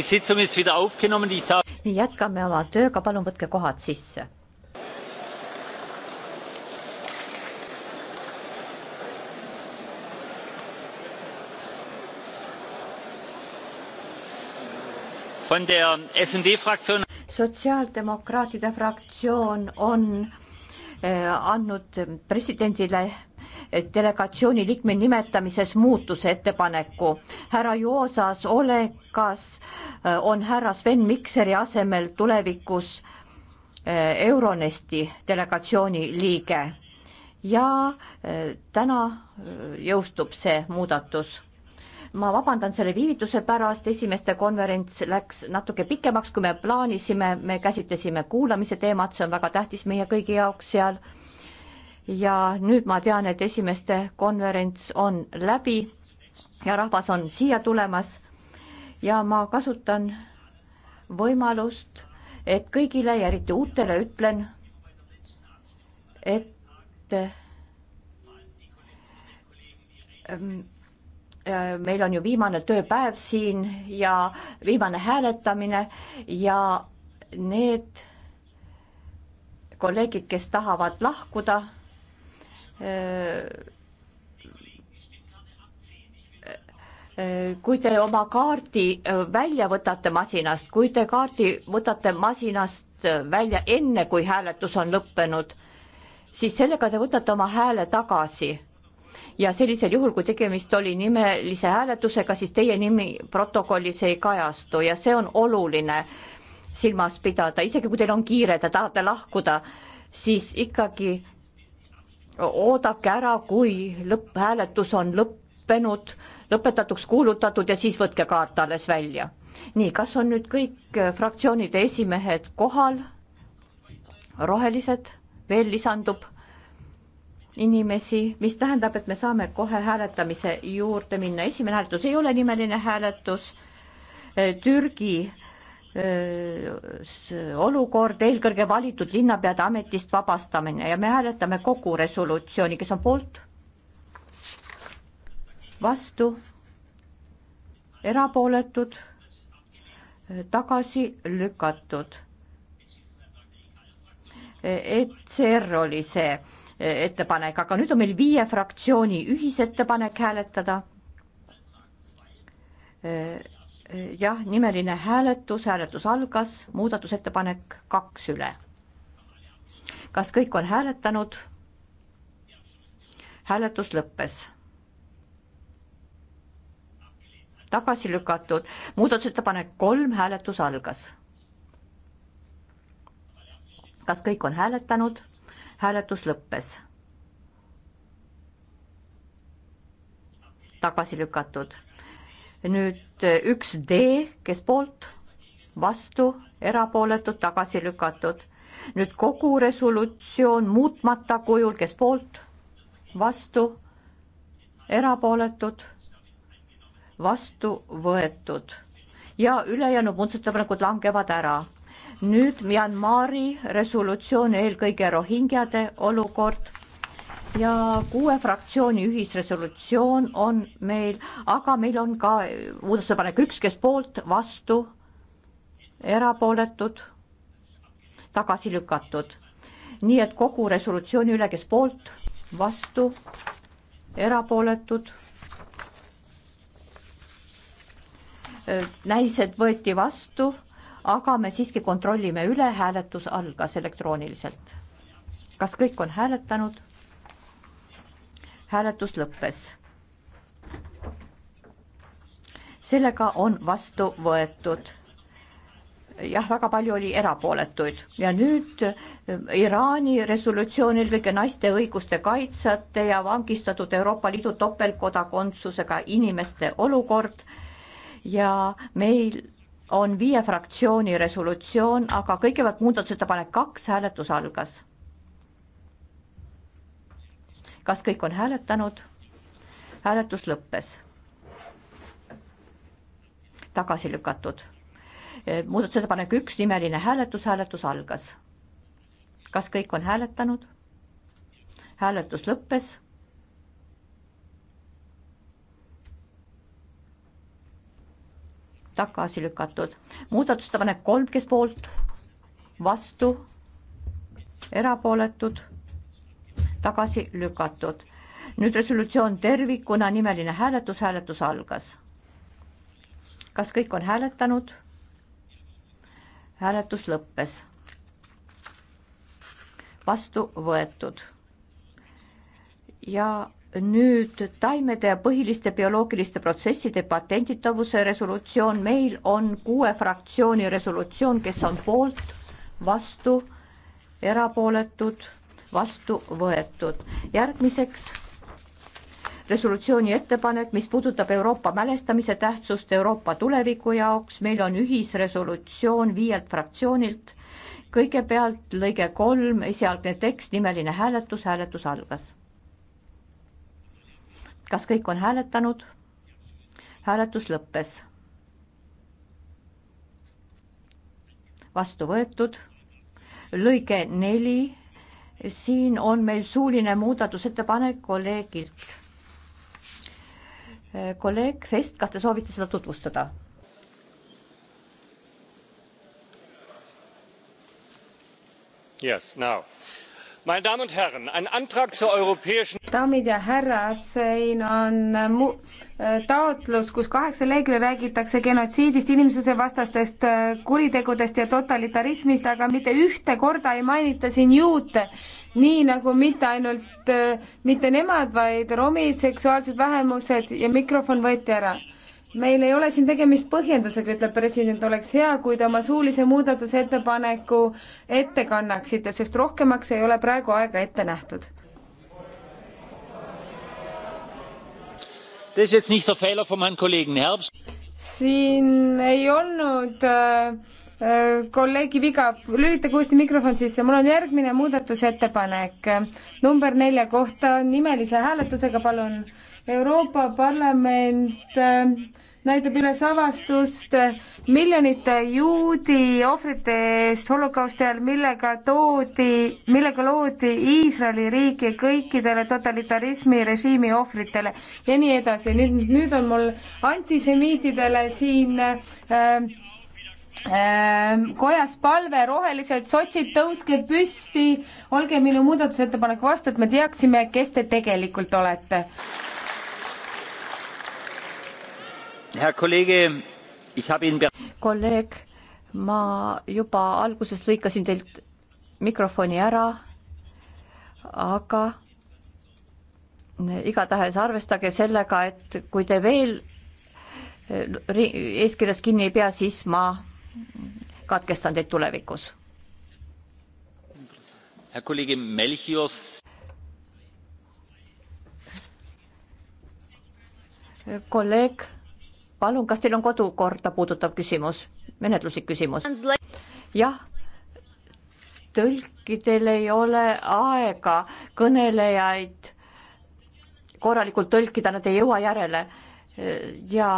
nii, jätkame oma tööga, palun võtke kohad sisse. sotsiaaldemokraatide fraktsioon on eh, andnud presidendile eh, delegatsiooni liikme nimetamises muutuse ettepaneku. härra Joosas Olekas Äh, on härra Sven Mikseri asemel tulevikus äh, Euronesti delegatsiooni liige ja äh, täna jõustub see muudatus ma vabandan selle viivituse pärast, esimeste konverents läks natuke pikemaks, kui me plaanisime, me käsitlesime kuulamise teemat, see on väga tähtis meie kõigi jaoks seal. ja nüüd ma tean, et esimeste konverents on läbi ja rahvas on siia tulemas ja ma kasutan võimalust, et kõigile ja eriti uutele ütlen, et ähm, äh, meil on ju viimane tööpäev siin ja viimane hääletamine ja need kolleegid, kes tahavad lahkuda, äh, kui te oma kaardi äh, välja võtate masinast, kui te kaardi võtate masinast äh, välja enne, kui hääletus on lõppenud, siis sellega te võtate oma hääle tagasi. ja sellisel juhul, kui tegemist oli nimelise hääletusega, siis teie nimi protokollis ei kajastu ja see on oluline silmas pidada, isegi kui teil on kiire, te tahate lahkuda, siis ikkagi oodake ära, kui lõpphääletus on lõppenud lõpetatuks kuulutatud ja siis võtke kaart alles välja. nii, kas on nüüd kõik äh, fraktsioonide esimehed kohal? rohelised, veel lisandub inimesi, mis tähendab, et me saame kohe hääletamise juurde minna. esimene hääletus ei ole nimeline hääletus. Äh, Türgi äh, olukord, eelkõige valitud linnapeade ametist vabastamine ja me hääletame kogu resolutsiooni, kes on poolt vastu, erapooletud, tagasi lükatud. ECR oli see e, ettepanek, aga nüüd on meil viie fraktsiooni ühisettepanek hääletada. E, e, jah, nimeline hääletus, hääletus algas, muudatusettepanek kaks üle. kas kõik on hääletanud? hääletus lõppes tagasi lükatud. muudatusettepanek kolm, hääletus algas. kas kõik on hääletanud? hääletus lõppes. tagasi lükatud. nüüd eh, üks D, kes poolt, vastu, erapooletud, tagasi lükatud. nüüd kogu resolutsioon muutmata kujul, kes poolt, vastu, erapooletud vastu võetud ja ülejäänud muudatusettepanekud langevad ära. nüüd Myanmari resolutsioon, eelkõige Rohingjade olukord ja kuue fraktsiooni ühisresolutsioon on meil, aga meil on ka muudatusettepanek üks, kes poolt, vastu, erapooletud, tagasi lükatud. nii et kogu resolutsiooni üle, kes poolt, vastu, erapooletud näised võeti vastu, aga me siiski kontrollime üle, hääletus algas elektrooniliselt. kas kõik on hääletanud? hääletus lõppes. sellega on vastu võetud jah, väga palju oli erapooletuid ja nüüd eh, Iraani resolutsioon eelkõige naiste õiguste kaitsjate ja vangistatud Euroopa Liidu topeltkodakondsusega inimeste olukord ja meil on viie fraktsiooni resolutsioon, aga kõigepealt muudatusettepanek kaks, hääletus algas. kas kõik on hääletanud? hääletus lõppes. tagasi lükatud. E, muudatusettepanek üks, nimeline hääletus, hääletus algas. kas kõik on hääletanud? hääletus lõppes tagasi lükatud. muudatusettepanek kolm, kes poolt, vastu, erapooletud, tagasi lükatud. nüüd resolutsioon tervikuna, nimeline hääletus, hääletus algas. kas kõik on hääletanud? hääletus lõppes. vastu võetud. ja nüüd taimede ja põhiliste bioloogiliste protsesside patenditavuse resolutsioon, meil on kuue fraktsiooni resolutsioon, kes on poolt, vastu, erapooletud, vastu võetud. järgmiseks resolutsiooni ettepanek, mis puudutab Euroopa mälestamise tähtsust Euroopa tuleviku jaoks, meil on ühisresolutsioon viielt fraktsioonilt. kõigepealt lõige kolm, esialgne tekst, nimeline hääletus, hääletus algas kas kõik on hääletanud? hääletus lõppes. vastu võetud. lõige neli. siin on meil suuline muudatusettepanek kolleegilt. kolleeg Fest, kas te soovite seda tutvustada? Yes, now daamid ja härrad, siin on mu-, äh, taotlus, kus kaheksa lehekülge räägitakse genotsiidist, inimsusevastastest äh, kuritegudest ja totalitarismist, aga mitte ühte korda ei mainita siin juute. nii nagu mitte ainult, äh, mitte nemad, vaid romid, seksuaalsed vähemused ja mikrofon võeti ära meil ei ole siin tegemist põhjendusega, ütleb president, oleks hea, kui te oma suulise muudatusettepaneku ette kannaksite, sest rohkemaks ei ole praegu aega ette nähtud. siin ei olnud äh, äh kolleegi viga, lülitage uuesti mikrofon sisse, mul on järgmine muudatusettepanek number nelja kohta nimelise hääletusega, palun. Euroopa Parlament äh, näitab üles avastust miljonite juudi ohvrite eest holokausti ajal, millega toodi, millega loodi Iisraeli riik ja kõikidele totalitarismi režiimi ohvritele ja nii edasi. nüüd, nüüd on mul antisemiitidele siin äh, äh kojas palve, rohelised sotsid, tõuske püsti, olge minu muudatusettepaneku vastu, et me teaksime, kes te tegelikult olete kolleeg, ma juba alguses lõikasin teilt mikrofoni ära, aga igatahes arvestage sellega, et kui te veel eeskirjast kinni ei pea, siis ma katkestan teid tulevikus. Herr Kollege Melchios. kolleeg palun, kas teil on kodukorda puudutav küsimus, menetluslik küsimus? jah, tõlkidel ei ole aega kõnelejaid korralikult tõlkida, nad ei jõua järele ja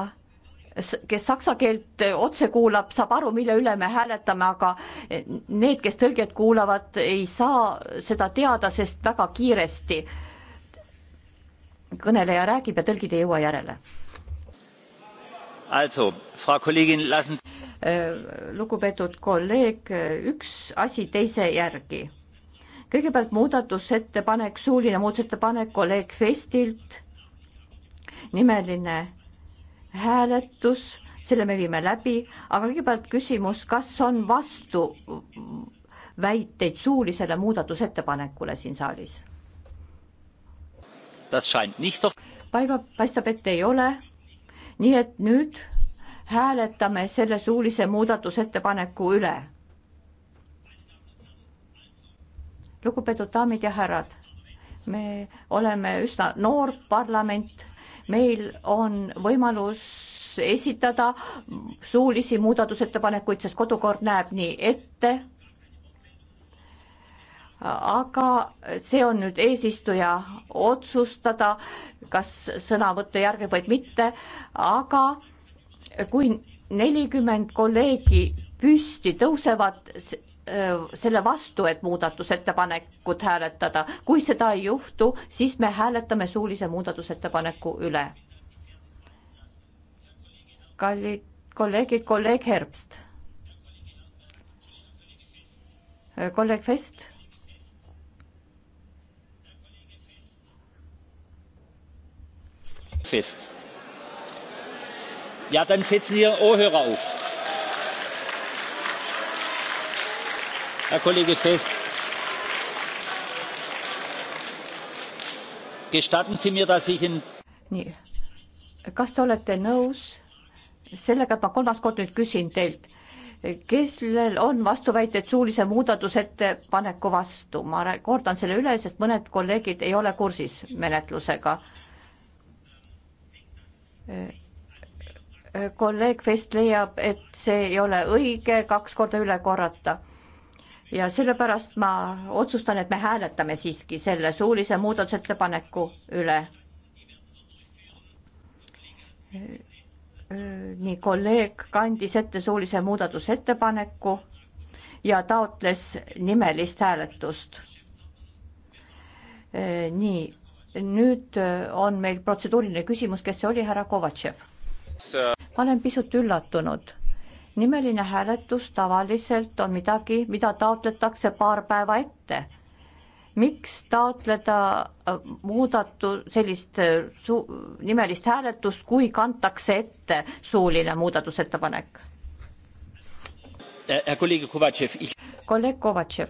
kes saksa keelt otse kuulab, saab aru, mille üle me hääletame, aga need, kes tõlget kuulavad, ei saa seda teada, sest väga kiiresti kõneleja räägib ja tõlgid ei jõua järele Äh, lugupeetud kolleeg, äh, üks asi teise järgi. kõigepealt muudatusettepanek, suuline muudatusettepanek kolleeg Festilt, nimeline hääletus, selle me viime läbi, aga kõigepealt küsimus, kas on vastu väiteid suulisele muudatusettepanekule siin saalis? paistab, et ei ole nii et nüüd hääletame selle suulise muudatusettepaneku üle. lugupeetud daamid ja härrad, me oleme üsna noor parlament, meil on võimalus esitada suulisi muudatusettepanekuid, sest kodukord näeb nii ette aga see on nüüd eesistuja otsustada, kas sõnavõttu järgneb või mitte, aga kui nelikümmend kolleegi püsti tõusevad äh, selle vastu, et muudatusettepanekut hääletada, kui seda ei juhtu, siis me hääletame suulise muudatusettepaneku üle. kallid kolleegid, kolleeg Herbst. Äh, kolleeg Fest fest. Ja, dann setzen Sie Ihren Ohrhörer auf. Herr Kollege Fest, gestatten Sie mir, dass ich in... nii, kas te olete nõus sellega, et ma kolmas kord nüüd küsin teilt, kellel on vastuväited suulise muudatusettepaneku vastu, ma kordan selle üle, sest mõned kolleegid ei ole kursis menetlusega kolleeg Fest leiab, et see ei ole õige kaks korda üle korrata. ja sellepärast ma otsustan, et me hääletame siiski selle suulise muudatusettepaneku üle. nii, kolleeg kandis ette suulise muudatusettepaneku ja taotles nimelist hääletust. nii nüüd äh, on meil protseduuriline küsimus, kes see oli, härra Kovatšev? ma olen pisut üllatunud. nimeline hääletus tavaliselt on midagi, mida taotletakse paar päeva ette. miks taotleda äh, muudatu-, sellist äh, su-, nimelist hääletust, kui kantakse ette suuline muudatusettepanek? kolleeg Kovatšev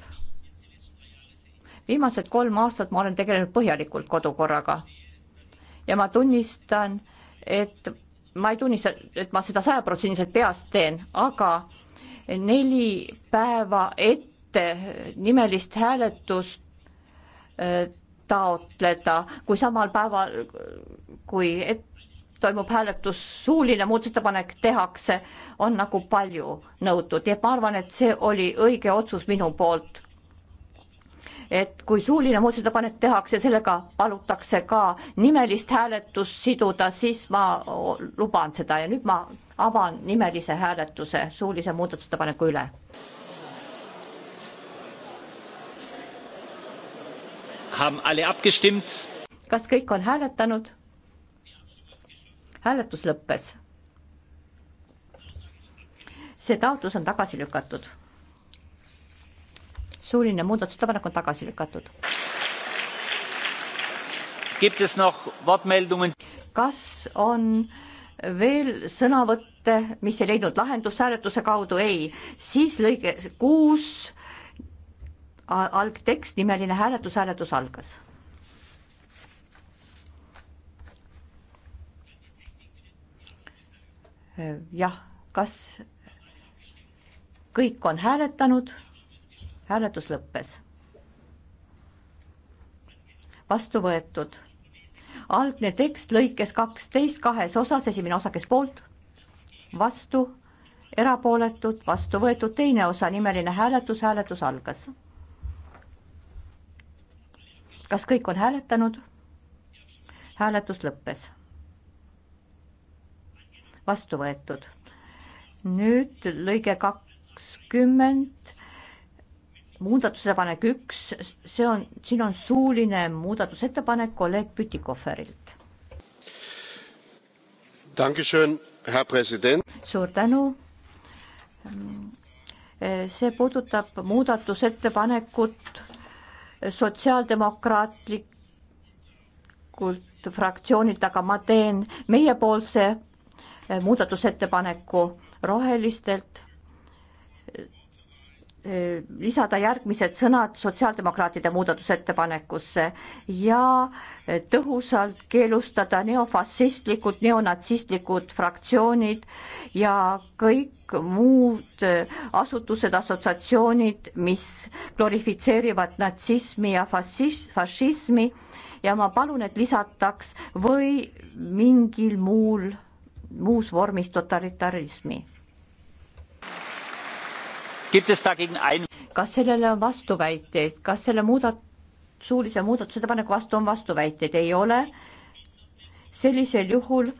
viimased kolm aastat ma olen tegelenud põhjalikult kodukorraga ja ma tunnistan, et ma ei tunnista, et ma seda sajaprotsendiliselt peast teen, aga neli päeva ette nimelist hääletust äh, taotleda, kui samal päeval, kui et, toimub hääletus, suuline muudatusettepanek tehakse, on nagu palju nõutud, nii et ma arvan, et see oli õige otsus minu poolt et kui suuline muudatusettepanek tehakse, sellega palutakse ka nimelist hääletust siduda, siis ma luban seda ja nüüd ma avan nimelise hääletuse suulise muudatusettepaneku üle. kas kõik on hääletanud? hääletus lõppes. see taotlus on tagasi lükatud suuline muudatusettepanek on tagasi lükatud. kas on veel sõnavõtte, mis ei leidnud lahendust hääletuse kaudu, ei, siis lõige kuus algtekst, nimeline hääletus, hääletus algas. jah, kas kõik on hääletanud? hääletus lõppes. vastu võetud. algne tekst lõikes kaksteist kahes osas, esimene osa, kes poolt, vastu, erapooletud, vastu võetud, teine osa, nimeline hääletus, hääletus algas. kas kõik on hääletanud? hääletus lõppes. vastu võetud. nüüd lõige kakskümmend muudatusepanek üks, see on, siin on suuline muudatusettepanek kolleeg Pütikoferilt. suur tänu. see puudutab muudatusettepanekut sotsiaaldemokraatlikult fraktsioonilt, aga ma teen meiepoolse muudatusettepaneku rohelistelt Äh, lisada järgmised sõnad sotsiaaldemokraatide muudatusettepanekusse ja äh, tõhusalt keelustada neofašistlikud, neonatsistlikud fraktsioonid ja kõik muud äh, asutused, assotsiatsioonid, mis glorifitseerivad natsismi ja fašis-, fašismi ja ma palun, et lisataks või mingil muul, muus vormis totalitarismi kas sellele on vastuväiteid, kas selle muudat-, suulise muudatusettepaneku vastu on vastuväiteid, ei ole. sellisel juhul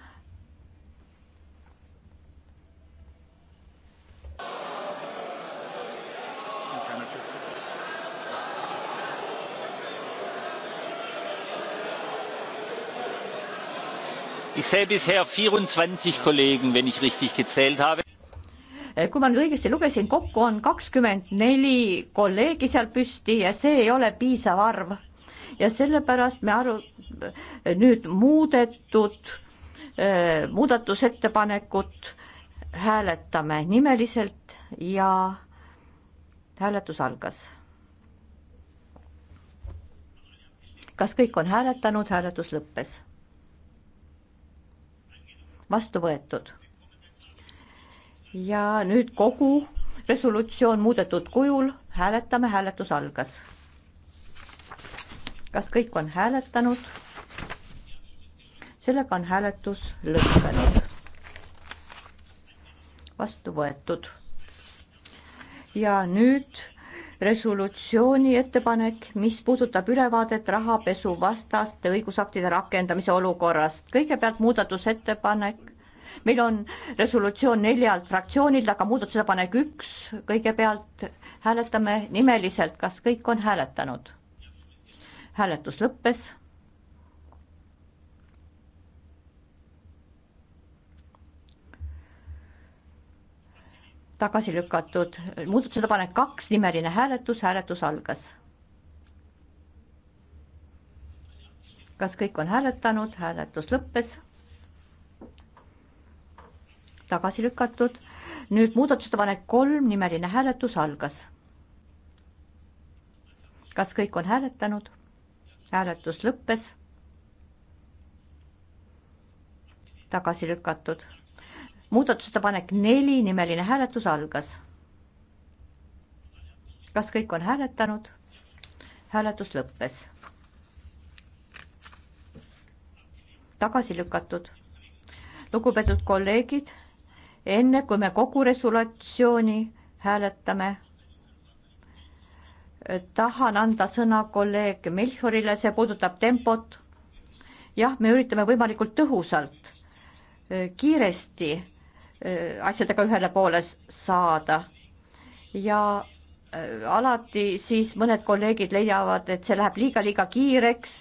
ich sehe bisher vierundzwanzig kollegen wenn ich richtig gezählt habe kui ma nüüd õigesti lugesin, kokku on kakskümmend neli kolleegi seal püsti ja see ei ole piisav arv. ja sellepärast me aru-, nüüd muudetud eh, muudatusettepanekut hääletame nimeliselt ja hääletus algas. kas kõik on hääletanud, hääletus lõppes? vastu võetud ja nüüd kogu resolutsioon muudetud kujul, hääletame, hääletus algas. kas kõik on hääletanud? sellega on hääletus lõppenud. vastu võetud. ja nüüd resolutsiooni ettepanek, mis puudutab ülevaadet rahapesuvastaste õigusaktide rakendamise olukorrast. kõigepealt muudatusettepanek meil on resolutsioon neljalt fraktsioonilt, aga muudatusettepanek üks, kõigepealt hääletame nimeliselt, kas kõik on hääletanud? hääletus lõppes. tagasi lükatud muudatusettepanek kaks, nimeline hääletus, hääletus algas. kas kõik on hääletanud, hääletus lõppes tagasi lükatud. nüüd muudatusettepanek kolm, nimeline hääletus algas. kas kõik on hääletanud? hääletus lõppes. tagasi lükatud. muudatusettepanek neli, nimeline hääletus algas. kas kõik on hääletanud? hääletus lõppes. tagasi lükatud lugupeetud kolleegid enne kui me kogu resolutsiooni hääletame, tahan anda sõna kolleeg Melchiorile, see puudutab tempot. jah, me üritame võimalikult tõhusalt, äh, kiiresti äh, asjadega ühele poole saada ja äh, alati siis mõned kolleegid leiavad, et see läheb liiga-liiga kiireks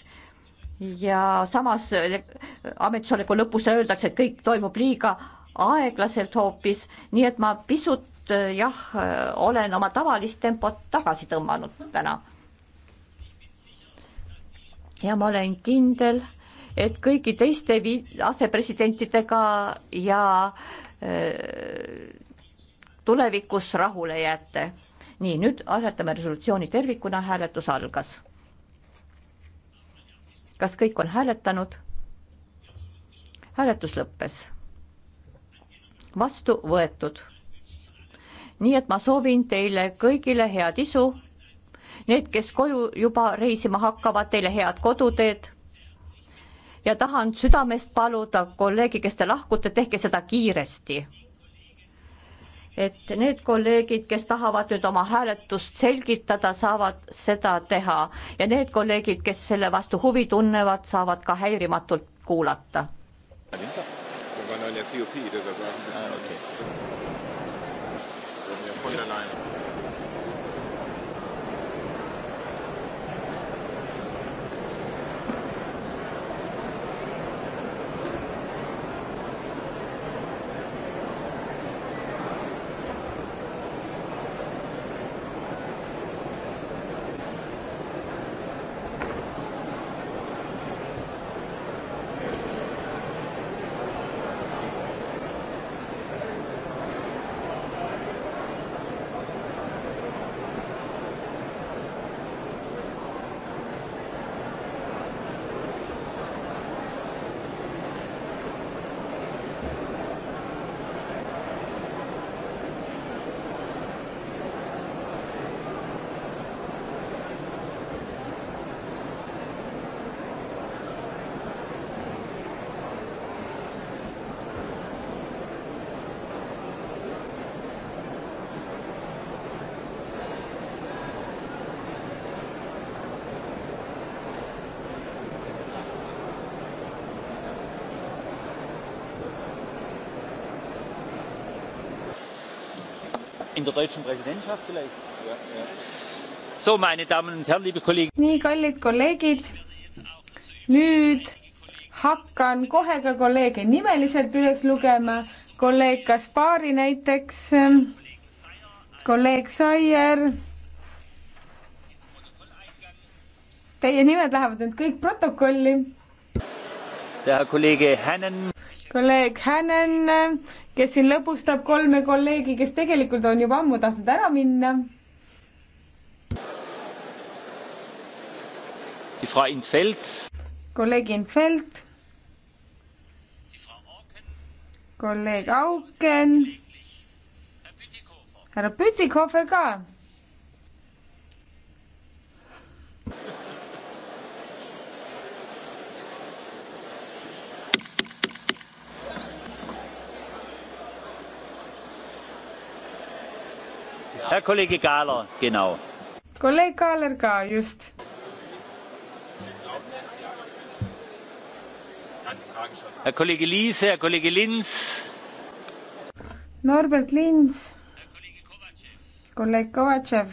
ja samas ametisoleku lõpus öeldakse, et kõik toimub liiga aeglaselt hoopis, nii et ma pisut äh, jah, äh, olen oma tavalist tempot tagasi tõmmanud täna. ja ma olen kindel, et kõigi teiste asepresidentidega ja öö, äh, tulevikus rahule jääte. nii, nüüd hääletame resolutsiooni tervikuna, hääletus algas. kas kõik on hääletanud? hääletus lõppes vastu võetud. nii et ma soovin teile kõigile head isu. Need, kes koju juba reisima hakkavad, teile head koduteed. ja tahan südamest paluda kolleegi, kes te lahkute, tehke seda kiiresti. et need kolleegid, kes tahavad nüüd oma hääletust selgitada, saavad seda teha ja need kolleegid, kes selle vastu huvi tunnevad, saavad ka häirimatult kuulata going oh, on your COP. There's a, uh, okay. From your Fonderline. der deutschen Präsidentschaft vielleicht. Ja, ja. So, meine Damen und Herren, liebe Kollegen. nii, kallid kolleegid, nüüd hakkan kohe ka kolleege nimeliselt üles lugema, kolleeg Kaspari näiteks, kolleeg Saier. Teie nimed lähevad nüüd kõik protokolli. kolleeg Hänen kolleeg Hänen, kes siin lõbustab kolme kolleegi, kes tegelikult on juba ammu tahtnud ära minna. kolleeg Infeld. kolleeg Auken. härra Pütikofer ka Herr Kollege Gahler, genau. kolleeg Kaaler ka, just. Herr Kollege Liese, Herr Kollege Linz. Norbert Linz. kolleeg Kovatšev.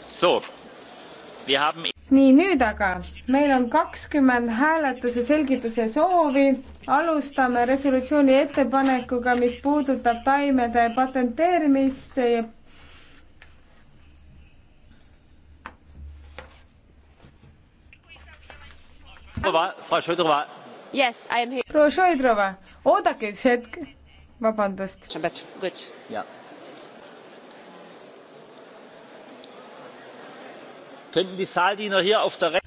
So, wir haben nii, nüüd aga meil on kakskümmend hääletuse selgituse soovi alustame resolutsiooni ettepanekuga, mis puudutab taimede patenteerimist ja Yes, proua Šoidrova, oodake üks hetk, vabandust. könnten die saaldiener hier auf der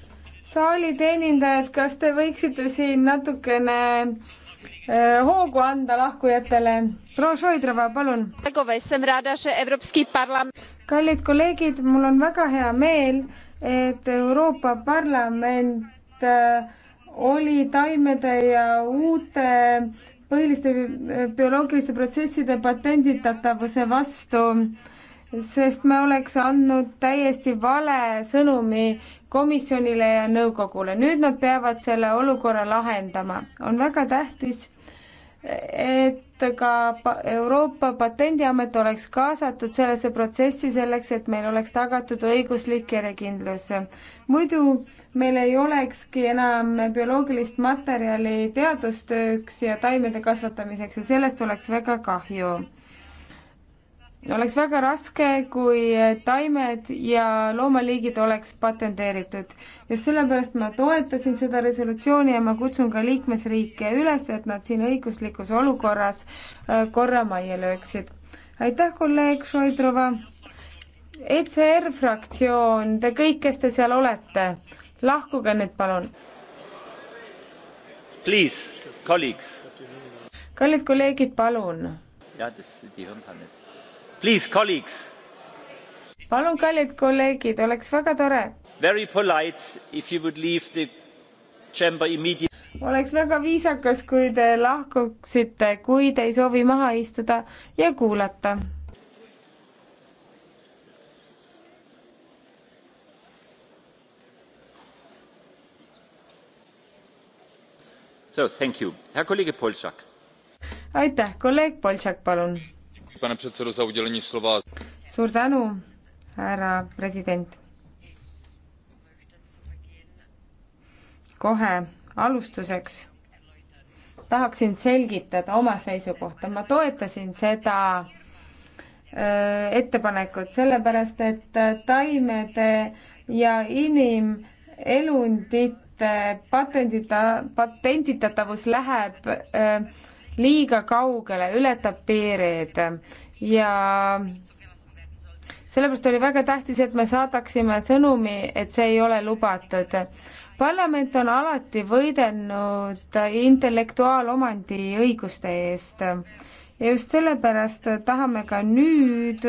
saali teenindajad, kas te võiksite siin natukene eh, hoogu anda lahkujatele? palun. kallid kolleegid, mul on väga hea meel, et Euroopa Parlament eh, oli taimede ja uute põhiliste bioloogiliste protsesside patenditatavuse vastu äh, sest me oleks andnud täiesti vale sõnumi komisjonile ja nõukogule. nüüd nad peavad selle olukorra lahendama. on väga tähtis, et ka Euroopa Patendiamet oleks kaasatud sellesse protsessi selleks, et meil oleks tagatud õiguslik järjekindlus. muidu meil ei olekski enam bioloogilist materjali teadustööks ja taimede kasvatamiseks ja sellest oleks väga kahju oleks väga raske, kui taimed ja loomaliigid oleks patenteeritud. just sellepärast ma toetasin seda resolutsiooni ja ma kutsun ka liikmesriike üles, et nad siin õiguslikus olukorras äh, korra majja lööksid. aitäh, kolleeg Šoidrova. ECR fraktsioon, te kõik, kes te seal olete, lahkuge nüüd palun. Please, colleagues. kallid kolleegid, palun. jah, die hören es nicht palun, kallid kolleegid, oleks väga tore. oleks väga viisakas, kui te lahkuksite, kui te ei soovi maha istuda ja kuulata. So, thank you. Herr Kollege Polčak. aitäh, kolleeg Polčak, palun pane předsedající. suur tänu, härra president. kohe alustuseks tahaksin selgitada oma seisukohta. ma toetasin seda ettepanekut, sellepärast et taimede ja inimelundite patendita, patenditatavus läheb öö, liiga kaugele, ületab piirid ja sellepärast oli väga tähtis, et me saadaksime sõnumi, et see ei ole lubatud. parlament on alati võidelnud intellektuaalomandi õiguste eest ja just sellepärast tahame ka nüüd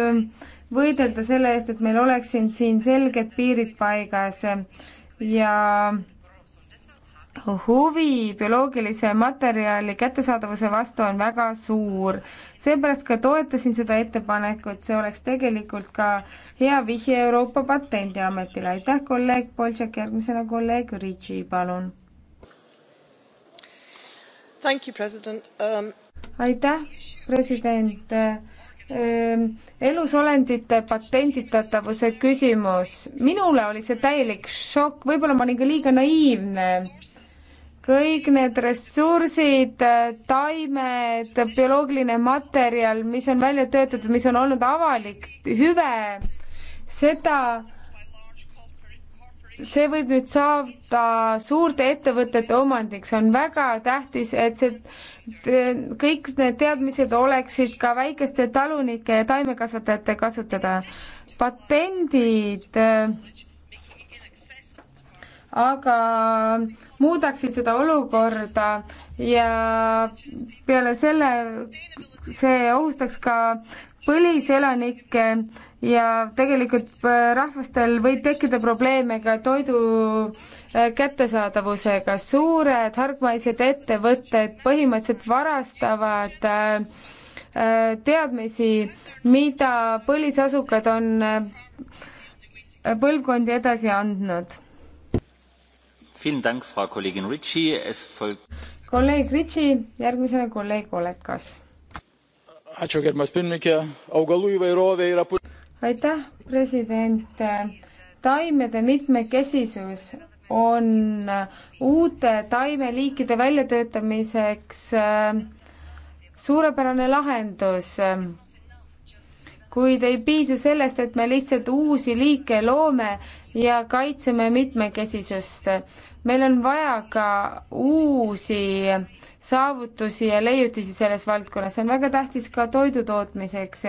võidelda selle eest, et meil oleksid siin selged piirid paigas ja huvi bioloogilise materjali kättesaadavuse vastu on väga suur. seepärast ka toetasin seda ettepanekut, see oleks tegelikult ka hea vihje Euroopa Patendiametile. aitäh, kolleeg Boltšak, järgmisena kolleeg Ritši, palun. Um... aitäh, president um, elusolendite patenditatavuse küsimus. minule oli see täielik šokk, võib-olla ma olin ka liiga naiivne kõik need ressursid, taimed, bioloogiline materjal, mis on välja töötatud, mis on olnud avalik hüve, seda, see võib nüüd saada suurte ettevõtete omandiks, on väga tähtis, et see, kõik need teadmised oleksid ka väikeste talunike ja taimekasvatajate kasutada. patendid, aga muudaksid seda olukorda ja peale selle see ohustaks ka põliselanikke ja tegelikult äh, rahvastel võib tekkida probleeme ka toidu äh, kättesaadavusega. suured hargmaised ettevõtted põhimõtteliselt varastavad äh, teadmisi, mida põlisasukad on põlvkondi edasi andnud kolleeg Ritši, järgmisena kolleeg Olekas. aitäh, president. taimede mitmekesisus on uute taimeliikide väljatöötamiseks äh, suurepärane lahendus kuid ei piisa sellest, et me lihtsalt uusi liike loome ja kaitseme mitmekesisust meil on vaja ka uusi saavutusi ja leiutisi selles valdkonnas, see on väga tähtis ka toidu tootmiseks.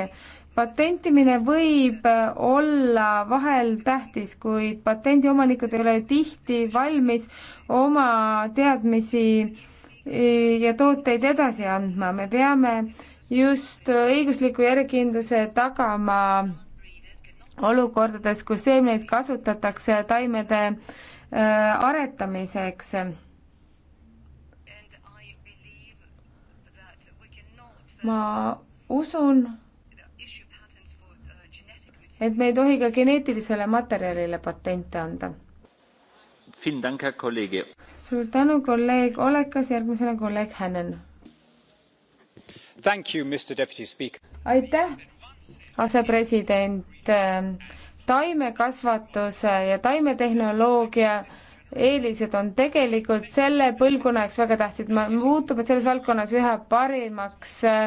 patentimine võib olla vahel tähtis, kuid patendiomanikud ei ole tihti valmis oma teadmisi ja tooteid edasi andma, me peame just õigusliku järjekindluse tagama olukordades, kus seemneid kasutatakse taimede äh, Äh, aretamiseks. ma usun, et me ei tohi ka geneetilisele materjalile patente anda. suur tänu, kolleeg Olekas, järgmisena kolleeg Hännen. aitäh, asepresident taimekasvatuse ja taimetehnoloogia eelised on tegelikult selle põlvkonna jaoks väga tähtsad, me muutume selles valdkonnas üha parimaks äh,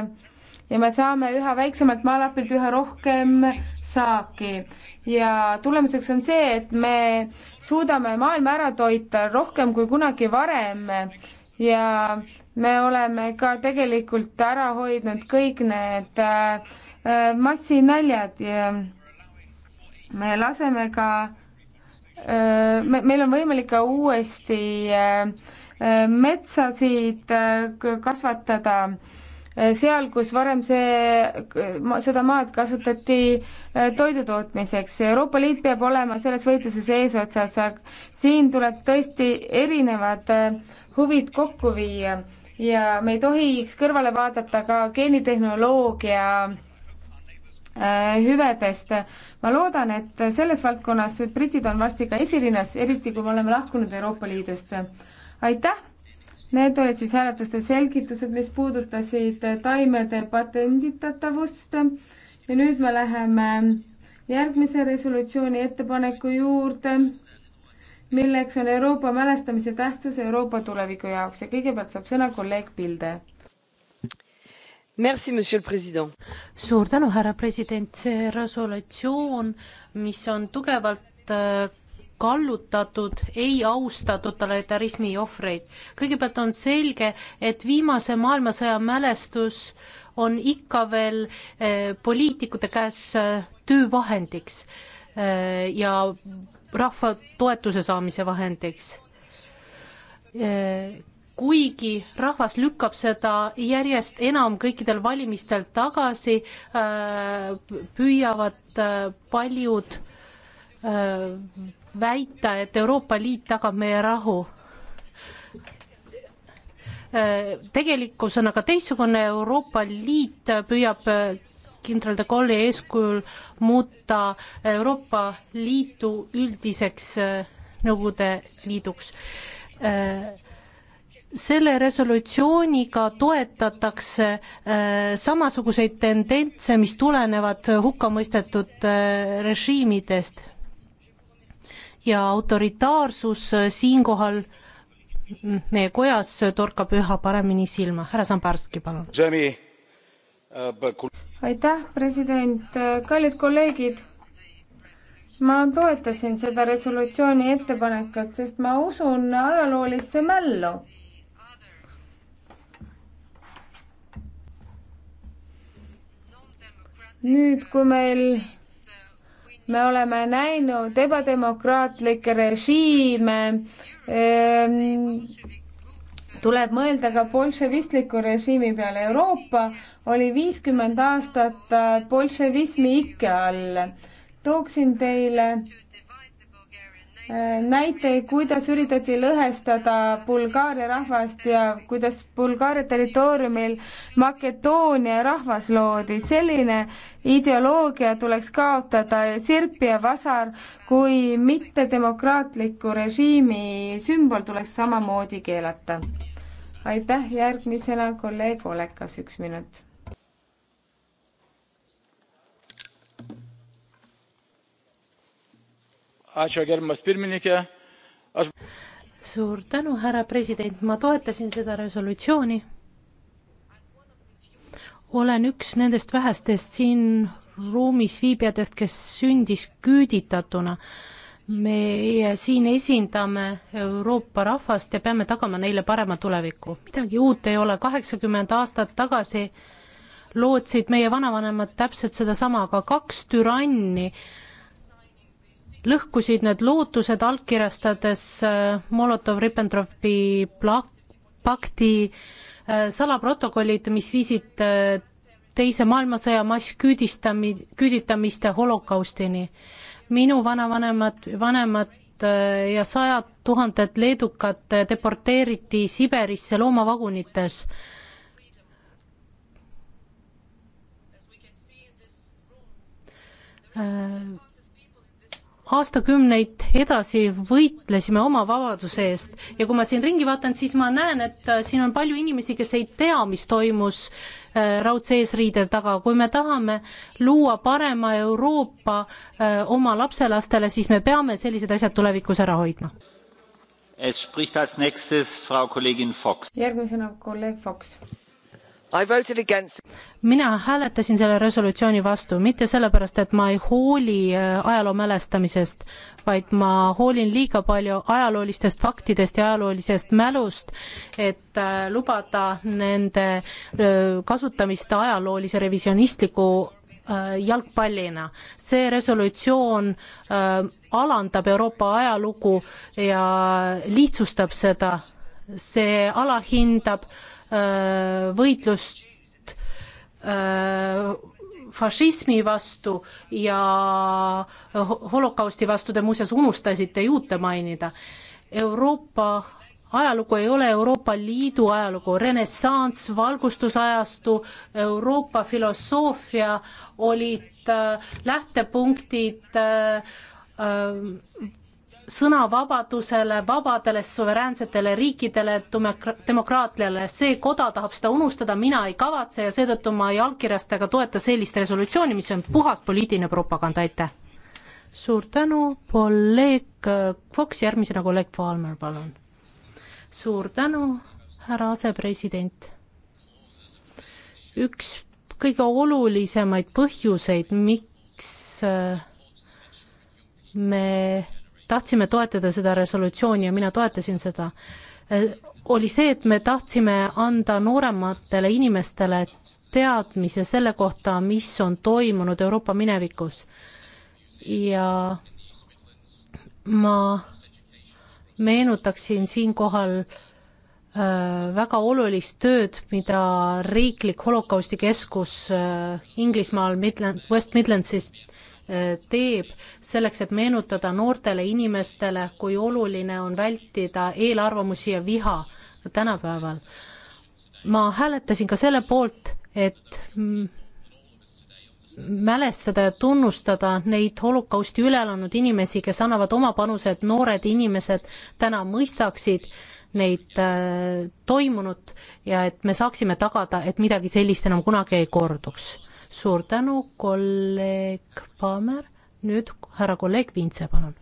ja me saame üha väiksemalt maalapilt üha rohkem saaki. ja tulemuseks on see, et me suudame maailma ära toita rohkem kui kunagi varem ja me oleme ka tegelikult ära hoidnud kõik need äh, äh, massinaljad ja me laseme ka äh, me, meil on võimalik ka uuesti äh, äh, metsasid kasvatada seal, kus varem see, seda maad kasutati toidu tootmiseks. Euroopa Liit peab olema selles võitluses eesotsas, siin tuleb tõesti erinevad huvid kokku viia ja me ei tohiks kõrvale vaadata ka geenitehnoloogia Äh, hüvedest. ma loodan, et selles valdkonnas britid on varsti ka esirinnas, eriti kui me oleme lahkunud Euroopa Liidust. aitäh! Need olid siis hääletuste selgitused, mis puudutasid taimede patenditatavust ja nüüd me läheme järgmise resolutsiooni ettepaneku juurde, milleks on Euroopa mälestamise tähtsus Euroopa tuleviku jaoks ja kõigepealt saab sõna kolleeg Pilde suur tänu, härra president, see resolutsioon, mis on tugevalt äh, kallutatud, ei austa totalitarismi ohvreid. kõigepealt on selge, et viimase maailmasõja mälestus on ikka veel eh, poliitikute käes eh, töövahendiks eh, ja rahva toetuse saamise vahendiks kuigi rahvas lükkab seda järjest enam kõikidel valimistel tagasi, äh, püüavad äh, paljud äh, väita, et Euroopa Liit tagab meie rahu. tegelikkus on aga teistsugune, Euroopa Liit püüab kindral de Gaulle'i eeskujul muuta Euroopa Liitu üldiseks Nõukogude Liiduks selle resolutsiooniga toetatakse äh, samasuguseid tendentse, mis tulenevad hukkamõistetud äh, režiimidest. ja autoritaarsus äh, siinkohal meie kojas torkab üha paremini silma. härra Sambarski, palun. aitäh, president, kallid kolleegid ma toetasin seda resolutsiooni ettepanekut, sest ma usun ajaloolisse mällu nüüd, kui meil me oleme näinud ebademokraatlikke režiime, ehm, tuleb mõelda ka bolševistliku režiimi peale. Euroopa oli viiskümmend aastat bolševismi ikke all. tooksin teile näiteid, kuidas üritati lõhestada Bulgaaria rahvast ja kuidas Bulgaaria territooriumil Makedoonia rahvas loodi. selline ideoloogia tuleks kaotada ja sirp ja vasar kui mittedemokraatliku režiimi sümbol tuleks samamoodi keelata. aitäh, järgmisena kolleeg Olekas, üks minut suur tänu, härra president, ma toetasin seda resolutsiooni. olen üks nendest vähestest siin ruumis viibijatest, kes sündis küüditatuna. meie siin esindame Euroopa rahvast ja peame tagama neile parema tuleviku. midagi uut ei ole, kaheksakümmend aastat tagasi lootsid meie vanavanemad täpselt sedasama, aga kaks türanni äh, lõhkusid need lootused, allkirjastades äh, Molotov-Ribbentropi pakti äh, salaprotokollid, mis viisid äh, teise maailmasõja massküüdistami-, küüditamiste holokaustini. minu vanavanemad, vanemad ja sajad tuhanded leedukad deporteeriti Siberisse loomavagunites aastakümneid edasi võitlesime oma vabaduse eest ja kui ma siin ringi vaatan, siis ma näen, et äh, siin on palju inimesi, kes ei tea, mis toimus äh, raudse eesriide taga, kui me tahame luua parema Euroopa äh, oma lapselastele, siis me peame sellised asjad tulevikus ära hoidma. järgmisena kolleeg Fox mina hääletasin selle resolutsiooni vastu mitte sellepärast, et ma ei hooli äh, ajaloo mälestamisest, vaid ma hoolin liiga palju ajaloolistest faktidest ja ajaloolisest mälust, et äh, lubada nende äh, kasutamist ajaloolise revisionistliku jalgpallina. see resolutsioon äh, alandab Euroopa ajalugu ja lihtsustab seda, see alahindab äh, võitlust äh, fašismi vastu ja holokausti vastu, te muuseas unustasite juute mainida. Euroopa ajalugu ei ole Euroopa Liidu ajalugu, renessanss, valgustusajastu, Euroopa filosoofia olid äh, lähtepunktid äh, sõnavabadusele, vabadele suveräänsetele riikidele, demokraatiale, see koda tahab seda unustada, mina ei kavatse ja seetõttu ma ei allkirjasta ega toeta sellist resolutsiooni, mis on puhas poliitiline propaganda, aitäh. suur tänu, kolleeg Fox, järgmisena kolleeg Palmer, palun. suur tänu, härra asepresident. üks kõige olulisemaid põhjuseid, miks äh, me tahtsime toetada seda resolutsiooni ja mina toetasin seda, eh, oli see, et me tahtsime anda noorematele inimestele teadmise selle kohta, mis on toimunud Euroopa minevikus. ja ma meenutaksin siinkohal eh, väga olulist tööd, mida riiklik holokaustikeskus eh, Inglismaal Midland, West Midlandsist Äh, teeb selleks, et meenutada noortele inimestele, kui oluline on vältida eelarvamusi ja viha tänapäeval. ma hääletasin ka selle poolt, et mälestada ja tunnustada neid holokausti üle elanud inimesi, kes annavad oma panuse, et noored inimesed täna mõistaksid neid äh, toimunut ja et me saaksime tagada, et midagi sellist enam kunagi ei korduks suur tänu, kolleeg Paamer, nüüd härra kolleeg Vintse, palun.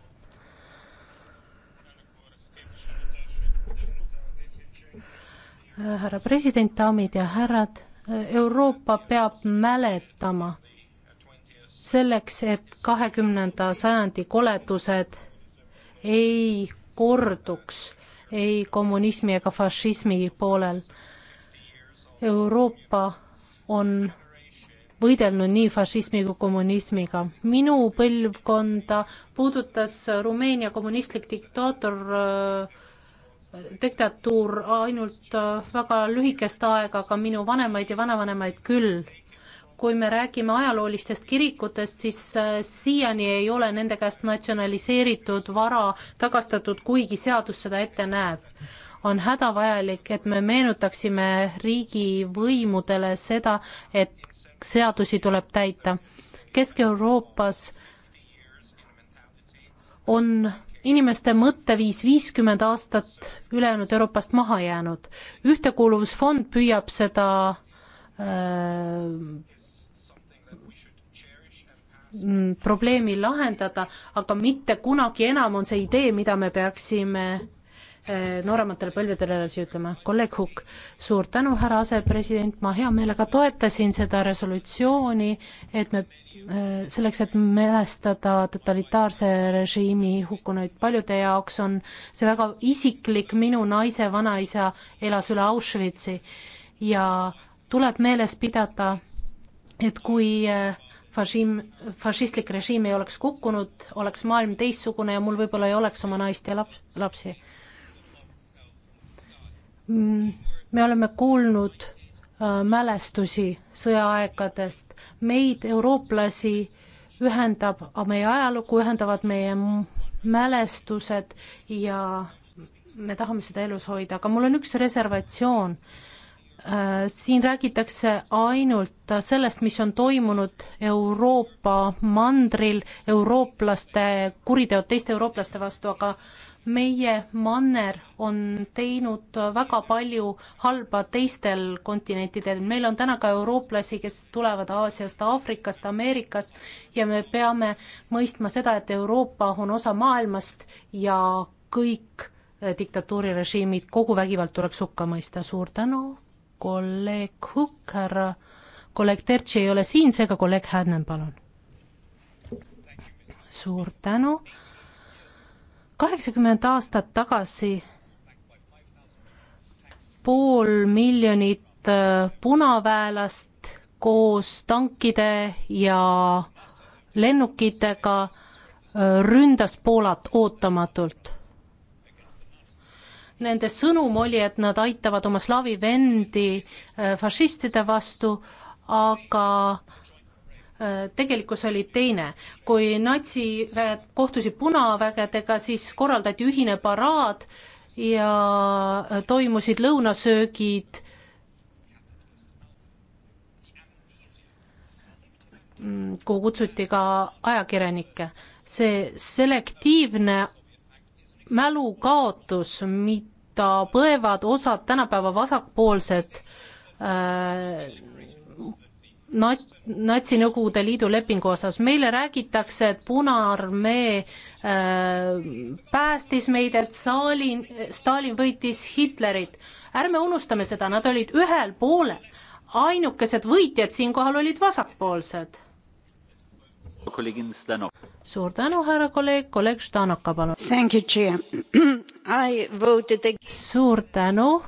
härra president, daamid ja härrad, Euroopa peab mäletama selleks, et kahekümnenda sajandi koledused ei korduks ei kommunismi ega fašismi poolel. Euroopa on võidelnud nii fašismi kui kommunismiga. minu põlvkonda puudutas Rumeenia kommunistlik diktaator äh, diktatuur ainult äh, väga lühikest aega, aga minu vanemaid ja vanavanemaid küll. kui me räägime ajaloolistest kirikutest, siis äh, siiani ei ole nende käest natsionaliseeritud vara tagastatud, kuigi seadus seda ette näeb on hädavajalik, et me meenutaksime riigivõimudele seda, et seadusi tuleb täita. Kesk-Euroopas on inimeste mõtteviis viiskümmend aastat ülejäänud Euroopast maha jäänud. ühtekuuluvusfond püüab seda äh, probleemi lahendada, aga mitte kunagi enam on see idee, mida me peaksime Eh, noorematele põlvedele edasi ütlema. kolleeg Hukk, suur tänu, härra asepresident, ma hea meelega toetasin seda resolutsiooni, et me, eh, selleks, et mälestada totalitaarse režiimi hukkunuid, paljude jaoks on see väga isiklik, minu naise vanaisa elas üle Auschwitzi ja tuleb meeles pidada, et kui eh, fašism, fašistlik režiim ei oleks kukkunud, oleks maailm teistsugune ja mul võib-olla ei oleks oma naist ja laps, lapsi Mm, me oleme kuulnud äh, mälestusi sõjaaegadest, meid, eurooplasi, ühendab meie ajalugu, ühendavad meie mälestused ja me tahame seda elus hoida, aga mul on üks reservatsioon. Äh, siin räägitakse ainult sellest, mis on toimunud Euroopa mandril, eurooplaste kuriteod teiste eurooplaste vastu, aga meie manner on teinud väga palju halba teistel kontinentidel, meil on täna ka eurooplasi, kes tulevad Aasiast, Aafrikast, Ameerikast ja me peame mõistma seda, et Euroopa on osa maailmast ja kõik eh, diktatuurirežiimid, kogu vägivald tuleks hukka mõista, suur tänu, kolleeg Hukk, härra kolleeg Tertši ei ole siin, seega kolleeg Hädnen, palun. suur tänu kaheksakümmend aastat tagasi pool miljonit äh, punaväelast koos tankide ja lennukitega äh, ründas Poolat ootamatult. Nende sõnum oli, et nad aitavad oma slaavi vendi äh, fašistide vastu, aga äh, Äh, tegelikkus oli teine. kui natsiväed kohtusid punavägedega, siis korraldati ühine paraad ja äh, toimusid lõunasöögid mm, kuhu kutsuti ka ajakirjanikke. see selektiivne mälukaotus, mida põevad osad tänapäeva vasakpoolsed äh, nat-, Natsi-Nõukogude Liidu lepingu osas. meile räägitakse, et Punaarmee äh, päästis meid, et Stalin, Stalin võitis Hitlerit. ärme unustame seda, nad olid ühel poolel. ainukesed võitjad siinkohal olid vasakpoolsed. suur tänu, härra kolleeg, kolleeg Ždanoka, palun. (clears throat) suur tänu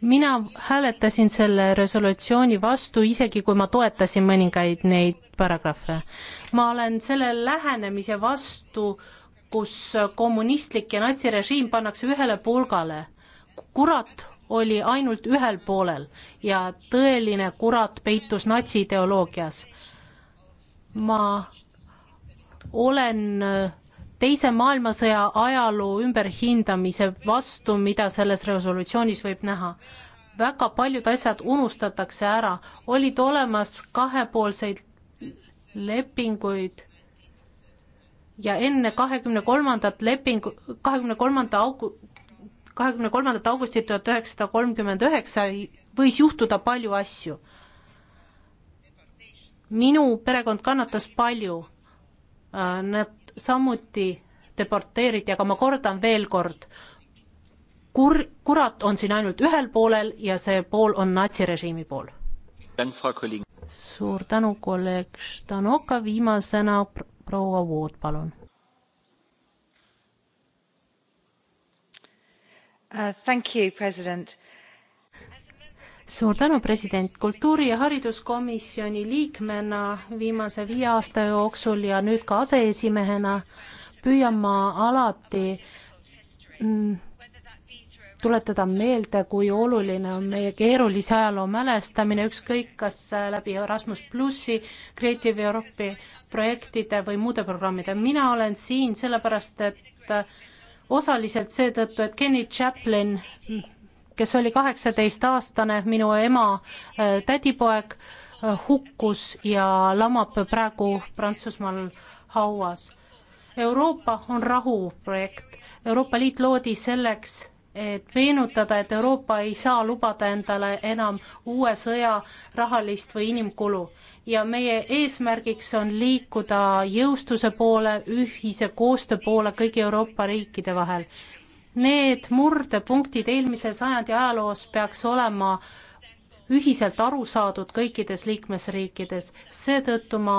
mina hääletasin selle resolutsiooni vastu, isegi kui ma toetasin mõningaid neid paragrahve. ma olen selle lähenemise vastu, kus kommunistlik ja natsirežiim pannakse ühele pulgale. kurat oli ainult ühel poolel ja tõeline kurat peitus natsiideoloogias. ma olen teise maailmasõja ajaloo ümberhindamise vastu, mida selles resolutsioonis võib näha. väga paljud asjad unustatakse ära, olid olemas kahepoolseid lepinguid ja enne kahekümne kolmandat lepingu, kahekümne kolmanda augu-, kahekümne kolmandat augustit tuhat üheksasada kolmkümmend üheksa võis juhtuda palju asju. minu perekond kannatas palju. Äh, nad samuti deporteeriti, aga ma kordan veel kord, kur-, kurat on siin ainult ühel poolel ja see pool on natsirežiimi pool. suur tänu, kolleeg Štanoka, viimasena proua Wood, palun uh,. Thank you, president suur tänu, president. kultuuri- ja hariduskomisjoni liikmena viimase viie aasta jooksul ja nüüd ka aseesimehena püüan ma alati mm, tuletada meelde, kui oluline on meie keerulise ajaloo mälestamine, ükskõik kas läbi Erasmus plussi, Creative Europe'i projektide või muude programmide. mina olen siin sellepärast, et osaliselt seetõttu, et Kenny Chaplin kes oli kaheksateistaastane, minu ema äh, tädipoeg, äh, hukkus ja lamab praegu Prantsusmaal hauas. Euroopa on rahuprojekt, Euroopa Liit loodi selleks, et meenutada, et Euroopa ei saa lubada endale enam uue sõja rahalist või inimkulu ja meie eesmärgiks on liikuda jõustuse poole, ühise koostöö poole kõigi Euroopa riikide vahel Need murdepunktid eelmise sajandi ajaloos peaks olema ühiselt aru saadud kõikides liikmesriikides, seetõttu ma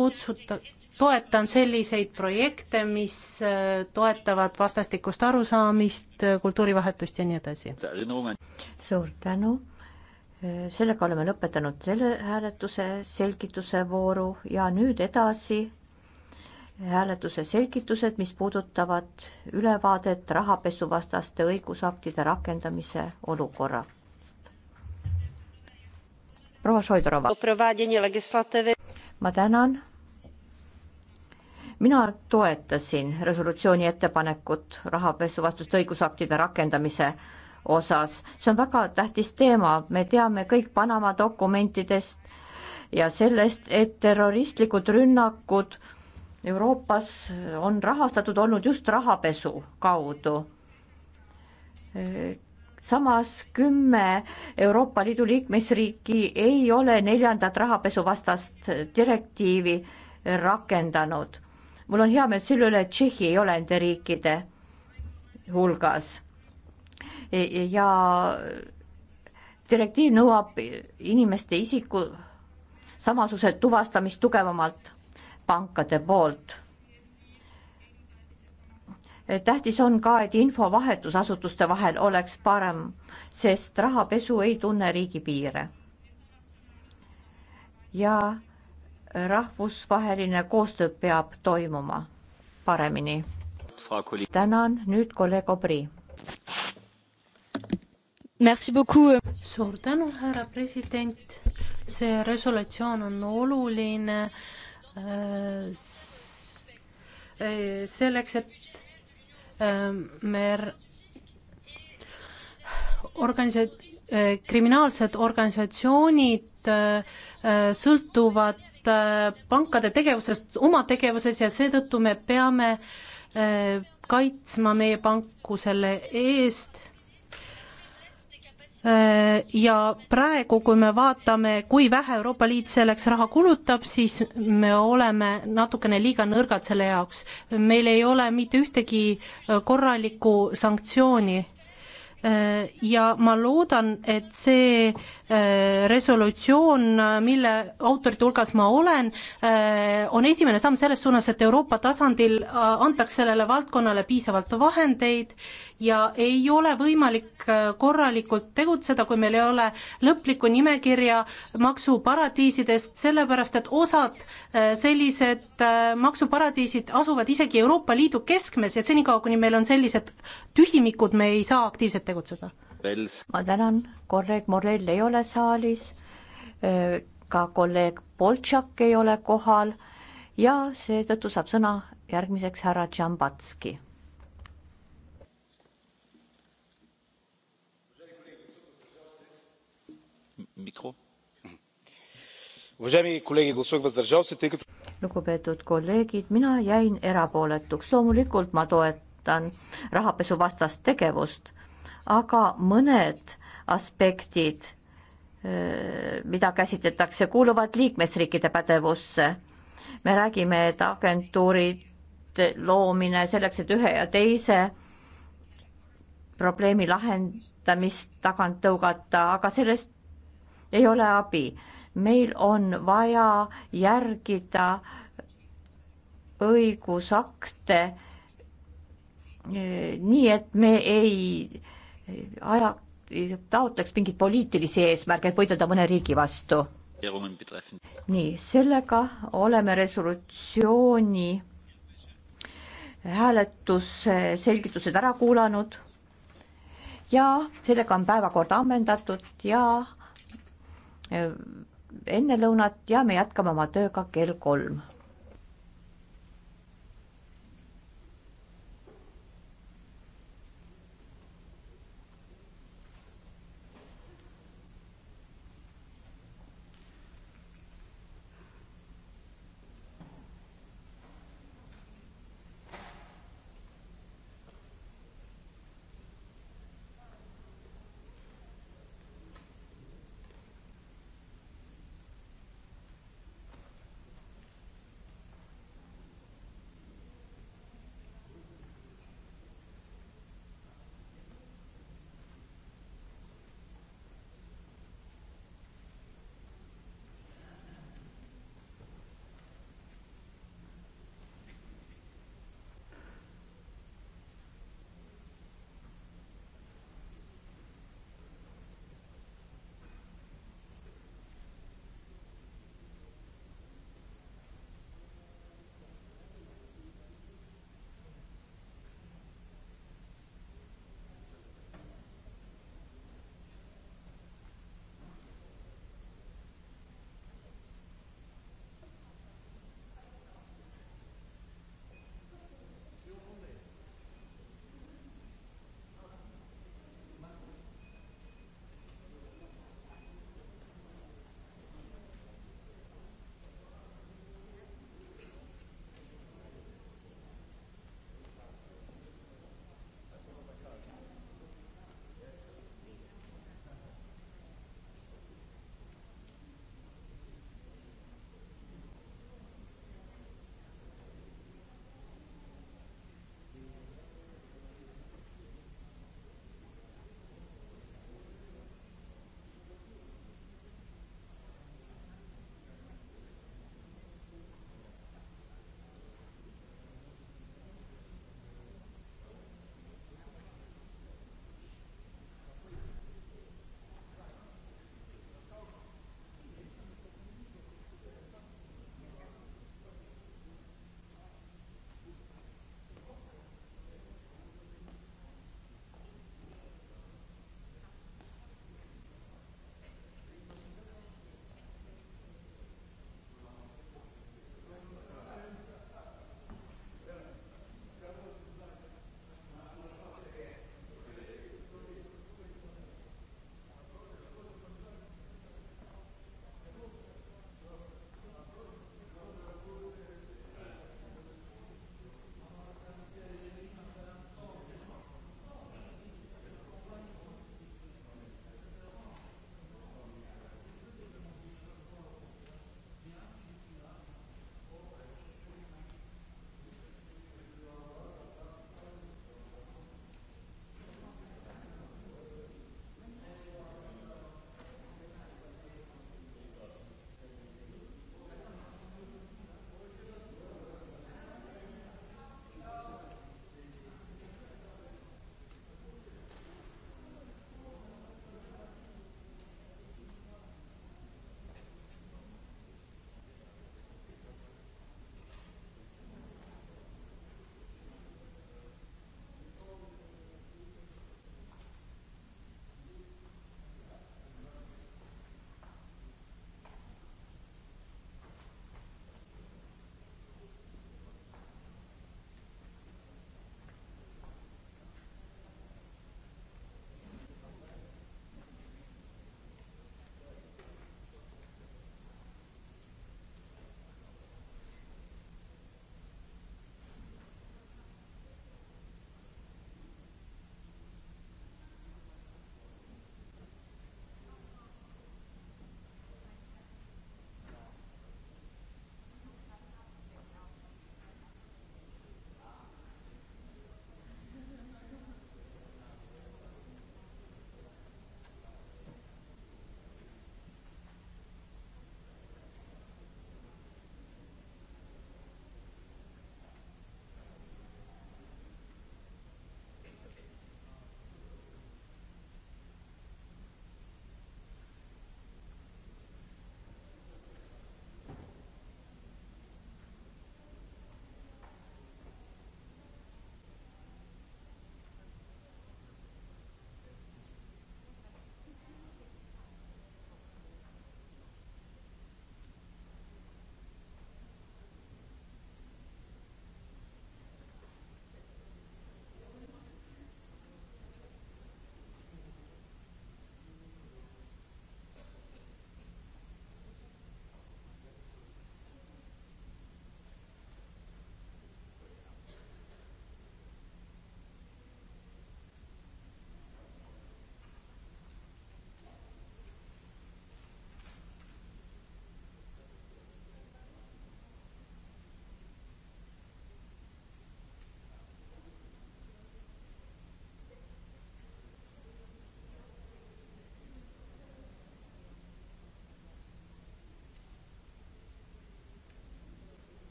kutsuta-, toetan selliseid projekte, mis äh, toetavad vastastikust arusaamist, äh, kultuurivahetust ja nii edasi. suur tänu äh, sellega oleme lõpetanud selle hääletuse selgituse vooru ja nüüd edasi hääletuse selgitused, mis puudutavad ülevaadet rahapesuvastaste õigusaktide rakendamise olukorrast. proua Šoidrova. ma tänan. mina toetasin resolutsiooni ettepanekut rahapesuvastaste õigusaktide rakendamise osas, see on väga tähtis teema, me teame kõik Panama dokumentidest ja sellest, et terroristlikud rünnakud Euroopas on rahastatud olnud just rahapesu kaudu. samas kümme Euroopa Liidu liikmesriiki ei ole neljandat rahapesuvastast direktiivi rakendanud. mul on hea meel selle üle, et Tšehhi ei ole nende riikide hulgas. ja direktiiv nõuab inimeste isiku samasuse tuvastamist tugevamalt pankade poolt. tähtis on ka, et infovahetus asutuste vahel oleks parem, sest rahapesu ei tunne riigipiire. ja rahvusvaheline koostöö peab toimuma paremini. tänan, nüüd kolleeg Obri. suur tänu, härra president. see resolutsioon on oluline selleks, et ähm, me organisa-, äh, kriminaalsed organisatsioonid äh, äh, sõltuvad pankade tegevusest oma tegevuses ja seetõttu me peame kaitsma meie panku selle eest Äh, ja praegu, kui me vaatame, kui vähe Euroopa Liit selleks raha kulutab, siis me oleme natukene liiga nõrgad selle jaoks. meil ei ole mitte ühtegi äh, korralikku sanktsiooni. Äh, ja ma loodan, et see resolutsioon, mille autorite hulgas ma olen, on esimene samm selles suunas, et Euroopa tasandil antaks sellele valdkonnale piisavalt vahendeid ja ei ole võimalik äh, korralikult tegutseda, kui meil ei ole lõplikku nimekirja maksuparadiisidest, sellepärast et osad äh, sellised äh, maksuparadiisid asuvad isegi Euroopa Liidu keskmes ja senikaua, kuni meil on sellised tühimikud, me ei saa aktiivselt tegutseda. ma tänan, kolleeg Morell ei ole saalis, ka kolleeg Boltšak ei ole kohal ja seetõttu saab sõna järgmiseks härra Džambatski lugupeetud kolleegid, mina jäin erapooletuks, loomulikult ma toetan rahapesuvastast tegevust, aga mõned aspektid, eh, mida käsitletakse, kuuluvad liikmesriikide pädevusse. me räägime, et agentuurid loomine selleks, et ühe ja teise probleemi lahendamist tagant tõugata, aga sellest ei ole abi. meil on vaja järgida õigusakte eh, nii, et me ei eh, aja, taotleks mingeid poliitilisi eesmärke, et võidelda mõne riigi vastu. nii, sellega oleme resolutsiooni hääletuse selgitused ära kuulanud ja sellega on päevakord ammendatud ja enne lõunat ja me jätkame oma tööga kell kolm.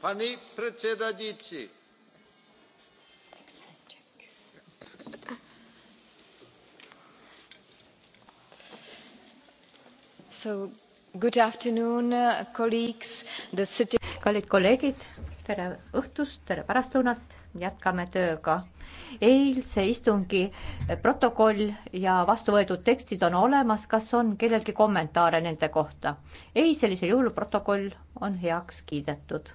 Pani predsedající. So good afternoon, uh, colleagues. The city. kallid kolleegid, tere õhtust, tere pärastlõunat, jätkame tööga. eilse istungi protokoll ja vastu võetud tekstid on olemas, kas on kellelgi kommentaare nende kohta? ei, sellisel juhul protokoll on heaks kiidetud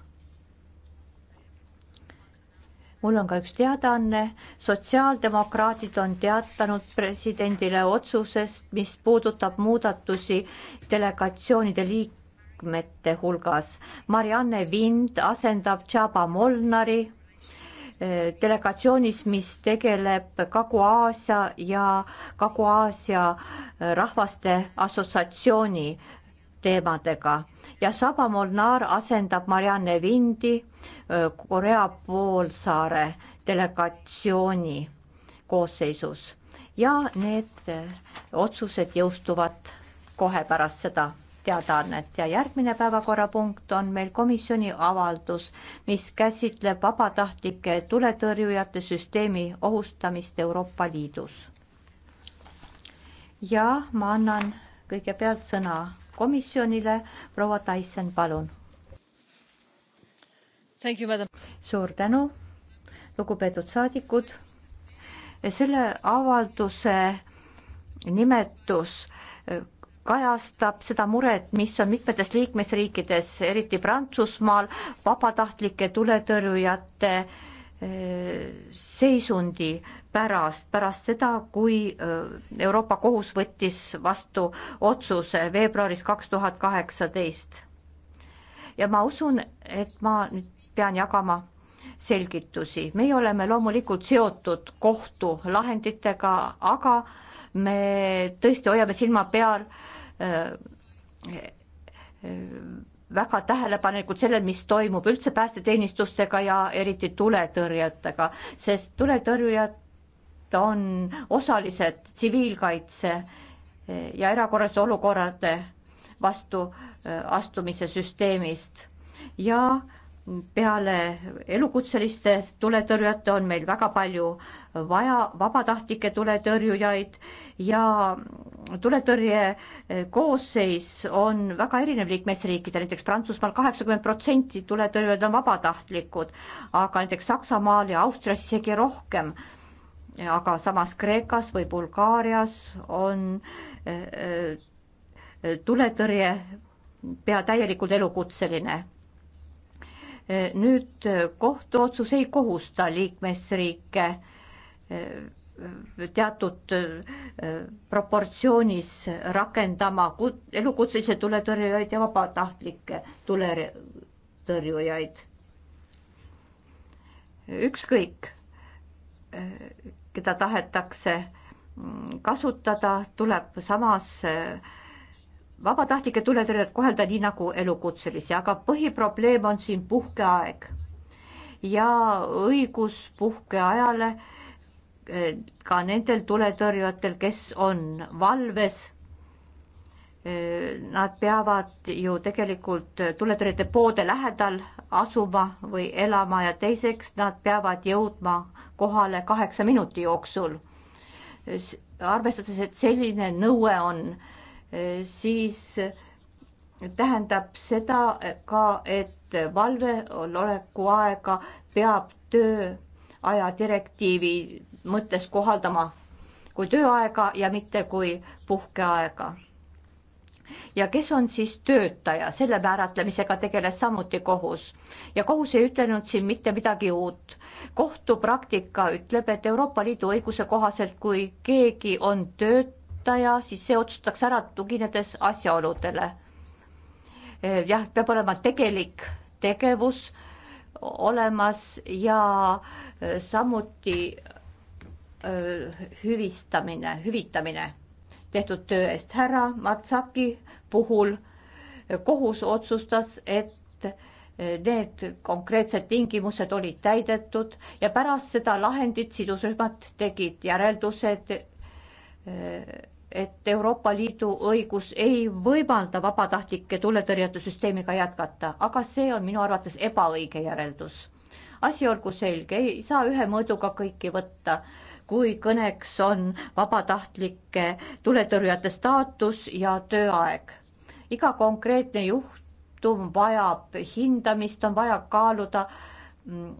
mul on ka üks teadaanne. sotsiaaldemokraadid on teatanud presidendile otsusest, mis puudutab muudatusi delegatsioonide liikmete hulgas. Marianne Vind asendab Tšaba Molnari eh, delegatsioonis, mis tegeleb Kagu-Aasia ja Kagu-Aasia rahvaste assotsiatsiooni teemadega ja Saba Molnar asendab Marianne Vindi Korea poolsaare delegatsiooni koosseisus ja need otsused jõustuvad kohe pärast seda teadaannet ja järgmine päevakorrapunkt on meil komisjoni avaldus, mis käsitleb vabatahtlike tuletõrjujate süsteemi ohustamist Euroopa Liidus. ja ma annan kõigepealt sõna komisjonile. proua Tyson, palun. suur tänu, lugupeetud saadikud. selle avalduse nimetus eh, kajastab seda muret, mis on mitmetes liikmesriikides, eriti Prantsusmaal, vabatahtlike tuletõrjujate eh, seisundi pärast, pärast seda, kui äh, Euroopa Kohus võttis vastu otsuse veebruaris kaks tuhat kaheksateist. ja ma usun, et ma nüüd pean jagama selgitusi, meie oleme loomulikult seotud kohtulahenditega, aga me tõesti hoiame silma peal äh, äh väga tähelepanelikult sellel, mis toimub üldse päästeteenistustega ja eriti tuletõrjetega, sest tuletõrjujad on osalised tsiviilkaitse eh, ja erakorraliste olukorrade vastu eh, astumise süsteemist ja peale elukutseliste tuletõrjujate on meil väga palju vaja vabatahtlikke tuletõrjujaid ja tuletõrje eh, koosseis on väga erinev liikmesriikidel, näiteks Prantsusmaal kaheksakümmend protsenti tuletõrjujad on vabatahtlikud, aga näiteks Saksamaal ja Austrias isegi rohkem aga samas Kreekas või Bulgaarias on eh, eh, tuletõrje pea täielikult elukutseline. Eh, nüüd kohtuotsus ei kohusta liikmesriike teatud proportsioonis rakendama elukutselise tuletõrjujaid ja vabatahtlikke tuletõrjujaid. ükskõik keda tahetakse mm, kasutada, tuleb samas eh, vabatahtlike tuletõrjet kohelda nii nagu elukutselisi, aga põhiprobleem on siin puhkeaeg ja õigus puhkeajale eh, ka nendel tuletõrjujatel, kes on valves Nad peavad ju tegelikult tuletõrjete poode lähedal asuma või elama ja teiseks nad peavad jõudma kohale kaheksa minuti jooksul. arvestades, et selline nõue on, siis tähendab seda ka, et valveoleku aega peab tööaja direktiivi mõttes kohaldama kui tööaega ja mitte kui puhkeaega ja kes on siis töötaja, selle määratlemisega tegeles samuti kohus ja kohus ei ütelnud siin mitte midagi uut. kohtupraktika ütleb, et Euroopa Liidu õiguse kohaselt, kui keegi on töötaja, siis see otsustatakse ära tuginedes asjaoludele. Eh, jah, peab olema tegelik tegevus olemas ja eh, samuti eh, hüvistamine, hüvitamine tehtud töö eest. härra Matsaki puhul kohus otsustas, et eh, need konkreetsed tingimused olid täidetud ja pärast seda lahendit sidusrühmad tegid järeldused, eh, et Euroopa Liidu õigus ei võimalda vabatahtlike tuletõrjetussüsteemiga jätkata, aga see on minu arvates ebaõige järeldus. asi olgu selge, ei saa ühe mõõduga kõiki võtta kui kõneks on vabatahtlike tuletõrjujate staatus ja tööaeg. iga konkreetne juhtum vajab hindamist, on vaja kaaluda mm,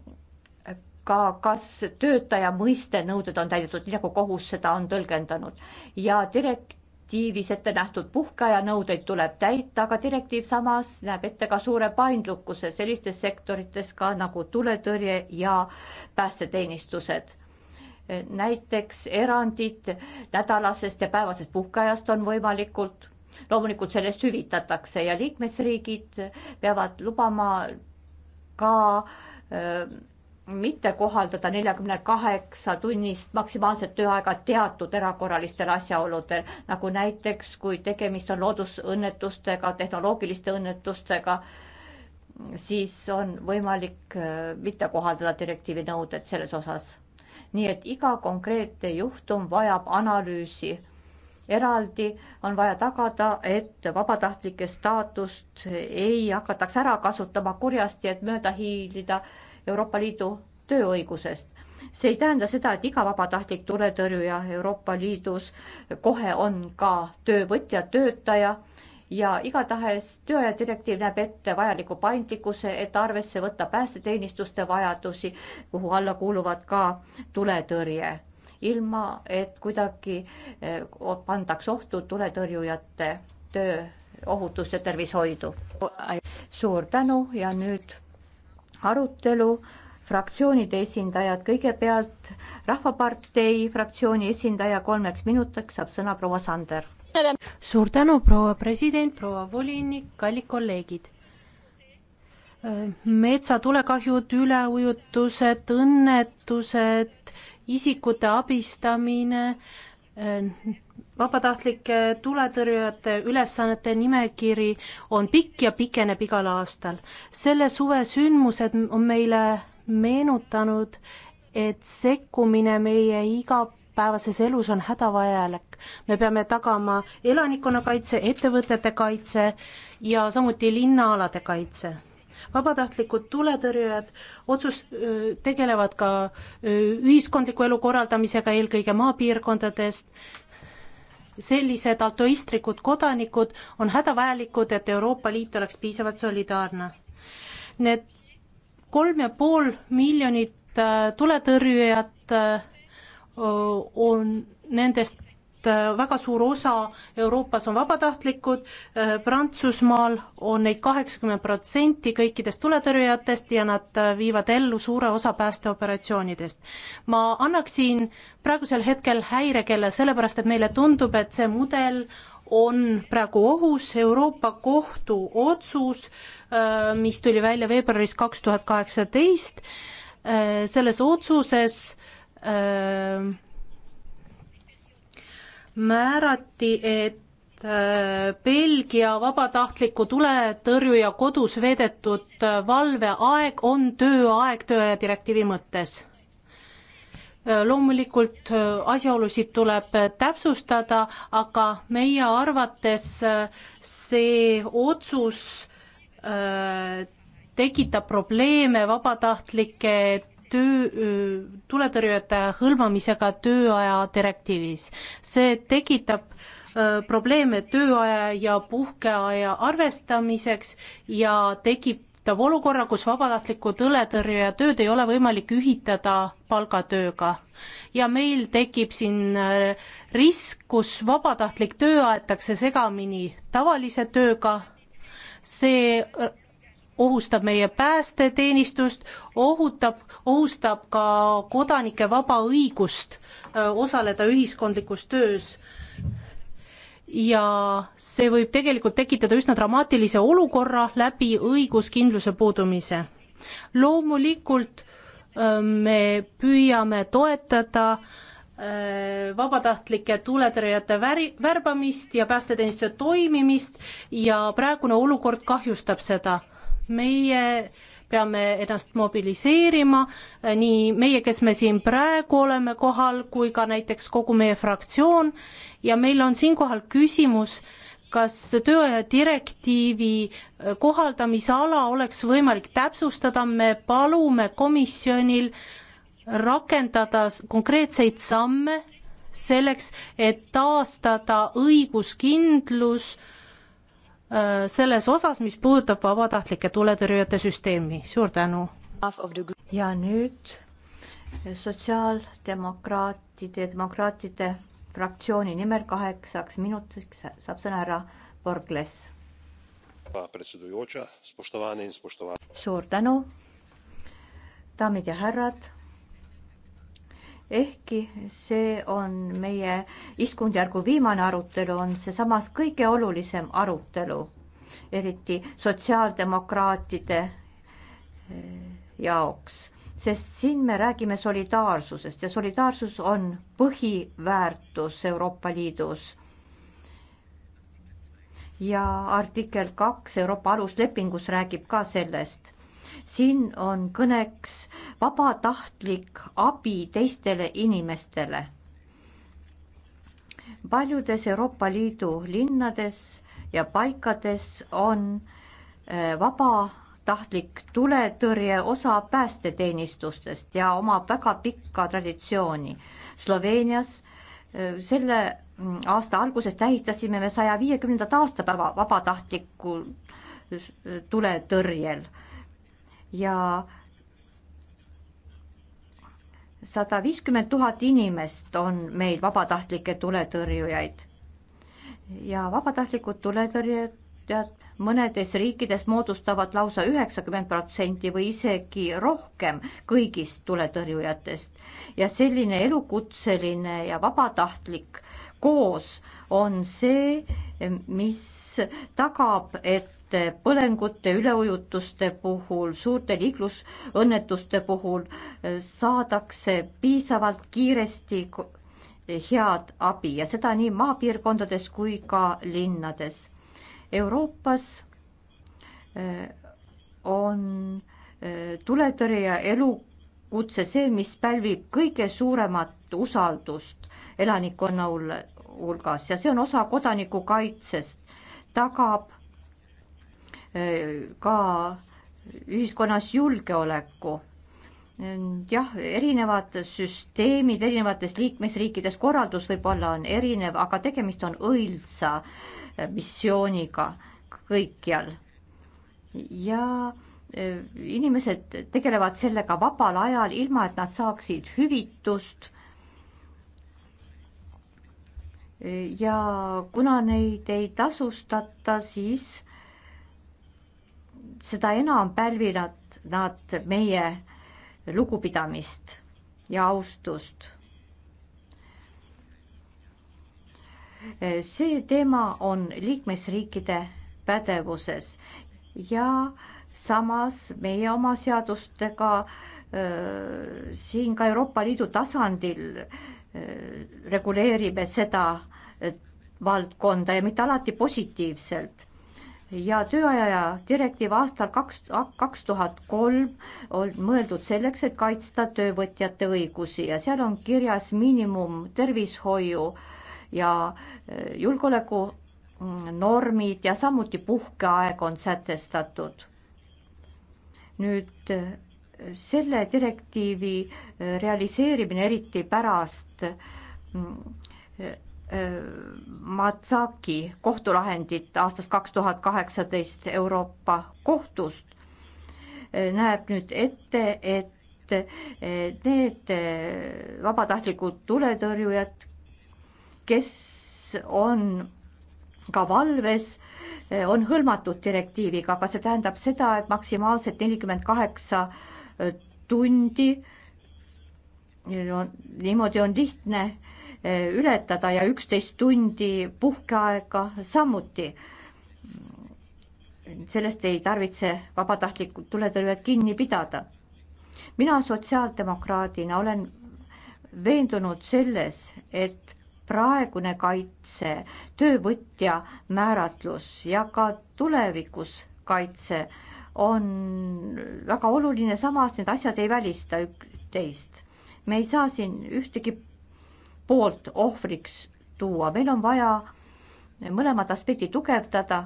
ka, kas töötaja mõiste nõuded on täidetud, nii nagu kohus seda on tõlgendanud ja direktiivis ette nähtud puhkeaja nõudeid tuleb täita, aga direktiiv samas näeb ette ka suure paindlikkuse sellistes sektorites ka nagu tuletõrje ja päästeteenistused näiteks erandid nädalasest ja päevasest puhkeajast on võimalikult, loomulikult sellest hüvitatakse ja liikmesriigid peavad lubama ka öö, mitte kohaldada neljakümne kaheksa tunnist maksimaalset tööaega teatud erakorralistel asjaoludel, nagu näiteks kui tegemist on loodusõnnetustega, tehnoloogiliste õnnetustega, siis on võimalik mitte kohaldada direktiivi nõuded selles osas nii et iga konkreetne juhtum vajab analüüsi. eraldi on vaja tagada, et vabatahtlike staatust ei hakataks ära kasutama kurjasti, et mööda hiilida Euroopa Liidu tööõigusest see ei tähenda seda, et iga vabatahtlik tuletõrjuja Euroopa Liidus kohe on ka töövõtja, töötaja ja igatahes tööaja direktiiv näeb ette vajaliku paindlikkuse, et arvesse võtta päästeteenistuste vajadusi, kuhu alla kuuluvad ka tuletõrje, ilma et kuidagi eh, pandaks ohtu tuletõrjujate töö ohutust ja tervishoidu. suur tänu ja nüüd arutelu fraktsioonide esindajad, kõigepealt Rahvapartei fraktsiooni esindaja kolmeks minutiks saab sõna proua Sander suur tänu, proua president, proua volinik, kallid kolleegid äh, metsatulekahjud, üleujutused, õnnetused, isikute abistamine, äh, vabatahtlike tuletõrjujate ülesannete nimekiri on pikk ja pikeneb igal aastal. selle suve sündmused on meile meenutanud, et sekkumine meie igapäevases elus on hädavajalik eesmärk. me peame tagama elanikkonnakaitse, ettevõtete kaitse ja samuti linnaalade kaitse vabatahtlikud tuletõrjujad otsus, tegelevad ka ühiskondliku elu korraldamisega, eelkõige maapiirkondadest, sellised altruistlikud kodanikud on hädavajalikud, et Euroopa Liit oleks piisavalt solidaarne. Need kolm ja pool miljonit äh, tuletõrjujat äh, on nendest Äh, väga suur osa Euroopas on vabatahtlikud, äh, Prantsusmaal on neid kaheksakümmend protsenti kõikidest tuletõrjujatest ja nad äh, viivad ellu suure osa päästeoperatsioonidest. ma annaksin praegusel hetkel häirekella, sellepärast et meile tundub, et see mudel on praegu ohus Euroopa Kohtu otsus, mis tuli välja veebruaris kaks tuhat kaheksateist, selles otsuses öö, määrati, et äh, Belgia vabatahtliku tuletõrjuja kodus veedetud äh, valveaeg on tööaeg tööaja direktiivi mõttes. Äh, loomulikult asjaolusid tuleb täpsustada, aga meie arvates see otsus tekitab probleeme vabatahtlike töö, tuletõrjujate hõlmamisega tööaja direktiivis. see tekitab probleeme tööaja ja puhkeaja arvestamiseks ja tekitab olukorra, kus vabatahtliku tuletõrjuja tööd ei ole võimalik ühitada palgatööga. ja meil tekib siin risk, kus vabatahtlik töö aetakse segamini tavalise tööga, see ohustab meie päästeteenistust, ohutab, ohustab ka kodanike vaba õigust äh, osaleda ühiskondlikus töös. ja see võib tegelikult tekitada üsna dramaatilise olukorra läbi õiguskindluse puudumise. loomulikult äh, me püüame toetada äh, vabatahtlike tuletõrjujate väri, värbamist ja päästeteenistuse toimimist ja praegune olukord kahjustab seda meie peame ennast mobiliseerima, äh, nii meie, kes me siin praegu oleme kohal, kui ka näiteks kogu meie fraktsioon ja meil on siinkohal küsimus, kas tööaja direktiivi äh, kohaldamise ala oleks võimalik täpsustada, me palume komisjonil rakendada konkreetseid samme selleks, et taastada õiguskindlus äh, Äh, selles osas, mis puudutab vabatahtlike tuletõrjujate süsteemi. suur tänu! ja nüüd sotsiaaldemokraatide, demokraatide fraktsiooni nimel kaheksaks minutiks saab sõna härra Borgles. suur tänu, daamid ja härrad ehkki see on meie istkundjärgu viimane arutelu, on see samas kõige olulisem arutelu, eriti sotsiaaldemokraatide eh, jaoks, sest siin me räägime solidaarsusest ja solidaarsus on põhiväärtus Euroopa Liidus. ja artikkel kaks Euroopa aluslepingus räägib ka sellest siin on kõneks vabatahtlik abi teistele inimestele. paljudes Euroopa Liidu linnades ja paikades on eh, vabatahtlik tuletõrje osa päästeteenistustest ja omab väga pikka traditsiooni. Sloveenias eh, selle mm, aasta alguses tähistasime me saja viiekümnendat aastapäeva vabatahtlikul eh, tuletõrjel ja sada viiskümmend tuhat inimest on meil vabatahtlikke tuletõrjujaid ja vabatahtlikud tuletõrjujad mõnedes riikides moodustavad lausa üheksakümmend protsenti või isegi rohkem kõigist tuletõrjujatest ja selline elukutseline ja vabatahtlik koos on see, mis tagab, et massiliste põlengute, üleujutuste puhul, suurte liiklusõnnetuste puhul eh, saadakse piisavalt kiiresti head abi ja seda nii maapiirkondades kui ka linnades. Euroopas eh, on eh, tuletõrje ja elukutse see, mis pälvib kõige suuremat usaldust elanikkonna hulgas ja see on osa kodanikukaitsest, tagab ka ühiskonnas julgeoleku. jah, erinevad süsteemid erinevates liikmesriikides, korraldus võib-olla on erinev, aga tegemist on õilsa missiooniga kõikjal. ja e, inimesed tegelevad sellega vabal ajal, ilma et nad saaksid hüvitust e, ja kuna neid ei tasustata, siis seda enam pälvivad nad meie lugupidamist ja austust. see teema on liikmesriikide pädevuses ja samas meie oma seadustega äh, siin ka Euroopa Liidu tasandil äh, reguleerime seda valdkonda ja mitte alati positiivselt ja tööaja direktiiv aastal kaks, kaks tuhat kolm on mõeldud selleks, et kaitsta töövõtjate õigusi ja seal on kirjas miinimum tervishoiu ja eh, julgeolekunormid mm, ja samuti puhkeaeg on sätestatud. nüüd eh, selle direktiivi eh, realiseerimine, eriti pärast mm, Matsaki kohtulahendit aastast kaks tuhat kaheksateist Euroopa kohtust näeb nüüd ette, et need vabatahtlikud tuletõrjujad, kes on ka valves, on hõlmatud direktiiviga, aga see tähendab seda, et maksimaalselt nelikümmend kaheksa tundi. niimoodi on lihtne Eh, ületada ja üksteist tundi puhkeaega samuti. sellest ei tarvitse vabatahtlikult tuletõrjujad kinni pidada. mina sotsiaaldemokraadina olen veendunud selles, et praegune kaitse, töövõtja määratlus ja ka tulevikus kaitse on väga oluline, samas need asjad ei välista üksteist. me ei saa siin ühtegi poolt ohvriks tuua. meil on vaja mõlemat aspekti tugevdada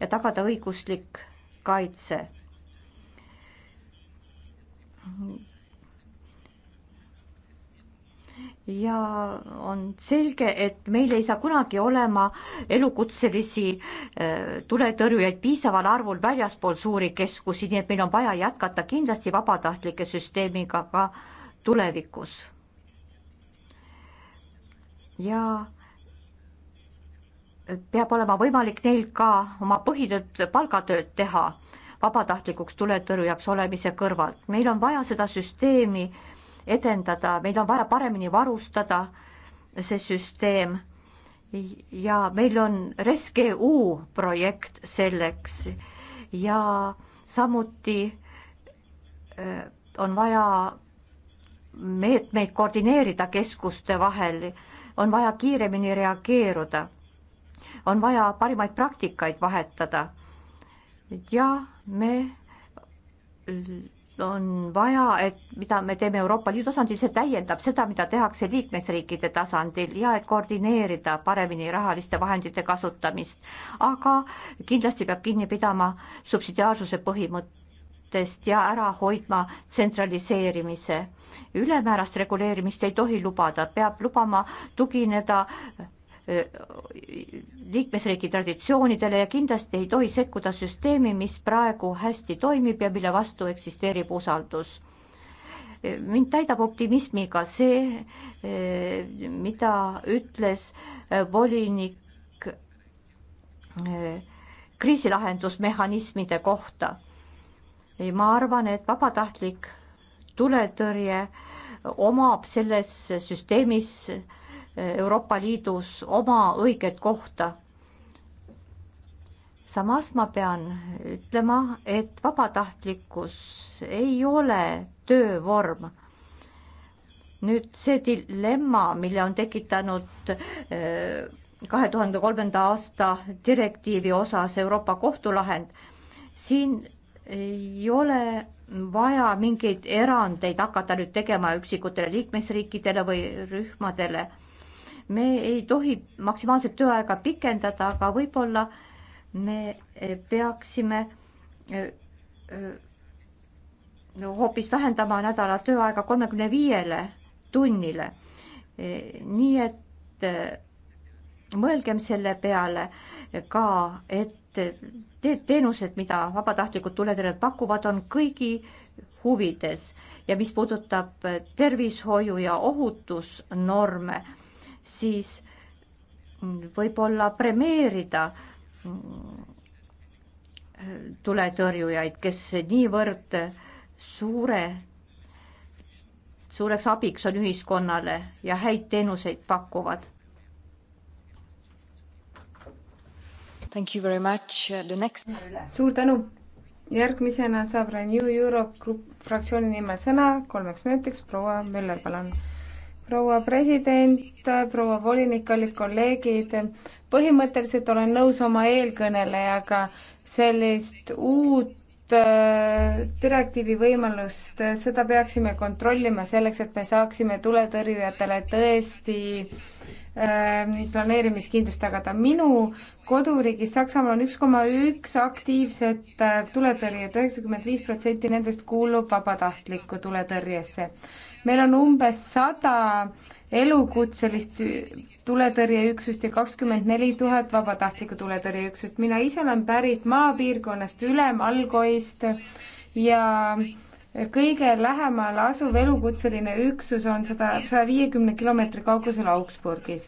ja tagada õiguslik kaitse. ja on selge, et meil ei saa kunagi olema elukutselisi äh, tuletõrjujaid piisaval arvul väljaspool suuri keskusi, nii et meil on vaja jätkata kindlasti vabatahtlike süsteemiga ka tulevikus ja peab olema võimalik neil ka oma põhitööd, palgatööd teha vabatahtlikuks tuletõrjujaks olemise kõrvalt. meil on vaja seda süsteemi edendada, meil on vaja paremini varustada see süsteem ja meil on RescEU projekt selleks ja samuti äh, on vaja meetmeid koordineerida keskuste vahel on vaja kiiremini reageeruda, on vaja parimaid praktikaid vahetada ja me on vaja, et mida me teeme Euroopa Liidu tasandil, see täiendab seda, mida tehakse liikmesriikide tasandil ja et koordineerida paremini rahaliste vahendite kasutamist. aga kindlasti peab kinni pidama subsidiaarsuse põhimõttest mudelitest ja ära hoidma tsentraliseerimise. ülemäärast reguleerimist ei tohi lubada, peab lubama tugineda liikmesriigi traditsioonidele ja kindlasti ei tohi sekkuda süsteemi, mis praegu hästi toimib ja mille vastu eksisteerib usaldus. mind täidab optimismiga see, mida ütles volinik kriisilahendusmehhanismide kohta ei, ma arvan, et vabatahtlik tuletõrje omab selles süsteemis eh, Euroopa Liidus oma õiget kohta. samas ma pean ütlema, et vabatahtlikkus ei ole töövorm. nüüd see dilemma, mille on tekitanud eh, kahe tuhande kolmanda aasta direktiivi osas Euroopa kohtulahend, siin ei ole vaja mingeid erandeid hakata nüüd tegema üksikutele liikmesriikidele või rühmadele. me ei tohi maksimaalselt tööaega pikendada, aga võib-olla me eh, peaksime eh, eh, no, hoopis vähendama nädala tööaega kolmekümne viiele tunnile. nii et mõelgem selle peale ka, et need teenused, mida vabatahtlikud tuletõrjed pakuvad, on kõigi huvides ja mis puudutab tervishoiu ja ohutusnorme, siis võib-olla premeerida mm, tuletõrjujaid, kes niivõrd suure, suureks abiks on ühiskonnale ja häid teenuseid pakuvad Uh, next... suur tänu. järgmisena saab Renew Europe Group fraktsiooni nimel sõna kolmeks minutiks proua Müller, palun. proua president, proua volinik, kallid kolleegid, põhimõtteliselt olen nõus oma eelkõnelejaga, sellist uut äh, direktiivi võimalust, äh, seda peaksime kontrollima selleks, et me saaksime tuletõrjujatele tõesti Äh, nüüd planeerimiskindlust tagada. minu koduriigis Saksamaal on üks koma üks aktiivset äh, tuletõrjet, üheksakümmend viis protsenti nendest kuulub vabatahtlikku tuletõrjesse. meil on umbes sada elukutselist tuletõrjeüksust ja kakskümmend neli tuhat vabatahtlikku tuletõrjeüksust. mina ise olen pärit maapiirkonnast Ülem-Algoist ja kõige lähemal asuv elukutseline üksus on sada, saja viiekümne kilomeetri kaugusel Augsburgis.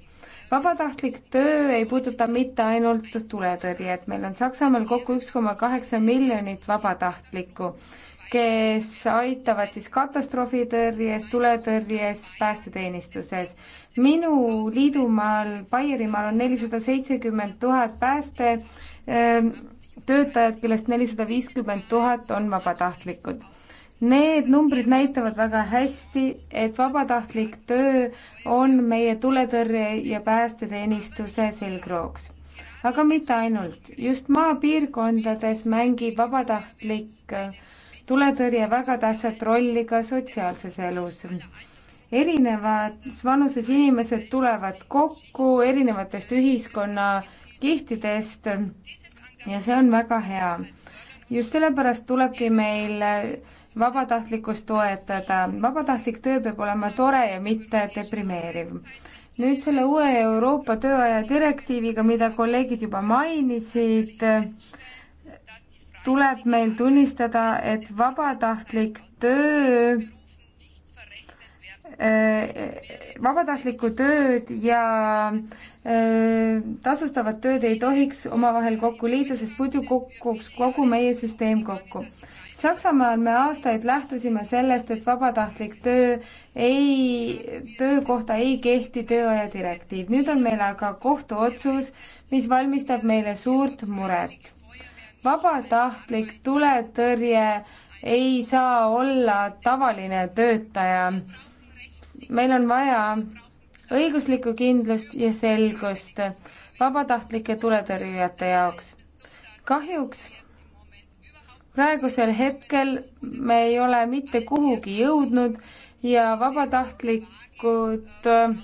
vabatahtlik töö ei puuduta mitte ainult tuletõrjet, meil on Saksamaal kokku üks koma kaheksa miljonit vabatahtlikku, kes aitavad siis katastroofitõrjes, tuletõrjes, päästeteenistuses. minu liidumaal, Baierimaal on nelisada seitsekümmend tuhat pääste ähm, töötajat, kellest nelisada viiskümmend tuhat on vabatahtlikud Need numbrid näitavad väga hästi, et vabatahtlik töö on meie tuletõrje ja päästeteenistuse selgrooks. aga mitte ainult, just maapiirkondades mängib vabatahtlik äh, tuletõrje väga tähtsat rolli ka sotsiaalses elus. erinevas vanuses inimesed tulevad kokku erinevatest ühiskonnakihtidest ja see on väga hea. just sellepärast tulebki meil vabatahtlikkust toetada. vabatahtlik töö peab olema tore ja mitte deprimeeriv. nüüd selle uue Euroopa tööaja direktiiviga, mida kolleegid juba mainisid, tuleb meil tunnistada, et vabatahtlik töö eh, vabatahtlikku tööd ja eh, tasustavat tööd ei tohiks omavahel kokku liita, sest muidu kukuks kogu meie süsteem kokku. Saksamaal me aastaid lähtusime sellest, et vabatahtlik töö ei, töökohta ei kehti tööaja direktiiv. nüüd on meil aga kohtuotsus, mis valmistab meile suurt muret. vabatahtlik tuletõrje ei saa olla tavaline töötaja. meil on vaja õiguslikku kindlust ja selgust vabatahtlike tuletõrjujate jaoks. kahjuks praegusel hetkel me ei ole mitte kuhugi jõudnud ja vabatahtlikud äh,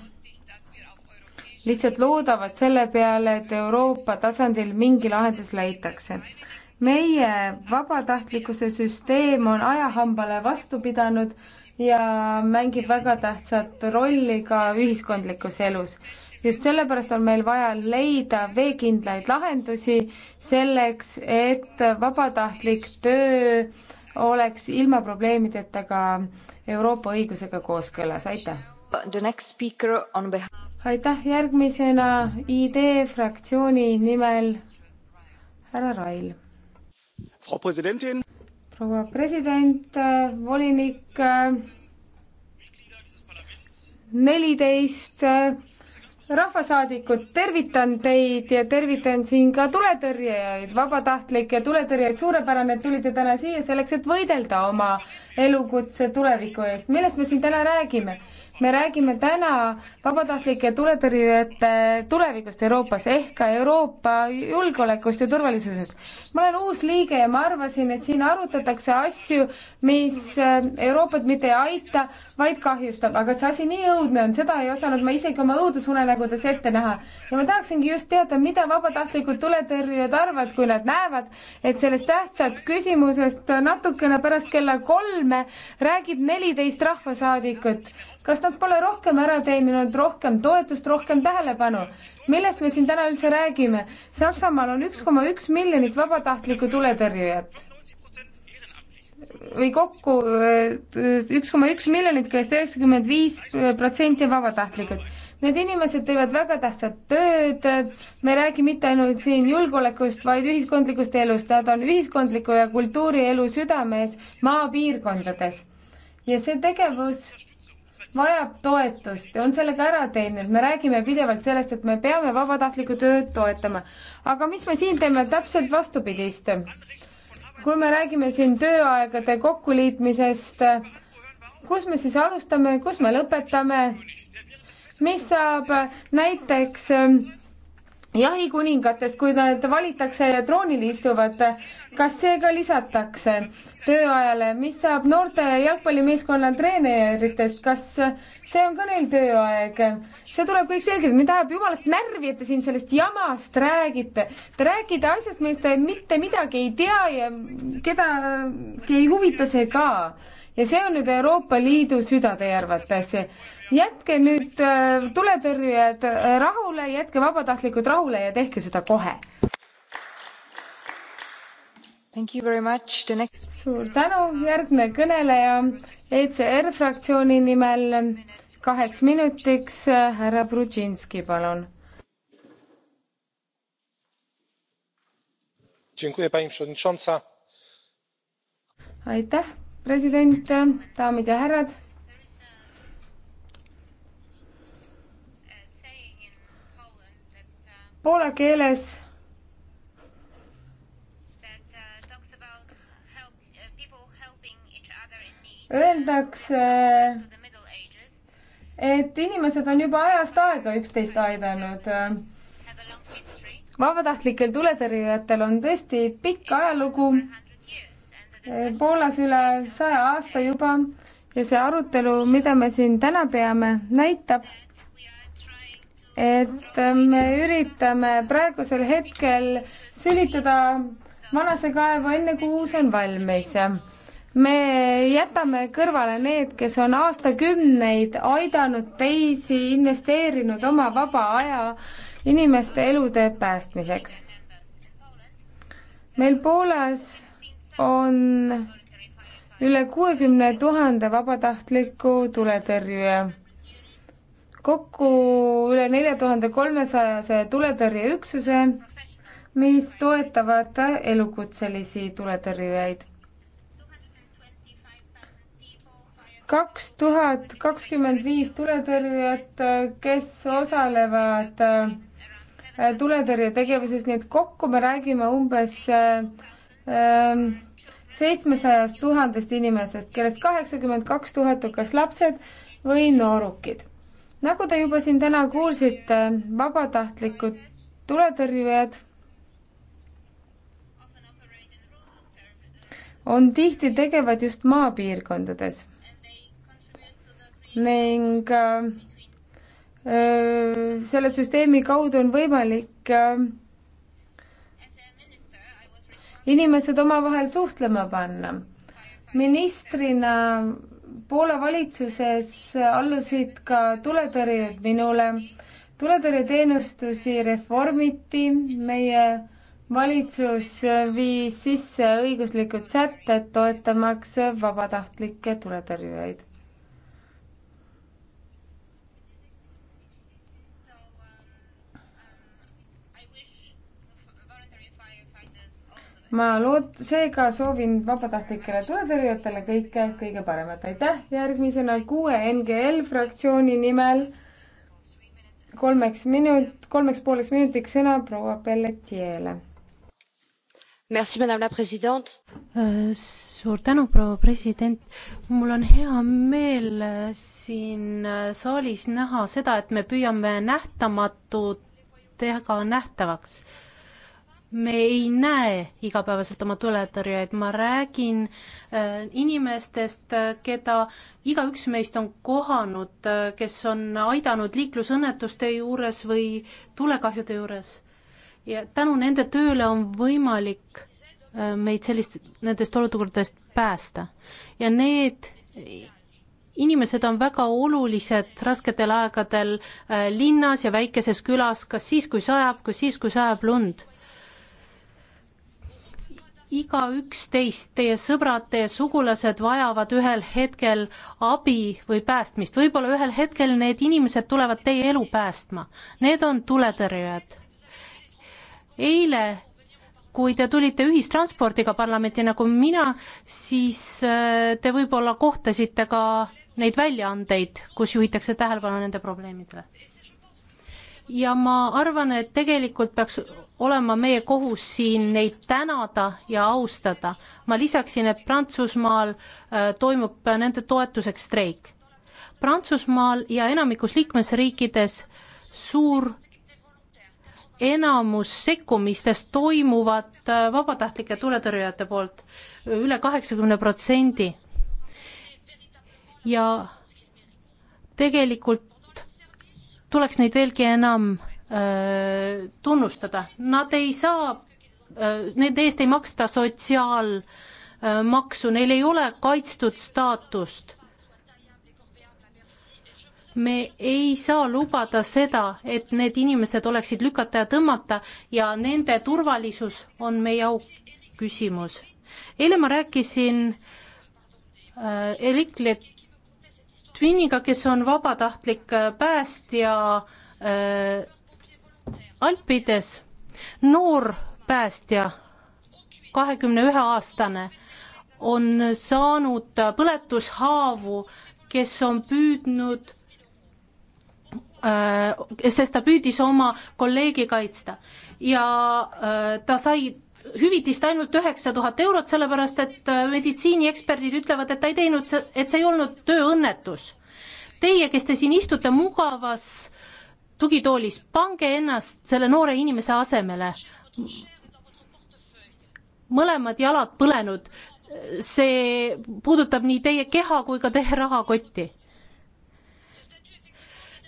lihtsalt loodavad selle peale, et Euroopa tasandil mingi lahendus leitakse. meie vabatahtlikkuse süsteem on ajahambale vastu pidanud ja mängib väga tähtsat rolli ka ühiskondlikus elus just sellepärast on meil vaja leida veekindlaid lahendusi selleks, et vabatahtlik töö oleks ilma probleemideta ka Euroopa õigusega kooskõlas, aitäh! aitäh, järgmisena ID fraktsiooni nimel härra Rail. proua president, äh, volinik, äh, neliteist 14 äh, rahvasaadikud, tervitan teid ja tervitan siin ka tuletõrjejaid, vabatahtlikke tuletõrjeid, suurepärane, et tulite täna siia selleks, et võidelda oma elukutse tuleviku eest, millest me siin täna räägime me räägime täna vabatahtlike tuletõrjujate tulevikust Euroopas ehk ka Euroopa julgeolekust ja turvalisusest. ma olen uus liige ja ma arvasin, et siin arutatakse asju, mis äh, Euroopat mitte ei aita, vaid kahjustab, aga et see asi nii õudne on, seda ei osanud ma isegi oma õudusunenägudes ette näha. ja ma tahaksingi just teada, mida vabatahtlikud tuletõrjujad arvavad, kui nad näevad, et sellest tähtsat küsimusest natukene pärast kella kolme räägib neliteist rahvasaadikut kas nad pole rohkem ära teeninud, rohkem toetust, rohkem tähelepanu? millest me siin täna üldse räägime? Saksamaal on üks koma üks miljonit vabatahtlikku tuletõrjujat või kokku äh, üks koma üks miljonit, kellest üheksakümmend viis protsenti on vabatahtlikud. Need inimesed teevad väga tähtsat tööd, me ei räägi mitte ainult siin julgeolekust, vaid ühiskondlikust elust, nad on ühiskondliku ja kultuurielu südames maapiirkondades. ja see tegevus vajab toetust ja on sellega ära teeninud, me räägime pidevalt sellest, et me peame vabatahtlikku tööd toetama. aga mis me siin teeme täpselt vastupidist? kui me räägime siin tööaegade kokkuliitmisest, kus me siis alustame, kus me lõpetame, mis saab näiteks jahikuningatest, kui nad valitakse ja troonile istuvad, kas see ka lisatakse tööajale, mis saab noorte jalgpallimeeskonna treeneritest, kas see on ka neil tööaeg? see tuleb kõik selgelt, mind ajab jumalast närvi, et te siin sellest jamast räägite. Te räägite asjast, millest te mitte midagi ei tea ja kedagi ei huvita see ka. ja see on nüüd Euroopa Liidu süda teie arvates jätke nüüd äh, tuletõrjujad äh, rahule, jätke vabatahtlikud rahule ja tehke seda kohe. Next... suur tänu, järgmine kõneleja ECR fraktsiooni nimel kaheks minutiks äh, härra Brudžinski, palun pani przewodnicząca! aitäh president daamid ja härrad! poola keeles öeldakse, et inimesed on juba ajast aega üksteist aidanud. vabatahtlikel tuletõrjujatel on tõesti pikk ajalugu Poolas üle saja aasta juba ja see arutelu, mida me siin täna peame, näitab, et ähm, me üritame praegusel hetkel sülitada vanase kaevu enne, kui uus on valmis. me jätame kõrvale need, kes on aastakümneid aidanud teisi, investeerinud oma vaba aja inimeste elude päästmiseks. meil Poolas on üle kuuekümne tuhande vabatahtliku tuletõrjuja kokku üle nelja tuhande kolmesajase tuletõrjeüksuse, mis toetavad elukutselisi tuletõrjujaid. kaks tuhat kakskümmend viis tuletõrjujat, kes osalevad äh, tuletõrjetegevuses, nii et kokku me räägime umbes äh, seitsmesajast tuhandest inimesest, kellest kaheksakümmend kaks tuhat on kas lapsed või noorukid nagu te juba siin täna kuulsite, vabatahtlikud tuletõrjujad on tihti tegevad just maapiirkondades ning äh, äh selle süsteemi kaudu on võimalik äh, inimesed omavahel suhtlema panna. ministrina Poola valitsuses allusid ka tuletõrjed minule. tuletõrjeteenistusi reformiti, meie valitsus viis sisse õiguslikud sätted toetamaks vabatahtlikke tuletõrjujaid. ma lood-, seega soovin vabatahtlikele tuletõrjujatele kõike kõige paremat, aitäh, järgmisena kuue NGL fraktsiooni nimel kolmeks minut-, kolmeks pooleks minutiks sõna proua Pelletiele. Merci, madame la president. Äh, suur tänu, proua president. mul on hea meel äh, siin äh, saalis näha seda, et me püüame nähtamatut teha nähtavaks me ei näe igapäevaselt oma tuletõrjeid, ma räägin äh, inimestest, äh, keda igaüks meist on kohanud äh,, kes on aidanud liiklusõnnetuste juures või tulekahjude juures. ja tänu nende tööle on võimalik äh, meid sellist, nendest olukordadest päästa. ja need inimesed on väga olulised rasketel aegadel äh, linnas ja väikeses külas, kas siis, kui sajab, kas siis, kui sajab lund igaüks teist, teie sõbrad, teie sugulased vajavad ühel hetkel abi või päästmist, võib-olla ühel hetkel need inimesed tulevad teie elu päästma. Need on tuletõrjujad. eile, kui te tulite ühistranspordiga parlamenti nagu mina, siis äh, te võib-olla kohtasite ka neid väljaandeid, kus juhitakse tähelepanu nende probleemidele ja ma arvan, et tegelikult peaks olema meie kohus siin neid tänada ja austada. ma lisaksin, et Prantsusmaal äh, toimub nende toetuseks streik. Prantsusmaal ja enamikus liikmesriikides suur enamus sekkumistest toimuvad äh, vabatahtlike tuletõrjujate poolt üle, üle kaheksakümne protsendi. ja tegelikult tuleks neid veelgi enam öö, äh, tunnustada, nad ei saa, äh, nende eest ei maksta sotsiaalmaksu, neil ei ole kaitstud staatust. me ei saa lubada seda, et need inimesed oleksid lükata ja tõmmata ja nende turvalisus on meie au küsimus. eile ma rääkisin äh, elektrit Twiniga, kes on vabatahtlik äh, päästja äh, Alpides, noor päästja, kahekümne ühe aastane, on saanud põletushaavu, kes on püüdnud äh,, sest ta püüdis oma kolleegi kaitsta ja äh, ta sai hüvitist ainult üheksa tuhat eurot, sellepärast et äh, meditsiinieksperdid ütlevad, et ta ei teinud, et see ei olnud tööõnnetus. Teie, kes te siin istute mugavas tugitoolis, pange ennast selle noore inimese asemele. mõlemad jalad põlenud, see puudutab nii teie keha kui ka teie rahakotti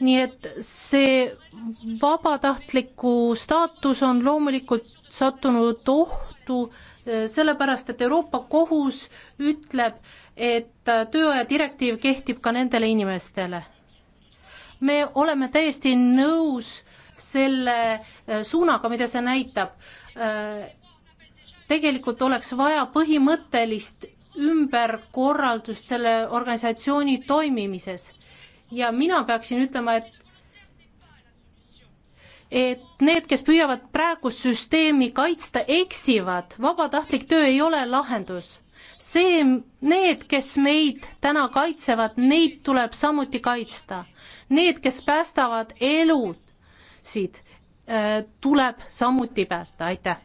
nii et see vabatahtliku staatus on loomulikult sattunud ohtu, eh, sellepärast et Euroopa Kohus ütleb, et eh, tööaja direktiiv kehtib ka nendele inimestele. me oleme täiesti nõus selle eh, suunaga, mida see näitab. tegelikult oleks vaja põhimõttelist ümberkorraldust selle organisatsiooni toimimises ja mina peaksin ütlema, et et need, kes püüavad praegust süsteemi kaitsta, eksivad, vabatahtlik töö ei ole lahendus. see, need, kes meid täna kaitsevad, neid tuleb samuti kaitsta. Need, kes päästavad elusid, äh, tuleb samuti päästa, aitäh.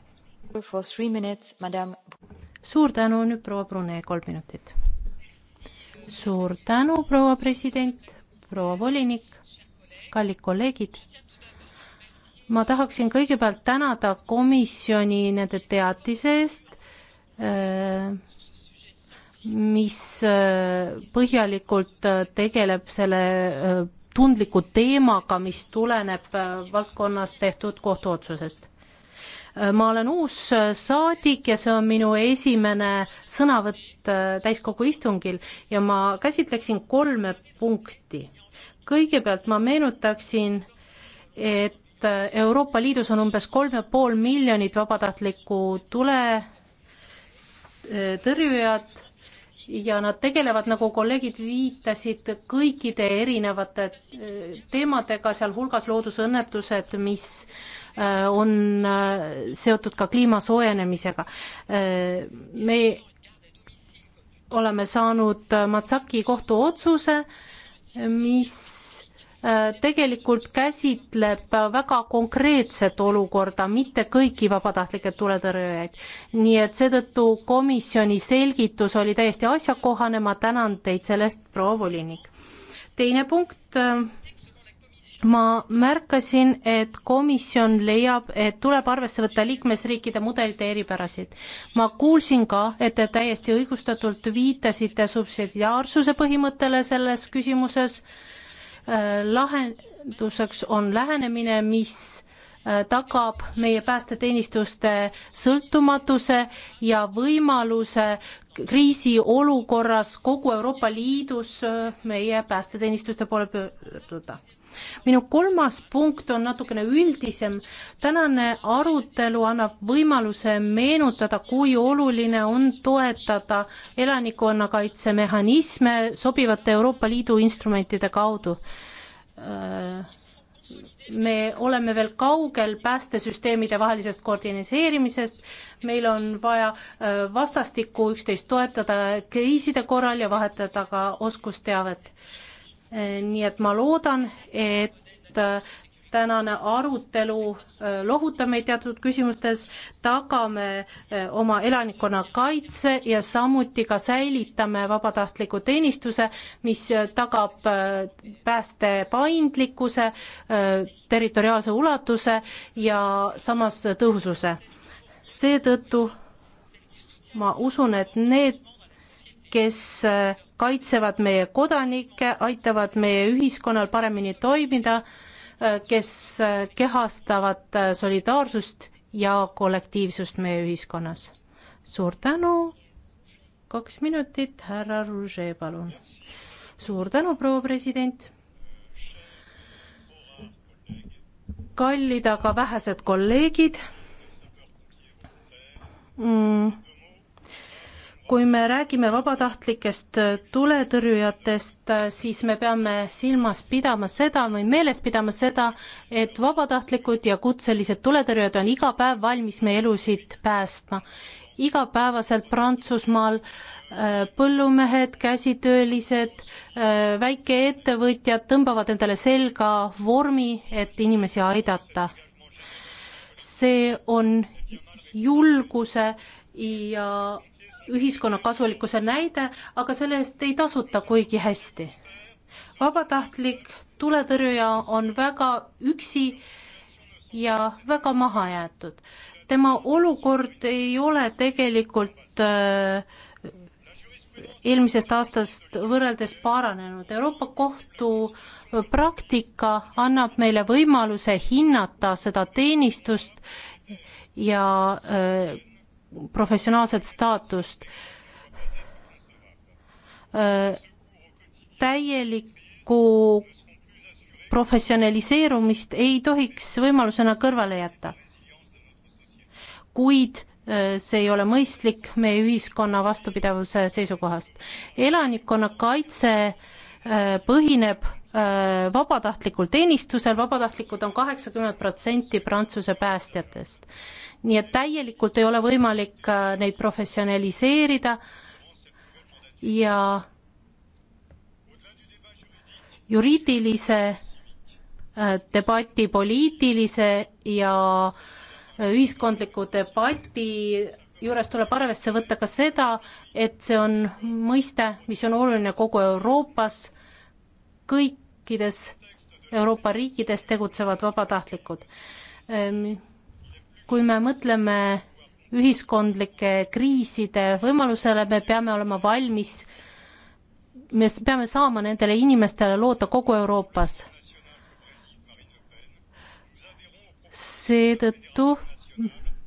suur tänu, nüüd proua Brune, kolm minutit. suur tänu, proua president, proua volinik, kallid kolleegid ma tahaksin kõigepealt tänada komisjoni nende teatise eest, äh, mis äh, põhjalikult äh, tegeleb selle tundliku teemaga, mis tuleneb valdkonnas tehtud kohtuotsusest. ma olen uus saadik ja see on minu esimene sõnavõtt täiskogu istungil ja ma käsitleksin kolme punkti. kõigepealt ma meenutaksin, et et eh, Euroopa Liidus on umbes kolm ja pool miljonit vabatahtlikku tule eh, tõrjujat ja nad tegelevad, nagu kolleegid viitasid, kõikide erinevate eh, teemadega, sealhulgas loodusõnnetused, mis on seotud ka kliima soojenemisega. me oleme saanud Matsaki kohtuotsuse, mis Äh, tegelikult käsitleb väga konkreetset olukorda, mitte kõiki vabatahtlikke tuletõrjujaid. nii et seetõttu komisjoni selgitus oli täiesti asjakohane, ma tänan teid selle eest, proua volinik. teine punkt, äh, ma märkasin, et komisjon leiab, et tuleb arvesse võtta liikmesriikide mudelite eripärasid. ma kuulsin ka, et te täiesti õigustatult viitasite subsidiaarsuse põhimõttele selles küsimuses äh, Äh, lahenduseks on lähenemine, mis äh, tagab meie päästeteenistuste sõltumatuse ja võimaluse kriisiolukorras kogu Euroopa Liidus äh, meie päästeteenistuste poole pöörduda minu kolmas punkt on natukene üldisem. tänane arutelu annab võimaluse meenutada, kui oluline on toetada elanikkonnakaitsemehhanisme sobivate Euroopa Liidu instrumentide kaudu äh, me oleme veel kaugel päästesüsteemide vahelisest koordineerimisest, meil on vaja äh, vastastikku üksteist toetada kriiside korral ja vahetada ka oskusteavet Eh, nii et ma loodan, et eh, tänane arutelu eh, lohutab meid teatud küsimustes, tagame oma elanikkonna kaitse ja samuti ka säilitame vabatahtliku teenistuse, mis tagab pääste paindlikkuse, territoriaalse ulatuse ja samas tõhususe. seetõttu ma usun, et need, kes kaitsevad meie kodanikke, aitavad meie ühiskonnal paremini toimida, kes kehastavad solidaarsust ja kollektiivsust meie ühiskonnas. suur tänu, kaks minutit, härra Rouget, palun. suur tänu, proua president kallid, aga vähesed kolleegid mm kui me räägime vabatahtlikest tuletõrjujatest, siis me peame silmas pidama seda või meeles pidama seda, et vabatahtlikud ja kutselised tuletõrjujad on iga päev valmis meie elusid päästma. igapäevaselt Prantsusmaal äh, põllumehed, käsitöölised, äh, väikeettevõtjad tõmbavad endale selga vormi, et inimesi aidata. see on julguse ja ühiskonna kasulikkuse näide, aga selle eest ei tasuta kuigi hästi. vabatahtlik tuletõrjuja on väga üksi ja väga maha jäetud. tema olukord ei ole tegelikult äh, eelmisest aastast võrreldes paranenud. Euroopa Kohtu äh, praktika annab meile võimaluse hinnata seda teenistust ja äh, professionaalset staatust. Äh, täielikku professionaliseerumist ei tohiks võimalusena kõrvale jätta. kuid äh, see ei ole mõistlik meie ühiskonna vastupidavuse seisukohast. elanikkonnakaitse äh, põhineb Äh, vabatahtlikul teenistusel, vabatahtlikud on kaheksakümmend protsenti Prantsuse päästjatest. nii et täielikult ei ole võimalik äh, neid professionaliseerida ja juriidilise äh, debati, poliitilise ja ühiskondliku debati juures tuleb arvesse võtta ka seda, et see on mõiste, mis on oluline kogu Euroopas, kõik kõikides Euroopa riikides tegutsevad vabatahtlikud. Ehm, kui me mõtleme ühiskondlike kriiside võimalusele, me peame olema valmis, me peame saama nendele inimestele loota kogu Euroopas. seetõttu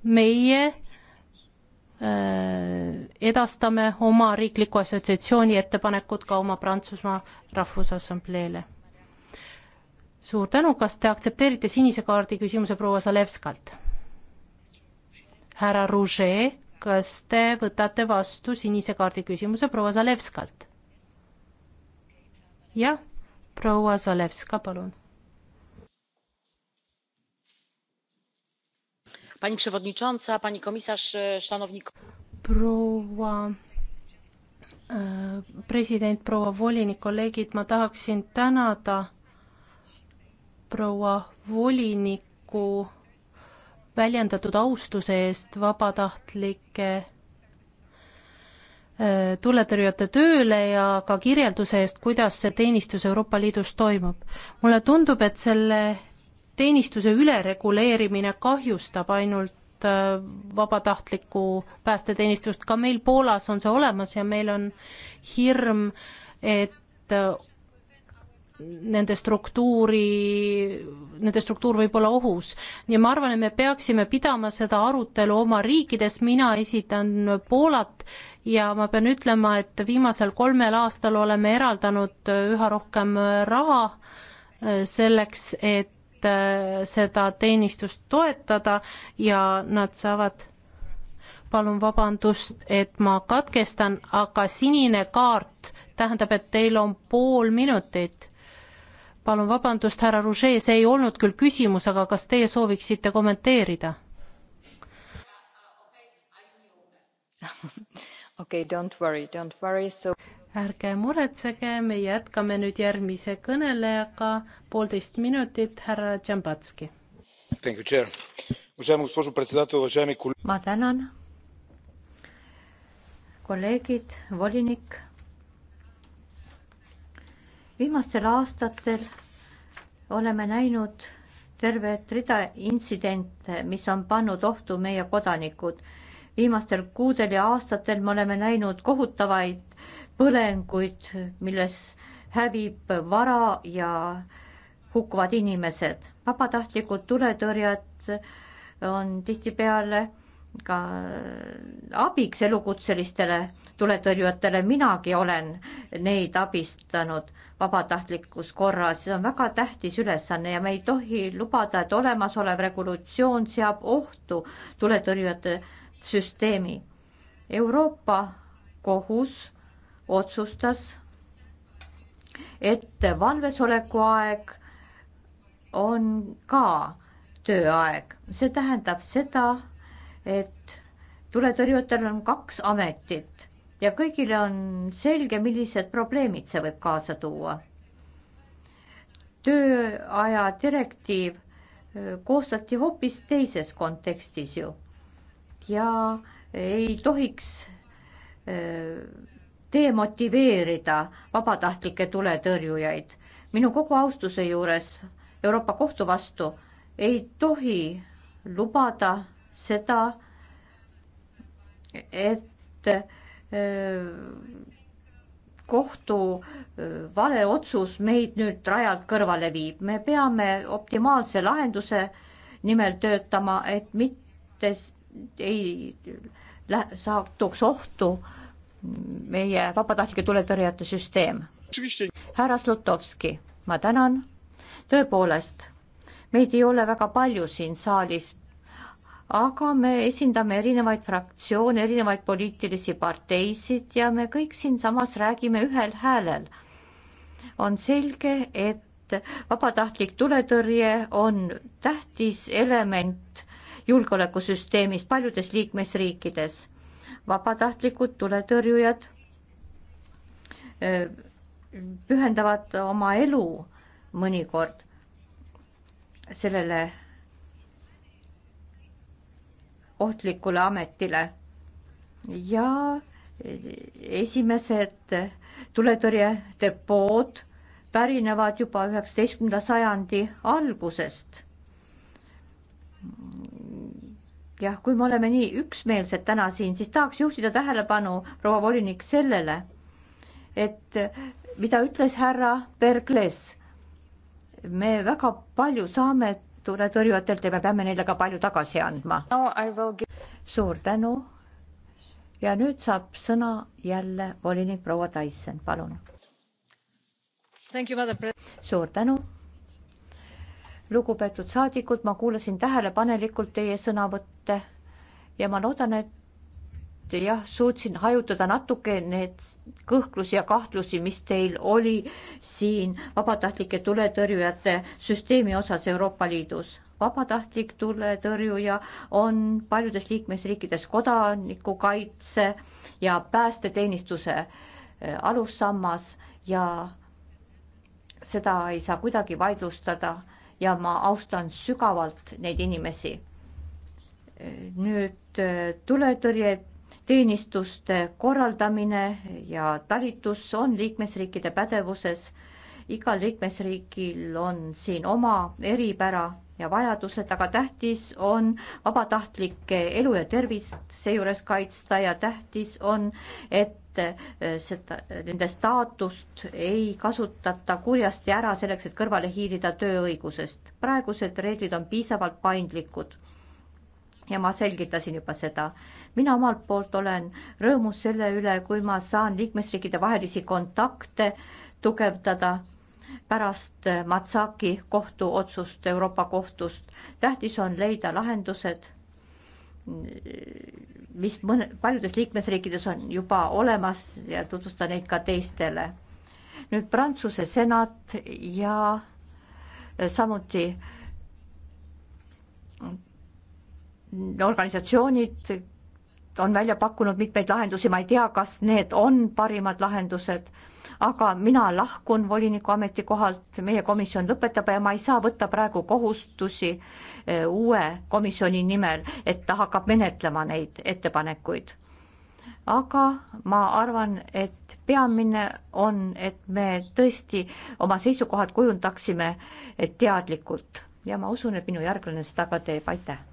meie ehm, edastame oma riikliku assotsiatsiooni ettepanekud ka oma Prantsusmaa Rahvusassambleele suur tänu, kas te aktsepteerite sinise kaardi küsimuse proua Zalevskalt? härra Rouget, kas te võtate vastu sinise kaardi küsimuse proua Zalevskalt? jah, proua Zalevska, palun. proua e, president, proua volinik, kolleegid, ma tahaksin tänada proua voliniku väljendatud austuse eest vabatahtlike äh, tuletõrjujate tööle ja ka kirjelduse eest, kuidas see teenistus Euroopa Liidus toimub. mulle tundub, et selle teenistuse ülereguleerimine kahjustab ainult äh, vabatahtlikku päästeteenistust, ka meil Poolas on see olemas ja meil on hirm, et äh, nende struktuuri, nende struktuur võib olla ohus. ja ma arvan, et me peaksime pidama seda arutelu oma riikides, mina esitan Poolat ja ma pean ütlema, et viimasel kolmel aastal oleme eraldanud üha rohkem raha äh, selleks, et äh, seda teenistust toetada ja nad saavad palun vabandust, et ma katkestan, aga sinine kaart tähendab, et teil on pool minutit palun vabandust, härra Rouget, see ei olnud küll küsimus, aga kas teie sooviksite kommenteerida? okei (laughs) okay,, don't worry, don't worry, so. ärge muretsege, me jätkame nüüd järgmise kõnelejaga, poolteist minutit, härra Džambatski. ma tänan. kolleegid, volinik viimastel aastatel oleme näinud tervet rida intsidente, mis on pannud ohtu meie kodanikud. viimastel kuudel ja aastatel me oleme näinud kohutavaid põlenguid, milles hävib vara ja hukkuvad inimesed. vabatahtlikud tuletõrjed on tihtipeale ka abiks elukutselistele tuletõrjujatele, minagi olen neid abistanud vabatahtlikus korras, see on väga tähtis ülesanne ja me ei tohi lubada, et olemasolev regulatsioon seab ohtu tuletõrjujate süsteemi. Euroopa kohus otsustas, et valvesoleku aeg on ka tööaeg, see tähendab seda, et tuletõrjujatel on kaks ametit ja kõigile on selge, millised probleemid see võib kaasa tuua. tööaja direktiiv äh, koostati hoopis teises kontekstis ju ja ei tohiks äh, demotiveerida vabatahtlikke tuletõrjujaid. minu kogu austuse juures Euroopa Kohtu vastu ei tohi lubada seda, et kohtu valeotsus meid nüüd rajalt kõrvale viib. me peame optimaalse lahenduse nimel töötama, et mitte ei satuks ohtu meie vabatahtlike tuletõrjujate süsteem. härra Slutovski, ma tänan. tõepoolest, meid ei ole väga palju siin saalis aga me esindame erinevaid fraktsioone, erinevaid poliitilisi parteisid ja me kõik siinsamas räägime ühel häälel. on selge, et vabatahtlik tuletõrje on tähtis element julgeolekusüsteemis paljudes liikmesriikides. vabatahtlikud tuletõrjujad pühendavad oma elu mõnikord sellele ohtlikule ametile. ja esimesed tuletõrjedepood pärinevad juba üheksateistkümnenda sajandi algusest. jah, kui me oleme nii üksmeelsed täna siin, siis tahaks juhtida tähelepanu, proua volinik, sellele, et mida ütles härra Bergles, me väga palju saame tuletõrjujatelt ja me peame neile ka palju tagasi andma no,. Give... suur tänu. ja nüüd saab sõna jälle volinik proua Tyson, palun. suur tänu. lugupeetud saadikud, ma kuulasin tähelepanelikult teie sõnavõtte ja ma loodan, et jah, suutsin hajutada natuke need kõhklusi ja kahtlusi, mis teil oli siin vabatahtlike tuletõrjujate süsteemi osas Euroopa Liidus. vabatahtlik tuletõrjuja on paljudes liikmesriikides kodanikukaitse ja päästeteenistuse äh, alussammas ja seda ei saa kuidagi vaidlustada ja ma austan sügavalt neid inimesi. Äh, nüüd äh, tuletõrjet teenistuste korraldamine ja talitus on liikmesriikide pädevuses. igal liikmesriigil on siin oma eripära ja vajadused, aga tähtis on vabatahtlike elu ja tervist seejuures kaitsta ja tähtis on, et äh, seda, nende staatust ei kasutata kurjasti ära selleks, et kõrvale hiilida tööõigusest. praegused reeglid on piisavalt paindlikud. ja ma selgitasin juba seda mina omalt poolt olen rõõmus selle üle, kui ma saan liikmesriikide vahelisi kontakte tugevdada pärast Matsaki kohtuotsust Euroopa Kohtust. tähtis on leida lahendused, mis mõne, paljudes liikmesriikides on juba olemas ja tutvustan neid ka teistele. nüüd Prantsuse senat ja samuti organisatsioonid, on välja pakkunud mitmeid lahendusi, ma ei tea, kas need on parimad lahendused, aga mina lahkun voliniku ametikohalt, meie komisjon lõpetab ja ma ei saa võtta praegu kohustusi eh, uue komisjoni nimel, et ta hakkab menetlema neid ettepanekuid. aga ma arvan, et peamine on, et me tõesti oma seisukohad kujundaksime eh, teadlikult ja ma usun, et minu järglane seda ka teeb, aitäh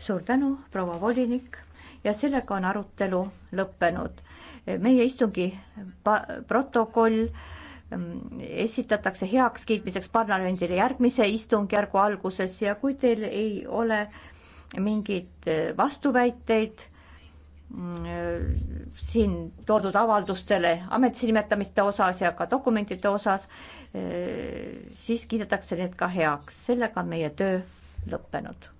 suur tänu, proua volinik ja sellega on arutelu lõppenud. meie istungi protokoll mm, esitatakse heakskiitmiseks parlamendile järgmise istungjärgu alguses ja kui teil ei ole mingeid eh, vastuväiteid mm, eh, siin toodud avaldustele ametisse nimetamiste osas ja ka dokumentide osas, eh, siis kiidetakse need ka heaks. sellega on meie töö lõppenud